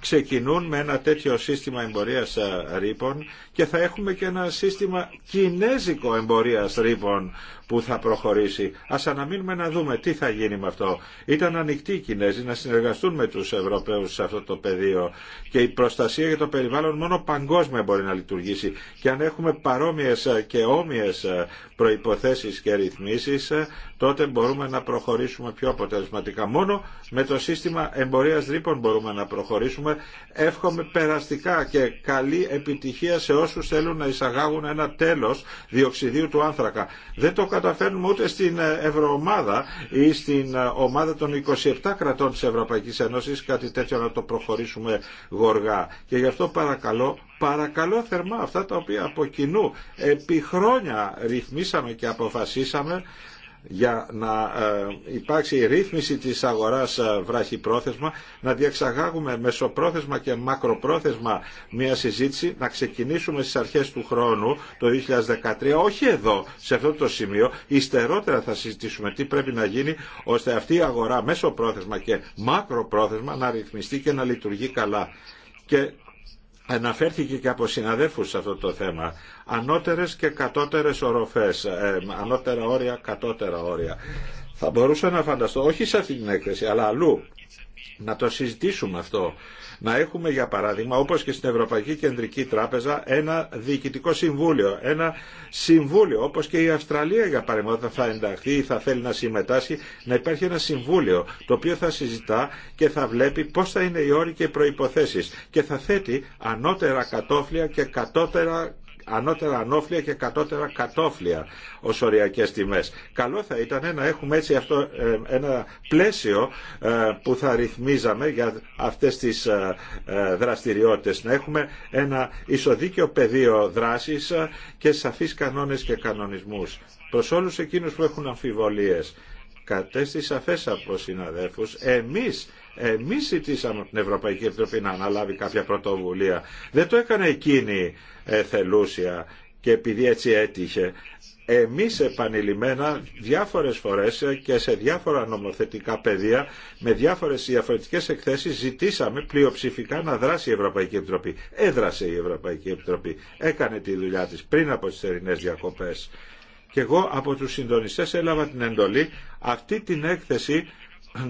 ξεκινούν με ένα τέτοιο σύστημα εμπορίας ρήπων και θα έχουμε και ένα σύστημα κινέζικο εμπορίας ρήπων που θα προχωρήσει. Ας αναμείνουμε να δούμε τι θα γίνει με αυτό. Ήταν ανοιχτοί οι Κινέζοι να συνεργαστούν με τους Ευρωπαίους σε αυτό το πεδίο και η προστασία για το περιβάλλον μόνο παγκόσμια μπορεί να λειτουργήσει. Και αν έχουμε παρόμοιες και όμοιες προϋποθέσεις και ρυθμίσεις, τότε μπορούμε να προχωρήσουμε πιο αποτελεσματικά. Μόνο με το σύστημα εμπορίας ρήπων μπορούμε να προχωρήσουμε. Εύχομαι περαστικά και καλή επιτυχία σε όσους θέλουν να εισαγάγουν ένα τέλος διοξιδίου του άνθρακα. Δεν το καταφέρνουμε ούτε στην ε, Ευρωομάδα ή στην ε, ομάδα των 27 κρατών της Ευρωπαϊκής Ένωσης κάτι τέτοιο να το προχωρήσουμε γοργά. Και γι' αυτό παρακαλώ παρακαλώ θερμά αυτά τα οποία από κοινού επί χρόνια ρυθμίσαμε και αποφασίσαμε για να ε, υπάρξει ρύθμιση της αγοράς ε, πρόθεσμα να διεξαγάγουμε μεσοπρόθεσμα και μακροπρόθεσμα μια συζήτηση, να ξεκινήσουμε στις αρχές του χρόνου, το 2013, όχι εδώ, σε αυτό το σημείο, υστερότερα θα συζητήσουμε τι πρέπει να γίνει, ώστε αυτή η αγορά μεσοπρόθεσμα και μακροπρόθεσμα να ρυθμιστεί και να λειτουργεί καλά. Και Αναφέρθηκε και από συναδέλφους σε αυτό το θέμα. Ανώτερες και κατώτερες οροφές, ε, ανώτερα όρια, κατώτερα όρια. Θα μπορούσα να φανταστώ, όχι σε αυτή την έκθεση, αλλά αλλού, να το συζητήσουμε αυτό να έχουμε για παράδειγμα όπως και στην Ευρωπαϊκή Κεντρική Τράπεζα ένα διοικητικό συμβούλιο, ένα συμβούλιο όπως και η Αυστραλία για παράδειγμα θα ενταχθεί ή θα θέλει να συμμετάσχει να υπάρχει ένα συμβούλιο το οποίο θα συζητά και θα βλέπει πώς θα είναι οι όροι και οι προϋποθέσεις και θα θέτει ανώτερα κατόφλια και κατώτερα ανώτερα ανώφλια και κατώτερα κατόφλια ως οριακές τιμές. Καλό θα ήταν να έχουμε έτσι αυτό, ε, ένα πλαίσιο ε, που θα ρυθμίζαμε για αυτές τις ε, δραστηριότητες. Να έχουμε ένα ισοδίκιο πεδίο δράσης και σαφείς κανόνες και κανονισμούς. Προς όλους εκείνους που έχουν αμφιβολίες κατέστη σαφές από συναδέφους, εμείς εμείς ζητήσαμε από την Ευρωπαϊκή Επιτροπή να αναλάβει κάποια πρωτοβουλία. Δεν το έκανε εκείνη ε, θελούσια και επειδή έτσι έτυχε. Εμείς επανειλημμένα διάφορες φορές και σε διάφορα νομοθετικά πεδία με διάφορες διαφορετικές εκθέσεις ζητήσαμε πλειοψηφικά να δράσει η Ευρωπαϊκή Επιτροπή. Έδρασε η Ευρωπαϊκή Επιτροπή. Έκανε τη δουλειά της πριν από τις θερινές διακοπές. Και εγώ από τους συντονιστέ έλαβα την εντολή αυτή την έκθεση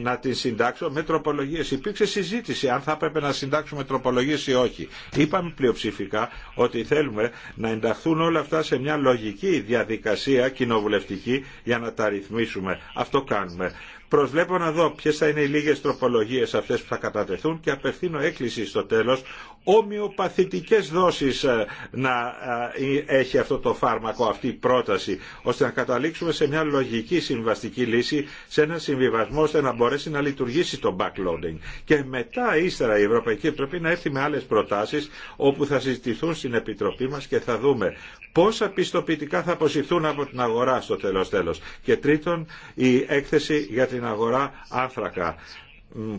να την συντάξω με τροπολογίε. Υπήρξε συζήτηση αν θα έπρεπε να συντάξουμε τροπολογίε ή όχι. Είπαμε πλειοψηφικά ότι θέλουμε να ενταχθούν όλα αυτά σε μια λογική διαδικασία κοινοβουλευτική για να τα ρυθμίσουμε. Αυτό κάνουμε. Προσβλέπω να δω ποιε θα είναι οι λίγε τροπολογίε αυτέ που θα κατατεθούν και απευθύνω έκκληση στο τέλο ομοιοπαθητικέ δόσεις ε, να ε, έχει αυτό το φάρμακο, αυτή η πρόταση, ώστε να καταλήξουμε σε μια λογική συμβαστική λύση, σε ένα συμβιβασμό ώστε να μπορέσει να λειτουργήσει το backloading. Και μετά ύστερα η Ευρωπαϊκή Επιτροπή να έρθει με άλλε προτάσει όπου θα συζητηθούν στην Επιτροπή μα και θα δούμε πόσα πιστοποιητικά θα αποσυρθούν από την αγορά στο τέλος τέλος. Και τρίτον, η έκθεση για την αγορά άνθρακα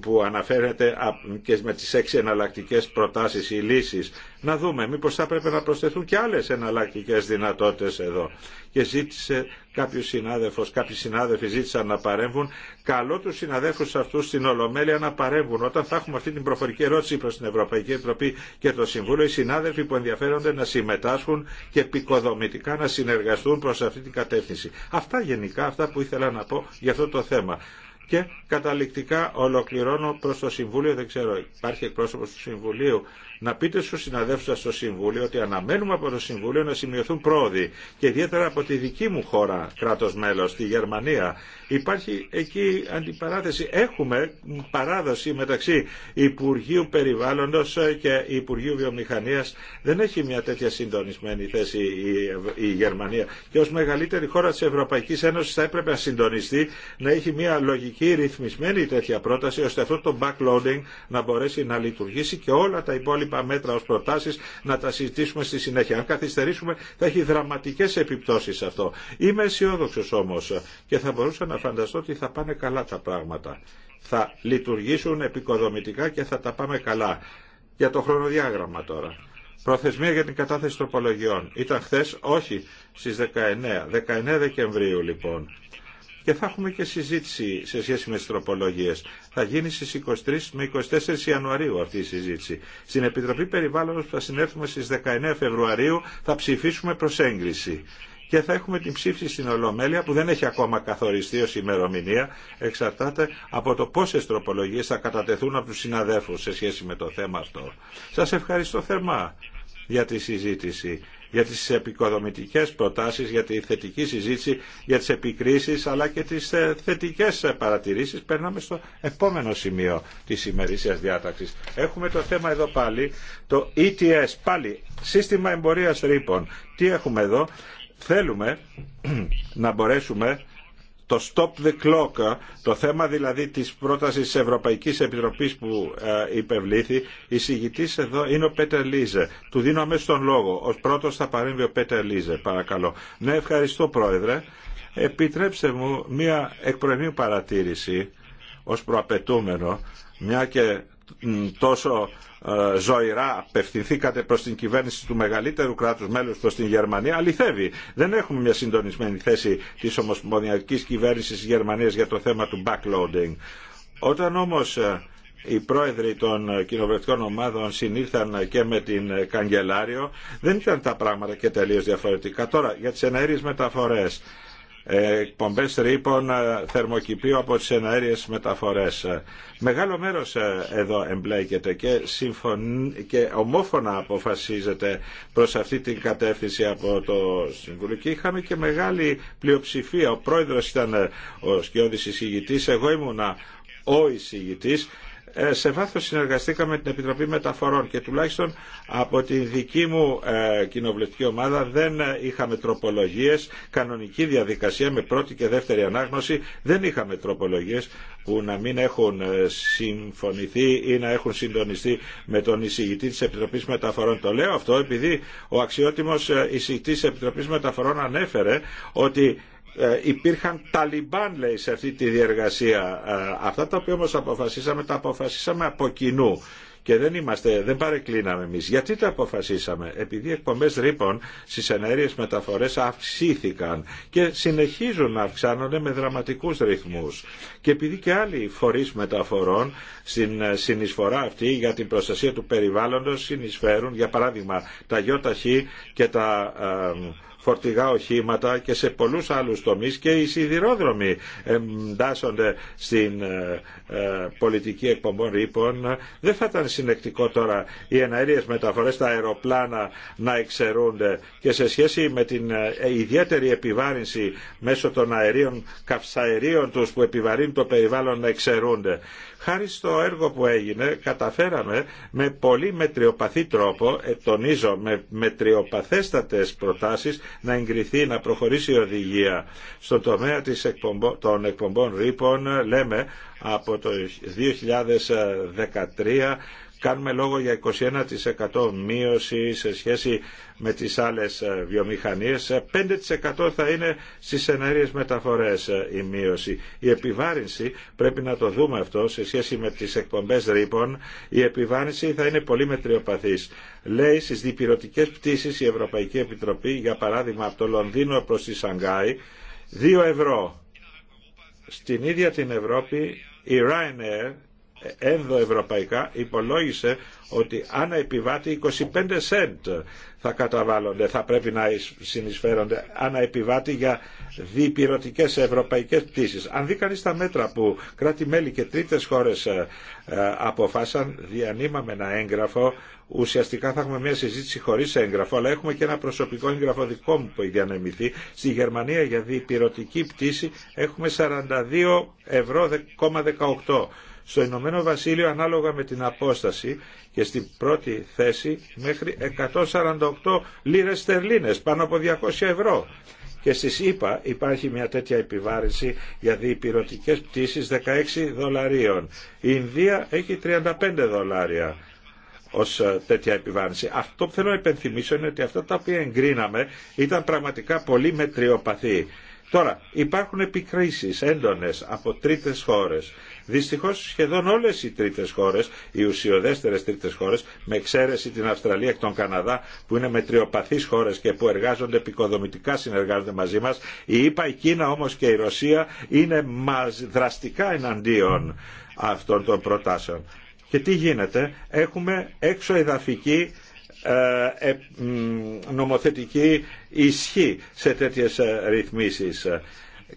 που αναφέρεται και με τις έξι εναλλακτικέ προτάσεις ή λύσεις. Να δούμε, μήπως θα πρέπει να προσθεθούν και άλλες εναλλακτικέ δυνατότητες εδώ. Και ζήτησε κάποιος συνάδελφος, κάποιοι συνάδελφοι ζήτησαν να παρέμβουν. Καλό τους συναδέλφους αυτούς στην Ολομέλεια να παρέμβουν. Όταν θα έχουμε αυτή την προφορική ερώτηση προς την Ευρωπαϊκή Επιτροπή και το Συμβούλιο, οι συνάδελφοι που ενδιαφέρονται να συμμετάσχουν και επικοδομητικά να συνεργαστούν προς αυτή την κατεύθυνση. Αυτά γενικά, αυτά που ήθελα να πω για αυτό το θέμα. Και καταληκτικά ολοκληρώνω προ το Συμβούλιο, δεν ξέρω, υπάρχει εκπρόσωπο του Συμβουλίου, να πείτε στου συναδέλφου στο Συμβούλιο ότι αναμένουμε από το Συμβούλιο να σημειωθούν πρόοδοι και ιδιαίτερα από τη δική μου χώρα, κράτο μέλο, τη Γερμανία. Υπάρχει εκεί αντιπαράθεση. Έχουμε παράδοση μεταξύ Υπουργείου Περιβάλλοντο και Υπουργείου Βιομηχανία. Δεν έχει μια τέτοια συντονισμένη θέση η Γερμανία. Και ω μεγαλύτερη χώρα τη Ευρωπαϊκή Ένωση θα έπρεπε να συντονιστεί, να έχει μια λογική λογική ρυθμισμένη η τέτοια πρόταση ώστε αυτό το backloading να μπορέσει να λειτουργήσει και όλα τα υπόλοιπα μέτρα ως προτάσεις να τα συζητήσουμε στη συνέχεια. Αν καθυστερήσουμε θα έχει δραματικές επιπτώσεις αυτό. Είμαι αισιόδοξο όμως και θα μπορούσα να φανταστώ ότι θα πάνε καλά τα πράγματα. Θα λειτουργήσουν επικοδομητικά και θα τα πάμε καλά. Για το χρονοδιάγραμμα τώρα. Προθεσμία για την κατάθεση τροπολογιών. Ήταν χθε, όχι, στι 19. 19 Δεκεμβρίου λοιπόν και θα έχουμε και συζήτηση σε σχέση με τις τροπολογίες. Θα γίνει στις 23 με 24 Ιανουαρίου αυτή η συζήτηση. Στην Επιτροπή Περιβάλλοντος που θα συνέλθουμε στις 19 Φεβρουαρίου θα ψηφίσουμε προ έγκριση και θα έχουμε την ψήφιση στην Ολομέλεια που δεν έχει ακόμα καθοριστεί ως ημερομηνία εξαρτάται από το πόσες τροπολογίες θα κατατεθούν από τους συναδέλφους σε σχέση με το θέμα αυτό. Σας ευχαριστώ θερμά για τη συζήτηση για τις επικοδομητικές προτάσεις, για τη θετική συζήτηση, για τις επικρίσεις αλλά και τις ε, θετικές παρατηρήσεις. Περνάμε στο επόμενο σημείο της ημερήσιας διάταξης. Έχουμε το θέμα εδώ πάλι, το ETS, πάλι σύστημα εμπορίας ρήπων. Τι έχουμε εδώ, θέλουμε (clears throat) να μπορέσουμε το stop the clock, το θέμα δηλαδή της πρότασης της Ευρωπαϊκής Επιτροπής που ε, υπευλήθη, η εδώ είναι ο Πέτερ Λίζε. Του δίνω αμέσως τον λόγο. Ως πρώτος θα παρέμβει ο Πέτερ Λίζε, παρακαλώ. Ναι, ευχαριστώ Πρόεδρε. Επιτρέψτε μου μία εκπροημίου παρατήρηση ως προαπαιτούμενο, μια και τόσο ε, ζωηρά απευθυνθήκατε προς την κυβέρνηση του μεγαλύτερου κράτους μέλους προς την Γερμανία αληθεύει. Δεν έχουμε μια συντονισμένη θέση της ομοσπονδιακής κυβέρνησης της Γερμανίας για το θέμα του backloading. Όταν όμως ε, οι πρόεδροι των κοινοβουλευτικών ομάδων συνήλθαν και με την Καγκελάριο, δεν ήταν τα πράγματα και τελείως διαφορετικά. Τώρα, για τις εναέριες μεταφορές εκπομπές ρήπων ε, θερμοκηπίου από τις εναέριες μεταφορές. Ε, μεγάλο μέρος ε, εδώ εμπλέκεται και, συμφων... και ομόφωνα αποφασίζεται προς αυτή την κατεύθυνση από το Συμβουλίο και είχαμε και μεγάλη πλειοψηφία. Ο πρόεδρος ήταν ο σκιώδης εισηγητής, εγώ ήμουνα ο εισηγητής ε, σε βάθος συνεργαστήκαμε με την Επιτροπή Μεταφορών και τουλάχιστον από τη δική μου ε, κοινοβουλευτική ομάδα δεν είχαμε τροπολογίες, κανονική διαδικασία με πρώτη και δεύτερη ανάγνωση, δεν είχαμε τροπολογίες που να μην έχουν ε, συμφωνηθεί ή να έχουν συντονιστεί με τον εισηγητή της Επιτροπής Μεταφορών. Το λέω αυτό επειδή ο αξιότιμος εισηγητής της Επιτροπής Μεταφορών ανέφερε ότι ε, υπήρχαν ταλιμπάν λέει σε αυτή τη διεργασία. Ε, αυτά τα οποία όμως αποφασίσαμε, τα αποφασίσαμε από κοινού. Και δεν, είμαστε, δεν παρεκκλίναμε εμεί. Γιατί τα αποφασίσαμε. Επειδή οι εκπομπέ ρήπων στι ενέργειε μεταφορέ αυξήθηκαν και συνεχίζουν να αυξάνονται με δραματικού ρυθμού. Και επειδή και άλλοι φορεί μεταφορών στην συνεισφορά αυτή για την προστασία του περιβάλλοντο συνεισφέρουν, για παράδειγμα, τα ΙΟΤΑΧΗ και τα ε, φορτηγά οχήματα και σε πολλούς άλλους τομείς και οι σιδηρόδρομοι εντάσσονται στην ε, ε, πολιτική εκπομπών ρήπων. Δεν θα ήταν συνεκτικό τώρα οι εναέριες μεταφορές, τα αεροπλάνα να εξαιρούνται και σε σχέση με την ε, ιδιαίτερη επιβάρυνση μέσω των αερίων καυσαερίων τους που επιβαρύνουν το περιβάλλον να εξαιρούνται. Χάρη στο έργο που έγινε καταφέραμε με πολύ μετριοπαθή τρόπο, ε, τονίζω με μετριοπαθέστατες προτάσεις να εγκριθεί, να προχωρήσει η οδηγία. Στον τομέα της των εκπομπών ρήπων λέμε από το 2013 Κάνουμε λόγο για 21% μείωση σε σχέση με τις άλλες ε, βιομηχανίες. 5% ε, θα είναι στις ενέργειες μεταφορές ε, η μείωση. Η επιβάρυνση, πρέπει να το δούμε αυτό, σε σχέση με τις εκπομπές ρήπων, η επιβάρυνση θα είναι πολύ μετριοπαθής. Λέει στις διπυρωτικές πτήσεις η Ευρωπαϊκή Επιτροπή, για παράδειγμα από το Λονδίνο προς τη Σανγκάη, 2 ευρώ. Στην ίδια την Ευρώπη η Ryanair ενδοευρωπαϊκά υπολόγισε ότι αν επιβάτη 25 σέντ θα καταβάλλονται, θα πρέπει να συνεισφέρονται ανά επιβάτη για διπυρωτικές ευρωπαϊκές πτήσεις. Αν δει κανείς τα μέτρα που κράτη-μέλη και τρίτες χώρες ε, ε, αποφάσαν, διανύμαμε ένα έγγραφο, ουσιαστικά θα έχουμε μια συζήτηση χωρίς έγγραφο, αλλά έχουμε και ένα προσωπικό έγγραφο δικό μου που έχει διανεμηθεί. Στη Γερμανία για διπυρωτική πτήση έχουμε 42 ευρώ στο Ηνωμένο Βασίλειο ανάλογα με την απόσταση και στην πρώτη θέση μέχρι 148 λίρες στερλίνες, πάνω από 200 ευρώ. Και στις ΗΠΑ υπάρχει μια τέτοια επιβάρυνση για διπυρωτικές πτήσεις 16 δολαρίων. Η Ινδία έχει 35 δολάρια ως ε, τέτοια επιβάρυνση. Αυτό που θέλω να υπενθυμίσω είναι ότι αυτά τα οποία εγκρίναμε ήταν πραγματικά πολύ μετριοπαθή. Τώρα, υπάρχουν επικρίσεις έντονες από τρίτες χώρες Δυστυχώ, σχεδόν όλες οι τρίτες χώρε, οι ουσιοδέστερες τρίτες χώρε, με εξαίρεση την Αυστραλία και τον Καναδά που είναι μετριοπαθείς χώρες και που εργάζονται επικοδομητικά συνεργάζονται μαζί μας, η ΕΠΑ, η Κίνα όμως και η Ρωσία είναι μας δραστικά εναντίον αυτών των προτάσεων. Και τι γίνεται, έχουμε έξω εδαφική ε, ε, νομοθετική ισχύ σε τέτοιες ε, ρυθμίσεις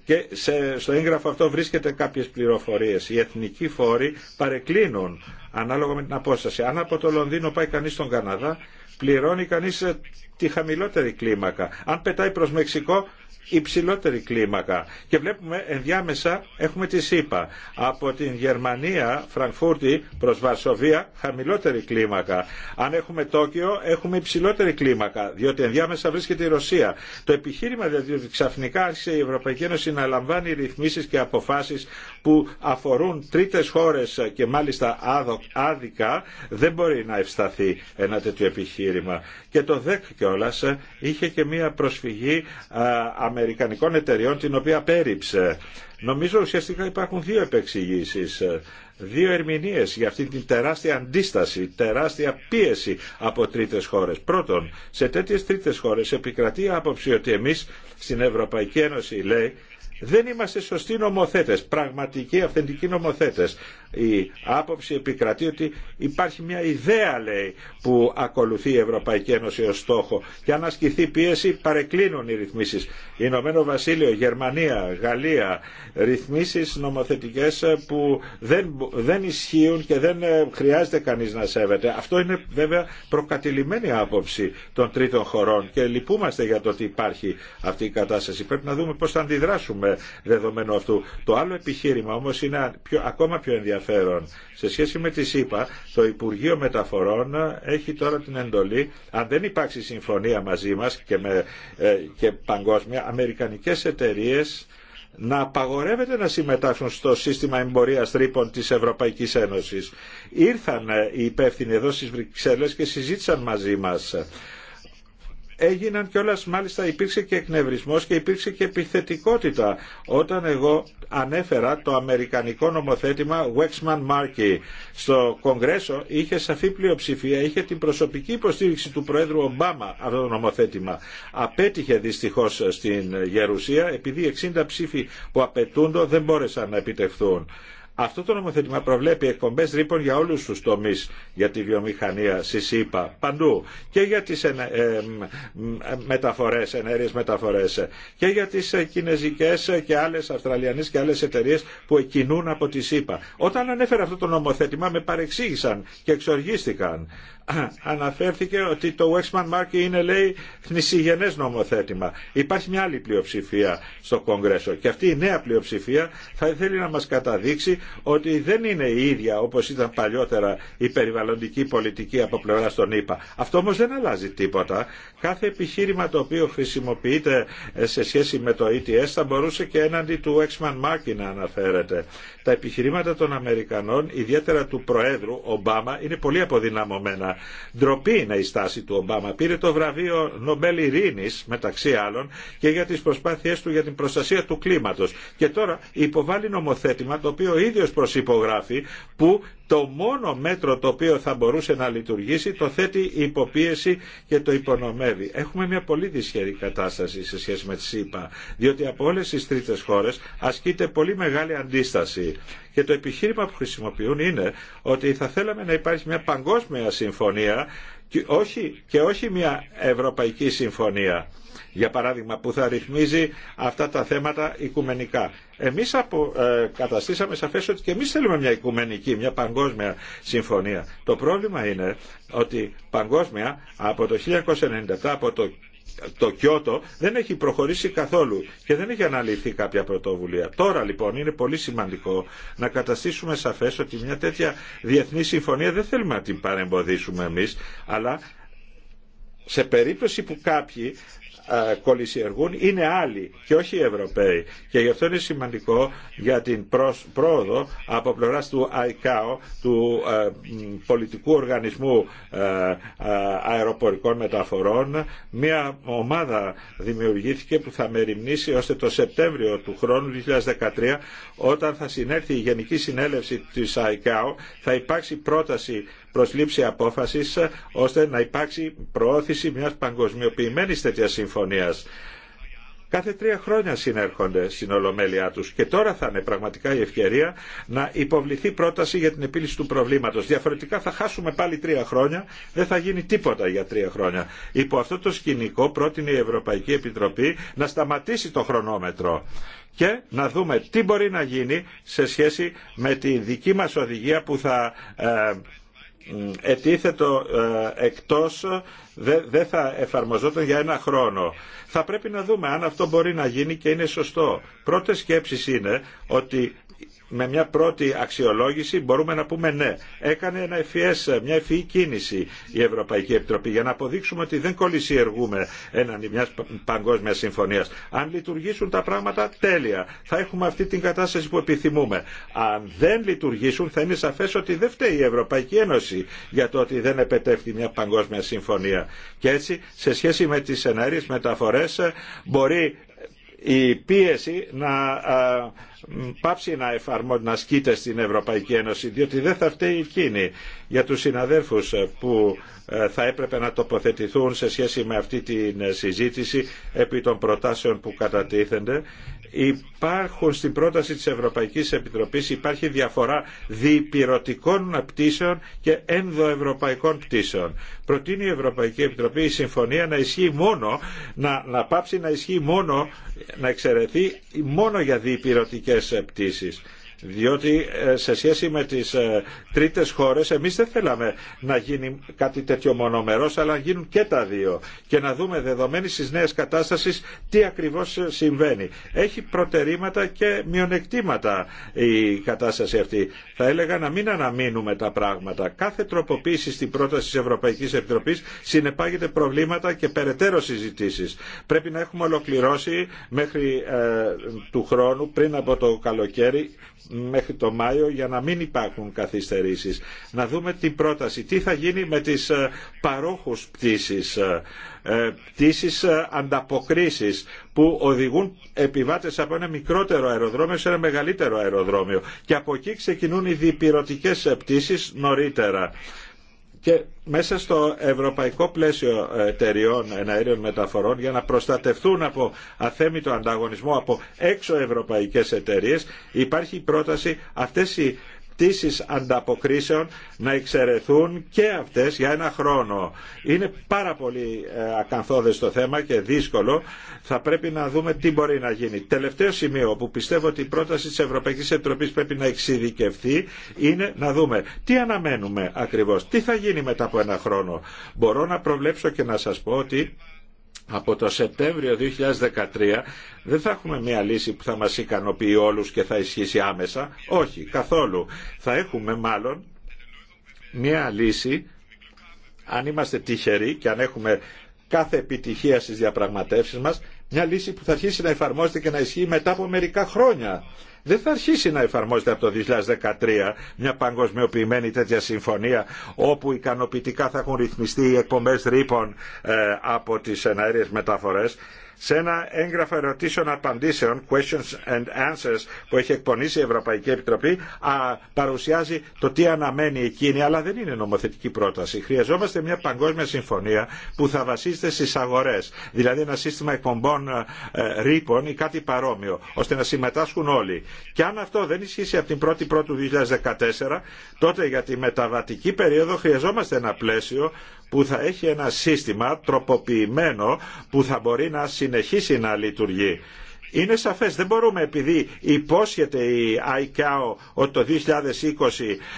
και σε, στο έγγραφο αυτό βρίσκεται κάποιες πληροφορίες. Οι εθνικοί φόροι παρεκκλίνουν ανάλογα με την απόσταση. Αν από το Λονδίνο πάει κανείς στον Καναδά, πληρώνει κανείς ε, τη χαμηλότερη κλίμακα. Αν πετάει προς Μεξικό, υψηλότερη κλίμακα. Και βλέπουμε ενδιάμεσα έχουμε τη ΣΥΠΑ. Από την Γερμανία, Φραγκφούρτη προς Βαρσοβία, χαμηλότερη κλίμακα. Αν έχουμε Τόκιο, έχουμε υψηλότερη κλίμακα, διότι ενδιάμεσα βρίσκεται η Ρωσία. Το επιχείρημα δηλαδή ξαφνικά άρχισε η Ευρωπαϊκή Ένωση να λαμβάνει ρυθμίσεις και αποφάσεις που αφορούν τρίτες χώρες και μάλιστα άδικα, δεν μπορεί να ευσταθεί ένα τέτοιο επιχείρημα και το ΔΕΚ κιόλα είχε και μία προσφυγή αμερικανικών εταιριών την οποία πέριψε. Νομίζω ουσιαστικά υπάρχουν δύο επεξηγήσεις δύο ερμηνείες για αυτή την τεράστια αντίσταση, τεράστια πίεση από τρίτες χώρες. Πρώτον, σε τέτοιες τρίτες χώρες επικρατεί άποψη ότι εμεί στην Ευρωπαϊκή Ένωση λέει δεν είμαστε σωστοί νομοθέτες, πραγματικοί αυθεντικοί νομοθέτες. Η άποψη επικρατεί ότι υπάρχει μια ιδέα λέει που ακολουθεί η Ευρωπαϊκή Ένωση ως στόχο και αν ασκηθεί πίεση παρεκκλίνουν οι ρυθμίσεις. Ηνωμένο Βασίλειο, Γερμανία, Γαλλία, ρυθμίσεις νομοθετικές που δεν, δεν ισχύουν και δεν ε, χρειάζεται κανείς να σέβεται. Αυτό είναι βέβαια προκατηλημένη άποψη των τρίτων χωρών και λυπούμαστε για το ότι υπάρχει αυτή η κατάσταση. Πρέπει να δούμε πώς θα αντιδράσουμε δεδομένου αυτού. Το άλλο επιχείρημα όμως είναι πιο, ακόμα πιο ενδιαφέρον. Σε σχέση με τη ΣΥΠΑ, το Υπουργείο Μεταφορών έχει τώρα την εντολή, αν δεν υπάρξει συμφωνία μαζί μας και, ε, παγκόσμια, αμερικανικές εταιρείε να απαγορεύεται να συμμετάσχουν στο σύστημα εμπορία τρύπων τη Ευρωπαϊκή Ένωση. Ήρθαν ε, οι υπεύθυνοι εδώ στι Βρυξέλλε και συζήτησαν μαζί μα έγιναν κιόλα μάλιστα υπήρξε και εκνευρισμό και υπήρξε και επιθετικότητα όταν εγώ ανέφερα το αμερικανικό νομοθέτημα Wexman Markey. Στο Κογκρέσο είχε σαφή πλειοψηφία, είχε την προσωπική υποστήριξη του Προέδρου Ομπάμα αυτό το νομοθέτημα. Απέτυχε δυστυχώ στην Γερουσία επειδή 60 ψήφοι που απαιτούντο δεν μπόρεσαν να επιτευχθούν. Αυτό το νομοθετήμα προβλέπει εκπομπέ ρήπων για όλου του τομεί για τη βιομηχανία στη ΣΥΠΑ, παντού και για τι ε, μεταφορέ, ενέργειε μεταφορέ και για τι ε, κινέζικε και άλλε αυστραλιανέ και άλλε εταιρείε που εκκινούν από τη ΣΥΠΑ. Όταν ανέφερα αυτό το νομοθέτημα με παρεξήγησαν και εξοργίστηκαν αναφέρθηκε ότι το Wexman Mark είναι λέει θνησιγενές νομοθέτημα. Υπάρχει μια άλλη πλειοψηφία στο Κόγκρεσο και αυτή η νέα πλειοψηφία θα θέλει να μας καταδείξει ότι δεν είναι η ίδια όπως ήταν παλιότερα η περιβαλλοντική πολιτική από πλευρά στον ΗΠΑ. Αυτό όμως δεν αλλάζει τίποτα. Κάθε επιχείρημα το οποίο χρησιμοποιείται ε, σε σχέση με το ETS θα μπορούσε και έναντι του Wexman Mark να αναφέρεται. Τα επιχειρήματα των Αμερικανών, ιδιαίτερα του Προέδρου Ομπάμα, είναι πολύ αποδυναμωμένα Ντροπή είναι η στάση του Ομπάμα. Πήρε το βραβείο Νομπέλ Ειρήνη, μεταξύ άλλων, και για τι προσπάθειέ του για την προστασία του κλίματο. Και τώρα υποβάλλει νομοθέτημα το οποίο ο ίδιο προσυπογράφει που το μόνο μέτρο το οποίο θα μπορούσε να λειτουργήσει το θέτει υποπίεση και το υπονομεύει. Έχουμε μια πολύ δυσχερή κατάσταση σε σχέση με τη ΣΥΠΑ, διότι από όλε τι τρίτε χώρε ασκείται πολύ μεγάλη αντίσταση. Και το επιχείρημα που χρησιμοποιούν είναι ότι θα θέλαμε να υπάρχει μια παγκόσμια συμφωνία και όχι, και όχι μια ευρωπαϊκή συμφωνία για παράδειγμα, που θα ρυθμίζει αυτά τα θέματα οικουμενικά. Εμείς απο, ε, καταστήσαμε σαφές ότι και εμείς θέλουμε μια οικουμενική, μια παγκόσμια συμφωνία. Το πρόβλημα είναι ότι παγκόσμια από το 1997, από το το Κιώτο δεν έχει προχωρήσει καθόλου και δεν έχει αναλυθεί κάποια πρωτοβουλία. Τώρα λοιπόν είναι πολύ σημαντικό να καταστήσουμε σαφές ότι μια τέτοια διεθνή συμφωνία δεν θέλουμε να την παρεμποδίσουμε εμείς, αλλά σε περίπτωση που κάποιοι κολυσιεργούν είναι άλλοι και όχι οι Ευρωπαίοι. Και γι' αυτό είναι σημαντικό για την πρόοδο από πλευρά του ΑΙΚΑΟ, του πολιτικού οργανισμού αεροπορικών μεταφορών, μια ομάδα δημιουργήθηκε που θα μεριμνήσει ώστε το Σεπτέμβριο του χρόνου 2013, όταν θα συνέλθει η Γενική Συνέλευση της ΑΙΚΑΟ, θα υπάρξει πρόταση προς λήψη απόφασης ε, ώστε να υπάρξει προώθηση μιας παγκοσμιοποιημένης τέτοια συμφωνίας. Κάθε τρία χρόνια συνέρχονται στην Ολομέλειά του και τώρα θα είναι πραγματικά η ευκαιρία να υποβληθεί πρόταση για την επίλυση του προβλήματο. Διαφορετικά θα χάσουμε πάλι τρία χρόνια, δεν θα γίνει τίποτα για τρία χρόνια. Υπό αυτό το σκηνικό πρότεινε η Ευρωπαϊκή Επιτροπή να σταματήσει το χρονόμετρο και να δούμε τι μπορεί να γίνει σε σχέση με τη δική μας οδηγία που θα ε, ετίθετο ε, εκτός δεν θα εφαρμοζόταν για ένα χρόνο. Θα πρέπει να δούμε αν αυτό μπορεί να γίνει και είναι σωστό. Πρώτες σκέψεις είναι ότι με μια πρώτη αξιολόγηση μπορούμε να πούμε ναι. Έκανε ένα FES, μια ευφυή κίνηση η Ευρωπαϊκή Επιτροπή για να αποδείξουμε ότι δεν κολλησιεργούμε έναν μια παγκόσμια συμφωνία. Αν λειτουργήσουν τα πράγματα, τέλεια. Θα έχουμε αυτή την κατάσταση που επιθυμούμε. Αν δεν λειτουργήσουν, θα είναι σαφέ ότι δεν φταίει η Ευρωπαϊκή Ένωση για το ότι δεν επετεύχθη μια παγκόσμια συμφωνία. Και έτσι, σε σχέση με τι ενέργειε μεταφορέ, μπορεί η πίεση να πάψει να εφαρμόζει να ασκείται στην Ευρωπαϊκή Ένωση διότι δεν θα φταίει εκείνη για τους συναδέλφους που ε, θα έπρεπε να τοποθετηθούν σε σχέση με αυτή τη συζήτηση επί των προτάσεων που κατατίθενται. Υπάρχουν στην πρόταση της Ευρωπαϊκής Επιτροπής υπάρχει διαφορά διπυρωτικών πτήσεων και ενδοευρωπαϊκών πτήσεων. Προτείνει η Ευρωπαϊκή Επιτροπή η συμφωνία να ισχύει μόνο, να, να πάψει να ισχύει μόνο, να εξαιρεθεί μόνο για διπυρωτικές πτήσεις διότι ε, σε σχέση με τις ε, τρίτες χώρες εμείς δεν θέλαμε να γίνει κάτι τέτοιο μονομερός αλλά να γίνουν και τα δύο και να δούμε δεδομένη της νέας κατάστασης τι ακριβώς ε, συμβαίνει. Έχει προτερήματα και μειονεκτήματα η κατάσταση αυτή. Θα έλεγα να μην αναμείνουμε τα πράγματα. Κάθε τροποποίηση στην πρόταση της Ευρωπαϊκής Επιτροπής συνεπάγεται προβλήματα και περαιτέρω συζητήσεις. Πρέπει να έχουμε ολοκληρώσει μέχρι του χρόνου πριν από το καλοκαίρι μέχρι το Μάιο για να μην υπάρχουν καθυστερήσεις. Να δούμε την πρόταση. Τι θα γίνει με τις ε, παρόχους πτήσεις, ε, ε, πτήσεις ανταποκρίσεις που οδηγούν επιβάτες από ένα μικρότερο αεροδρόμιο σε ένα μεγαλύτερο αεροδρόμιο και από εκεί ξεκινούν οι διπυρωτικές πτήσεις νωρίτερα και μέσα στο ευρωπαϊκό πλαίσιο εταιριών εναέριων μεταφορών για να προστατευτούν από αθέμητο ανταγωνισμό από έξω ευρωπαϊκές εταιρείες υπάρχει πρόταση αυτές οι πτήσεις ανταποκρίσεων να εξαιρεθούν και αυτές για ένα χρόνο. Είναι πάρα πολύ ε, ακαθόδες το θέμα και δύσκολο. Θα πρέπει να δούμε τι μπορεί να γίνει. Τελευταίο σημείο που πιστεύω ότι η πρόταση της Ευρωπαϊκής Επιτροπής πρέπει να εξειδικευθεί είναι να δούμε τι αναμένουμε ακριβώς, τι θα γίνει μετά από ένα χρόνο. Μπορώ να προβλέψω και να σας πω ότι από το Σεπτέμβριο 2013 δεν θα έχουμε μια λύση που θα μας ικανοποιεί όλους και θα ισχύσει άμεσα. Όχι, καθόλου. Θα έχουμε μάλλον μια λύση, αν είμαστε τυχεροί και αν έχουμε κάθε επιτυχία στις διαπραγματεύσεις μας, μια λύση που θα αρχίσει να εφαρμόζεται και να ισχύει μετά από μερικά χρόνια δεν θα αρχίσει να εφαρμόζεται από το 2013 μια παγκοσμιοποιημένη τέτοια συμφωνία όπου ικανοποιητικά θα έχουν ρυθμιστεί οι εκπομπές ρήπων ε, από τις εναέριες μεταφορές σε ένα έγγραφο ερωτήσεων απαντήσεων, questions and answers, που έχει εκπονήσει η Ευρωπαϊκή Επιτροπή, α, παρουσιάζει το τι αναμένει εκείνη, αλλά δεν είναι νομοθετική πρόταση. Χρειαζόμαστε μια παγκόσμια συμφωνία που θα βασίζεται στι αγορέ, δηλαδή ένα σύστημα εκπομπών ε, ε, ρήπων ή κάτι παρόμοιο, ώστε να συμμετάσχουν όλοι. Και αν αυτό δεν ισχύσει από την 1η Πρώτου 2014, τότε για τη μεταβατική περίοδο χρειαζόμαστε ένα πλαίσιο που θα έχει ένα σύστημα τροποποιημένο που θα μπορεί να συνεχίσει να λειτουργεί είναι σαφές, δεν μπορούμε επειδή υπόσχεται η ICAO ότι το 2020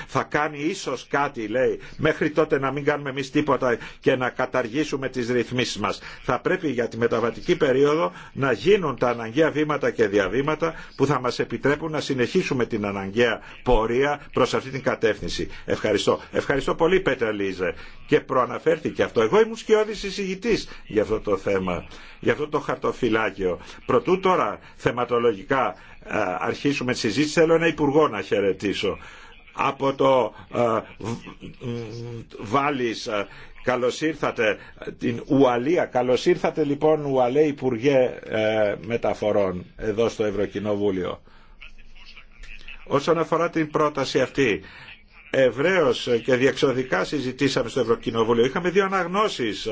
θα κάνει ίσως κάτι λέει, μέχρι τότε να μην κάνουμε εμείς τίποτα και να καταργήσουμε τις ρυθμίσεις μας. Θα πρέπει για τη μεταβατική περίοδο να γίνουν τα αναγκαία βήματα και διαβήματα που θα μας επιτρέπουν να συνεχίσουμε την αναγκαία πορεία προς αυτή την κατεύθυνση. Ευχαριστώ. Ευχαριστώ πολύ Πέτρα Λίζε και προαναφέρθηκε αυτό. Εγώ ήμουν σκιώδης εισηγητής για αυτό το θέμα, για αυτό το χαρτοφυλάκιο. Προτού τώρα θεματολογικά ε, αρχίσουμε τη συζήτηση, θέλω ένα υπουργό να χαιρετήσω. Από το ε, Βάλις ε, Καλώς ήρθατε την Ουαλία. Καλώς ήρθατε λοιπόν Ουαλέ Υπουργέ Μεταφορών εδώ στο Ευρωκοινοβούλιο. Όσον αφορά την πρόταση αυτή, Ευραίω και διεξοδικά συζητήσαμε στο Ευρωκοινοβούλιο. Είχαμε δύο αναγνώσεις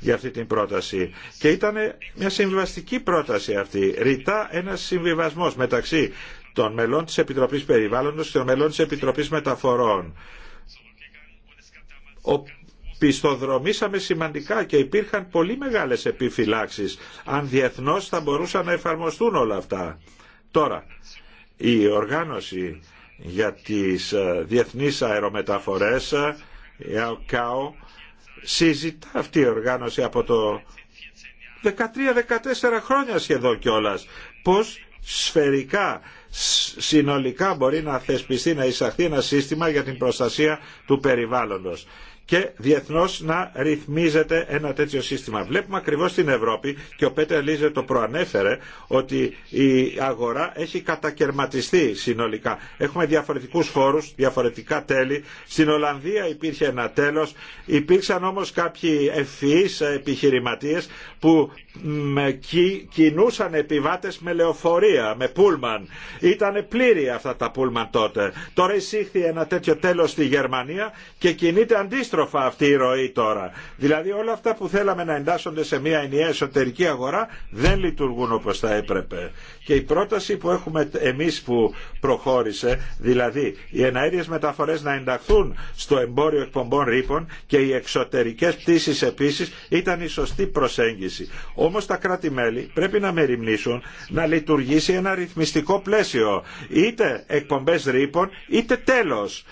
για αυτή την πρόταση και ήταν μια συμβιβαστική πρόταση αυτή. Ρητά ένας συμβιβασμός μεταξύ των μελών της Επιτροπής Περιβάλλοντος και των μελών της Επιτροπής Μεταφορών. Ο πιστοδρομήσαμε σημαντικά και υπήρχαν πολύ μεγάλες επιφυλάξεις αν διεθνώς θα μπορούσαν να εφαρμοστούν όλα αυτά. Τώρα, η οργάνωση για τις ε, διεθνείς αερομεταφορές, ε, η ΑΟΚΑΟ, συζητά αυτή η οργάνωση από το 13-14 χρόνια σχεδόν κιόλα, Πώς σφαιρικά, συνολικά μπορεί να θεσπιστεί, να εισαχθεί ένα σύστημα για την προστασία του περιβάλλοντος και διεθνώς να ρυθμίζεται ένα τέτοιο σύστημα. Βλέπουμε ακριβώ στην Ευρώπη και ο Πέτερ Λίζε το προανέφερε ότι η αγορά έχει κατακαιρματιστεί συνολικά. Έχουμε διαφορετικούς φόρους, διαφορετικά τέλη. Στην Ολλανδία υπήρχε ένα τέλος. Υπήρξαν όμως κάποιοι ευφυεί επιχειρηματίες που κοινούσαν κινούσαν επιβάτες με λεωφορεία, με πούλμαν. Ήταν πλήρη αυτά τα πούλμαν τότε. Τώρα εισήχθη ένα τέτοιο τέλος στη Γερμανία και κινείται αντίστροφα αυτή η ροή τώρα. Δηλαδή όλα αυτά που θέλαμε να εντάσσονται σε μια ενιαία εσωτερική αγορά δεν λειτουργούν όπως θα έπρεπε. Και η πρόταση που έχουμε εμείς που προχώρησε, δηλαδή οι εναέριες μεταφορές να ενταχθούν στο εμπόριο εκπομπών ρήπων και οι εξωτερικές πτήσεις επίσης ήταν η σωστή προσέγγιση όμως τα κράτη-μέλη πρέπει να μεριμνήσουν να λειτουργήσει ένα ρυθμιστικό πλαίσιο. Είτε εκπομπές ρήπων είτε τέλος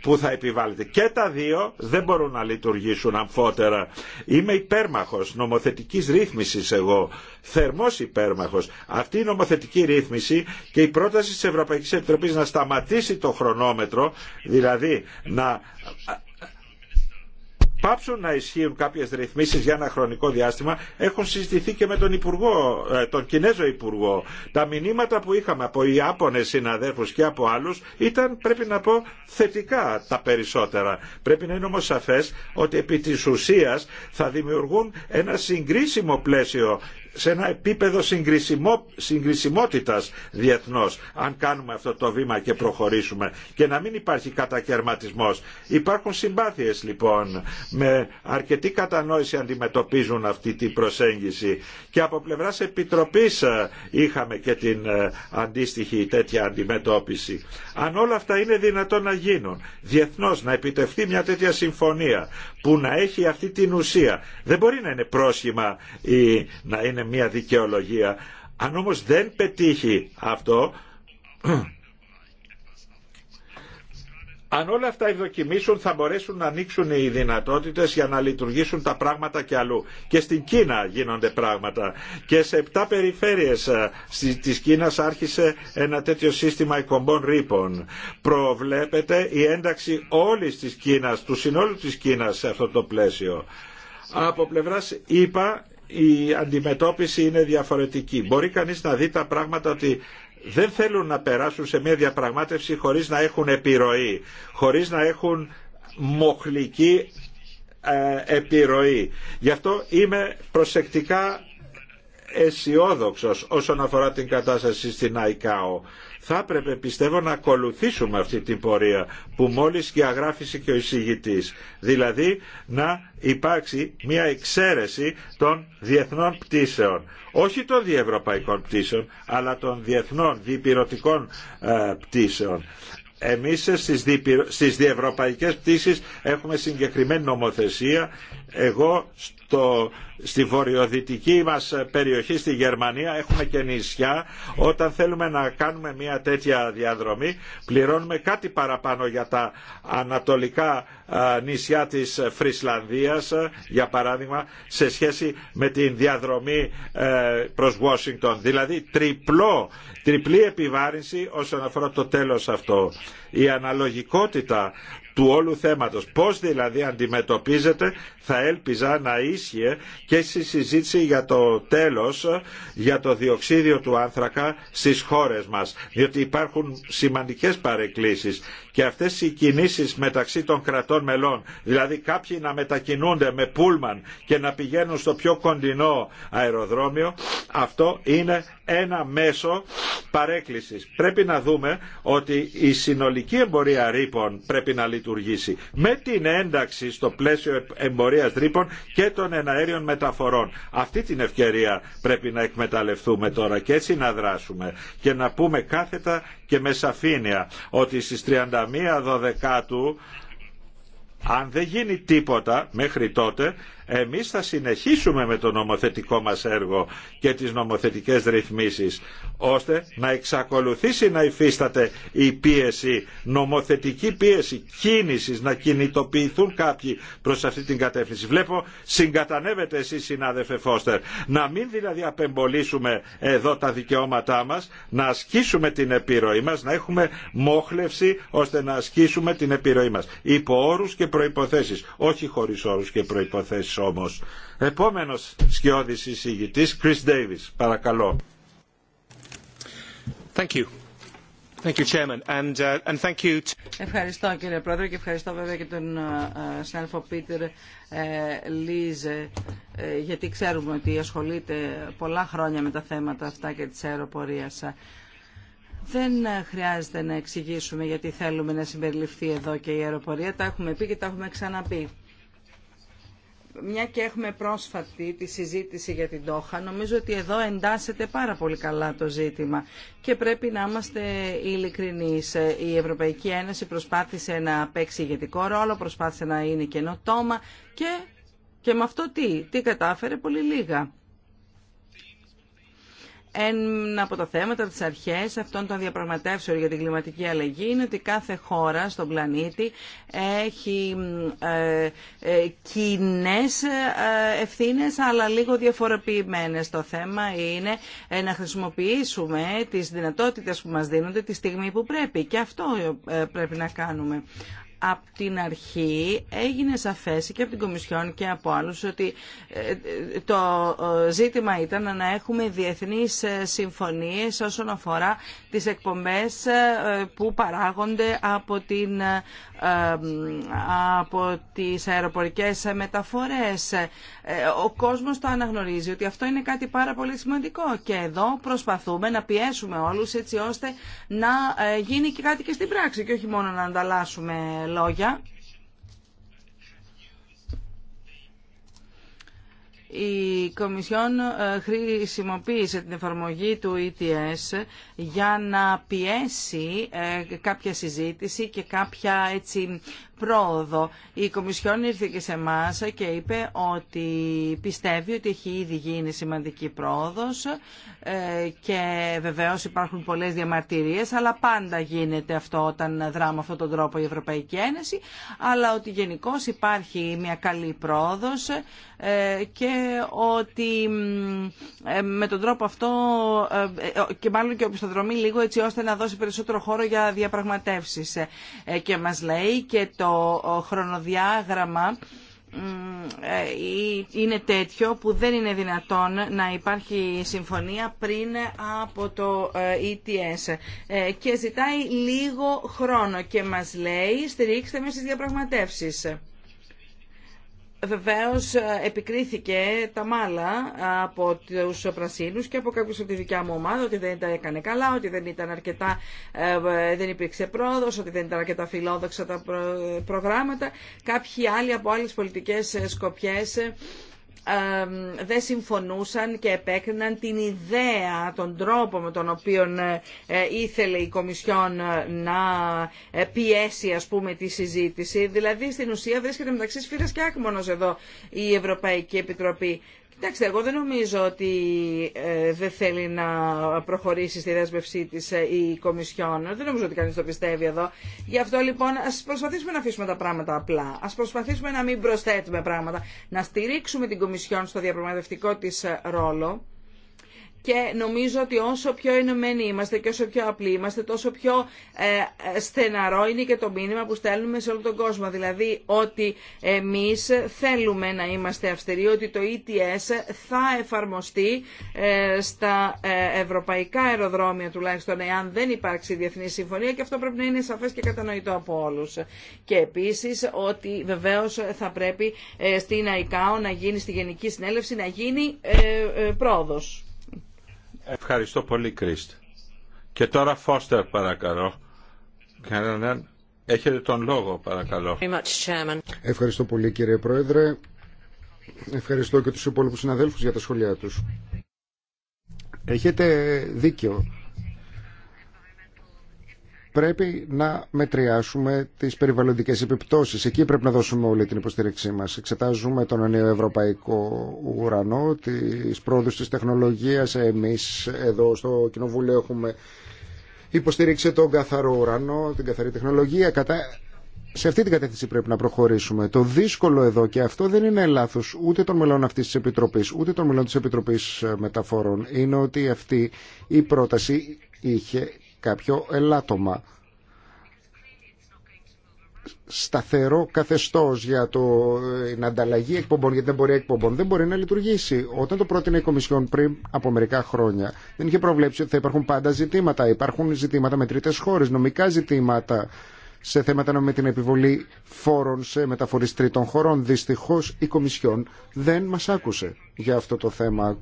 που θα επιβάλλεται. Και τα δύο δεν μπορούν να λειτουργήσουν αμφότερα. Είμαι υπέρμαχος νομοθετικής ρύθμισης εγώ. Θερμός υπέρμαχος. Αυτή η νομοθετική ρύθμιση και η πρόταση της Ευρωπαϊκής Επιτροπής να σταματήσει το χρονόμετρο, δηλαδή να πάψουν να ισχύουν κάποιες ρυθμίσεις για ένα χρονικό διάστημα έχουν συζητηθεί και με τον, Υπουργό, ε, τον Κινέζο Υπουργό. Τα μηνύματα που είχαμε από οι Άπωνες συναδέλφους και από άλλους ήταν πρέπει να πω θετικά τα περισσότερα. Πρέπει να είναι όμως σαφές ότι επί της ουσίας θα δημιουργούν ένα συγκρίσιμο πλαίσιο σε ένα επίπεδο συγκρισιμό, συγκρισιμότητας διεθνώς αν κάνουμε αυτό το βήμα και προχωρήσουμε και να μην υπάρχει κατακαιρματισμός. Υπάρχουν συμπάθειες λοιπόν με αρκετή κατανόηση αντιμετωπίζουν αυτή την προσέγγιση και από πλευράς Επιτροπής ε, είχαμε και την ε, αντίστοιχη τέτοια αντιμετώπιση. Αν όλα αυτά είναι δυνατόν να γίνουν διεθνώς να επιτευχθεί μια τέτοια συμφωνία που να έχει αυτή την ουσία δεν μπορεί να είναι πρόσχημα ή να είναι μια δικαιολογία. Αν όμως δεν πετύχει αυτό, αν όλα αυτά ευδοκιμήσουν θα μπορέσουν να ανοίξουν οι δυνατότητες για να λειτουργήσουν τα πράγματα και αλλού. Και στην Κίνα γίνονται πράγματα. Και σε επτά περιφέρειες ε, της Κίνας άρχισε ένα τέτοιο σύστημα εκπομπών ρήπων. Προβλέπεται η ένταξη όλης της Κίνας, του συνόλου της Κίνας σε αυτό το πλαίσιο. Από πλευράς είπα η αντιμετώπιση είναι διαφορετική. Μπορεί κανείς να δει τα πράγματα ότι δεν θέλουν να περάσουν σε μια διαπραγμάτευση χωρίς να έχουν επιρροή, χωρίς να έχουν μοχλική ε, επιρροή. Γι' αυτό είμαι προσεκτικά αισιόδοξο όσον αφορά την κατάσταση στην ΑΙΚΑΟ θα έπρεπε πιστεύω να ακολουθήσουμε αυτή την πορεία που μόλις διαγράφησε και ο εισηγητής. Δηλαδή να υπάρξει μια εξαίρεση των διεθνών πτήσεων. Όχι των διευρωπαϊκών πτήσεων, αλλά των διεθνών διπυρωτικών ε, πτήσεων. Εμείς στις διευρωπαϊκές πτήσεις έχουμε συγκεκριμένη νομοθεσία. Εγώ στη βορειοδυτική μας περιοχή στη Γερμανία έχουμε και νησιά όταν θέλουμε να κάνουμε μια τέτοια διαδρομή πληρώνουμε κάτι παραπάνω για τα ανατολικά νησιά της Φρισλανδίας για παράδειγμα σε σχέση με την διαδρομή ε, προς Washington δηλαδή τριπλό, τριπλή επιβάρυνση όσον αφορά το τέλος αυτό η αναλογικότητα του όλου θέματος. Πώς δηλαδή αντιμετωπίζεται θα έλπιζα να ίσχυε και στη συζήτηση για το τέλος για το διοξίδιο του άνθρακα στις χώρες μας διότι υπάρχουν σημαντικές παρεκκλήσεις και αυτές οι κινήσεις μεταξύ των κρατών μελών δηλαδή κάποιοι να μετακινούνται με πούλμαν και να πηγαίνουν στο πιο κοντινό αεροδρόμιο αυτό είναι ένα μέσο παρέκκλησης. Πρέπει να δούμε ότι η συνολική εμπορία ρήπων πρέπει να λειτουργήσει. Με την ένταξη στο πλαίσιο τρύπων και των εναέριων μεταφορών. Αυτή την ευκαιρία πρέπει να εκμεταλλευτούμε τώρα και έτσι να δράσουμε και να πούμε κάθετα και με σαφήνεια ότι στις 31 Δωδεκάτου αν δεν γίνει τίποτα μέχρι τότε εμείς θα συνεχίσουμε με το νομοθετικό μας έργο και τις νομοθετικές ρυθμίσεις, ώστε να εξακολουθήσει να υφίσταται η πίεση, νομοθετική πίεση κίνησης, να κινητοποιηθούν κάποιοι προς αυτή την κατεύθυνση. Βλέπω συγκατανεύετε εσείς συνάδελφε Φώστερ, να μην δηλαδή απεμπολίσουμε εδώ τα δικαιώματά μας, να ασκήσουμε την επιρροή μας, να έχουμε μόχλευση ώστε να ασκήσουμε την επιρροή μας. Υπό όρους και προϋποθέσεις, όχι χωρίς και προϋποθέσεις Davis όμως. Επόμενος σκιώδης εισηγητής, Chris Davis. Παρακαλώ. Thank you. Thank you, Chairman. And, uh, and thank you Ευχαριστώ κύριε Πρόεδρε και ευχαριστώ βέβαια και τον uh, Πίτερ ε, Λίζε ε, γιατί ξέρουμε ότι ασχολείται πολλά χρόνια με τα θέματα αυτά και της αεροπορίας. Δεν χρειάζεται να εξηγήσουμε γιατί θέλουμε να συμπεριληφθεί εδώ και η αεροπορία. Τα έχουμε πει και τα έχουμε ξαναπεί μια και έχουμε πρόσφατη τη συζήτηση για την Τόχα, νομίζω ότι εδώ εντάσσεται πάρα πολύ καλά το ζήτημα και πρέπει να είμαστε ειλικρινεί. Η Ευρωπαϊκή Ένωση προσπάθησε να παίξει ηγετικό ρόλο, προσπάθησε να είναι καινοτόμα και, και με αυτό τι, τι κατάφερε πολύ λίγα ένα από τα θέματα της αρχές αυτών των διαπραγματεύσεων για την κλιματική αλλαγή είναι ότι κάθε χώρα στον πλανήτη έχει ε, ε κοινέ ε, ευθύνες αλλά λίγο διαφοροποιημένες. Το θέμα είναι ε, να χρησιμοποιήσουμε τις δυνατότητες που μας δίνονται τη στιγμή που πρέπει και αυτό πρέπει να κάνουμε από την αρχή έγινε σαφές και από την Κομισιόν και από άλλους ότι ε, ε, το ε, ζήτημα ήταν να έχουμε διεθνείς συμφωνίες όσον αφορά τις εκπομπές ε, που παράγονται από, την, ε, από τις αεροπορικές μεταφορές. Ε, ο κόσμος το αναγνωρίζει ότι αυτό είναι κάτι πάρα πολύ σημαντικό και εδώ προσπαθούμε να πιέσουμε όλους έτσι ώστε να γίνει και κάτι και στην πράξη και όχι μόνο να ανταλλάσσουμε λόγια. η Κομισιόν ε, χρησιμοποίησε την εφαρμογή του ETS για να πιέσει ε, κάποια συζήτηση και κάποια έτσι πρόοδο. Η Κομισιόν ήρθε και σε εμά και είπε ότι πιστεύει ότι έχει ήδη γίνει σημαντική πρόοδος ε, και βεβαίως υπάρχουν πολλές διαμαρτυρίες, αλλά πάντα γίνεται αυτό όταν δρά με αυτόν τον τρόπο η Ευρωπαϊκή Ένωση, αλλά ότι γενικώ υπάρχει μια καλή πρόοδος ε, και ότι ε, με τον τρόπο αυτό και μάλλον και οπισθοδρομεί λίγο έτσι ώστε να δώσει περισσότερο χώρο για διαπραγματεύσεις. Και μας λέει και το το χρονοδιάγραμμα ε, είναι τέτοιο που δεν είναι δυνατόν να υπάρχει συμφωνία πριν από το ε, ETS ε, και ζητάει λίγο χρόνο και μας λέει στηρίξτε με στις διαπραγματεύσεις. Βεβαίως ε, επικρίθηκε τα μάλα από τους πρασίνους και από κάποιους από τη δικιά μου ομάδα ότι δεν τα έκανε καλά, ότι δεν ήταν αρκετά, ε, ε, δεν υπήρξε πρόοδος, ότι δεν ήταν αρκετά φιλόδοξα τα προγράμματα. Κάποιοι άλλοι από άλλες πολιτικές σκοπιές δεν συμφωνούσαν και επέκριναν την ιδέα, τον τρόπο με τον οποίο ε, ε, ήθελε η Κομισιόν ε, να πιέσει ας πούμε τη συζήτηση. Δηλαδή στην ουσία βρίσκεται μεταξύ σφύρας και άκμονος εδώ η Ευρωπαϊκή Επιτροπή. Κοιτάξτε, εγώ δεν νομίζω ότι ε, δεν θέλει να προχωρήσει στη δέσμευσή τη ε, η Κομισιόν. Δεν νομίζω ότι κανεί το πιστεύει εδώ. Γι' αυτό λοιπόν α προσπαθήσουμε να αφήσουμε τα πράγματα απλά. Α προσπαθήσουμε να μην προσθέτουμε πράγματα. Να στηρίξουμε την Κομισιόν στο διαπραγματευτικό τη ε, ρόλο και νομίζω ότι όσο πιο ενωμένοι είμαστε και όσο πιο απλοί είμαστε, τόσο πιο ε, στεναρό είναι και το μήνυμα που στέλνουμε σε όλο τον κόσμο. Δηλαδή ότι εμείς θέλουμε να είμαστε αυστηροί, ότι το ETS θα εφαρμοστεί ε, στα ε, ευρωπαϊκά αεροδρόμια τουλάχιστον εάν δεν υπάρξει διεθνή συμφωνία και αυτό πρέπει να είναι σαφές και κατανοητό από όλους. Και επίσης ότι βεβαίως θα πρέπει στην ΑΙΚΑΟ να γίνει στη Γενική Συνέλευση να γίνει πρόοδος. Ευχαριστώ πολύ, Κρίστ. Και τώρα Φώστερ, παρακαλώ. Έχετε τον λόγο, παρακαλώ. Ευχαριστώ πολύ, κύριε Πρόεδρε. Ευχαριστώ και τους υπόλοιπους συναδέλφους για τα σχόλιά τους. Έχετε δίκιο πρέπει να μετριάσουμε τις περιβαλλοντικές επιπτώσεις. Εκεί πρέπει να δώσουμε όλη την υποστήριξή μας. Εξετάζουμε τον νέο ευρωπαϊκό ουρανό, τις πρόοδους της τεχνολογίας. Εμείς εδώ στο Κοινοβούλιο έχουμε υποστηρίξει τον καθαρό ουρανό, την καθαρή τεχνολογία. Κατά... Σε αυτή την κατεύθυνση πρέπει να προχωρήσουμε. Το δύσκολο εδώ και αυτό δεν είναι λάθο ούτε των μελών αυτή τη Επιτροπή, ούτε των μελών τη Επιτροπή ε, Μεταφορών. Είναι ότι αυτή η πρόταση είχε κάποιο ελάττωμα. Σταθερό καθεστώς για το, ε, την ανταλλαγή εκπομπών, γιατί δεν μπορεί εκπομπών, δεν μπορεί να λειτουργήσει. Όταν το πρότεινε η Κομισιόν πριν από μερικά χρόνια, δεν είχε προβλέψει ότι θα υπάρχουν πάντα ζητήματα. Υπάρχουν ζητήματα με τρίτες χώρες, νομικά ζητήματα σε θέματα με την επιβολή φόρων σε μεταφορείς τρίτων χωρών. Δυστυχώς η Κομισιόν δεν μας άκουσε για αυτό το θέμα.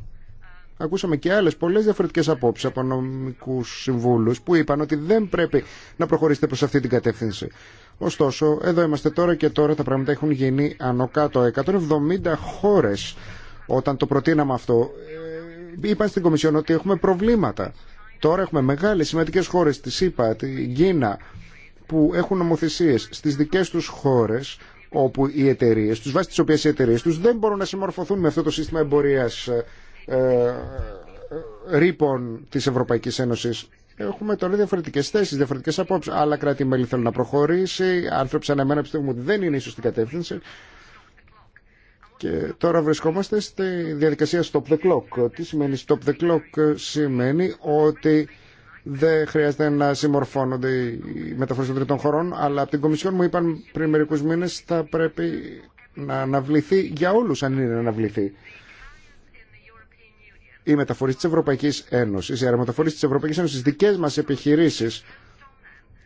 Ακούσαμε και άλλε πολλέ διαφορετικέ απόψει από νομικού συμβούλου που είπαν ότι δεν πρέπει να προχωρήσετε προ αυτή την κατεύθυνση. Ωστόσο, εδώ είμαστε τώρα και τώρα τα πράγματα έχουν γίνει άνω κάτω. 170 χώρε όταν το προτείναμε αυτό ε, είπαν στην Κομισιόν ότι έχουμε προβλήματα. Τώρα έχουμε μεγάλε σημαντικέ χώρε, τη ΣΥΠΑ, την Κίνα, που έχουν νομοθεσίε στι δικέ του χώρε όπου οι εταιρείε του, βάσει τι οποίε οι εταιρείε του δεν μπορούν να συμμορφωθούν με αυτό το σύστημα εμπορία ε, ε, ε, ρήπων της Ευρωπαϊκής Ένωσης. Έχουμε τώρα διαφορετικέ θέσει, διαφορετικέ απόψει. Άλλα κράτη-μέλη θέλουν να προχωρήσει, άνθρωποι σαν εμένα πιστεύουμε ότι δεν είναι ίσω στην κατεύθυνση. Και τώρα βρισκόμαστε στη διαδικασία stop the clock. Τι σημαίνει stop the clock, σημαίνει ότι δεν χρειάζεται να συμμορφώνονται οι μεταφορέ των τρίτων χωρών, αλλά από την Κομισιόν μου είπαν πριν μερικού μήνε θα πρέπει να αναβληθεί για όλου αν είναι να αναβληθεί οι μεταφορεί της Ευρωπαϊκής Ένωσης, οι αερομεταφορείς της Ευρωπαϊκής Ένωσης, τις δικές μας επιχειρήσεις,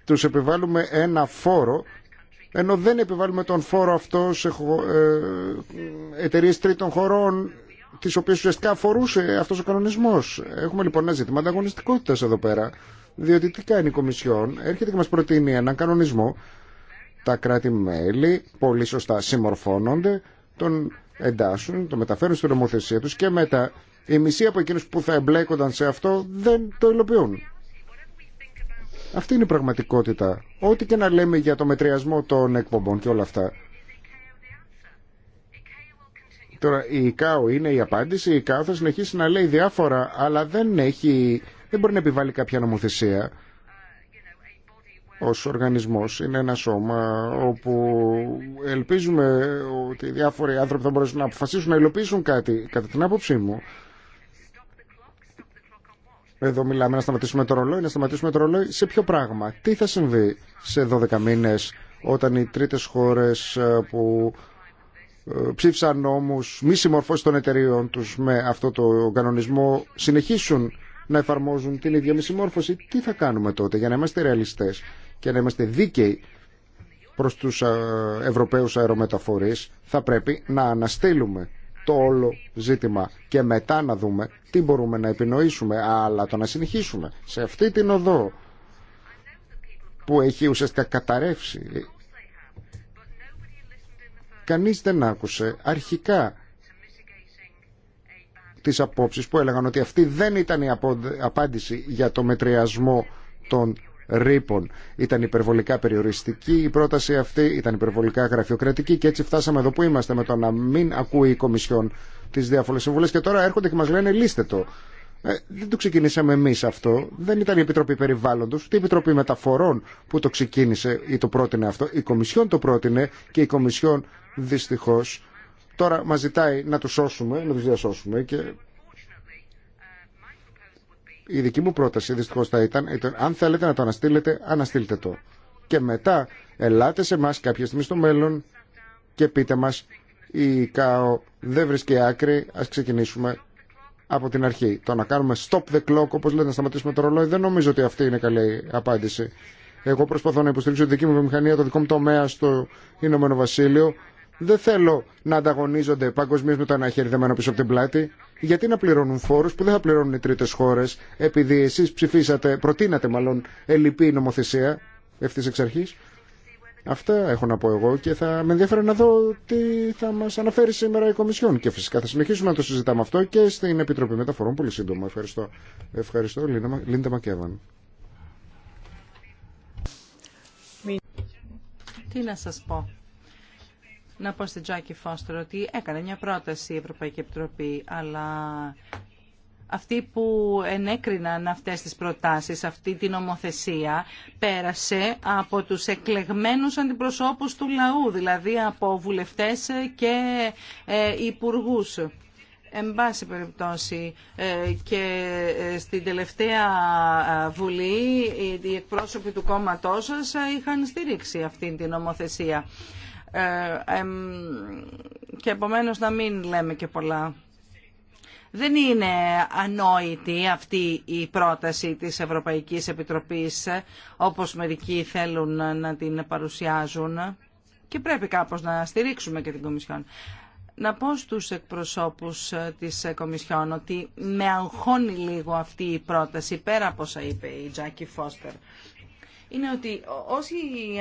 τους επιβάλλουμε ένα φόρο, ενώ δεν επιβάλλουμε τον φόρο αυτό σε ε, εταιρείε τρίτων χωρών, τις οποίες ουσιαστικά αφορούσε αυτός ο κανονισμός. Έχουμε λοιπόν ένα ζήτημα ανταγωνιστικότητας εδώ πέρα, διότι τι κάνει η Κομισιόν, έρχεται και μας προτείνει έναν κανονισμό, τα κράτη-μέλη πολύ σωστά συμμορφώνονται, τον εντάσσουν, τον μεταφέρουν στην νομοθεσία τους και μετά οι μισή από εκείνους που θα εμπλέκονταν σε αυτό δεν το υλοποιούν. Αυτή είναι η πραγματικότητα. Ό,τι και να λέμε για το μετριασμό των εκπομπών και όλα αυτά. Τώρα η ΚΑΟ είναι η απάντηση. Η ΚΑΟ θα συνεχίσει να λέει διάφορα, αλλά δεν, έχει, δεν μπορεί να επιβάλλει κάποια νομοθεσία. Ως οργανισμός είναι ένα σώμα όπου ελπίζουμε ότι διάφοροι άνθρωποι θα μπορέσουν να αποφασίσουν να υλοποιήσουν κάτι. Κατά την άποψή μου, εδώ μιλάμε να σταματήσουμε το ρολόι, να σταματήσουμε το ρολόι σε ποιο πράγμα. Τι θα συμβεί σε 12 μήνες όταν οι τρίτε χώρε ε, που ε, ψήφισαν νόμου μη συμμορφώσει των εταιρείων τους με αυτό το κανονισμό συνεχίσουν να εφαρμόζουν την ίδια μη συμμόρφωση. Τι θα κάνουμε τότε για να είμαστε ρεαλιστές και να είμαστε δίκαιοι προ του ε, Ευρωπαίου αερομεταφορεί, θα πρέπει να αναστείλουμε το όλο ζήτημα και μετά να δούμε τι μπορούμε να επινοήσουμε αλλά το να συνεχίσουμε σε αυτή την οδό που έχει ουσιαστικά καταρρεύσει κανείς δεν άκουσε αρχικά τις απόψεις που έλεγαν ότι αυτή δεν ήταν η απάντηση για το μετριασμό των ρήπων. Ήταν υπερβολικά περιοριστική η πρόταση αυτή, ήταν υπερβολικά γραφειοκρατική και έτσι φτάσαμε εδώ που είμαστε με το να μην ακούει η Κομισιόν τι διάφορε συμβουλέ και τώρα έρχονται και μα λένε λύστε το. Ε, δεν το ξεκινήσαμε εμεί αυτό. Δεν ήταν η Επιτροπή Περιβάλλοντο, ούτε η Επιτροπή Μεταφορών που το ξεκίνησε ή το πρότεινε αυτό. Η Κομισιόν το πρότεινε και η Κομισιόν δυστυχώ τώρα μα ζητάει να του σώσουμε, να του διασώσουμε και η δική μου πρόταση δυστυχώ θα ήταν, ήταν, αν θέλετε να το αναστείλετε, αναστείλτε το. Και μετά ελάτε σε εμά κάποια στιγμή στο μέλλον και πείτε μα η ΚΑΟ δεν βρίσκει άκρη, α ξεκινήσουμε από την αρχή. Το να κάνουμε stop the clock, όπω λέτε, να σταματήσουμε το ρολόι, δεν νομίζω ότι αυτή είναι καλή απάντηση. Εγώ προσπαθώ να υποστηρίξω τη δική μου βιομηχανία, το δικό μου τομέα στο Ηνωμένο Βασίλειο δεν θέλω να ανταγωνίζονται παγκοσμίω με το ένα χέρι δεμένο πίσω από την πλάτη. Γιατί να πληρώνουν φόρου που δεν θα πληρώνουν οι τρίτε χώρε, επειδή εσεί ψηφίσατε, προτείνατε μάλλον, ελλειπή νομοθεσία ευθύ εξ αρχή. Αυτά έχω να πω εγώ και θα με ενδιαφέρει να δω τι θα μα αναφέρει σήμερα η Κομισιόν. Και φυσικά θα συνεχίσουμε να το συζητάμε αυτό και στην Επιτροπή Μεταφορών πολύ σύντομα. Ευχαριστώ. Ευχαριστώ, Λίντα Μακέβαν. Τι να σας πω να πω στην Τζάκη Φώστερ ότι έκανε μια πρόταση η Ευρωπαϊκή Επιτροπή, αλλά αυτοί που ενέκριναν αυτές τις προτάσεις, αυτή την ομοθεσία, πέρασε από τους εκλεγμένους αντιπροσώπους του λαού, δηλαδή από βουλευτές και ε, υπουργούς. Εν πάση περιπτώσει ε, και ε, στην τελευταία Βουλή οι εκπρόσωποι του κόμματός σας είχαν στηρίξει αυτή την νομοθεσία. Ε, και επομένως να μην λέμε και πολλά. Δεν είναι ανόητη αυτή η πρόταση της Ευρωπαϊκής Επιτροπής, ε, όπως μερικοί θέλουν να την παρουσιάζουν και πρέπει κάπως να στηρίξουμε και την Κομισιόν. Να πω στους εκπροσώπους ε, της Κομισιόν ότι με αγχώνει λίγο αυτή η πρόταση, πέρα από όσα είπε η Τζάκι Φώστερ είναι ότι όσοι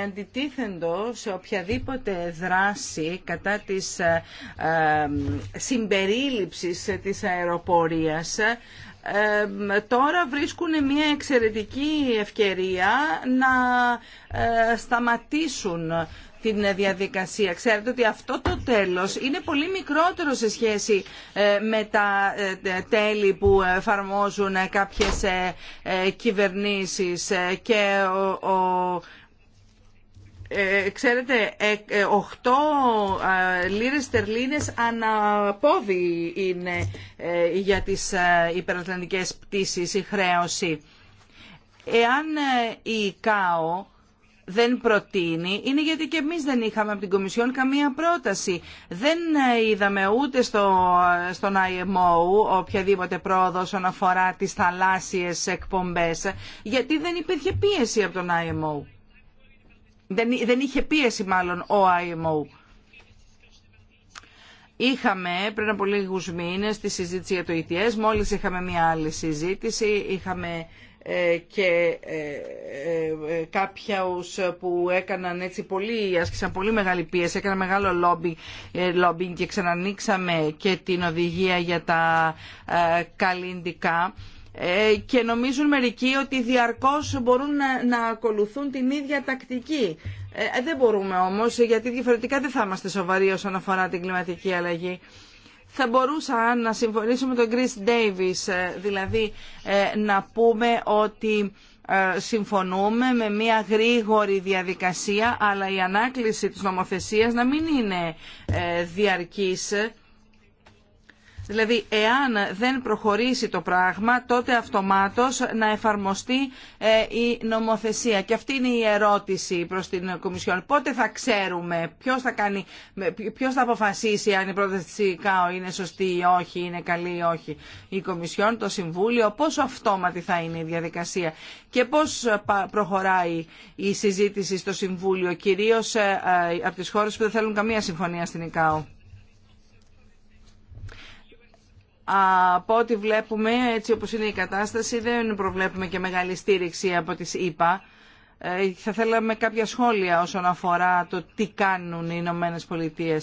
αντιτίθεντο σε οποιαδήποτε δράση κατά της ε, ε, συμπερίληψης της αεροπορίας ε, τώρα βρίσκουν μια εξαιρετική ευκαιρία να σταματήσουν την ε, διαδικασία. Ξέρετε ότι αυτό το τέλος είναι πολύ μικρότερο σε σχέση ε, με τα ε, τέλη που εφαρμόζουν κάποιες κυβερνήσεις και ο, ξέρετε, 8 λίρες τερλίνες αναπόδι είναι για τις υπερατλαντικές πτήσεις η χρέωση. Εάν η ΚΑΟ δεν προτείνει είναι γιατί και εμείς δεν είχαμε από την Κομισιόν καμία πρόταση. Δεν ε, είδαμε ούτε στο, ε, στον IMO οποιαδήποτε πρόοδο όσον αφορά τις θαλάσσιες εκπομπές γιατί δεν υπήρχε πίεση από τον IMO. Δεν, δεν είχε πίεση μάλλον ο IMO. Είχαμε πριν από λίγους μήνες τη συζήτηση για το ETS, μόλις είχαμε μια άλλη συζήτηση, είχαμε ε, και ε, ε, κάποια που έκαναν έτσι πολύ, άσκησαν πολύ μεγάλη πίεση, έκαναν μεγάλο λόμπι, λόμπι και ξανανοίξαμε και την οδηγία για τα καλλιντικά και νομίζουν μερικοί ότι διαρκώς μπορούν να, ακολουθούν την ίδια τακτική. δεν μπορούμε όμως, γιατί διαφορετικά δεν θα είμαστε σοβαροί όσον αφορά την κλιματική αλλαγή θα μπορούσα να συμφωνήσω με τον Chris Davis, ε, δηλαδή ε, να πούμε ότι ε, συμφωνούμε με μια γρήγορη διαδικασία, αλλά η ανάκληση της νομοθεσίας να μην είναι διαρκής Δηλαδή, εάν δεν προχωρήσει το πράγμα, τότε αυτομάτως να εφαρμοστεί ε, η νομοθεσία. Και αυτή είναι η ερώτηση προς την Κομισιόν. Πότε θα ξέρουμε, ποιος θα, κάνει, ποιος θα αποφασίσει αν η πρόταση της ΙΚΑΟ είναι σωστή ή όχι, είναι καλή ή όχι. Η Κομισιόν, το Συμβούλιο, πόσο αυτόματη θα είναι η διαδικασία και πώς ε, προχωράει η συζήτηση στο Συμβούλιο, κυρίως ε, από τις χώρες που δεν θέλουν καμία συμφωνία στην ΙΚΑΟ. από ό,τι βλέπουμε, έτσι όπως είναι η κατάσταση, δεν προβλέπουμε και μεγάλη στήριξη από τις ΗΠΑ. Ε, θα θέλαμε κάποια σχόλια όσον αφορά το τι κάνουν οι Ηνωμένε Πολιτείε.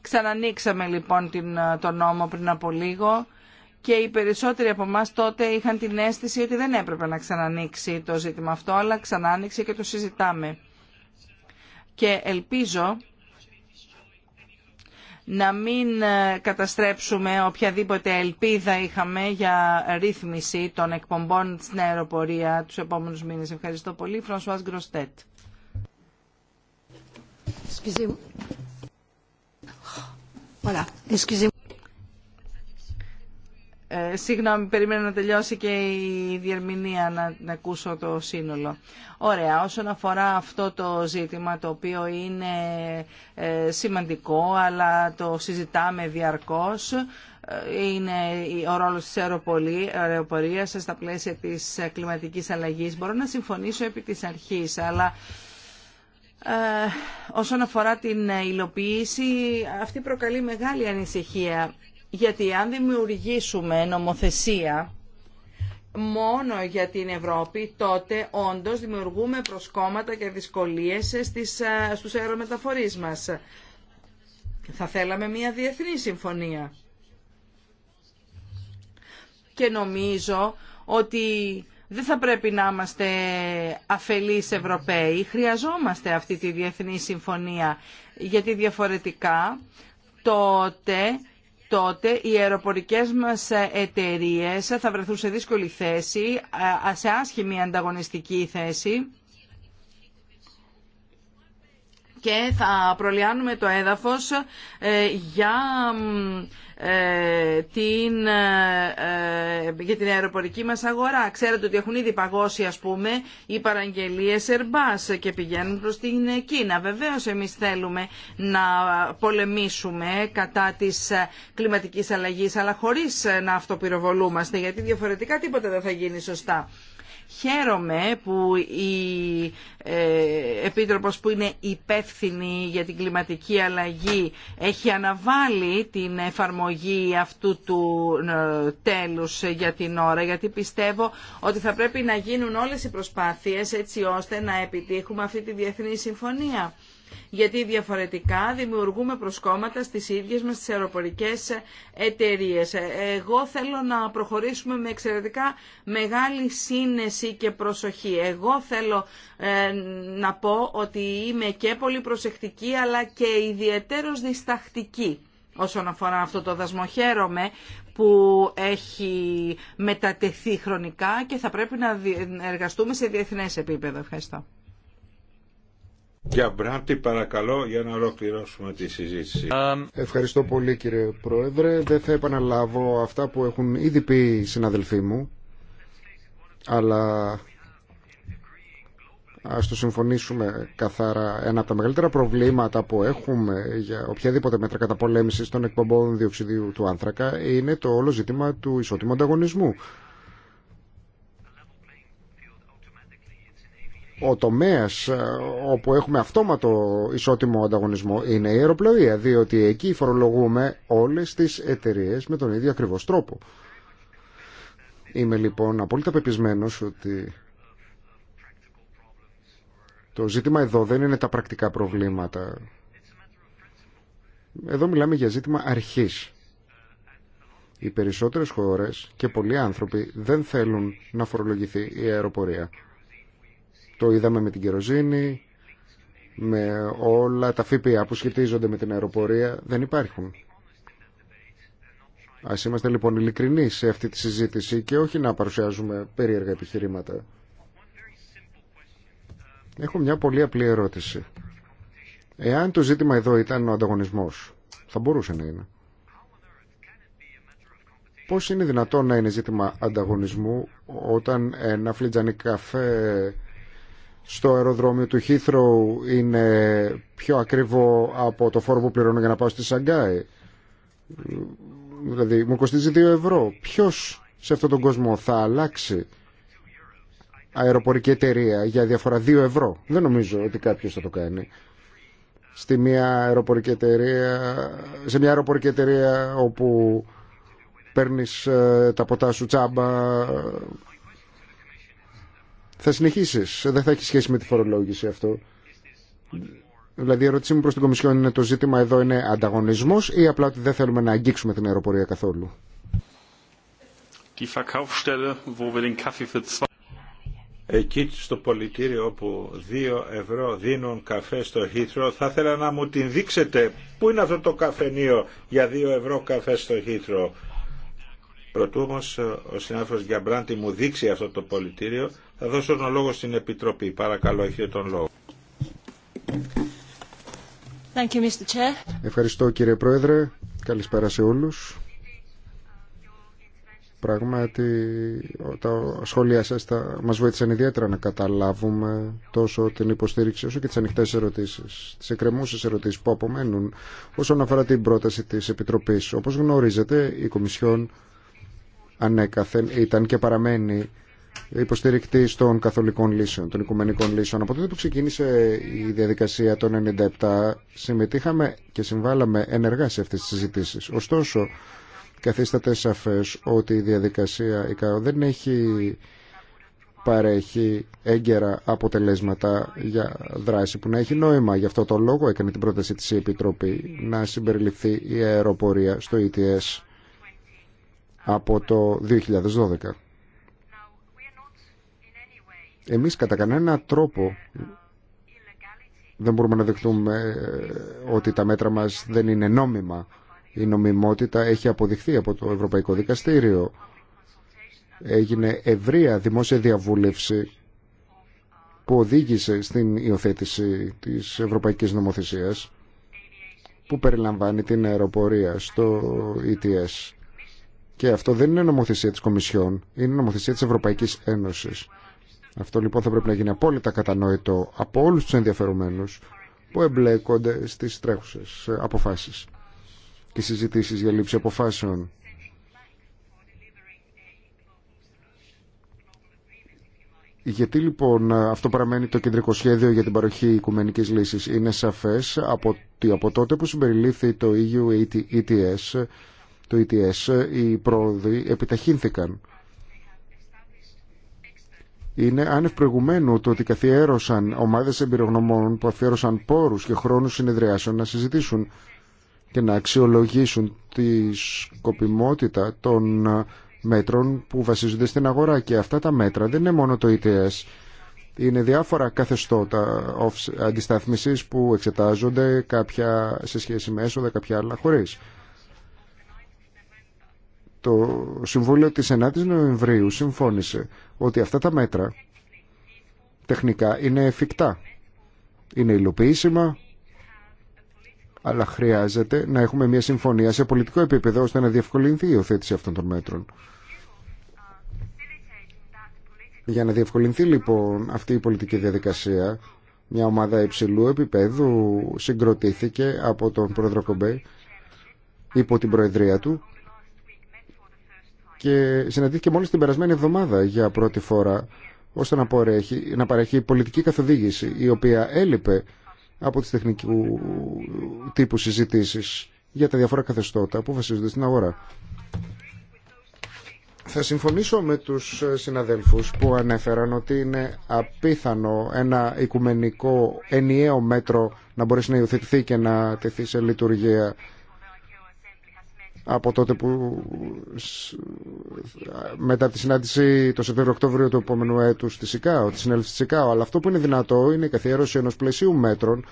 Ξανανοίξαμε λοιπόν την, ε, τον νόμο πριν από λίγο και οι περισσότεροι από εμά τότε είχαν την αίσθηση ότι δεν έπρεπε να ξανανοίξει το ζήτημα αυτό, αλλά ξανάνοιξε και το συζητάμε. Και ελπίζω να μην ε, καταστρέψουμε οποιαδήποτε ελπίδα είχαμε για ρύθμιση των εκπομπών στην αεροπορία τους επόμενους μήνες. Ευχαριστώ πολύ. Φρανσουάς Γκροστέτ. Ε, συγγνώμη, περιμένω να τελειώσει και η διερμηνία να, να ακούσω το σύνολο. Ωραία, όσον αφορά αυτό το ζήτημα το οποίο είναι ε, σημαντικό αλλά το συζητάμε διαρκώς, ε, είναι ο ρόλος της αεροπορίας στα πλαίσια της κλιματικής αλλαγής. Μπορώ να συμφωνήσω επί της αρχής, αλλά ε, όσον αφορά την υλοποίηση, αυτή προκαλεί μεγάλη ανησυχία. Γιατί αν δημιουργήσουμε νομοθεσία μόνο για την Ευρώπη, τότε όντως δημιουργούμε προσκόμματα και δυσκολίες στις, ε, στους αερομεταφορείς μας. Θα θέλαμε μια διεθνή συμφωνία. Και νομίζω ότι δεν θα πρέπει να είμαστε αφελείς Ευρωπαίοι. Χρειαζόμαστε αυτή τη διεθνή συμφωνία, γιατί διαφορετικά τότε τότε οι αεροπορικές μας εταιρείες θα βρεθούν σε δύσκολη θέση, σε άσχημη ανταγωνιστική θέση και θα προλιάνουμε το έδαφος ε, για ε, την, ε, για την αεροπορική μας αγορά. Ξέρετε ότι έχουν ήδη παγώσει ας πούμε οι παραγγελίες Airbus και πηγαίνουν προς την Κίνα. Βεβαίως εμείς θέλουμε να πολεμήσουμε κατά της κλιματικής αλλαγής αλλά χωρίς να αυτοπυροβολούμαστε γιατί διαφορετικά τίποτα δεν θα γίνει σωστά. Χαίρομαι που η ε, Επίτροπος που είναι υπεύθυνη για την κλιματική αλλαγή έχει αναβάλει την εφαρμογή αυτού του ε, τέλους για την ώρα γιατί πιστεύω ότι θα πρέπει να γίνουν όλες οι προσπάθειες έτσι ώστε να επιτύχουμε αυτή τη διεθνή συμφωνία γιατί διαφορετικά δημιουργούμε προσκόμματα στις ίδιες μας τις αεροπορικές εταιρείες. Εγώ θέλω να προχωρήσουμε με εξαιρετικά μεγάλη σύνεση και προσοχή. Εγώ θέλω ε, να πω ότι είμαι και πολύ προσεκτική αλλά και ιδιαίτερος διστακτική όσον αφορά αυτό το δασμό. που έχει μετατεθεί χρονικά και θα πρέπει να εργαστούμε σε διεθνές επίπεδο. Ευχαριστώ. Για μπράτη, παρακαλώ για να ολοκληρώσουμε τη συζήτηση. Ευχαριστώ πολύ κύριε Πρόεδρε. Δεν θα επαναλάβω αυτά που έχουν ήδη πει οι συναδελφοί μου. Αλλά ας το συμφωνήσουμε καθαρά. Ένα από τα μεγαλύτερα προβλήματα που έχουμε για οποιαδήποτε μέτρα καταπολέμησης των εκπομπών διοξιδίου του άνθρακα είναι το όλο ζήτημα του ισότιμου ανταγωνισμού. ο τομέα, ε, όπου έχουμε αυτόματο ισότιμο ανταγωνισμό είναι η αεροπλοεία, διότι εκεί φορολογούμε όλες τις εταιρείες με τον ίδιο ακριβώς τρόπο. Είμαι λοιπόν απόλυτα πεπισμένος ότι το ζήτημα εδώ δεν είναι τα πρακτικά προβλήματα. Εδώ μιλάμε για ζήτημα αρχής. Οι περισσότερες χώρες και πολλοί άνθρωποι δεν θέλουν να φορολογηθεί η αεροπορία. Το είδαμε με την κεροζίνη, με όλα τα ΦΠΑ που σχετίζονται με την αεροπορία. Δεν υπάρχουν. Ας είμαστε λοιπόν ειλικρινεί σε αυτή τη συζήτηση και όχι να παρουσιάζουμε περίεργα επιχειρήματα. Έχω μια πολύ απλή ερώτηση. Εάν το ζήτημα εδώ ήταν ο ανταγωνισμός, θα μπορούσε να είναι. Πώς είναι δυνατόν να είναι ζήτημα ανταγωνισμού όταν ένα φλιτζανί καφέ στο αεροδρόμιο του Χίθρου είναι πιο ακριβό από το φόρο που πληρώνω για να πάω στη Σαγκάη. Δηλαδή μου κοστίζει 2 ευρώ. Ποιο σε αυτόν τον κόσμο θα αλλάξει αεροπορική εταιρεία για διαφορά 2 ευρώ. Δεν νομίζω ότι κάποιο θα το κάνει. Στη μια αεροπορική εταιρεία, σε μια αεροπορική εταιρεία όπου παίρνεις ε, τα ποτά σου τσάμπα θα συνεχίσει. δεν θα έχει σχέση με τη φορολόγηση αυτό. Δηλαδή η ερώτησή μου προ την Κομισιόν είναι το ζήτημα εδώ είναι ανταγωνισμό ή απλά ότι δεν θέλουμε να αγγίξουμε την αεροπορία καθόλου. Εκεί στο πολιτήριο όπου 2 ευρώ δίνουν καφέ στο Χήθρο θα ήθελα να μου την δείξετε. Πού είναι αυτό το καφενείο για 2 ευρώ καφέ στο Χήθρο. Πρωτού όμως ο συνάδελφος Γιαμπράντη μου δείξει αυτό το πολιτήριο θα δώσω τον λόγο στην Επιτροπή. Παρακαλώ, έχετε τον λόγο. Thank you, Mr. Chair. Ευχαριστώ κύριε Πρόεδρε. Καλησπέρα σε όλους. Πράγματι, τα σχόλια σας τα... μας βοήθησαν ιδιαίτερα να καταλάβουμε τόσο την υποστήριξη όσο και τις ανοιχτές ερωτήσεις, τις εκκρεμούσες ερωτήσεις που απομένουν όσον αφορά την πρόταση της Επιτροπής. Όπως γνωρίζετε, η Κομισιόν ανέκαθεν ήταν και παραμένει υποστηρικτή των καθολικών λύσεων, των οικουμενικών λύσεων. Από τότε που ξεκίνησε η διαδικασία των 97, συμμετείχαμε και συμβάλαμε ενεργά σε αυτές τις συζητήσεις. Ωστόσο, καθίσταται σαφές ότι η διαδικασία ΚΑΟ, δεν έχει παρέχει έγκαιρα αποτελέσματα για δράση που να έχει νόημα. Γι' αυτό το λόγο έκανε την πρόταση της Επιτροπή να συμπεριληφθεί η αεροπορία στο ETS από το 2012. Εμείς κατά κανένα τρόπο δεν μπορούμε να δεχτούμε ε, ότι τα μέτρα μας δεν είναι νόμιμα. Η νομιμότητα έχει αποδειχθεί από το Ευρωπαϊκό Δικαστήριο. Έγινε ευρεία δημόσια διαβούλευση που οδήγησε στην υιοθέτηση της Ευρωπαϊκής Νομοθεσίας που περιλαμβάνει την αεροπορία στο ETS. Και αυτό δεν είναι νομοθεσία της Κομισιόν, είναι νομοθεσία της Ευρωπαϊκής Ένωσης. Αυτό λοιπόν θα πρέπει να γίνει απόλυτα κατανοητό από όλους τους ενδιαφερομένους που εμπλέκονται στις τρέχουσες αποφάσεις και συζητήσεις για λήψη αποφάσεων. Γιατί λοιπόν αυτό παραμένει το κεντρικό σχέδιο για την παροχή οικουμενικής λύσης. Είναι σαφές από, από τότε που συμπεριλήφθη το EU ETS, το ETS οι πρόοδοι επιταχύνθηκαν. Είναι άνευ προηγουμένου το ότι καθιέρωσαν ομάδε εμπειρογνωμών που αφιέρωσαν πόρου και χρόνου συνεδριάσεων να συζητήσουν και να αξιολογήσουν τη σκοπιμότητα των ε, μέτρων που βασίζονται στην αγορά. Και αυτά τα μέτρα δεν είναι μόνο το ETS. Είναι διάφορα καθεστώτα αντιστάθμισης που εξετάζονται κάποια σε σχέση με έσοδα, κάποια άλλα χωρίς. Το Συμβούλιο της 9ης Νοεμβρίου συμφώνησε ότι αυτά τα μέτρα τεχνικά είναι εφικτά, είναι υλοποιήσιμα, αλλά χρειάζεται να έχουμε μια συμφωνία σε πολιτικό επίπεδο ώστε να διευκολυνθεί η οθέτηση αυτών των μέτρων. Για να διευκολυνθεί λοιπόν αυτή η πολιτική διαδικασία, μια ομάδα υψηλού επίπεδου συγκροτήθηκε από τον πρόεδρο Κομπέ υπό την προεδρία του και συναντήθηκε μόλις την περασμένη εβδομάδα για πρώτη φορά ώστε να, παρέχει, να παρέχει πολιτική καθοδήγηση η οποία έλειπε από τις τεχνικού τύπου συζητήσεις για τα διάφορα καθεστώτα που βασίζονται στην αγορά. Θα συμφωνήσω με τους συναδέλφους που ανέφεραν ότι είναι απίθανο ένα οικουμενικό ενιαίο μέτρο να μπορέσει να υιοθετηθεί και να τεθεί σε λειτουργία από τότε που μετά τη συνάντηση το Σεπτέμβριο-Οκτώβριο του επόμενου έτου τη ΣΥΚΑΟ, τη συνέλευση τη ΣΥΚΑΟ. Αλλά αυτό που είναι δυνατό είναι η καθιέρωση ενό πλαισίου μέτρων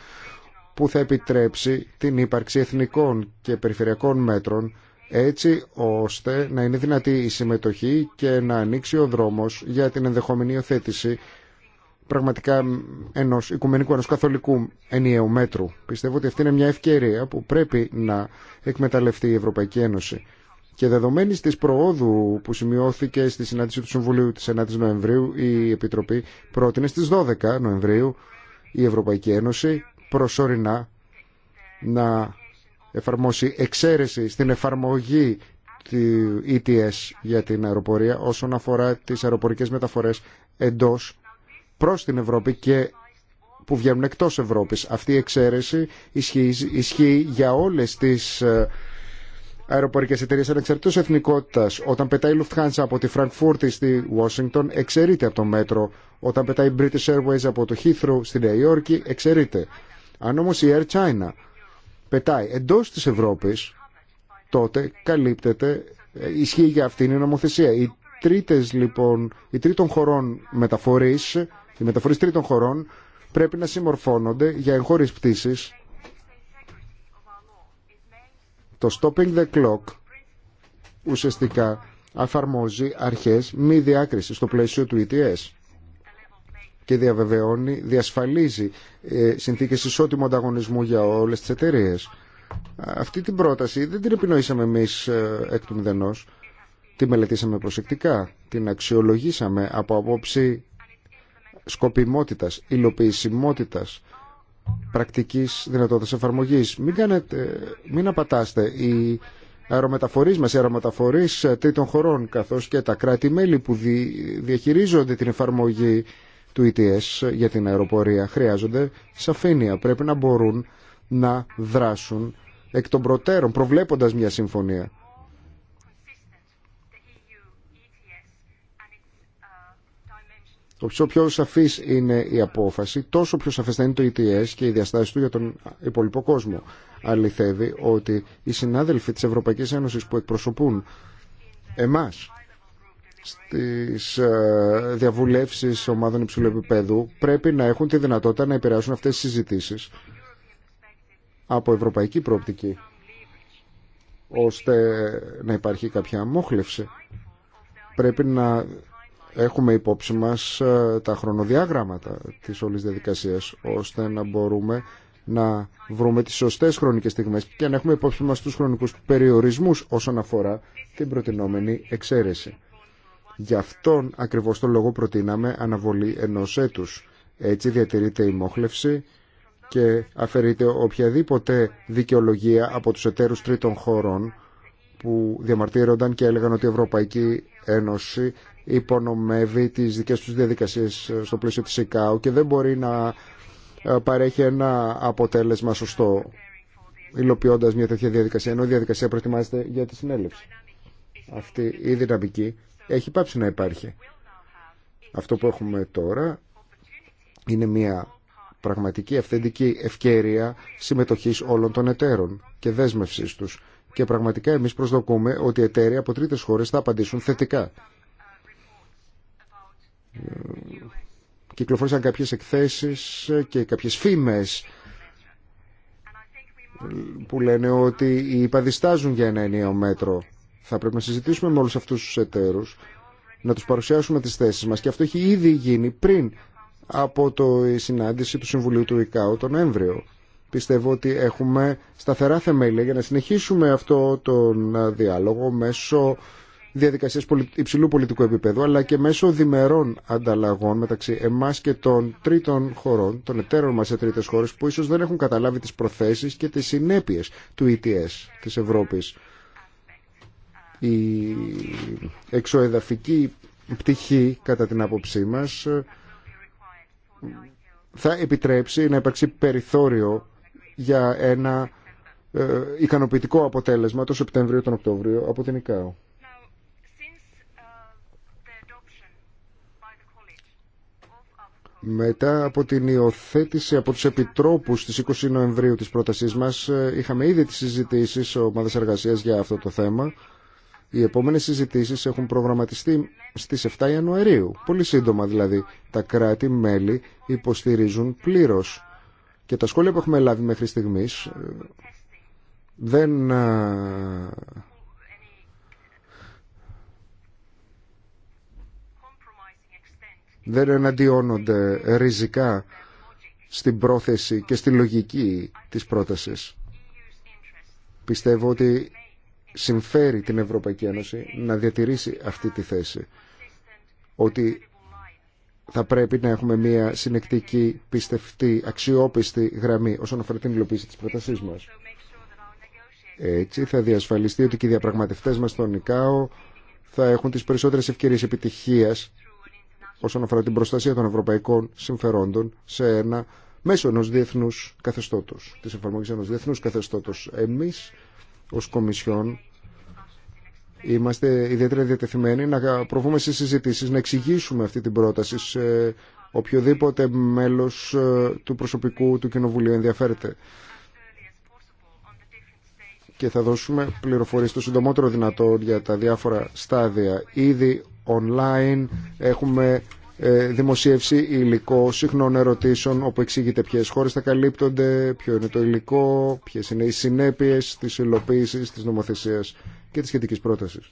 που θα επιτρέψει την ύπαρξη εθνικών και περιφερειακών μέτρων έτσι ώστε να είναι δυνατή η συμμετοχή και να ανοίξει ο δρόμος για την ενδεχόμενη υιοθέτηση πραγματικά ενό οικουμενικού, ενό καθολικού ενιαίου μέτρου. Πιστεύω ότι αυτή είναι μια ευκαιρία που πρέπει να εκμεταλλευτεί η Ευρωπαϊκή Ένωση. Και δεδομένη τη προόδου που σημειώθηκε στη συνάντηση του Συμβουλίου τη 9η Νοεμβρίου, η Επιτροπή πρότεινε στι 12 Νοεμβρίου η Ευρωπαϊκή Ένωση προσωρινά να εφαρμόσει εξαίρεση στην εφαρμογή του ETS για την αεροπορία όσον αφορά τις αεροπορικές μεταφορές εντός προς την Ευρώπη και που βγαίνουν εκτός Ευρώπης. Αυτή η εξαίρεση ισχύει, ισχύει για όλες τις ε, αεροπορικές εταιρείες ανεξαρτήτως εθνικότητας. Όταν πετάει η Lufthansa από τη Φραγκφούρτη στη Washington, εξαιρείται από το μέτρο. Όταν πετάει η British Airways από το Heathrow στη Νέα Υόρκη, εξαιρείται. Αν όμως η Air China πετάει εντός της Ευρώπης, τότε καλύπτεται, ε, ισχύει για αυτήν η νομοθεσία. Οι τρίτες λοιπόν, οι τρίτων χωρών μεταφορής οι μεταφορές τρίτων χωρών πρέπει να συμμορφώνονται για εγχώριες πτήσεις. Το stopping the clock ουσιαστικά αφαρμόζει αρχές μη διάκριση στο πλαίσιο του ETS και διαβεβαιώνει, διασφαλίζει ε, συνθήκες ισότιμου ανταγωνισμού για όλες τις εταιρείες. Αυτή την πρόταση δεν την επινοήσαμε εμείς ε, εκ του μηδενός. Τη μελετήσαμε προσεκτικά, την αξιολογήσαμε από απόψη σκοπιμότητας, υλοποιησιμότητας, πρακτικής δυνατότητας εφαρμογής. Μην, κάνετε, μην απατάστε. Οι αερομεταφορείς μας, οι αερομεταφορείς τρίτων χωρών, καθώς και τα κράτη-μέλη που διαχειρίζονται την εφαρμογή του ETS για την αεροπορία χρειάζονται σαφήνεια. Πρέπει να μπορούν να δράσουν εκ των προτέρων, προβλέποντας μια συμφωνία. Όσο πιο σαφή είναι η απόφαση, τόσο πιο σαφέ θα είναι το ETS και η διαστάσει του για τον υπόλοιπο κόσμο. Αληθεύει ότι οι συνάδελφοι τη Ευρωπαϊκή Ένωση που εκπροσωπούν εμά στι ε, διαβουλεύσει ομάδων υψηλού επίπεδου πρέπει να έχουν τη δυνατότητα να επηρεάσουν αυτέ τι συζητήσει από ευρωπαϊκή προοπτική ώστε να υπάρχει κάποια μόχλευση. Πρέπει να έχουμε υπόψη μας ε, τα χρονοδιάγραμματα της όλης διαδικασίας ώστε να μπορούμε να βρούμε τις σωστές χρονικές στιγμές και να έχουμε υπόψη μας τους χρονικούς περιορισμούς όσον αφορά την προτινόμενη εξαίρεση. Γι' αυτόν ακριβώς τον λόγο προτείναμε αναβολή ενός έτους. Έτσι διατηρείται η μόχλευση και αφαιρείται οποιαδήποτε δικαιολογία από τους εταίρους τρίτων χωρών που διαμαρτύρονταν και έλεγαν ότι η Ευρωπαϊκή Ένωση υπονομεύει τις δικές τους διαδικασίες ε, στο πλαίσιο της ΕΚΑΟ και δεν μπορεί να ε, παρέχει ένα αποτέλεσμα σωστό υλοποιώντα μια τέτοια διαδικασία, ενώ η διαδικασία προετοιμάζεται για τη συνέλευση. Αυτή η δυναμική έχει πάψει να υπάρχει. Αυτό που έχουμε τώρα είναι μια πραγματική αυθεντική ευκαιρία συμμετοχής όλων των εταίρων και δέσμευσής τους. Και πραγματικά εμείς προσδοκούμε ότι οι εταίροι από τρίτες χώρες θα απαντήσουν θετικά κυκλοφόρησαν κάποιες εκθέσεις και κάποιες φήμες που λένε ότι οι υπαδιστάζουν για ένα ενιαίο μέτρο. Θα πρέπει να συζητήσουμε με όλους αυτούς τους εταίρους, να τους παρουσιάσουμε τις θέσεις μας και αυτό έχει ήδη γίνει πριν από το, συνάντηση του Συμβουλίου του ΙΚΑΟ τον Νοέμβριο. Πιστεύω ότι έχουμε σταθερά θεμέλια για να συνεχίσουμε αυτό τον διάλογο μέσω διαδικασίες υψηλού πολιτικού επίπεδου αλλά και μέσω διμερών ανταλλαγών μεταξύ εμάς και των τρίτων χωρών, των εταίρων μας σε τρίτες χώρε, που ίσως δεν έχουν καταλάβει τις προθέσεις και τις συνέπειες του ETS της Ευρώπης. Η εξοεδαφική πτυχή κατά την άποψή μα θα επιτρέψει να υπάρξει περιθώριο για ένα ε, ικανοποιητικό αποτέλεσμα το Σεπτέμβριο τον Οκτώβριο από την ΙΚΑΟ. Μετά από την υιοθέτηση από τους επιτρόπους στις 20 Νοεμβρίου της πρότασής μας ε, είχαμε ήδη τις συζητήσεις ομάδα εργασίας για αυτό το θέμα. Οι επόμενες συζητήσεις έχουν προγραμματιστεί στις 7 Ιανουαρίου. Πολύ σύντομα δηλαδή τα κράτη-μέλη υποστηρίζουν πλήρως. Και τα σχόλια που έχουμε λάβει μέχρι στιγμής ε, δεν ε, δεν εναντιώνονται ριζικά στην πρόθεση και στη λογική της πρότασης. Πιστεύω ότι συμφέρει την Ευρωπαϊκή Ένωση να διατηρήσει αυτή τη θέση. Ότι θα πρέπει να έχουμε μια συνεκτική, πιστευτή, αξιόπιστη γραμμή όσον αφορά την υλοποίηση της πρότασής μας. Έτσι θα διασφαλιστεί ότι και οι διαπραγματευτές μας στον ΙΚΑΟ θα έχουν τις περισσότερες ευκαιρίες επιτυχίας όσον αφορά την προστασία των ευρωπαϊκών συμφερόντων σε ένα μέσο ενός διεθνούς καθεστώτος, της εφαρμογής ενός διεθνούς καθεστώτος. Εμείς ως Κομισιόν είμαστε ιδιαίτερα διατεθειμένοι να προβούμε σε συζητήσεις, να εξηγήσουμε αυτή την πρόταση σε οποιοδήποτε μέλος ε, του προσωπικού του Κοινοβουλίου ενδιαφέρεται. Και θα δώσουμε πληροφορίες το συντομότερο δυνατό για τα διάφορα στάδια. Ήδη online, έχουμε ε, δημοσίευση υλικό συχνών ερωτήσεων όπου εξήγεται ποιες χώρες θα καλύπτονται, ποιο είναι το υλικό, ποιες είναι οι συνέπειες της υλοποίησης, της νομοθεσίας και της σχετικής πρότασης.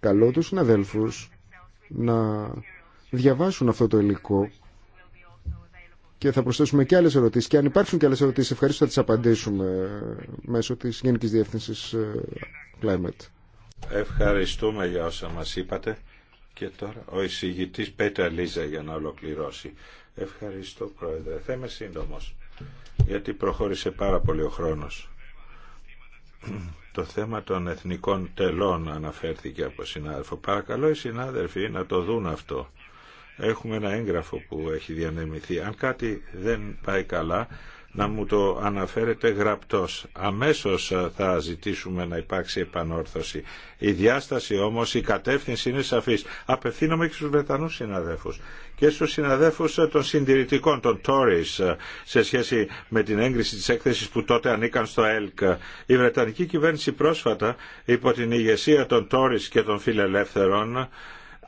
Καλώ τους συναδέλφους να διαβάσουν αυτό το υλικό και θα προσθέσουμε και άλλες ερωτήσεις και αν υπάρχουν και άλλες ερωτήσεις ευχαριστώ θα τις απαντήσουμε μέσω της Γενικής Διεύθυνσης ε, Climate. Ευχαριστούμε για όσα μας είπατε. Και τώρα ο εισηγητής Πέτρα Λίζα για να ολοκληρώσει. Ευχαριστώ Πρόεδρε. Θα είμαι σύντομος γιατί προχώρησε πάρα πολύ ο χρόνος. Το θέμα των εθνικών τελών αναφέρθηκε από συνάδελφο. Παρακαλώ οι συνάδελφοι να το δουν αυτό. Έχουμε ένα έγγραφο που έχει διανεμηθεί. Αν κάτι δεν πάει καλά, να μου το αναφέρετε γραπτός. Αμέσως ε, θα ζητήσουμε να υπάρξει επανόρθωση. Η διάσταση όμως, η κατεύθυνση είναι σαφής. Απευθύνομαι και στους Βρετανούς συναδέφους και στους συναδέφους ε, των συντηρητικών, των Tories, ε, σε σχέση με την έγκριση της έκθεσης που τότε ανήκαν στο ΕΛΚ. Η Βρετανική κυβέρνηση πρόσφατα, υπό την ηγεσία των Tories και των φιλελεύθερων,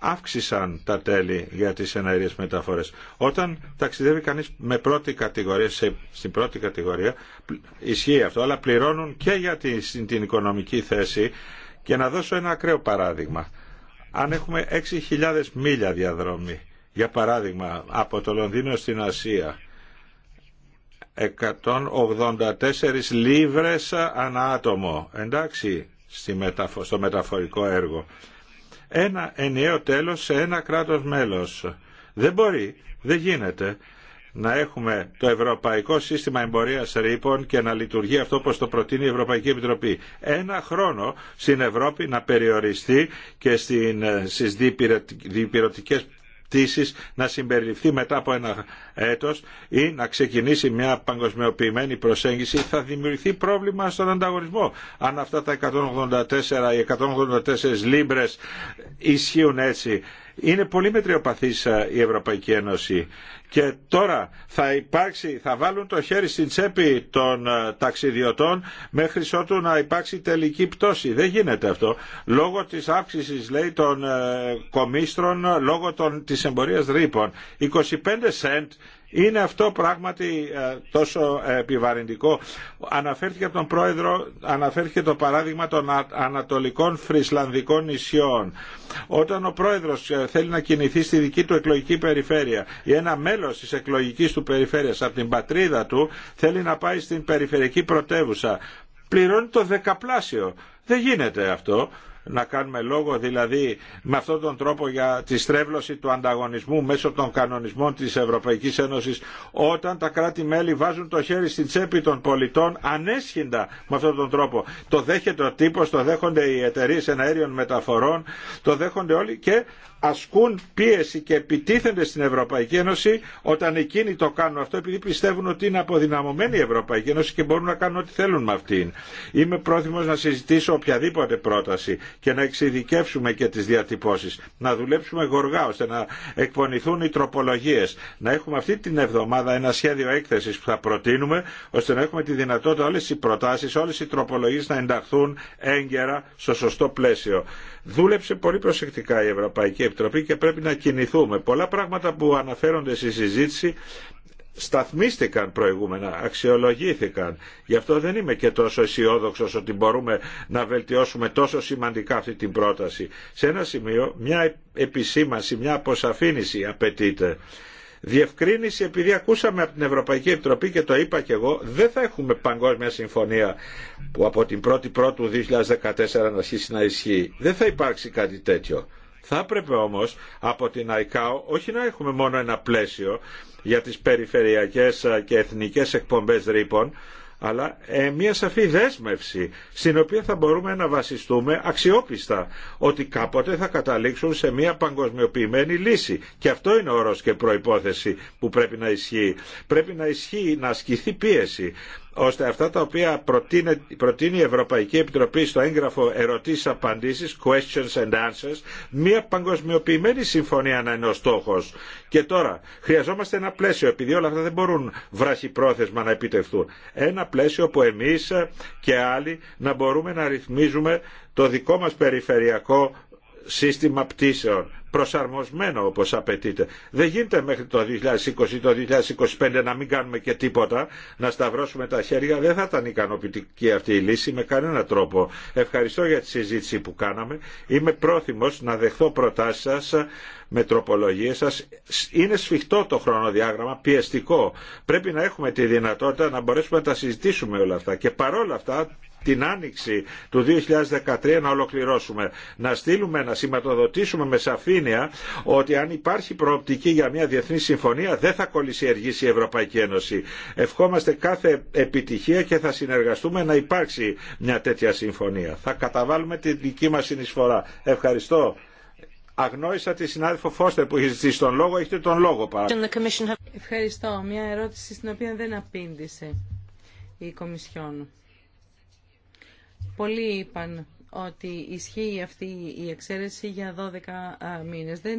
αύξησαν τα τέλη για τις εναερίες μεταφορές. Όταν ταξιδεύει κανείς με πρώτη κατηγορία, σε, στην πρώτη κατηγορία, ισχύει αυτό, αλλά πληρώνουν και για στην την οικονομική θέση. Και να δώσω ένα ακραίο παράδειγμα. Αν έχουμε 6.000 μίλια διαδρομή, για παράδειγμα, από το Λονδίνο στην Ασία, 184 λίβρες ανά άτομο, εντάξει, στο μεταφορικό έργο ένα ενιαίο τέλος σε ένα κράτος μέλος. Δεν μπορεί, δεν γίνεται να έχουμε το Ευρωπαϊκό Σύστημα Εμπορίας Ρήπων και να λειτουργεί αυτό όπως το προτείνει η Ευρωπαϊκή Επιτροπή. Ένα χρόνο στην Ευρώπη να περιοριστεί και στις διπηρετικές να συμπεριληφθεί μετά από ένα έτος ή να ξεκινήσει μια παγκοσμιοποιημένη προσέγγιση θα δημιουργηθεί πρόβλημα στον ανταγωνισμό. Αν αυτά τα 184 ή 184 λίμπρες ισχύουν έτσι είναι πολύ μετριοπαθής ε, η Ευρωπαϊκή Ένωση και τώρα θα υπάρξει, θα βάλουν το χέρι στην τσέπη των ε, ταξιδιωτών μέχρι ότου να υπάρξει τελική πτώση. Δεν γίνεται αυτό. Λόγω της αύξησης λέει των ε, κομίστρων, λόγω των, της εμπορίας ρήπων. 25 είναι αυτό πράγματι ε, τόσο ε, επιβαρυντικό. Αναφέρθηκε από τον πρόεδρο, αναφέρθηκε το παράδειγμα των ανατολικών φρισλανδικών νησιών. Όταν ο πρόεδρος ε, θέλει να κινηθεί στη δική του εκλογική περιφέρεια ή ένα μέλος της εκλογικής του περιφέρειας από την πατρίδα του θέλει να πάει στην περιφερειακή πρωτεύουσα, πληρώνει το δεκαπλάσιο. Δεν γίνεται αυτό να κάνουμε λόγο δηλαδή με αυτόν τον τρόπο για τη στρέβλωση του ανταγωνισμού μέσω των κανονισμών της Ευρωπαϊκής Ένωσης όταν τα κράτη-μέλη βάζουν το χέρι στην τσέπη των πολιτών ανέσχυντα με αυτόν τον τρόπο. Το δέχεται ο τύπος, το δέχονται οι εταιρείε εναέριων μεταφορών, το δέχονται όλοι και ασκούν πίεση και επιτίθενται στην Ευρωπαϊκή Ένωση όταν εκείνοι το κάνουν αυτό επειδή πιστεύουν ότι είναι αποδυναμωμένη η Ευρωπαϊκή Ένωση και μπορούν να κάνουν ό,τι θέλουν με αυτήν. Είμαι πρόθυμος να συζητήσω οποιαδήποτε πρόταση και να εξειδικεύσουμε και τις διατυπώσεις. Να δουλέψουμε γοργά ώστε να εκπονηθούν οι τροπολογίες. Να έχουμε αυτή την εβδομάδα ένα σχέδιο έκθεσης που θα προτείνουμε ώστε να έχουμε τη δυνατότητα όλες οι προτάσεις, όλες οι τροπολογίες να ενταχθούν έγκαιρα στο σωστό πλαίσιο. Δούλεψε πολύ προσεκτικά η Ευρωπαϊκή Επιτροπή και πρέπει να κινηθούμε. Πολλά πράγματα που αναφέρονται στη συζήτηση σταθμίστηκαν προηγούμενα, αξιολογήθηκαν. Γι' αυτό δεν είμαι και τόσο αισιόδοξο ότι μπορούμε να βελτιώσουμε τόσο σημαντικά αυτή την πρόταση. Σε ένα σημείο μια επισήμανση, μια αποσαφήνιση απαιτείται. Διευκρίνηση, επειδή ακούσαμε από την Ευρωπαϊκή Επιτροπή και το είπα και εγώ, δεν θα έχουμε παγκόσμια συμφωνία που από την 1η του 2014 να αρχίσει να ισχύει. Δεν θα υπάρξει κάτι τέτοιο. Θα έπρεπε όμως από την ΑΙΚΑΟ όχι να έχουμε μόνο ένα πλαίσιο για τις περιφερειακές και εθνικές εκπομπές ρήπων, αλλά ε, μια σαφή δέσμευση στην οποία θα μπορούμε να βασιστούμε αξιόπιστα ότι κάποτε θα καταλήξουν σε μια παγκοσμιοποιημένη λύση και αυτό είναι όρος και προϋπόθεση που πρέπει να ισχύει πρέπει να ισχύει, να ασκηθεί πίεση ώστε αυτά τα οποία προτείνει, η Ευρωπαϊκή Επιτροπή στο έγγραφο ερωτήσεις απαντήσεις, questions and answers, μια παγκοσμιοποιημένη συμφωνία να είναι ο στόχος. Και τώρα χρειαζόμαστε ένα πλαίσιο, επειδή όλα αυτά δεν μπορούν πρόθεσμα να επιτευχθούν. Ένα πλαίσιο που εμείς και άλλοι να μπορούμε να ρυθμίζουμε το δικό μας περιφερειακό σύστημα πτήσεων προσαρμοσμένο όπως απαιτείται. Δεν γίνεται μέχρι το 2020 το 2025 να μην κάνουμε και τίποτα, να σταυρώσουμε τα χέρια. Δεν θα ήταν ικανοποιητική αυτή η λύση με κανένα τρόπο. Ευχαριστώ για τη συζήτηση που κάναμε. Είμαι πρόθυμος να δεχθώ προτάσεις σας με τροπολογίες σας. Είναι σφιχτό το χρονοδιάγραμμα, πιεστικό. Πρέπει να έχουμε τη δυνατότητα να μπορέσουμε να τα συζητήσουμε όλα αυτά. Και παρόλα αυτά την άνοιξη του 2013 να ολοκληρώσουμε. Να στείλουμε, να σηματοδοτήσουμε με σαφήνεια ότι αν υπάρχει προοπτική για μια διεθνή συμφωνία δεν θα κολλησιεργήσει η Ευρωπαϊκή Ένωση. Ευχόμαστε κάθε επιτυχία και θα συνεργαστούμε να υπάρξει μια τέτοια συμφωνία. Θα καταβάλουμε τη δική μας συνεισφορά. Ευχαριστώ. Αγνόησα τη συνάδελφο Φώστερ που έχει ζητήσει τον λόγο. Έχετε τον λόγο πάρα. Ευχαριστώ. Μια ερώτηση στην οποία δεν απήντησε η Κομισιόν. Πολλοί είπαν ότι ισχύει αυτή η εξαίρεση για 12 μήνες. Δεν,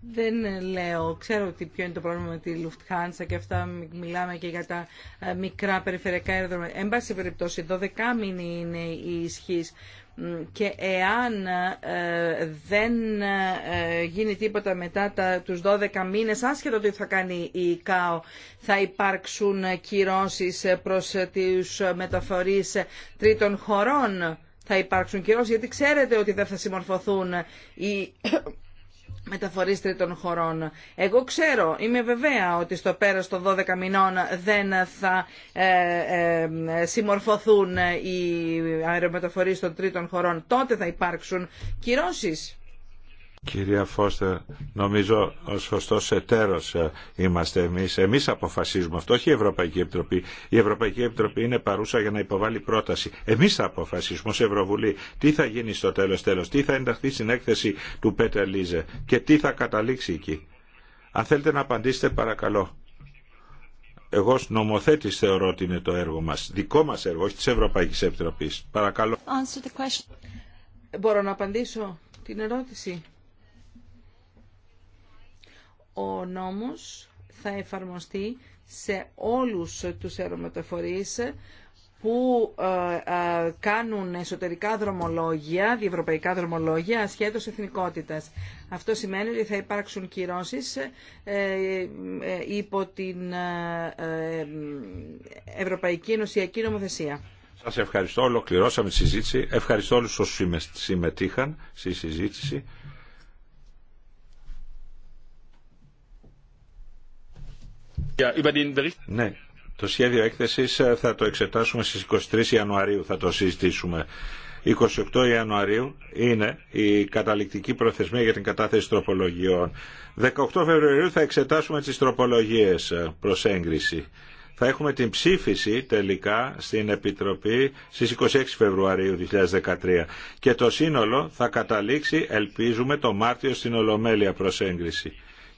δεν λέω, ξέρω τι ποιο είναι το πρόβλημα με τη Lufthansa και αυτά μιλάμε και για τα μικρά περιφερειακά αεροδρόμια. Εν πάση περιπτώσει, 12 μήνες είναι η ισχύ και εάν δεν ε, γίνει τίποτα μετά τα, τους 12 μήνες, άσχετο ότι θα κάνει η ΚΑΟ, θα υπάρξουν κυρώσεις προς τις μεταφορείς τρίτων χωρών θα υπάρξουν κυρώσεις, γιατί ξέρετε ότι δεν θα συμμορφωθούν οι (coughs) μεταφορείς τρίτων χωρών. Εγώ ξέρω, είμαι βεβαία ότι στο πέρας των 12 μηνών δεν θα ε, ε, συμμορφωθούν οι αερομεταφορείς των τρίτων χωρών. Τότε θα υπάρξουν κυρώσεις. Κυρία Φώστερ, νομίζω ο σωστό εταίρο ε, είμαστε εμεί. Εμεί αποφασίζουμε αυτό, όχι η Ευρωπαϊκή Επιτροπή. Η Ευρωπαϊκή Επιτροπή είναι παρούσα για να υποβάλει πρόταση. Εμεί θα αποφασίσουμε ω Ευρωβουλή τι θα γίνει στο τέλο τέλο, τι θα ενταχθεί στην έκθεση του Πέτερ Λίζε και τι θα καταλήξει εκεί. Αν θέλετε να απαντήσετε, παρακαλώ. Εγώ ως νομοθέτης θεωρώ ότι είναι το έργο μας, δικό μας έργο, όχι της Ευρωπαϊκής Επιτροπής. Παρακαλώ. Μπορώ να απαντήσω την ερώτηση. Ο νόμος θα εφαρμοστεί σε όλους τους αερομεταφορείς που ε, ε, κάνουν εσωτερικά δρομολόγια, διευρωπαϊκά δρομολόγια, ασχέτως εθνικότητας. Αυτό σημαίνει ότι θα υπάρξουν κυρώσεις ε, υπό την Ευρωπαϊκή Ενωσιακή Νομοθεσία. Σας ευχαριστώ. Ολοκληρώσαμε τη συζήτηση. Ευχαριστώ όλους όσους συμμετείχαν στη συζήτηση. Ναι, το σχέδιο έκθεσης ε, θα το εξετάσουμε στις 23 Ιανουαρίου, θα το συζητήσουμε. 28 Ιανουαρίου είναι η καταληκτική προθεσμία για την κατάθεση τροπολογιών. 18 Φεβρουαρίου θα εξετάσουμε τις τροπολογίες ε, προς έγκριση. Θα έχουμε την ψήφιση τελικά στην Επιτροπή στις 26 Φεβρουαρίου 2013 και το σύνολο θα καταλήξει, ελπίζουμε, το Μάρτιο στην Ολομέλεια προς έγκριση.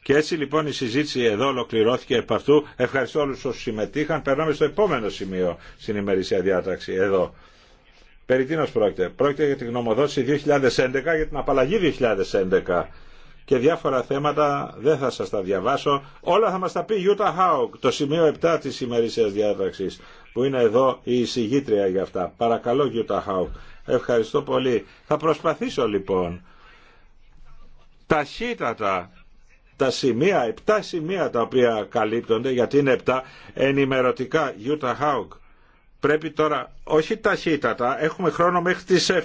Και έτσι λοιπόν η συζήτηση εδώ ολοκληρώθηκε επ' αυτού. Ευχαριστώ όλους όσους συμμετείχαν. Περνάμε στο επόμενο σημείο στην ημερησία διάταξη εδώ. Περί τίνος πρόκειται. Πρόκειται για την γνωμοδότηση 2011 για την απαλλαγή 2011 και διάφορα θέματα δεν θα σας τα διαβάσω. Όλα θα μας τα πει Γιούτα Χάουκ, το σημείο 7 της ημερήσιας διάταξης, που είναι εδώ η εισηγήτρια για αυτά. Παρακαλώ Γιούτα Χάουκ. Ευχαριστώ πολύ. Θα προσπαθήσω λοιπόν ταχύτατα τα σημεία, επτά σημεία τα οποία καλύπτονται, γιατί είναι 7, ενημερωτικά, Utah Hawk. Πρέπει τώρα, όχι ταχύτατα, έχουμε χρόνο μέχρι τις 7.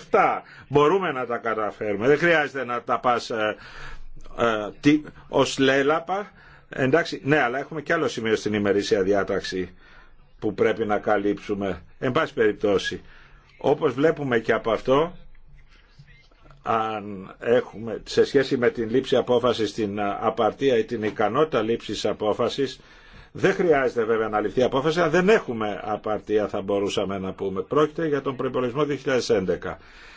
Μπορούμε να τα καταφέρουμε. Δεν χρειάζεται να τα πας ε, ε τι, ως λέλαπα. Εντάξει, ναι, αλλά έχουμε και άλλο σημείο στην ημερήσια διάταξη που πρέπει να καλύψουμε. Εν πάση περιπτώσει, όπως βλέπουμε και από αυτό, αν έχουμε, σε σχέση με την λήψη απόφασης, την ε, απαρτία ή την ικανότητα λήψης απόφασης, δεν χρειάζεται βέβαια να ληφθεί απόφαση, αν δεν έχουμε απαρτία θα μπορούσαμε να πούμε. Πρόκειται για τον προϋπολογισμό 2011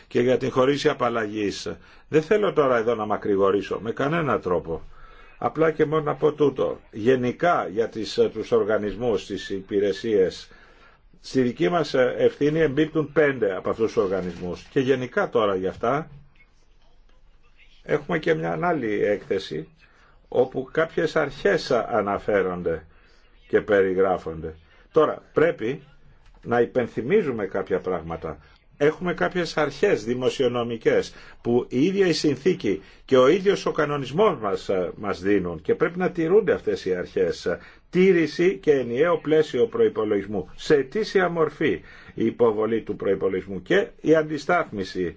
και για την χωρίση απαλλαγή. Δεν θέλω τώρα εδώ να μακρηγορήσω με κανένα τρόπο. Απλά και μόνο να πω τούτο. Γενικά για τις, ε, τους οργανισμούς, τις υπηρεσίες, στη δική μας ε, ευθύνη εμπίπτουν πέντε από αυτούς τους οργανισμούς. Και γενικά τώρα για αυτά Έχουμε και μια άλλη έκθεση όπου κάποιες αρχές αναφέρονται και περιγράφονται. Τώρα πρέπει να υπενθυμίζουμε κάποια πράγματα. Έχουμε κάποιες αρχές δημοσιονομικές που η ίδια η συνθήκη και ο ίδιος ο κανονισμός μας, ε, μας δίνουν και πρέπει να τηρούνται αυτές οι αρχές. Τήρηση και ενιαίο πλαίσιο προϋπολογισμού. Σε αιτήσια μορφή η υποβολή του προϋπολογισμού και η αντιστάθμιση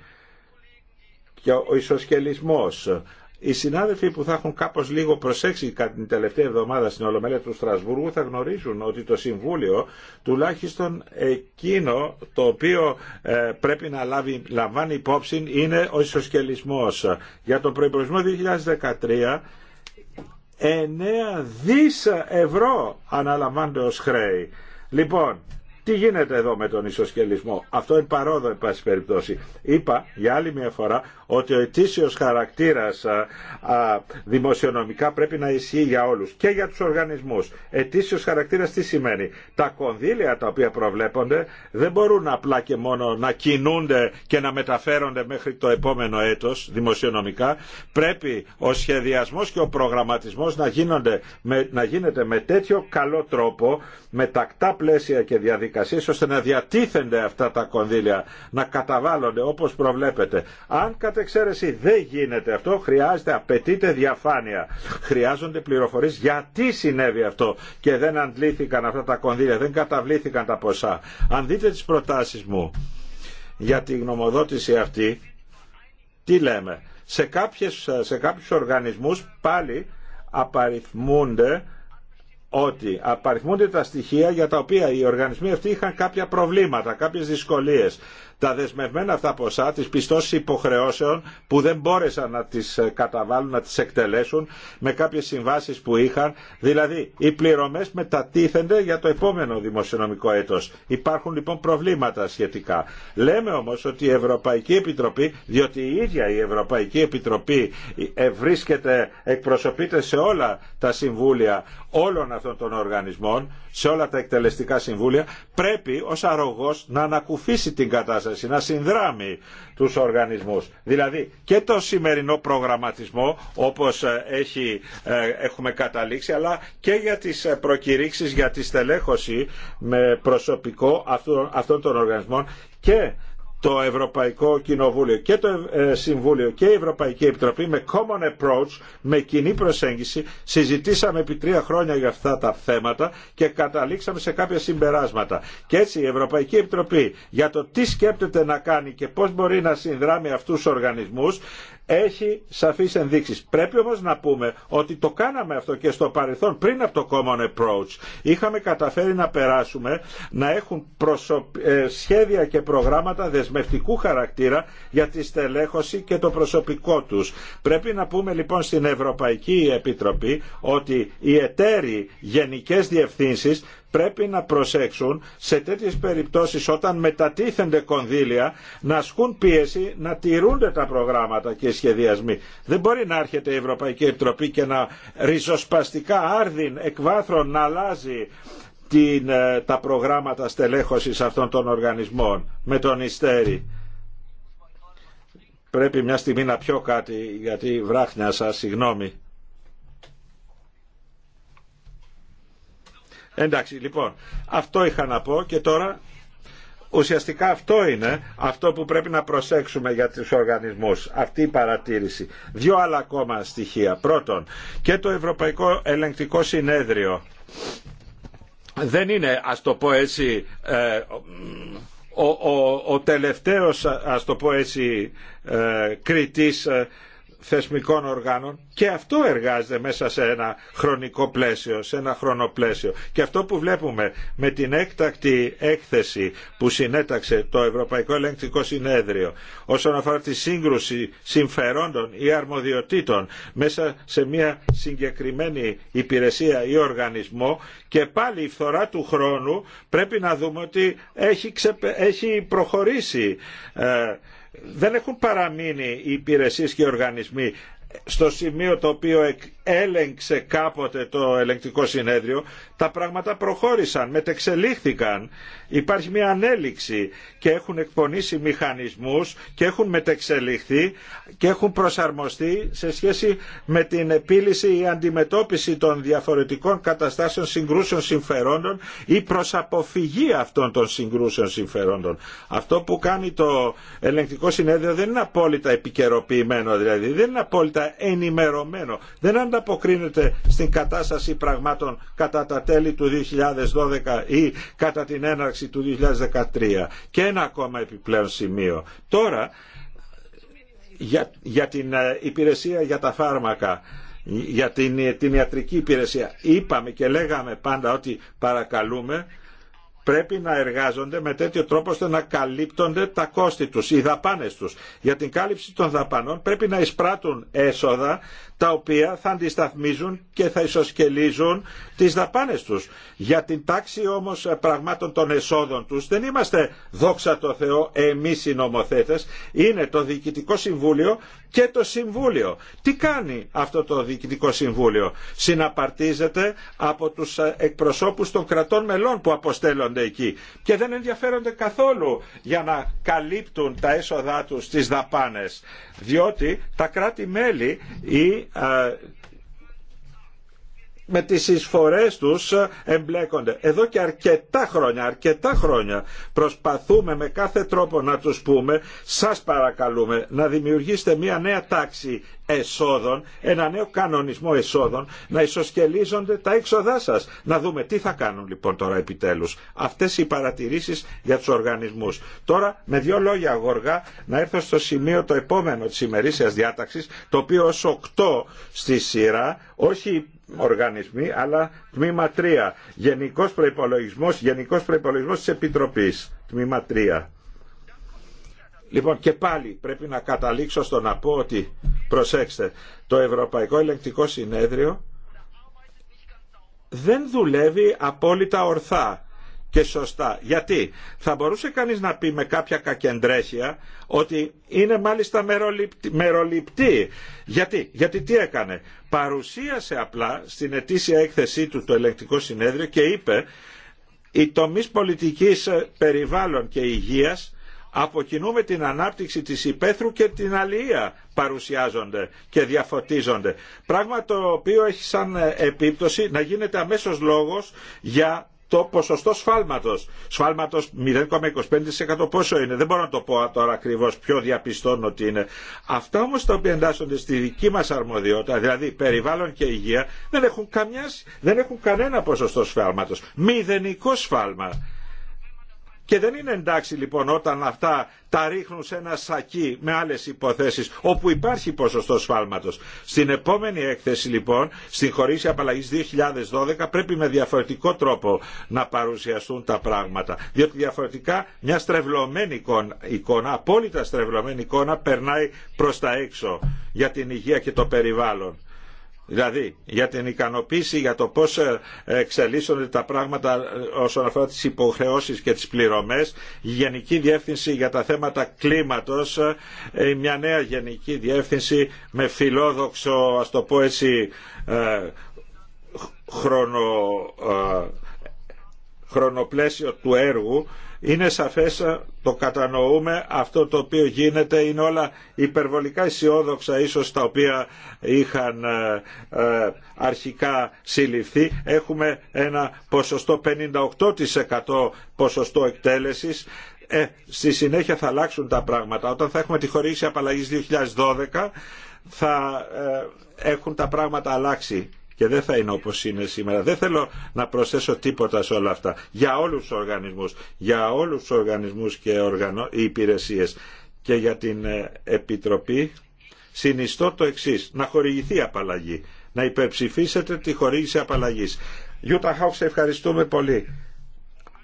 και ο ισοσκελισμός. Οι συνάδελφοι που θα έχουν κάπως λίγο προσέξει κατά την τελευταία εβδομάδα στην Ολομέλεια του Στρασβούργου θα γνωρίζουν ότι το Συμβούλιο, τουλάχιστον εκείνο το οποίο ε, πρέπει να λάβει, λαμβάνει υπόψη, είναι ο ισοσκελισμός. Για τον προϋπολογισμό 2013, 9 δις ευρώ αναλαμβάνονται ως χρέη. Λοιπόν, τι γίνεται εδώ με τον ισοσκελισμό. Αυτό είναι παρόδο, εν πάση περιπτώσει. Είπα για άλλη μια φορά ότι ο ετήσιος χαρακτήρας δημοσιονομικά πρέπει να ισχύει για όλους και για τους οργανισμούς. Ετήσιος χαρακτήρας τι σημαίνει. Τα κονδύλια τα οποία προβλέπονται δεν μπορούν απλά και μόνο να κινούνται και να μεταφέρονται μέχρι το επόμενο έτος δημοσιονομικά. Πρέπει ο σχεδιασμός και ο προγραμματισμός να, γίνονται, να γίνεται με τέτοιο καλό τρόπο, με τακτά πλαίσια και διαδικασίες, ώστε να διατίθενται αυτά τα κονδύλια, να καταβάλλονται όπως προβλέπεται. Αν εξαίρεση. Δεν γίνεται αυτό. Χρειάζεται, απαιτείται διαφάνεια. Χρειάζονται πληροφορίε γιατί συνέβη αυτό και δεν αντλήθηκαν αυτά τα κονδύλια, δεν καταβλήθηκαν τα ποσά. Αν δείτε τι προτάσει μου για τη γνωμοδότηση αυτή, τι λέμε. Σε, κάποιες, σε κάποιους οργανισμούς πάλι απαριθμούνται ότι απαριθμούνται τα στοιχεία για τα οποία οι οργανισμοί αυτοί είχαν κάποια προβλήματα, κάποιες δυσκολίες τα δεσμευμένα αυτά ποσά, τις πιστώσεις υποχρεώσεων που δεν μπόρεσαν να τι ε, καταβάλουν, να τι εκτελέσουν με κάποιε συμβάσει που είχαν. Δηλαδή, οι πληρωμέ μετατίθενται για το επόμενο δημοσιονομικό έτος. Υπάρχουν λοιπόν προβλήματα σχετικά. Λέμε όμω ότι η Ευρωπαϊκή Επιτροπή, διότι η ίδια η Ευρωπαϊκή Επιτροπή βρίσκεται, εκπροσωπείται σε όλα τα συμβούλια όλων αυτών των οργανισμών, σε όλα τα εκτελεστικά συμβούλια, πρέπει ως αρρωγός να ανακουφίσει την κατάσταση κατάσταση, να συνδράμει τους οργανισμούς. Δηλαδή και το σημερινό προγραμματισμό όπως ε, έχει, ε, έχουμε καταλήξει αλλά και για τις ε, προκηρύξεις για τη στελέχωση με προσωπικό αυτών των οργανισμών και το Ευρωπαϊκό Κοινοβούλιο και το ε, Συμβούλιο και η Ευρωπαϊκή Επιτροπή με common approach, με κοινή προσέγγιση, συζητήσαμε επί τρία χρόνια για αυτά τα θέματα και καταλήξαμε σε κάποια συμπεράσματα. Και έτσι η Ευρωπαϊκή Επιτροπή για το τι σκέπτεται να κάνει και πώς μπορεί να συνδράμει αυτούς τους οργανισμούς έχει σαφείς ενδείξεις. Πρέπει όμως να πούμε ότι το κάναμε αυτό και στο παρελθόν πριν από το Common Approach. Είχαμε καταφέρει να περάσουμε να έχουν ε, σχέδια και προγράμματα δεσμευτικού χαρακτήρα για τη στελέχωση και το προσωπικό τους. Πρέπει να πούμε λοιπόν στην Ευρωπαϊκή Επιτροπή ότι οι εταίροι γενικές διευθύνσεις πρέπει να προσέξουν σε τέτοιες περιπτώσεις όταν μετατίθενται κονδύλια να ασκούν πίεση να τηρούνται τα προγράμματα και οι σχεδιασμοί. Δεν μπορεί να έρχεται η Ευρωπαϊκή Επιτροπή και να ριζοσπαστικά άρδιν εκβάθρον να αλλάζει την, ε, τα προγράμματα στελέχωσης αυτών των οργανισμών με τον Ιστέρη. Πρέπει μια στιγμή να πιω κάτι γιατί βράχνιασα, συγγνώμη. Εντάξει, λοιπόν, αυτό είχα να πω και τώρα ουσιαστικά αυτό είναι αυτό που πρέπει να προσέξουμε για τους οργανισμούς αυτή η παρατήρηση δύο άλλα ακόμα στοιχεία πρώτον και το Ευρωπαϊκό Ελεγκτικό Συνέδριο δεν είναι ας το πω έτσι ε, ο, ο, ο τελευταίος ας το πω έτσι ε, κριτής ε, θεσμικών οργάνων και αυτό εργάζεται μέσα σε ένα χρονικό πλαίσιο, σε ένα χρονοπλαίσιο. Και αυτό που βλέπουμε με την έκτακτη έκθεση που συνέταξε το Ευρωπαϊκό Ελεγκτικό Συνέδριο όσον αφορά τη σύγκρουση συμφερόντων ή αρμοδιοτήτων μέσα σε μια συγκεκριμένη υπηρεσία ή οργανισμό και πάλι η φθορά του χρόνου πρέπει να δούμε ότι έχει, έχει προχωρήσει ε, δεν έχουν παραμείνει οι υπηρεσίες και οι οργανισμοί στο σημείο το οποίο έλεγξε κάποτε το ελεγκτικό συνέδριο, τα πράγματα προχώρησαν, μετεξελίχθηκαν. Υπάρχει μια ανέλυξη και έχουν εκπονήσει μηχανισμούς και έχουν μετεξελιχθεί και έχουν προσαρμοστεί σε σχέση με την επίλυση ή αντιμετώπιση των διαφορετικών καταστάσεων συγκρούσεων συμφερόντων ή προς αποφυγή αυτών των συγκρούσεων συμφερόντων. Αυτό που κάνει το ελεγκτικό συνέδριο δεν είναι απόλυτα επικαιροποιημένο, δηλαδή δεν είναι απόλυτα ενημερωμένο. Δεν αποκρίνεται στην κατάσταση πραγμάτων κατά τα τέλη του 2012 ή κατά την έναρξη του 2013. Και ένα ακόμα επιπλέον σημείο. Τώρα, για, για την ε, υπηρεσία για τα φάρμακα για την, την ιατρική υπηρεσία. Είπαμε και λέγαμε πάντα ότι παρακαλούμε πρέπει να εργάζονται με τέτοιο τρόπο ώστε να καλύπτονται τα κόστη τους, οι δαπάνες τους. Για την κάλυψη των δαπανών πρέπει να εισπράττουν έσοδα τα οποία θα αντισταθμίζουν και θα ισοσκελίζουν τις δαπάνες τους. Για την τάξη όμως πραγμάτων των εσόδων τους δεν είμαστε δόξα το Θεό εμείς οι νομοθέτες, είναι το Διοικητικό Συμβούλιο και το Συμβούλιο. Τι κάνει αυτό το Διοικητικό Συμβούλιο. Συναπαρτίζεται από τους εκπροσώπους των κρατών μελών που αποστέλλονται εκεί και δεν ενδιαφέρονται καθόλου για να καλύπτουν τα έσοδά τους στις δαπάνες διότι τα κράτη-μέλη α uh, με τις εισφορές τους εμπλέκονται. Εδώ και αρκετά χρόνια, αρκετά χρόνια προσπαθούμε με κάθε τρόπο να τους πούμε σας παρακαλούμε να δημιουργήσετε μια νέα τάξη εσόδων, ένα νέο κανονισμό εσόδων, να ισοσκελίζονται τα έξοδά σας. Να δούμε τι θα κάνουν λοιπόν τώρα επιτέλους. Αυτές οι παρατηρήσεις για τους οργανισμούς. Τώρα με δύο λόγια αγοργά να έρθω στο σημείο το επόμενο της ημερήσιας διάταξης, το οποίο ως οκτώ στη σειρά, όχι οργανισμοί, αλλά τμήμα 3. Γενικός προπολογισμό, γενικός προϋπολογισμός της Επιτροπής. Τμήμα 3. Λοιπόν και πάλι πρέπει να καταλήξω στο να πω ότι προσέξτε το Ευρωπαϊκό Ελεγκτικό Συνέδριο δεν δουλεύει απόλυτα ορθά και σωστά. Γιατί θα μπορούσε κανείς να πει με κάποια κακεντρέχεια ότι είναι μάλιστα μεροληπτή. Γιατί? Γιατί τι έκανε. Παρουσίασε απλά στην ετήσια έκθεσή του το ελεγκτικό συνέδριο και είπε οι τομείς πολιτικής ε, περιβάλλον και υγείας αποκινούμε την ανάπτυξη της υπαίθρου και την αλληλεία παρουσιάζονται και διαφωτίζονται. Πράγμα το οποίο έχει σαν ε, επίπτωση να γίνεται αμέσως λόγος για το ποσοστό σφάλματος. Σφάλματος 0,25% πόσο είναι. Δεν μπορώ να το πω τώρα ακριβώς ποιο διαπιστώνω ότι είναι. Αυτά όμως τα οποία εντάσσονται στη δική μας αρμοδιότητα, δηλαδή περιβάλλον και υγεία, δεν έχουν, καμιάς, δεν έχουν κανένα ποσοστό σφάλματος. Μηδενικό σφάλμα. Και δεν είναι εντάξει λοιπόν όταν αυτά τα ρίχνουν σε ένα σακί με άλλες υποθέσεις όπου υπάρχει ποσοστό σφάλματος. Στην επόμενη έκθεση λοιπόν, στην χωρίση απαλλαγή 2012 πρέπει με διαφορετικό τρόπο να παρουσιαστούν τα πράγματα. Διότι διαφορετικά μια στρεβλωμένη εικόνα, εικόνα απόλυτα στρεβλωμένη εικόνα περνάει προς τα έξω για την υγεία και το περιβάλλον. Δηλαδή, για την ικανοποίηση για το πώς ε, εξελίσσονται τα πράγματα ε, όσον αφορά τις υποχρεώσεις και τις πληρωμές, η Γενική Διεύθυνση για τα θέματα κλίματος, ε, μια νέα Γενική Διεύθυνση με φιλόδοξο, α το πω έτσι, χρονοπλαίσιο του έργου, είναι σαφές, ε, το κατανοούμε, αυτό το οποίο γίνεται είναι όλα υπερβολικά αισιόδοξα ίσως τα οποία είχαν ε, ε, αρχικά συλληφθεί. Έχουμε ένα ποσοστό 58% ποσοστό εκτέλεσης. στη συνέχεια θα αλλάξουν τα πράγματα. Όταν θα έχουμε τη χορήγηση απαλλαγής 2012 θα έχουν τα πράγματα αλλάξει και δεν θα είναι όπως είναι σήμερα. Δεν θέλω να προσθέσω τίποτα σε όλα αυτά. Για όλους τους οργανισμούς, για όλους τους οργανισμούς και οργανώ, υπηρεσίες και για την ε, Επιτροπή συνιστώ το εξής, να χορηγηθεί απαλλαγή, να υπερψηφίσετε τη χορήγηση απαλλαγής. Γιούτα Χάουξ, ευχαριστούμε πολύ.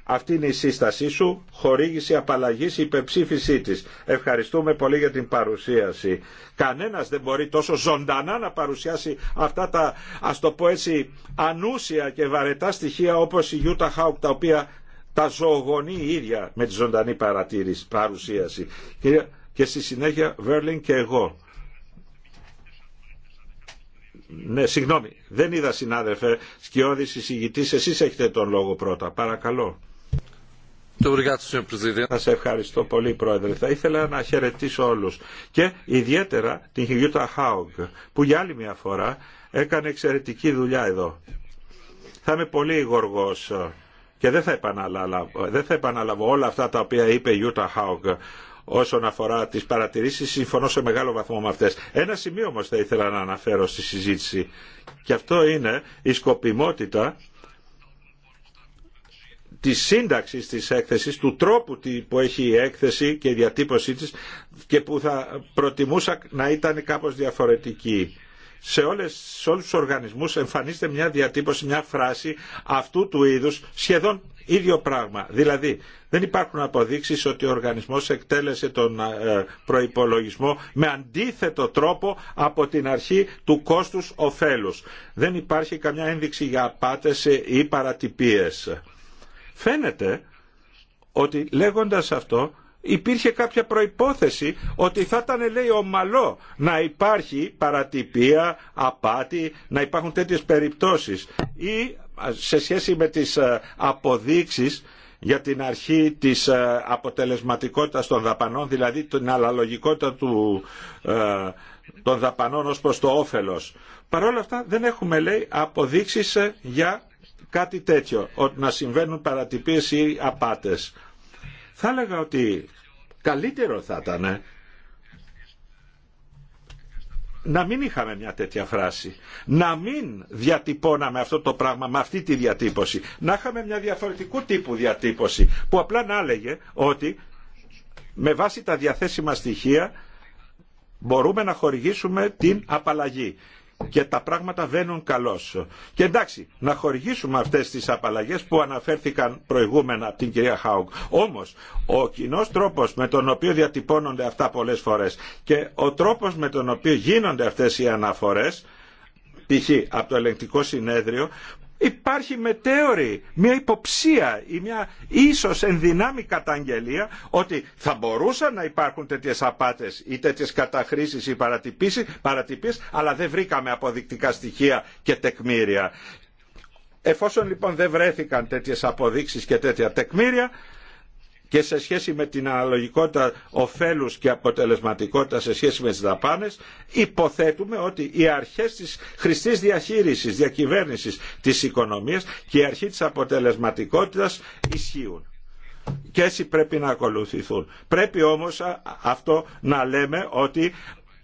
Αυτή είναι η σύστασή σου, χορήγηση απαλλαγή, υπεψήφισή τη. Ευχαριστούμε πολύ για την παρουσίαση. Κανένα δεν μπορεί τόσο ζωντανά να παρουσιάσει αυτά τα α το πω έτσι ανούσια και βαρετά στοιχεία όπω η γιούτα Χάουκ τα οποία τα ζωογονεί η ίδια με τη ζωντανή παρατήρηση, παρουσίαση. Και, και στη συνέχεια Βέρλιν και εγώ. Ναι, συγγνώμη, δεν είδα συνάδελφε, Σκιώδη εισηγητής, εσείς έχετε τον λόγο πρώτα, παρακαλώ σε ευχαριστώ πολύ Πρόεδρε. Θα ήθελα να χαιρετήσω όλους και ιδιαίτερα την Γιούτα Χάουγκ που για άλλη μια φορά έκανε εξαιρετική δουλειά εδώ. Θα είμαι πολύ γοργός και δεν θα επαναλάβω, δεν θα όλα αυτά τα οποία είπε η Γιούτα Χάουγκ όσον αφορά τις παρατηρήσεις συμφωνώ σε μεγάλο βαθμό με αυτέ. Ένα σημείο όμω θα ήθελα να αναφέρω στη συζήτηση και αυτό είναι η σκοπιμότητα της σύνταξης της έκθεσης, του τρόπου που έχει η έκθεση και η διατύπωσή της και που θα προτιμούσα να ήταν κάπως διαφορετική. Σε, όλες, σε όλους τους οργανισμούς εμφανίζεται μια διατύπωση, μια φράση αυτού του είδους σχεδόν ίδιο πράγμα. Δηλαδή δεν υπάρχουν αποδείξεις ότι ο οργανισμός εκτέλεσε τον ε, προϋπολογισμό με αντίθετο τρόπο από την αρχή του κόστους οφέλους. Δεν υπάρχει καμιά ένδειξη για απάτες ή παρατυπίες Φαίνεται ότι λέγοντας αυτό υπήρχε κάποια προϋπόθεση ότι θα ήταν λέει ομαλό να υπάρχει παρατυπία, απάτη, να υπάρχουν τέτοιες περιπτώσεις ή σε σχέση με τις αποδείξεις για την αρχή της αποτελεσματικότητας των δαπανών, δηλαδή την αλλαλογικότητα του, των δαπανών ως προς το όφελος. Παρ' όλα αυτά δεν έχουμε λέει αποδείξεις ε, για κάτι τέτοιο, ότι να συμβαίνουν παρατυπίες ή απάτες. Θα έλεγα ότι καλύτερο θα ήταν να μην είχαμε μια τέτοια φράση. Να μην διατυπώναμε αυτό το πράγμα με αυτή τη διατύπωση. Να είχαμε μια διαφορετικού τύπου διατύπωση που απλά να έλεγε ότι με βάση τα διαθέσιμα στοιχεία μπορούμε να χορηγήσουμε την απαλλαγή και τα πράγματα βαίνουν καλώς. Και εντάξει, να χορηγήσουμε αυτές τις απαλλαγέ που αναφέρθηκαν προηγούμενα από την κυρία Χάουγκ. Όμως, ο κοινό τρόπο με τον οποίο διατυπώνονται αυτά πολλές φορές και ο τρόπος με τον οποίο γίνονται αυτές οι αναφορές π.χ. από το ελεγκτικό συνέδριο υπάρχει μετέωρη, μια υποψία ή μια ίσως ενδυνάμει καταγγελία ότι θα μπορούσαν να υπάρχουν τέτοιες απάτες ή τέτοιες καταχρήσεις ή παρατυπίες, αλλά δεν βρήκαμε αποδεικτικά στοιχεία και τεκμήρια. Εφόσον λοιπόν δεν βρέθηκαν τέτοιες αποδείξεις και τέτοια τεκμήρια, και σε σχέση με την αναλογικότητα ωφέλους και αποτελεσματικότητα σε σχέση με τις δαπάνες υποθέτουμε ότι οι αρχές της χρηστής διαχείρισης, διακυβέρνησης της οικονομίας και η αρχή της αποτελεσματικότητας ισχύουν και έτσι πρέπει να ακολουθηθούν. Πρέπει όμως αυτό να λέμε ότι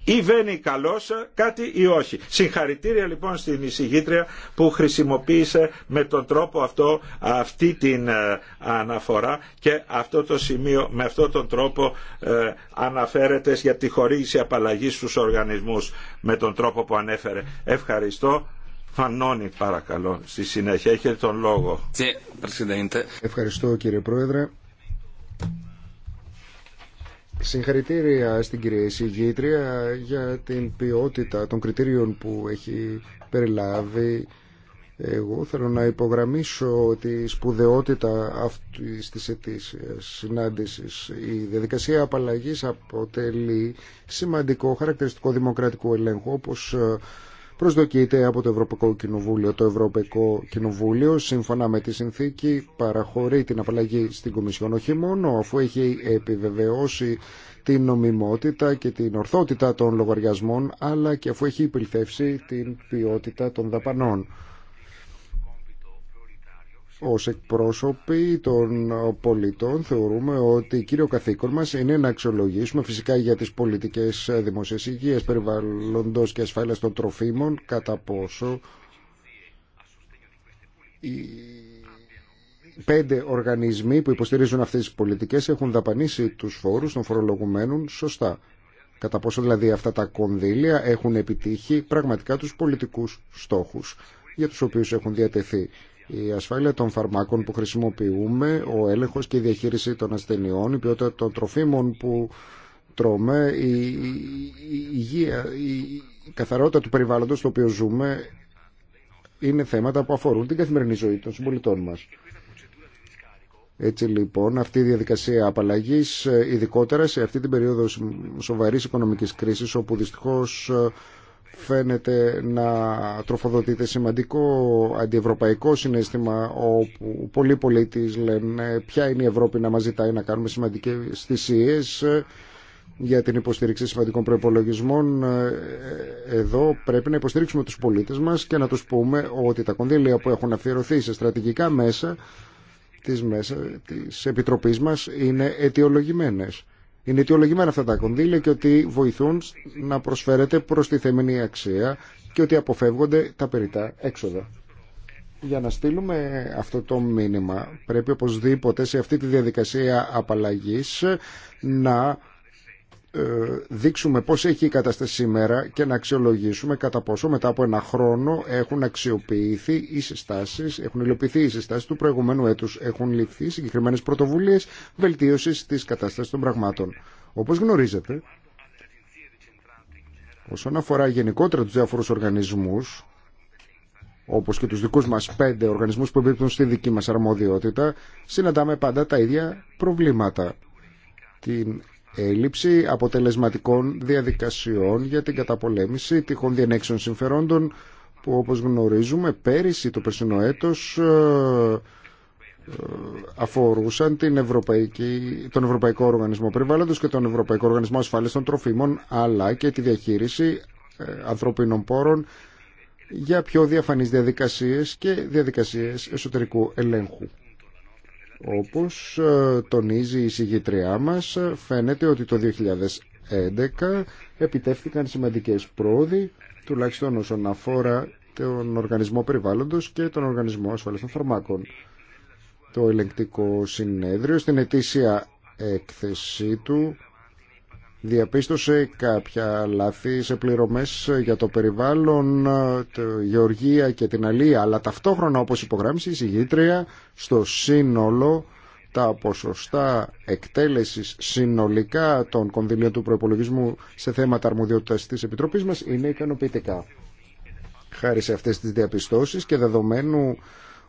ή βαίνει καλός κάτι ή όχι. Συγχαρητήρια λοιπόν στην εισηγήτρια που χρησιμοποίησε με τον τρόπο αυτό αυτή την ε, αναφορά και αυτό το σημείο με αυτόν τον τρόπο ε, αναφέρεται για τη χορήγηση απαλλαγή στους οργανισμούς με τον τρόπο που ανέφερε. Ευχαριστώ. Φανώνει παρακαλώ. Στη συνέχεια έχετε τον λόγο. Ευχαριστώ κύριε Πρόεδρε. Συγχαρητήρια στην κυρία ΣΥγητρια για την ποιότητα των κριτήριων που έχει περιλάβει. Εγώ θέλω να υπογραμμίσω τη σπουδαιότητα αυτής της ετήσιας συνάντησης. Η διαδικασία απαλλαγής αποτελεί σημαντικό χαρακτηριστικό δημοκρατικού ελέγχου, όπως ε, προσδοκείται από το Ευρωπαϊκό Κοινοβούλιο. Το Ευρωπαϊκό Κοινοβούλιο, σύμφωνα με τη συνθήκη, παραχωρεί την απαλλαγή στην Κομισιόν όχι μόνο αφού έχει επιβεβαιώσει την νομιμότητα και την ορθότητα των λογαριασμών, αλλά και αφού έχει υπηλθεύσει την ποιότητα των δαπανών ως εκπρόσωποι των πολιτών θεωρούμε ότι κύριο καθήκον μας είναι να αξιολογήσουμε φυσικά για τις πολιτικές δημοσίες υγείας, περιβαλλοντός και ασφάλειας των τροφίμων κατά πόσο οι πέντε οργανισμοί που υποστηρίζουν αυτές τις πολιτικές έχουν δαπανίσει τους φόρους των φορολογουμένων σωστά. Κατά πόσο δηλαδή αυτά τα κονδύλια έχουν επιτύχει πραγματικά τους πολιτικούς στόχους για τους οποίους έχουν διατεθεί η ασφάλεια των φαρμάκων που χρησιμοποιούμε, ο έλεγχος και η διαχείριση των ασθενειών, η ποιότητα των τροφίμων που τρώμε, η υγεία, η καθαρότητα του περιβάλλοντος στο οποίο ζούμε είναι θέματα που αφορούν την καθημερινή ζωή των συμπολιτών μας. Έτσι λοιπόν αυτή η διαδικασία απαλλαγής ε, ειδικότερα σε αυτή την περίοδο σοβαρής οικονομικής κρίσης όπου δυστυχώς ε, φαίνεται να τροφοδοτείται σημαντικό αντιευρωπαϊκό συνέστημα όπου πολλοί πολίτες λένε ποια είναι η Ευρώπη να μας ζητάει να κάνουμε σημαντικές θυσίες για την υποστήριξη σημαντικών προπολογισμών. Εδώ πρέπει να υποστηρίξουμε τους πολίτες μας και να τους πούμε ότι τα κονδύλια που έχουν αφιερωθεί σε στρατηγικά μέσα της, μέσα, της Επιτροπής μας είναι αιτιολογημένες είναι αιτιολογημένα αυτά τα κονδύλια και ότι βοηθούν να προσφέρεται τη θεμενή αξία και ότι αποφεύγονται τα περιτά έξοδα. Για να στείλουμε αυτό το μήνυμα πρέπει οπωσδήποτε σε αυτή τη διαδικασία απαλλαγής να ε, δείξουμε πώς έχει η κατάσταση σήμερα και να αξιολογήσουμε κατά πόσο μετά από ένα χρόνο έχουν αξιοποιηθεί οι συστάσεις, έχουν υλοποιηθεί οι συστάσεις του προηγουμένου έτους, έχουν ληφθεί συγκεκριμένες πρωτοβουλίες βελτίωσης της κατάστασης των πραγμάτων. Όπως γνωρίζετε, όσον αφορά γενικότερα τους διάφορους οργανισμούς, όπως και τους δικούς μας πέντε οργανισμούς που εμπίπτουν στη δική μας αρμοδιότητα, συναντάμε πάντα τα ίδια προβλήματα. Την έλλειψη αποτελεσματικών διαδικασιών για την καταπολέμηση τυχών διενέξεων συμφερόντων που όπως γνωρίζουμε πέρυσι το περσινό έτος ε, ε, αφορούσαν την Ευρωπαϊκή, τον Ευρωπαϊκό Οργανισμό Περιβάλλοντος και τον Ευρωπαϊκό Οργανισμό Ασφάλειας των Τροφίμων αλλά και τη διαχείριση ε, ανθρωπίνων πόρων για πιο διαφανείς διαδικασίες και διαδικασίες εσωτερικού ελέγχου. Όπως ε, τονίζει η συγγητριά μας, φαίνεται ότι το 2011 επιτεύχθηκαν σημαντικές πρόοδοι, τουλάχιστον όσον αφορά τον Οργανισμό Περιβάλλοντος και τον Οργανισμό Ασφαλής των Φαρμάκων. Το ελεγκτικό συνέδριο στην ετήσια έκθεσή του διαπίστωσε κάποια λάθη σε πληρωμές για το περιβάλλον, τη γεωργία και την αλία, αλλά ταυτόχρονα όπως υπογράμμισε η συγγήτρια στο σύνολο τα ποσοστά εκτέλεσης συνολικά των κονδυλίων του προπολογισμού σε θέματα αρμοδιότητας της Επιτροπής μας είναι ικανοποιητικά. Χάρη σε αυτές τις διαπιστώσεις και δεδομένου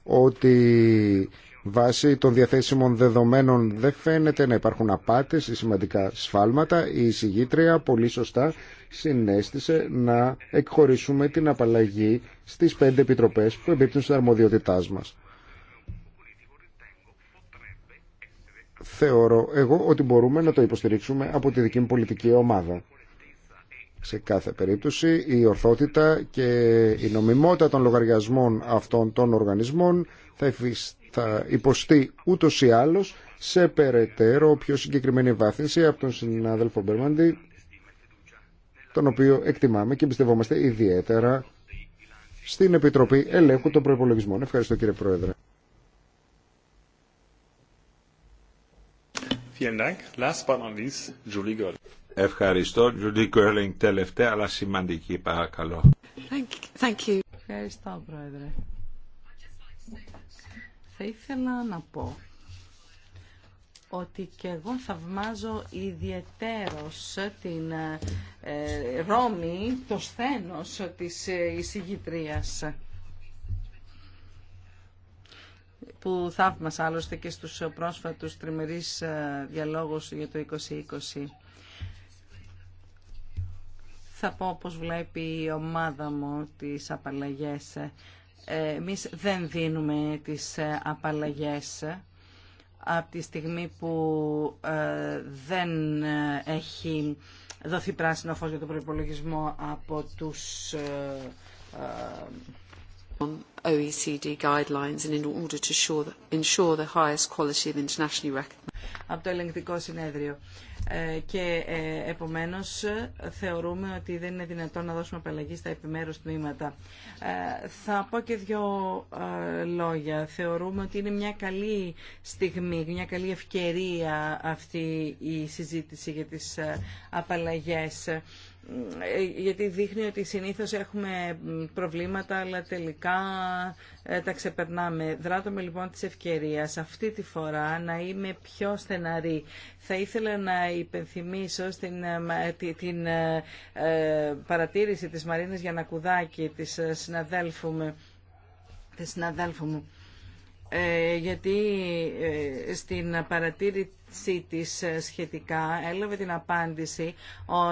ότι Βάσει των διαθέσιμων δεδομένων δεν φαίνεται να υπάρχουν απάτες ή σημαντικά σφάλματα. Η εισηγήτρια πολύ σωστά συνέστησε να εκχωρήσουμε την απαλλαγή στις πέντε επιτροπές που εμπίπτουν στην αρμοδιότητά μας. Θεωρώ εγώ ότι μπορούμε να το υποστηρίξουμε από τη δική μου πολιτική ομάδα. Σε κάθε περίπτωση η ορθότητα και η νομιμότητα των λογαριασμών αυτών των οργανισμών θα υφιστούν θα υποστεί ούτως ή άλλως σε περαιτέρω πιο συγκεκριμένη βάθυνση από τον συνάδελφο Μπέρμαντι, τον οποίο εκτιμάμε και εμπιστευόμαστε ιδιαίτερα στην Επιτροπή Ελέγχου των προπολογισμών. Ευχαριστώ κύριε Πρόεδρε. Ευχαριστώ. τελευταία αλλά σημαντική παρακαλώ. Thank you. Ευχαριστώ Πρόεδρε. Θα ήθελα να πω ότι και εγώ θαυμάζω ιδιαιτέρως την ε, Ρώμη, το σθένος της ε, εισηγητρίας που θαύμασα άλλωστε και στους πρόσφατους τριμερείς ε, διαλόγους για το 2020. Θα πω πώς βλέπει η ομάδα μου τις απαλλαγές. Εμείς δεν δίνουμε τις ε, απαλλαγές από τη στιγμή που ε, δεν ε, έχει δοθεί πράσινο φως για τον προϋπολογισμό από τους ε, OECD guidelines and in order to ensure the highest quality of internationally recognized. Από το ελεγκτικό συνέδριο. Ε, και ε, επομένως θεωρούμε ότι δεν είναι δυνατόν να δώσουμε απαλλαγή στα επιμέρους τμήματα. Ε, θα πω και δύο λόγια. Θεωρούμε ότι είναι μια καλή στιγμή, μια καλή ευκαιρία αυτή η συζήτηση για τις απαλλαγές γιατί δείχνει ότι συνήθως έχουμε προβλήματα αλλά τελικά ε, τα ξεπερνάμε. Δράτομαι λοιπόν της ευκαιρίας αυτή τη φορά να είμαι πιο στεναρή. Θα ήθελα να υπενθυμίσω στην, ε, ε, την παρατήρηση της Μαρίνας Γιανακουδάκη, της συναδέλφου μου, της συναδέλφου Ε, γιατί στην παρατήρηση της ε, σχετικά έλαβε την απάντηση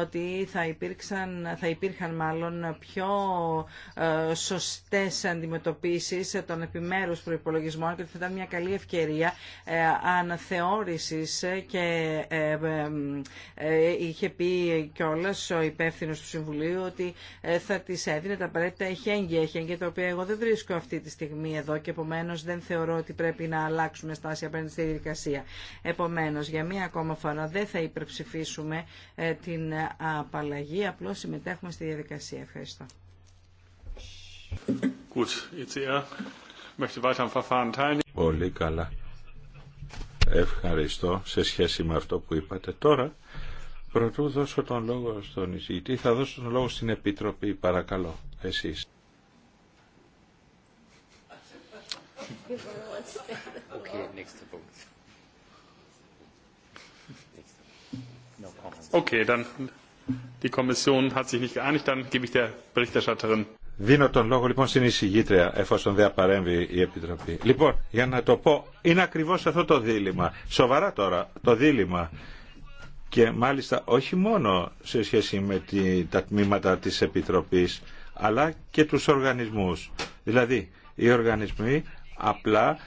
ότι θα, υπήρξαν, θα υπήρχαν μάλλον πιο ε, σωστές αντιμετωπίσεις των επιμέρους προϋπολογισμών και ότι θα ήταν μια καλή ευκαιρία ε, αναθεώρησης και ε, ε, ε είχε πει κιόλα ο υπεύθυνο του Συμβουλίου ότι ε, θα τις έδινε τα απαραίτητα εχέγγυα, εχέγγυα τα οποία εγώ δεν βρίσκω αυτή τη στιγμή εδώ και επομένως δεν θεωρώ ότι πρέπει να αλλάξουμε στάση απέναντι στη διαδικασία. Επομένως, επομένως για μία ακόμα φορά δεν θα υπερψηφίσουμε ε, την απαλλαγή, απλώς συμμετέχουμε στη διαδικασία. Ευχαριστώ. Πολύ καλά. Ευχαριστώ σε σχέση με αυτό που είπατε τώρα. Πρωτού δώσω τον λόγο στον εισηγητή, θα δώσω τον λόγο στην Επιτροπή, παρακαλώ, εσείς. Okay, next Okay, dann die Kommission hat sich nicht geeinigt, dann gebe ich der Berichterstatterin. Δίνω τον λόγο λοιπόν στην εισηγήτρια, εφόσον δεν παρέμβει η Επιτροπή. Λοιπόν, για να το πω, είναι ακριβώς αυτό το δίλημα. Σοβαρά τώρα, το δίλημα. Και μάλιστα όχι μόνο σε σχέση με τη, τα τμήματα της Επιτροπής, αλλά και τους οργανισμούς. Δηλαδή, οι οργανισμοί απλά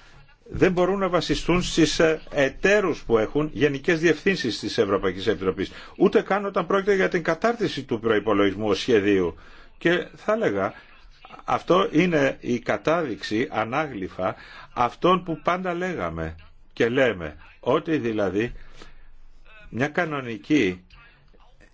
δεν μπορούν να βασιστούν στις ε, εταίρους που έχουν γενικές διευθύνσεις της Ευρωπαϊκής Επιτροπής. Ούτε καν όταν πρόκειται για την κατάρτιση του προϋπολογισμού σχεδίου. Και θα έλεγα, αυτό είναι η κατάδειξη ανάγλυφα αυτών που πάντα λέγαμε και λέμε. Ότι δηλαδή μια κανονική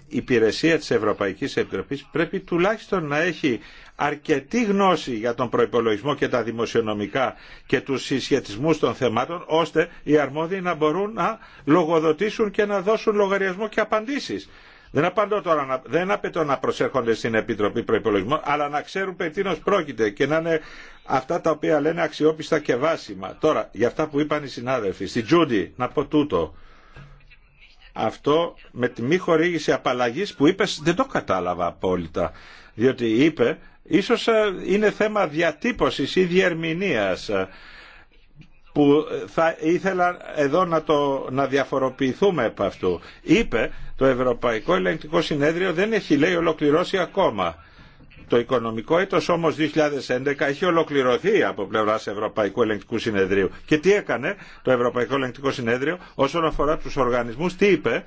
η υπηρεσία της Ευρωπαϊκής Επιτροπής πρέπει τουλάχιστον να έχει αρκετή γνώση για τον προϋπολογισμό και τα δημοσιονομικά και τους συσχετισμούς των θεμάτων ώστε οι αρμόδιοι να μπορούν να λογοδοτήσουν και να δώσουν λογαριασμό και απαντήσεις. Δεν, απαντώ τώρα, δεν απαιτώ να προσέρχονται στην Επιτροπή Προπολογισμών, αλλά να ξέρουν περί τίνο πρόκειται και να είναι αυτά τα οποία λένε αξιόπιστα και βάσιμα. Τώρα, για αυτά που είπαν οι συνάδελφοι, στην Τζούντι, να πω τούτο αυτό με τη μη χορήγηση απαλλαγής που είπες δεν το κατάλαβα απόλυτα. Διότι είπε, ίσως ε, είναι θέμα διατύπωσης ή διερμηνίας ε, που θα ήθελα εδώ να, το, να διαφοροποιηθούμε από αυτού. Είπε το Ευρωπαϊκό Ελεγκτικό Συνέδριο δεν έχει λέει ολοκληρώσει ακόμα το οικονομικό έτος όμως 2011 έχει ολοκληρωθεί από πλευράς Ευρωπαϊκού Ελεγκτικού Συνεδρίου. Και τι έκανε το Ευρωπαϊκό Ελεγκτικό Συνέδριο όσον αφορά τους οργανισμούς, τι είπε,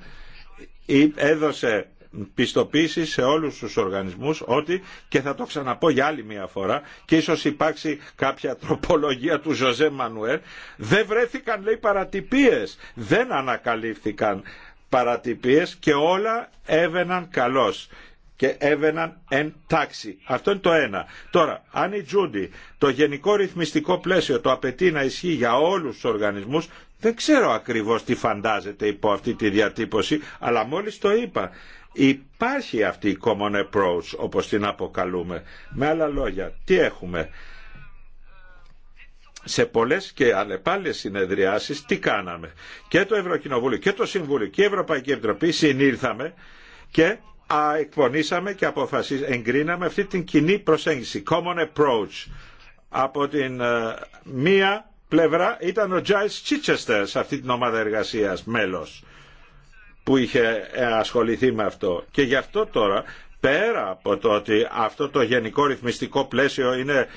έδωσε πιστοποίηση σε όλους τους οργανισμούς ότι και θα το ξαναπώ για άλλη μια φορά και ίσως υπάρξει κάποια τροπολογία του Ζωζέ Μανουέλ δεν βρέθηκαν λέει παρατυπίες δεν ανακαλύφθηκαν παρατυπίες και όλα έβαιναν καλώς και έβαιναν εν τάξη. Αυτό είναι το ένα. Τώρα, αν η Τζούντι το γενικό ρυθμιστικό πλαίσιο το απαιτεί να ισχύει για όλους τους οργανισμούς, δεν ξέρω ακριβώς τι φαντάζεται υπό αυτή τη διατύπωση, αλλά μόλις το είπα. Υπάρχει αυτή η common approach, όπως την αποκαλούμε. Με άλλα λόγια, τι έχουμε. Σε πολλές και αλλεπάλληλες συνεδριάσεις τι κάναμε. Και το Ευρωκοινοβούλιο και το Συμβούλιο και η Ευρωπαϊκή Επιτροπή συνήλθαμε και εκπονήσαμε και αποφασίσαμε, εγκρίναμε αυτή την κοινή προσέγγιση, common approach. Από την ε, μία πλευρά ήταν ο Giles Chichester σε αυτή την ομάδα εργασίας μέλος που είχε ε, ασχοληθεί με αυτό. Και γι' αυτό τώρα, πέρα από το ότι αυτό το γενικό ρυθμιστικό πλαίσιο είναι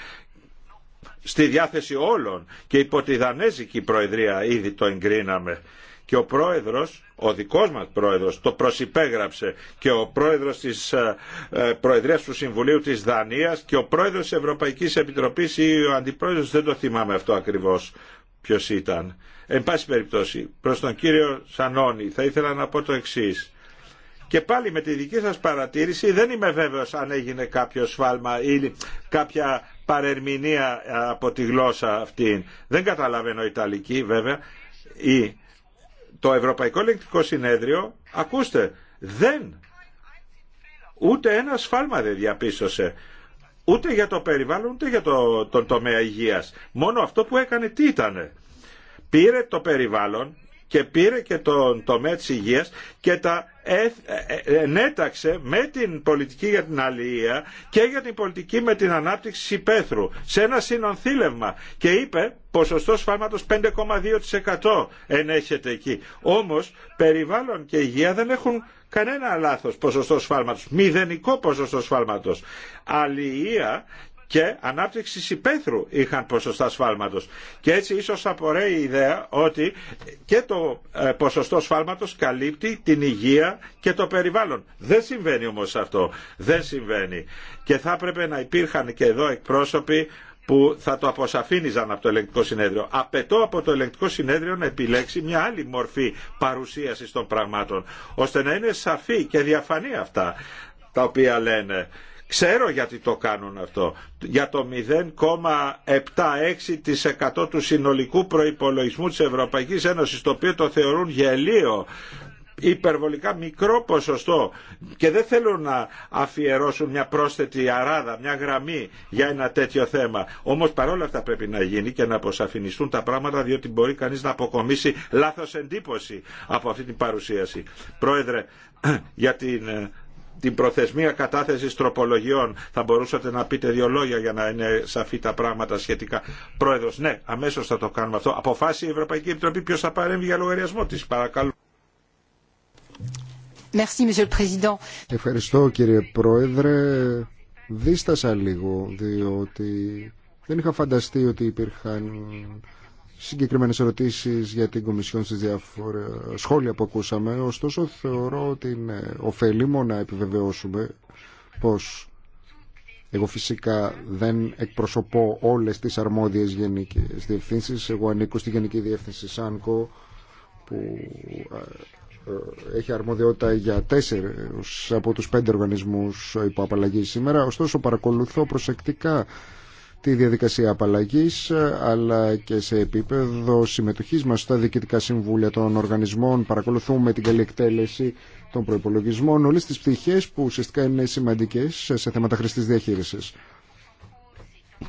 στη διάθεση όλων και υπό τη Δανέζικη Προεδρία ήδη το εγκρίναμε και ο πρόεδρος, ο δικός μας πρόεδρος, το προσυπέγραψε και ο πρόεδρος της ε, ε, Προεδρίας του Συμβουλίου της Δανίας και ο πρόεδρος της Ευρωπαϊκής Επιτροπής ή ο αντιπρόεδρος, δεν το θυμάμαι αυτό ακριβώς ποιος ήταν. Εν πάση περιπτώσει, προς τον κύριο Σανώνη θα ήθελα να πω το εξής. Και πάλι με τη δική σας παρατήρηση δεν είμαι βέβαιος αν έγινε κάποιο σφάλμα ή κάποια παρερμηνία από τη γλώσσα αυτή. Δεν καταλαβαίνω Ιταλική βέβαια το Ευρωπαϊκό Ελεκτικό Συνέδριο, ακούστε, δεν ούτε ένα σφάλμα δεν διαπίστωσε. Ούτε για το περιβάλλον, ούτε για το, τον τομέα υγείας. Μόνο αυτό που έκανε τι ήτανε. Πήρε το περιβάλλον και πήρε και τον τομέα της υγείας και τα ε, ε, ε, ενέταξε με την πολιτική για την αλληλεία και για την πολιτική με την ανάπτυξη υπαίθρου σε ένα συνονθήλευμα και είπε ποσοστό σφάλματος 5,2% ενέχεται εκεί. Όμως περιβάλλον και υγεία δεν έχουν κανένα λάθος ποσοστό σφάλματος, μηδενικό ποσοστό σφάλματος. Αλληλεία και ανάπτυξη υπαίθρου είχαν ποσοστά σφάλματος. Και έτσι ίσως απορρέει η ιδέα ότι και το ε, ποσοστό σφάλματος καλύπτει την υγεία και το περιβάλλον. Δεν συμβαίνει όμως αυτό. Δεν συμβαίνει. Και θα έπρεπε να υπήρχαν και εδώ εκπρόσωποι που θα το αποσαφήνιζαν από το ελεγκτικό συνέδριο. Απαιτώ από το ελεγκτικό συνέδριο να επιλέξει μια άλλη μορφή παρουσίασης των πραγμάτων, ώστε να είναι σαφή και διαφανή αυτά τα οποία λένε Ξέρω γιατί το κάνουν αυτό. Για το 0,76% του συνολικού προϋπολογισμού της Ευρωπαϊκής Ένωσης, το οποίο το θεωρούν γελίο υπερβολικά μικρό ποσοστό και δεν θέλουν να αφιερώσουν μια πρόσθετη αράδα, μια γραμμή για ένα τέτοιο θέμα. Όμως παρόλα αυτά πρέπει να γίνει και να αποσαφινιστούν τα πράγματα διότι μπορεί κανείς να αποκομίσει λάθος εντύπωση από αυτή την παρουσίαση. Πρόεδρε, (clears throat) για την ε, την προθεσμία κατάθεση τροπολογιών θα μπορούσατε να πείτε δύο λόγια για να είναι σαφή τα πράγματα σχετικά. Πρόεδρος, ναι, αμέσως θα το κάνουμε αυτό. Αποφάσισε η Ευρωπαϊκή Επιτροπή ποιο θα παρέμβει για λογαριασμό τη. Παρακαλώ. Ευχαριστώ κύριε Πρόεδρε. Δίστασα λίγο διότι δεν είχα φανταστεί ότι υπήρχαν συγκεκριμένες ερωτήσεις για την Κομισιόν στις διάφορα σχόλια που ακούσαμε. Ωστόσο θεωρώ ότι είναι ωφέλιμο να επιβεβαιώσουμε πως εγώ φυσικά δεν εκπροσωπώ όλες τις αρμόδιες γενικές διευθύνσεις. Εγώ ανήκω στη Γενική Διεύθυνση ΣΑΝΚΟ που ε, ε, έχει αρμοδιότητα για τέσσερις από τους πέντε οργανισμούς υπό απαλλαγή σήμερα. Ωστόσο παρακολουθώ προσεκτικά τη διαδικασία απαλλαγή, αλλά και σε επίπεδο συμμετοχής μας στα διοικητικά συμβούλια των οργανισμών. Παρακολουθούμε την καλή εκτέλεση των προπολογισμών, όλες τις πτυχές που ουσιαστικά είναι σημαντικές σε θέματα χρηστής διαχείρισης.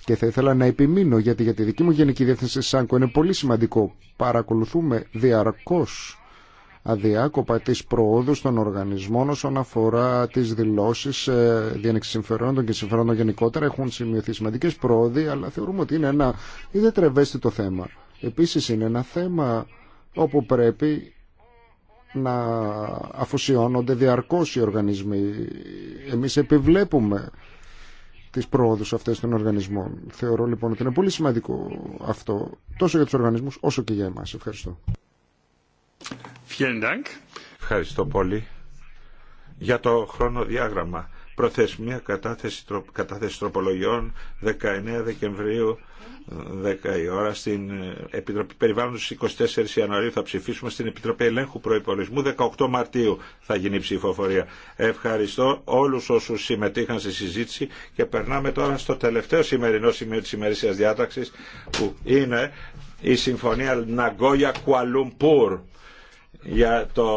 Και θα ήθελα να επιμείνω, γιατί για τη δική μου γενική διεύθυνση ΣΑΝΚΟ είναι πολύ σημαντικό. Παρακολουθούμε διαρκώς αδιάκοπα της προόδου των οργανισμών όσον αφορά τις δηλώσεις ε, διένεξης συμφερόντων και συμφερόντων γενικότερα. Έχουν σημειωθεί σημαντικέ πρόοδοι, αλλά θεωρούμε ότι είναι ένα ιδιαίτερα ευαίσθητο θέμα. Επίσης είναι ένα θέμα όπου πρέπει να αφοσιώνονται διαρκώς οι οργανισμοί. Εμείς επιβλέπουμε τις πρόοδους αυτές των οργανισμών. Θεωρώ λοιπόν ότι είναι πολύ σημαντικό αυτό, τόσο για τους οργανισμού όσο και για εμάς. Ευχαριστώ. Ευχαριστώ πολύ. Για το χρονοδιάγραμμα. Προθεσμία κατάθεση, κατάθεση τροπολογιών 19 Δεκεμβρίου 10 η ώρα στην ε, Επιτροπή Περιβάλλοντος 24 Ιανουαρίου θα ψηφίσουμε στην Επιτροπή Ελέγχου Προϋπολογισμού 18 Μαρτίου θα γίνει η ψηφοφορία. Ευχαριστώ όλους όσους συμμετείχαν στη συζήτηση και περνάμε τώρα στο τελευταίο σημερινό σημείο της ημερήσιας διάταξης που είναι η Συμφωνία Ναγκόγια Κουαλουμπούρ για το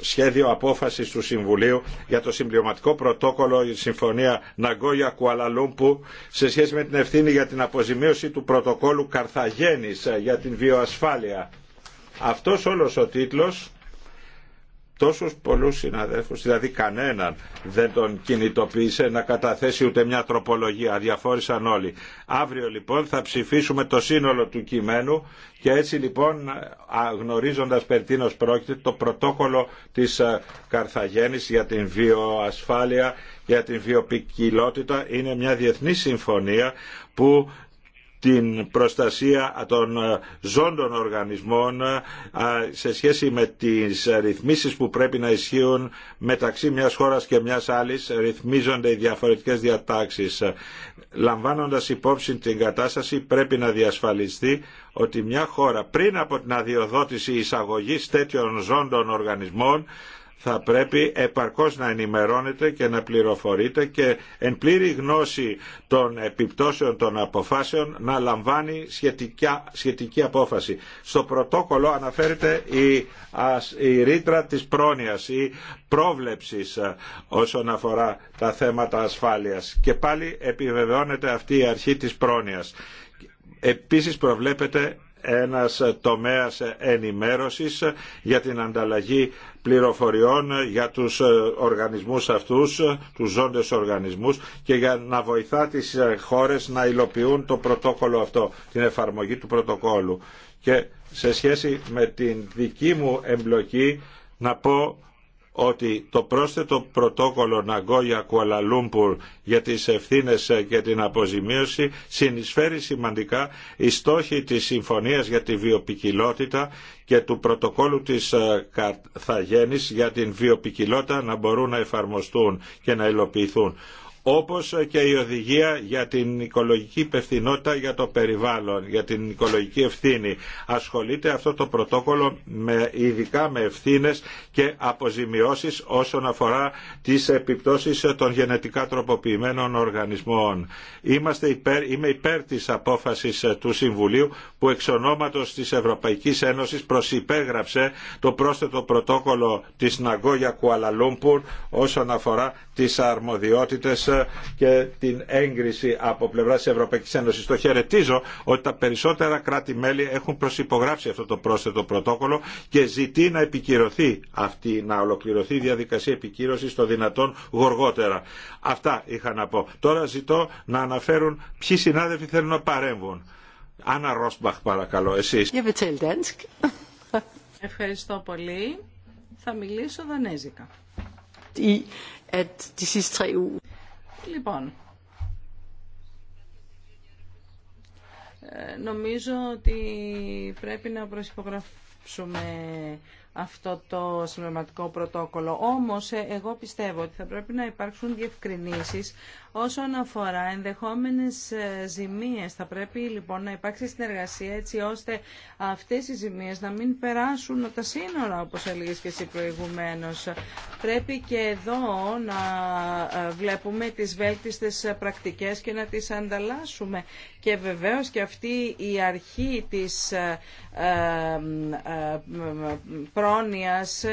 σχέδιο απόφασης του Συμβουλίου για το συμπληρωματικό πρωτόκολλο για Συμφωνία Ναγκόγια Κουαλαλούμπου σε σχέση με την ευθύνη για την αποζημίωση του πρωτοκόλλου Καρθαγένης για την βιοασφάλεια. Αυτός όλος ο τίτλος Τόσου πολλού συναδέλφου, δηλαδή κανέναν δεν τον κινητοποίησε να καταθέσει ούτε μια τροπολογία, αδιαφόρησαν όλοι. Αύριο λοιπόν θα ψηφίσουμε το σύνολο του κειμένου και έτσι λοιπόν γνωρίζοντα περί τίνο πρόκειται το πρωτόκολλο της Καρθαγέννη για την βιοασφάλεια για την βιοπικιλότητα είναι μια διεθνή συμφωνία που την προστασία των ε, ζώντων οργανισμών ε, σε σχέση με τις ρυθμίσεις που πρέπει να ισχύουν μεταξύ μιας χώρας και μιας άλλης ρυθμίζονται οι διαφορετικές διατάξεις. Λαμβάνοντας υπόψη την κατάσταση πρέπει να διασφαλιστεί ότι μια χώρα πριν από την αδειοδότηση εισαγωγής τέτοιων ζώντων οργανισμών θα πρέπει επαρκώς να ενημερώνεται και να πληροφορείται και εν πλήρη γνώση των επιπτώσεων των αποφάσεων να λαμβάνει σχετικά, σχετική απόφαση. Στο πρωτόκολλο αναφέρεται η, η ρήτρα της πρόνοιας ή πρόβλεψης όσον αφορά τα θέματα ασφάλειας και πάλι επιβεβαιώνεται αυτή η πρόβλεψη οσον αφορα τα θεματα ασφαλειας και παλι επιβεβαιωνεται αυτη η αρχη της πρόνοιας. Επίσης προβλέπεται ένας τομέας ενημέρωσης για την ανταλλαγή πληροφοριών για τους οργανισμούς αυτούς, τους ζώντες οργανισμούς και για να βοηθά τις χώρες να υλοποιούν το πρωτόκολλο αυτό, την εφαρμογή του πρωτοκόλλου. Και σε σχέση με την δική μου εμπλοκή να πω ότι το πρόσθετο πρωτόκολλο Ναγκόγια Κουαλαλούμπουρ για τις ευθύνες ε, και την αποζημίωση συνεισφέρει σημαντικά οι στόχοι τη Συμφωνίας για τη Βιοπικιλότητα και του πρωτοκόλου της ε, Καρθαγένης για την βιοπικιλότητα να μπορούν να εφαρμοστούν και να υλοποιηθούν όπως και η οδηγία για την οικολογική υπευθυνότητα για το περιβάλλον, για την οικολογική ευθύνη. Ασχολείται αυτό το πρωτόκολλο με, ειδικά με ευθύνες και αποζημιώσεις όσον αφορά τις επιπτώσεις των γενετικά τροποποιημένων οργανισμών. Είμαστε υπέρ, είμαι υπέρ της απόφασης του Συμβουλίου που εξ ονόματος της Ευρωπαϊκής Ένωσης προσυπέγραψε το πρόσθετο πρωτόκολλο της Ναγκόγια Κουαλαλούμπουρ όσον αφορά τις αρμοδιότητες και την έγκριση από πλευρά τη Ευρωπαϊκής Ένωσης. Το χαιρετίζω ότι τα περισσότερα κράτη-μέλη έχουν προσυπογράψει αυτό το πρόσθετο πρωτόκολλο και ζητεί να επικυρωθεί αυτή, να ολοκληρωθεί η διαδικασία επικύρωση το δυνατόν γοργότερα. Αυτά είχα να πω. Τώρα ζητώ να αναφέρουν ποιοι συνάδελφοι θέλουν να παρέμβουν. Άννα Ρόσμπαχ παρακαλώ, εσείς. Ευχαριστώ πολύ. Θα μιλήσω δανέζικα. Λοιπόν, ε, νομίζω ότι πρέπει να προσυπογράψουμε αυτό το συμπληρωματικό πρωτόκολλο. Όμως ε, εγώ πιστεύω ότι θα πρέπει να υπάρξουν διευκρινήσεις Όσον αφορά ενδεχόμενες ε, ζημίες, θα πρέπει λοιπόν να υπάρξει συνεργασία έτσι ώστε αυτές οι ζημίες να μην περάσουν τα σύνορα, όπως έλεγες και εσύ προηγουμένως. Πρέπει και εδώ να ε, βλέπουμε τις βέλτιστες πρακτικές και να τις ανταλλάσσουμε. Και βεβαίως και αυτή η αρχή της ε, πρόνοιας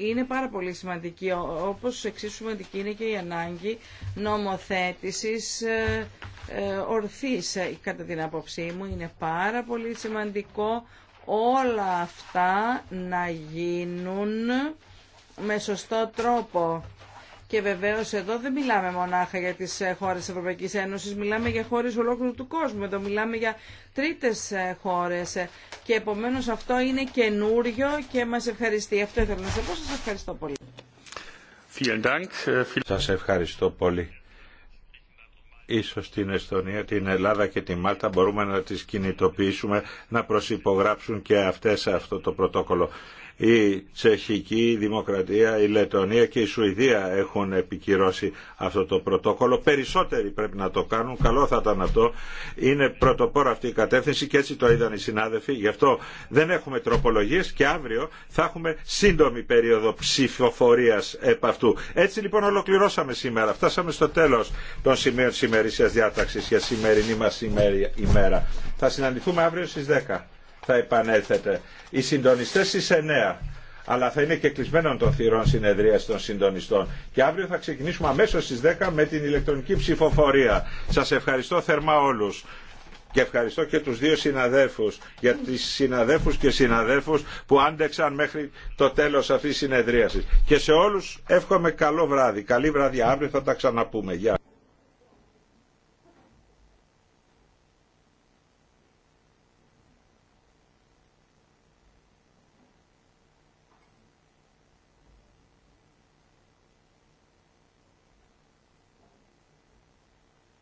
είναι πάρα πολύ σημαντική, όπως εξίσου σημαντική είναι και η ανάγκη νομοθέτησης ε, ε, ορθής ε, κατά την άποψή μου. Είναι πάρα πολύ σημαντικό όλα αυτά να γίνουν με σωστό τρόπο. Και βεβαίως εδώ δεν μιλάμε μονάχα για τις χώρες της Ευρωπαϊκή Ένωση, μιλάμε για χώρε ολόκληρου του κόσμου. Εδώ μιλάμε για τρίτες χώρες. Και επομένως αυτό είναι καινούριο και μας ευχαριστεί. Αυτό ήθελα να σα πω. Σα ευχαριστώ πολύ. Äh, Σας ευχαριστώ πολύ. Ίσως την Εστονία, την Ελλάδα και τη Μάλτα μπορούμε να τις κινητοποιήσουμε να προσυπογράψουν και αυτές αυτό το πρωτόκολλο η Τσεχική Δημοκρατία, η Λετωνία και η Σουηδία έχουν επικυρώσει αυτό το πρωτόκολλο. Περισσότεροι πρέπει να το κάνουν. Καλό θα ήταν αυτό. Είναι πρωτοπόρο αυτή η κατεύθυνση και έτσι το είδαν οι συνάδελφοι. Γι' αυτό δεν έχουμε τροπολογίε και αύριο θα έχουμε σύντομη περίοδο ψηφοφορία επ' αυτού. Έτσι λοιπόν ολοκληρώσαμε σήμερα. Φτάσαμε στο τέλο των σημείων τη ημερήσια διάταξη για σημερινή μα ημέρα. Θα συναντηθούμε αύριο στι 10 θα επανέλθετε. Οι συντονιστέ στι 9 αλλά θα είναι και κλεισμένων των θυρών συνεδρία των συντονιστών. Και αύριο θα ξεκινήσουμε αμέσω στι 10 με την ηλεκτρονική ψηφοφορία. Σα ευχαριστώ θερμά όλου. Και ευχαριστώ και τους δύο συναδέλφους, για τις συναδέρφους και συναδέρφους που άντεξαν μέχρι το τέλος αυτής της συνεδρίασης. Και σε όλους εύχομαι καλό βράδυ. Καλή βράδυ, αύριο θα τα ξαναπούμε. Γεια.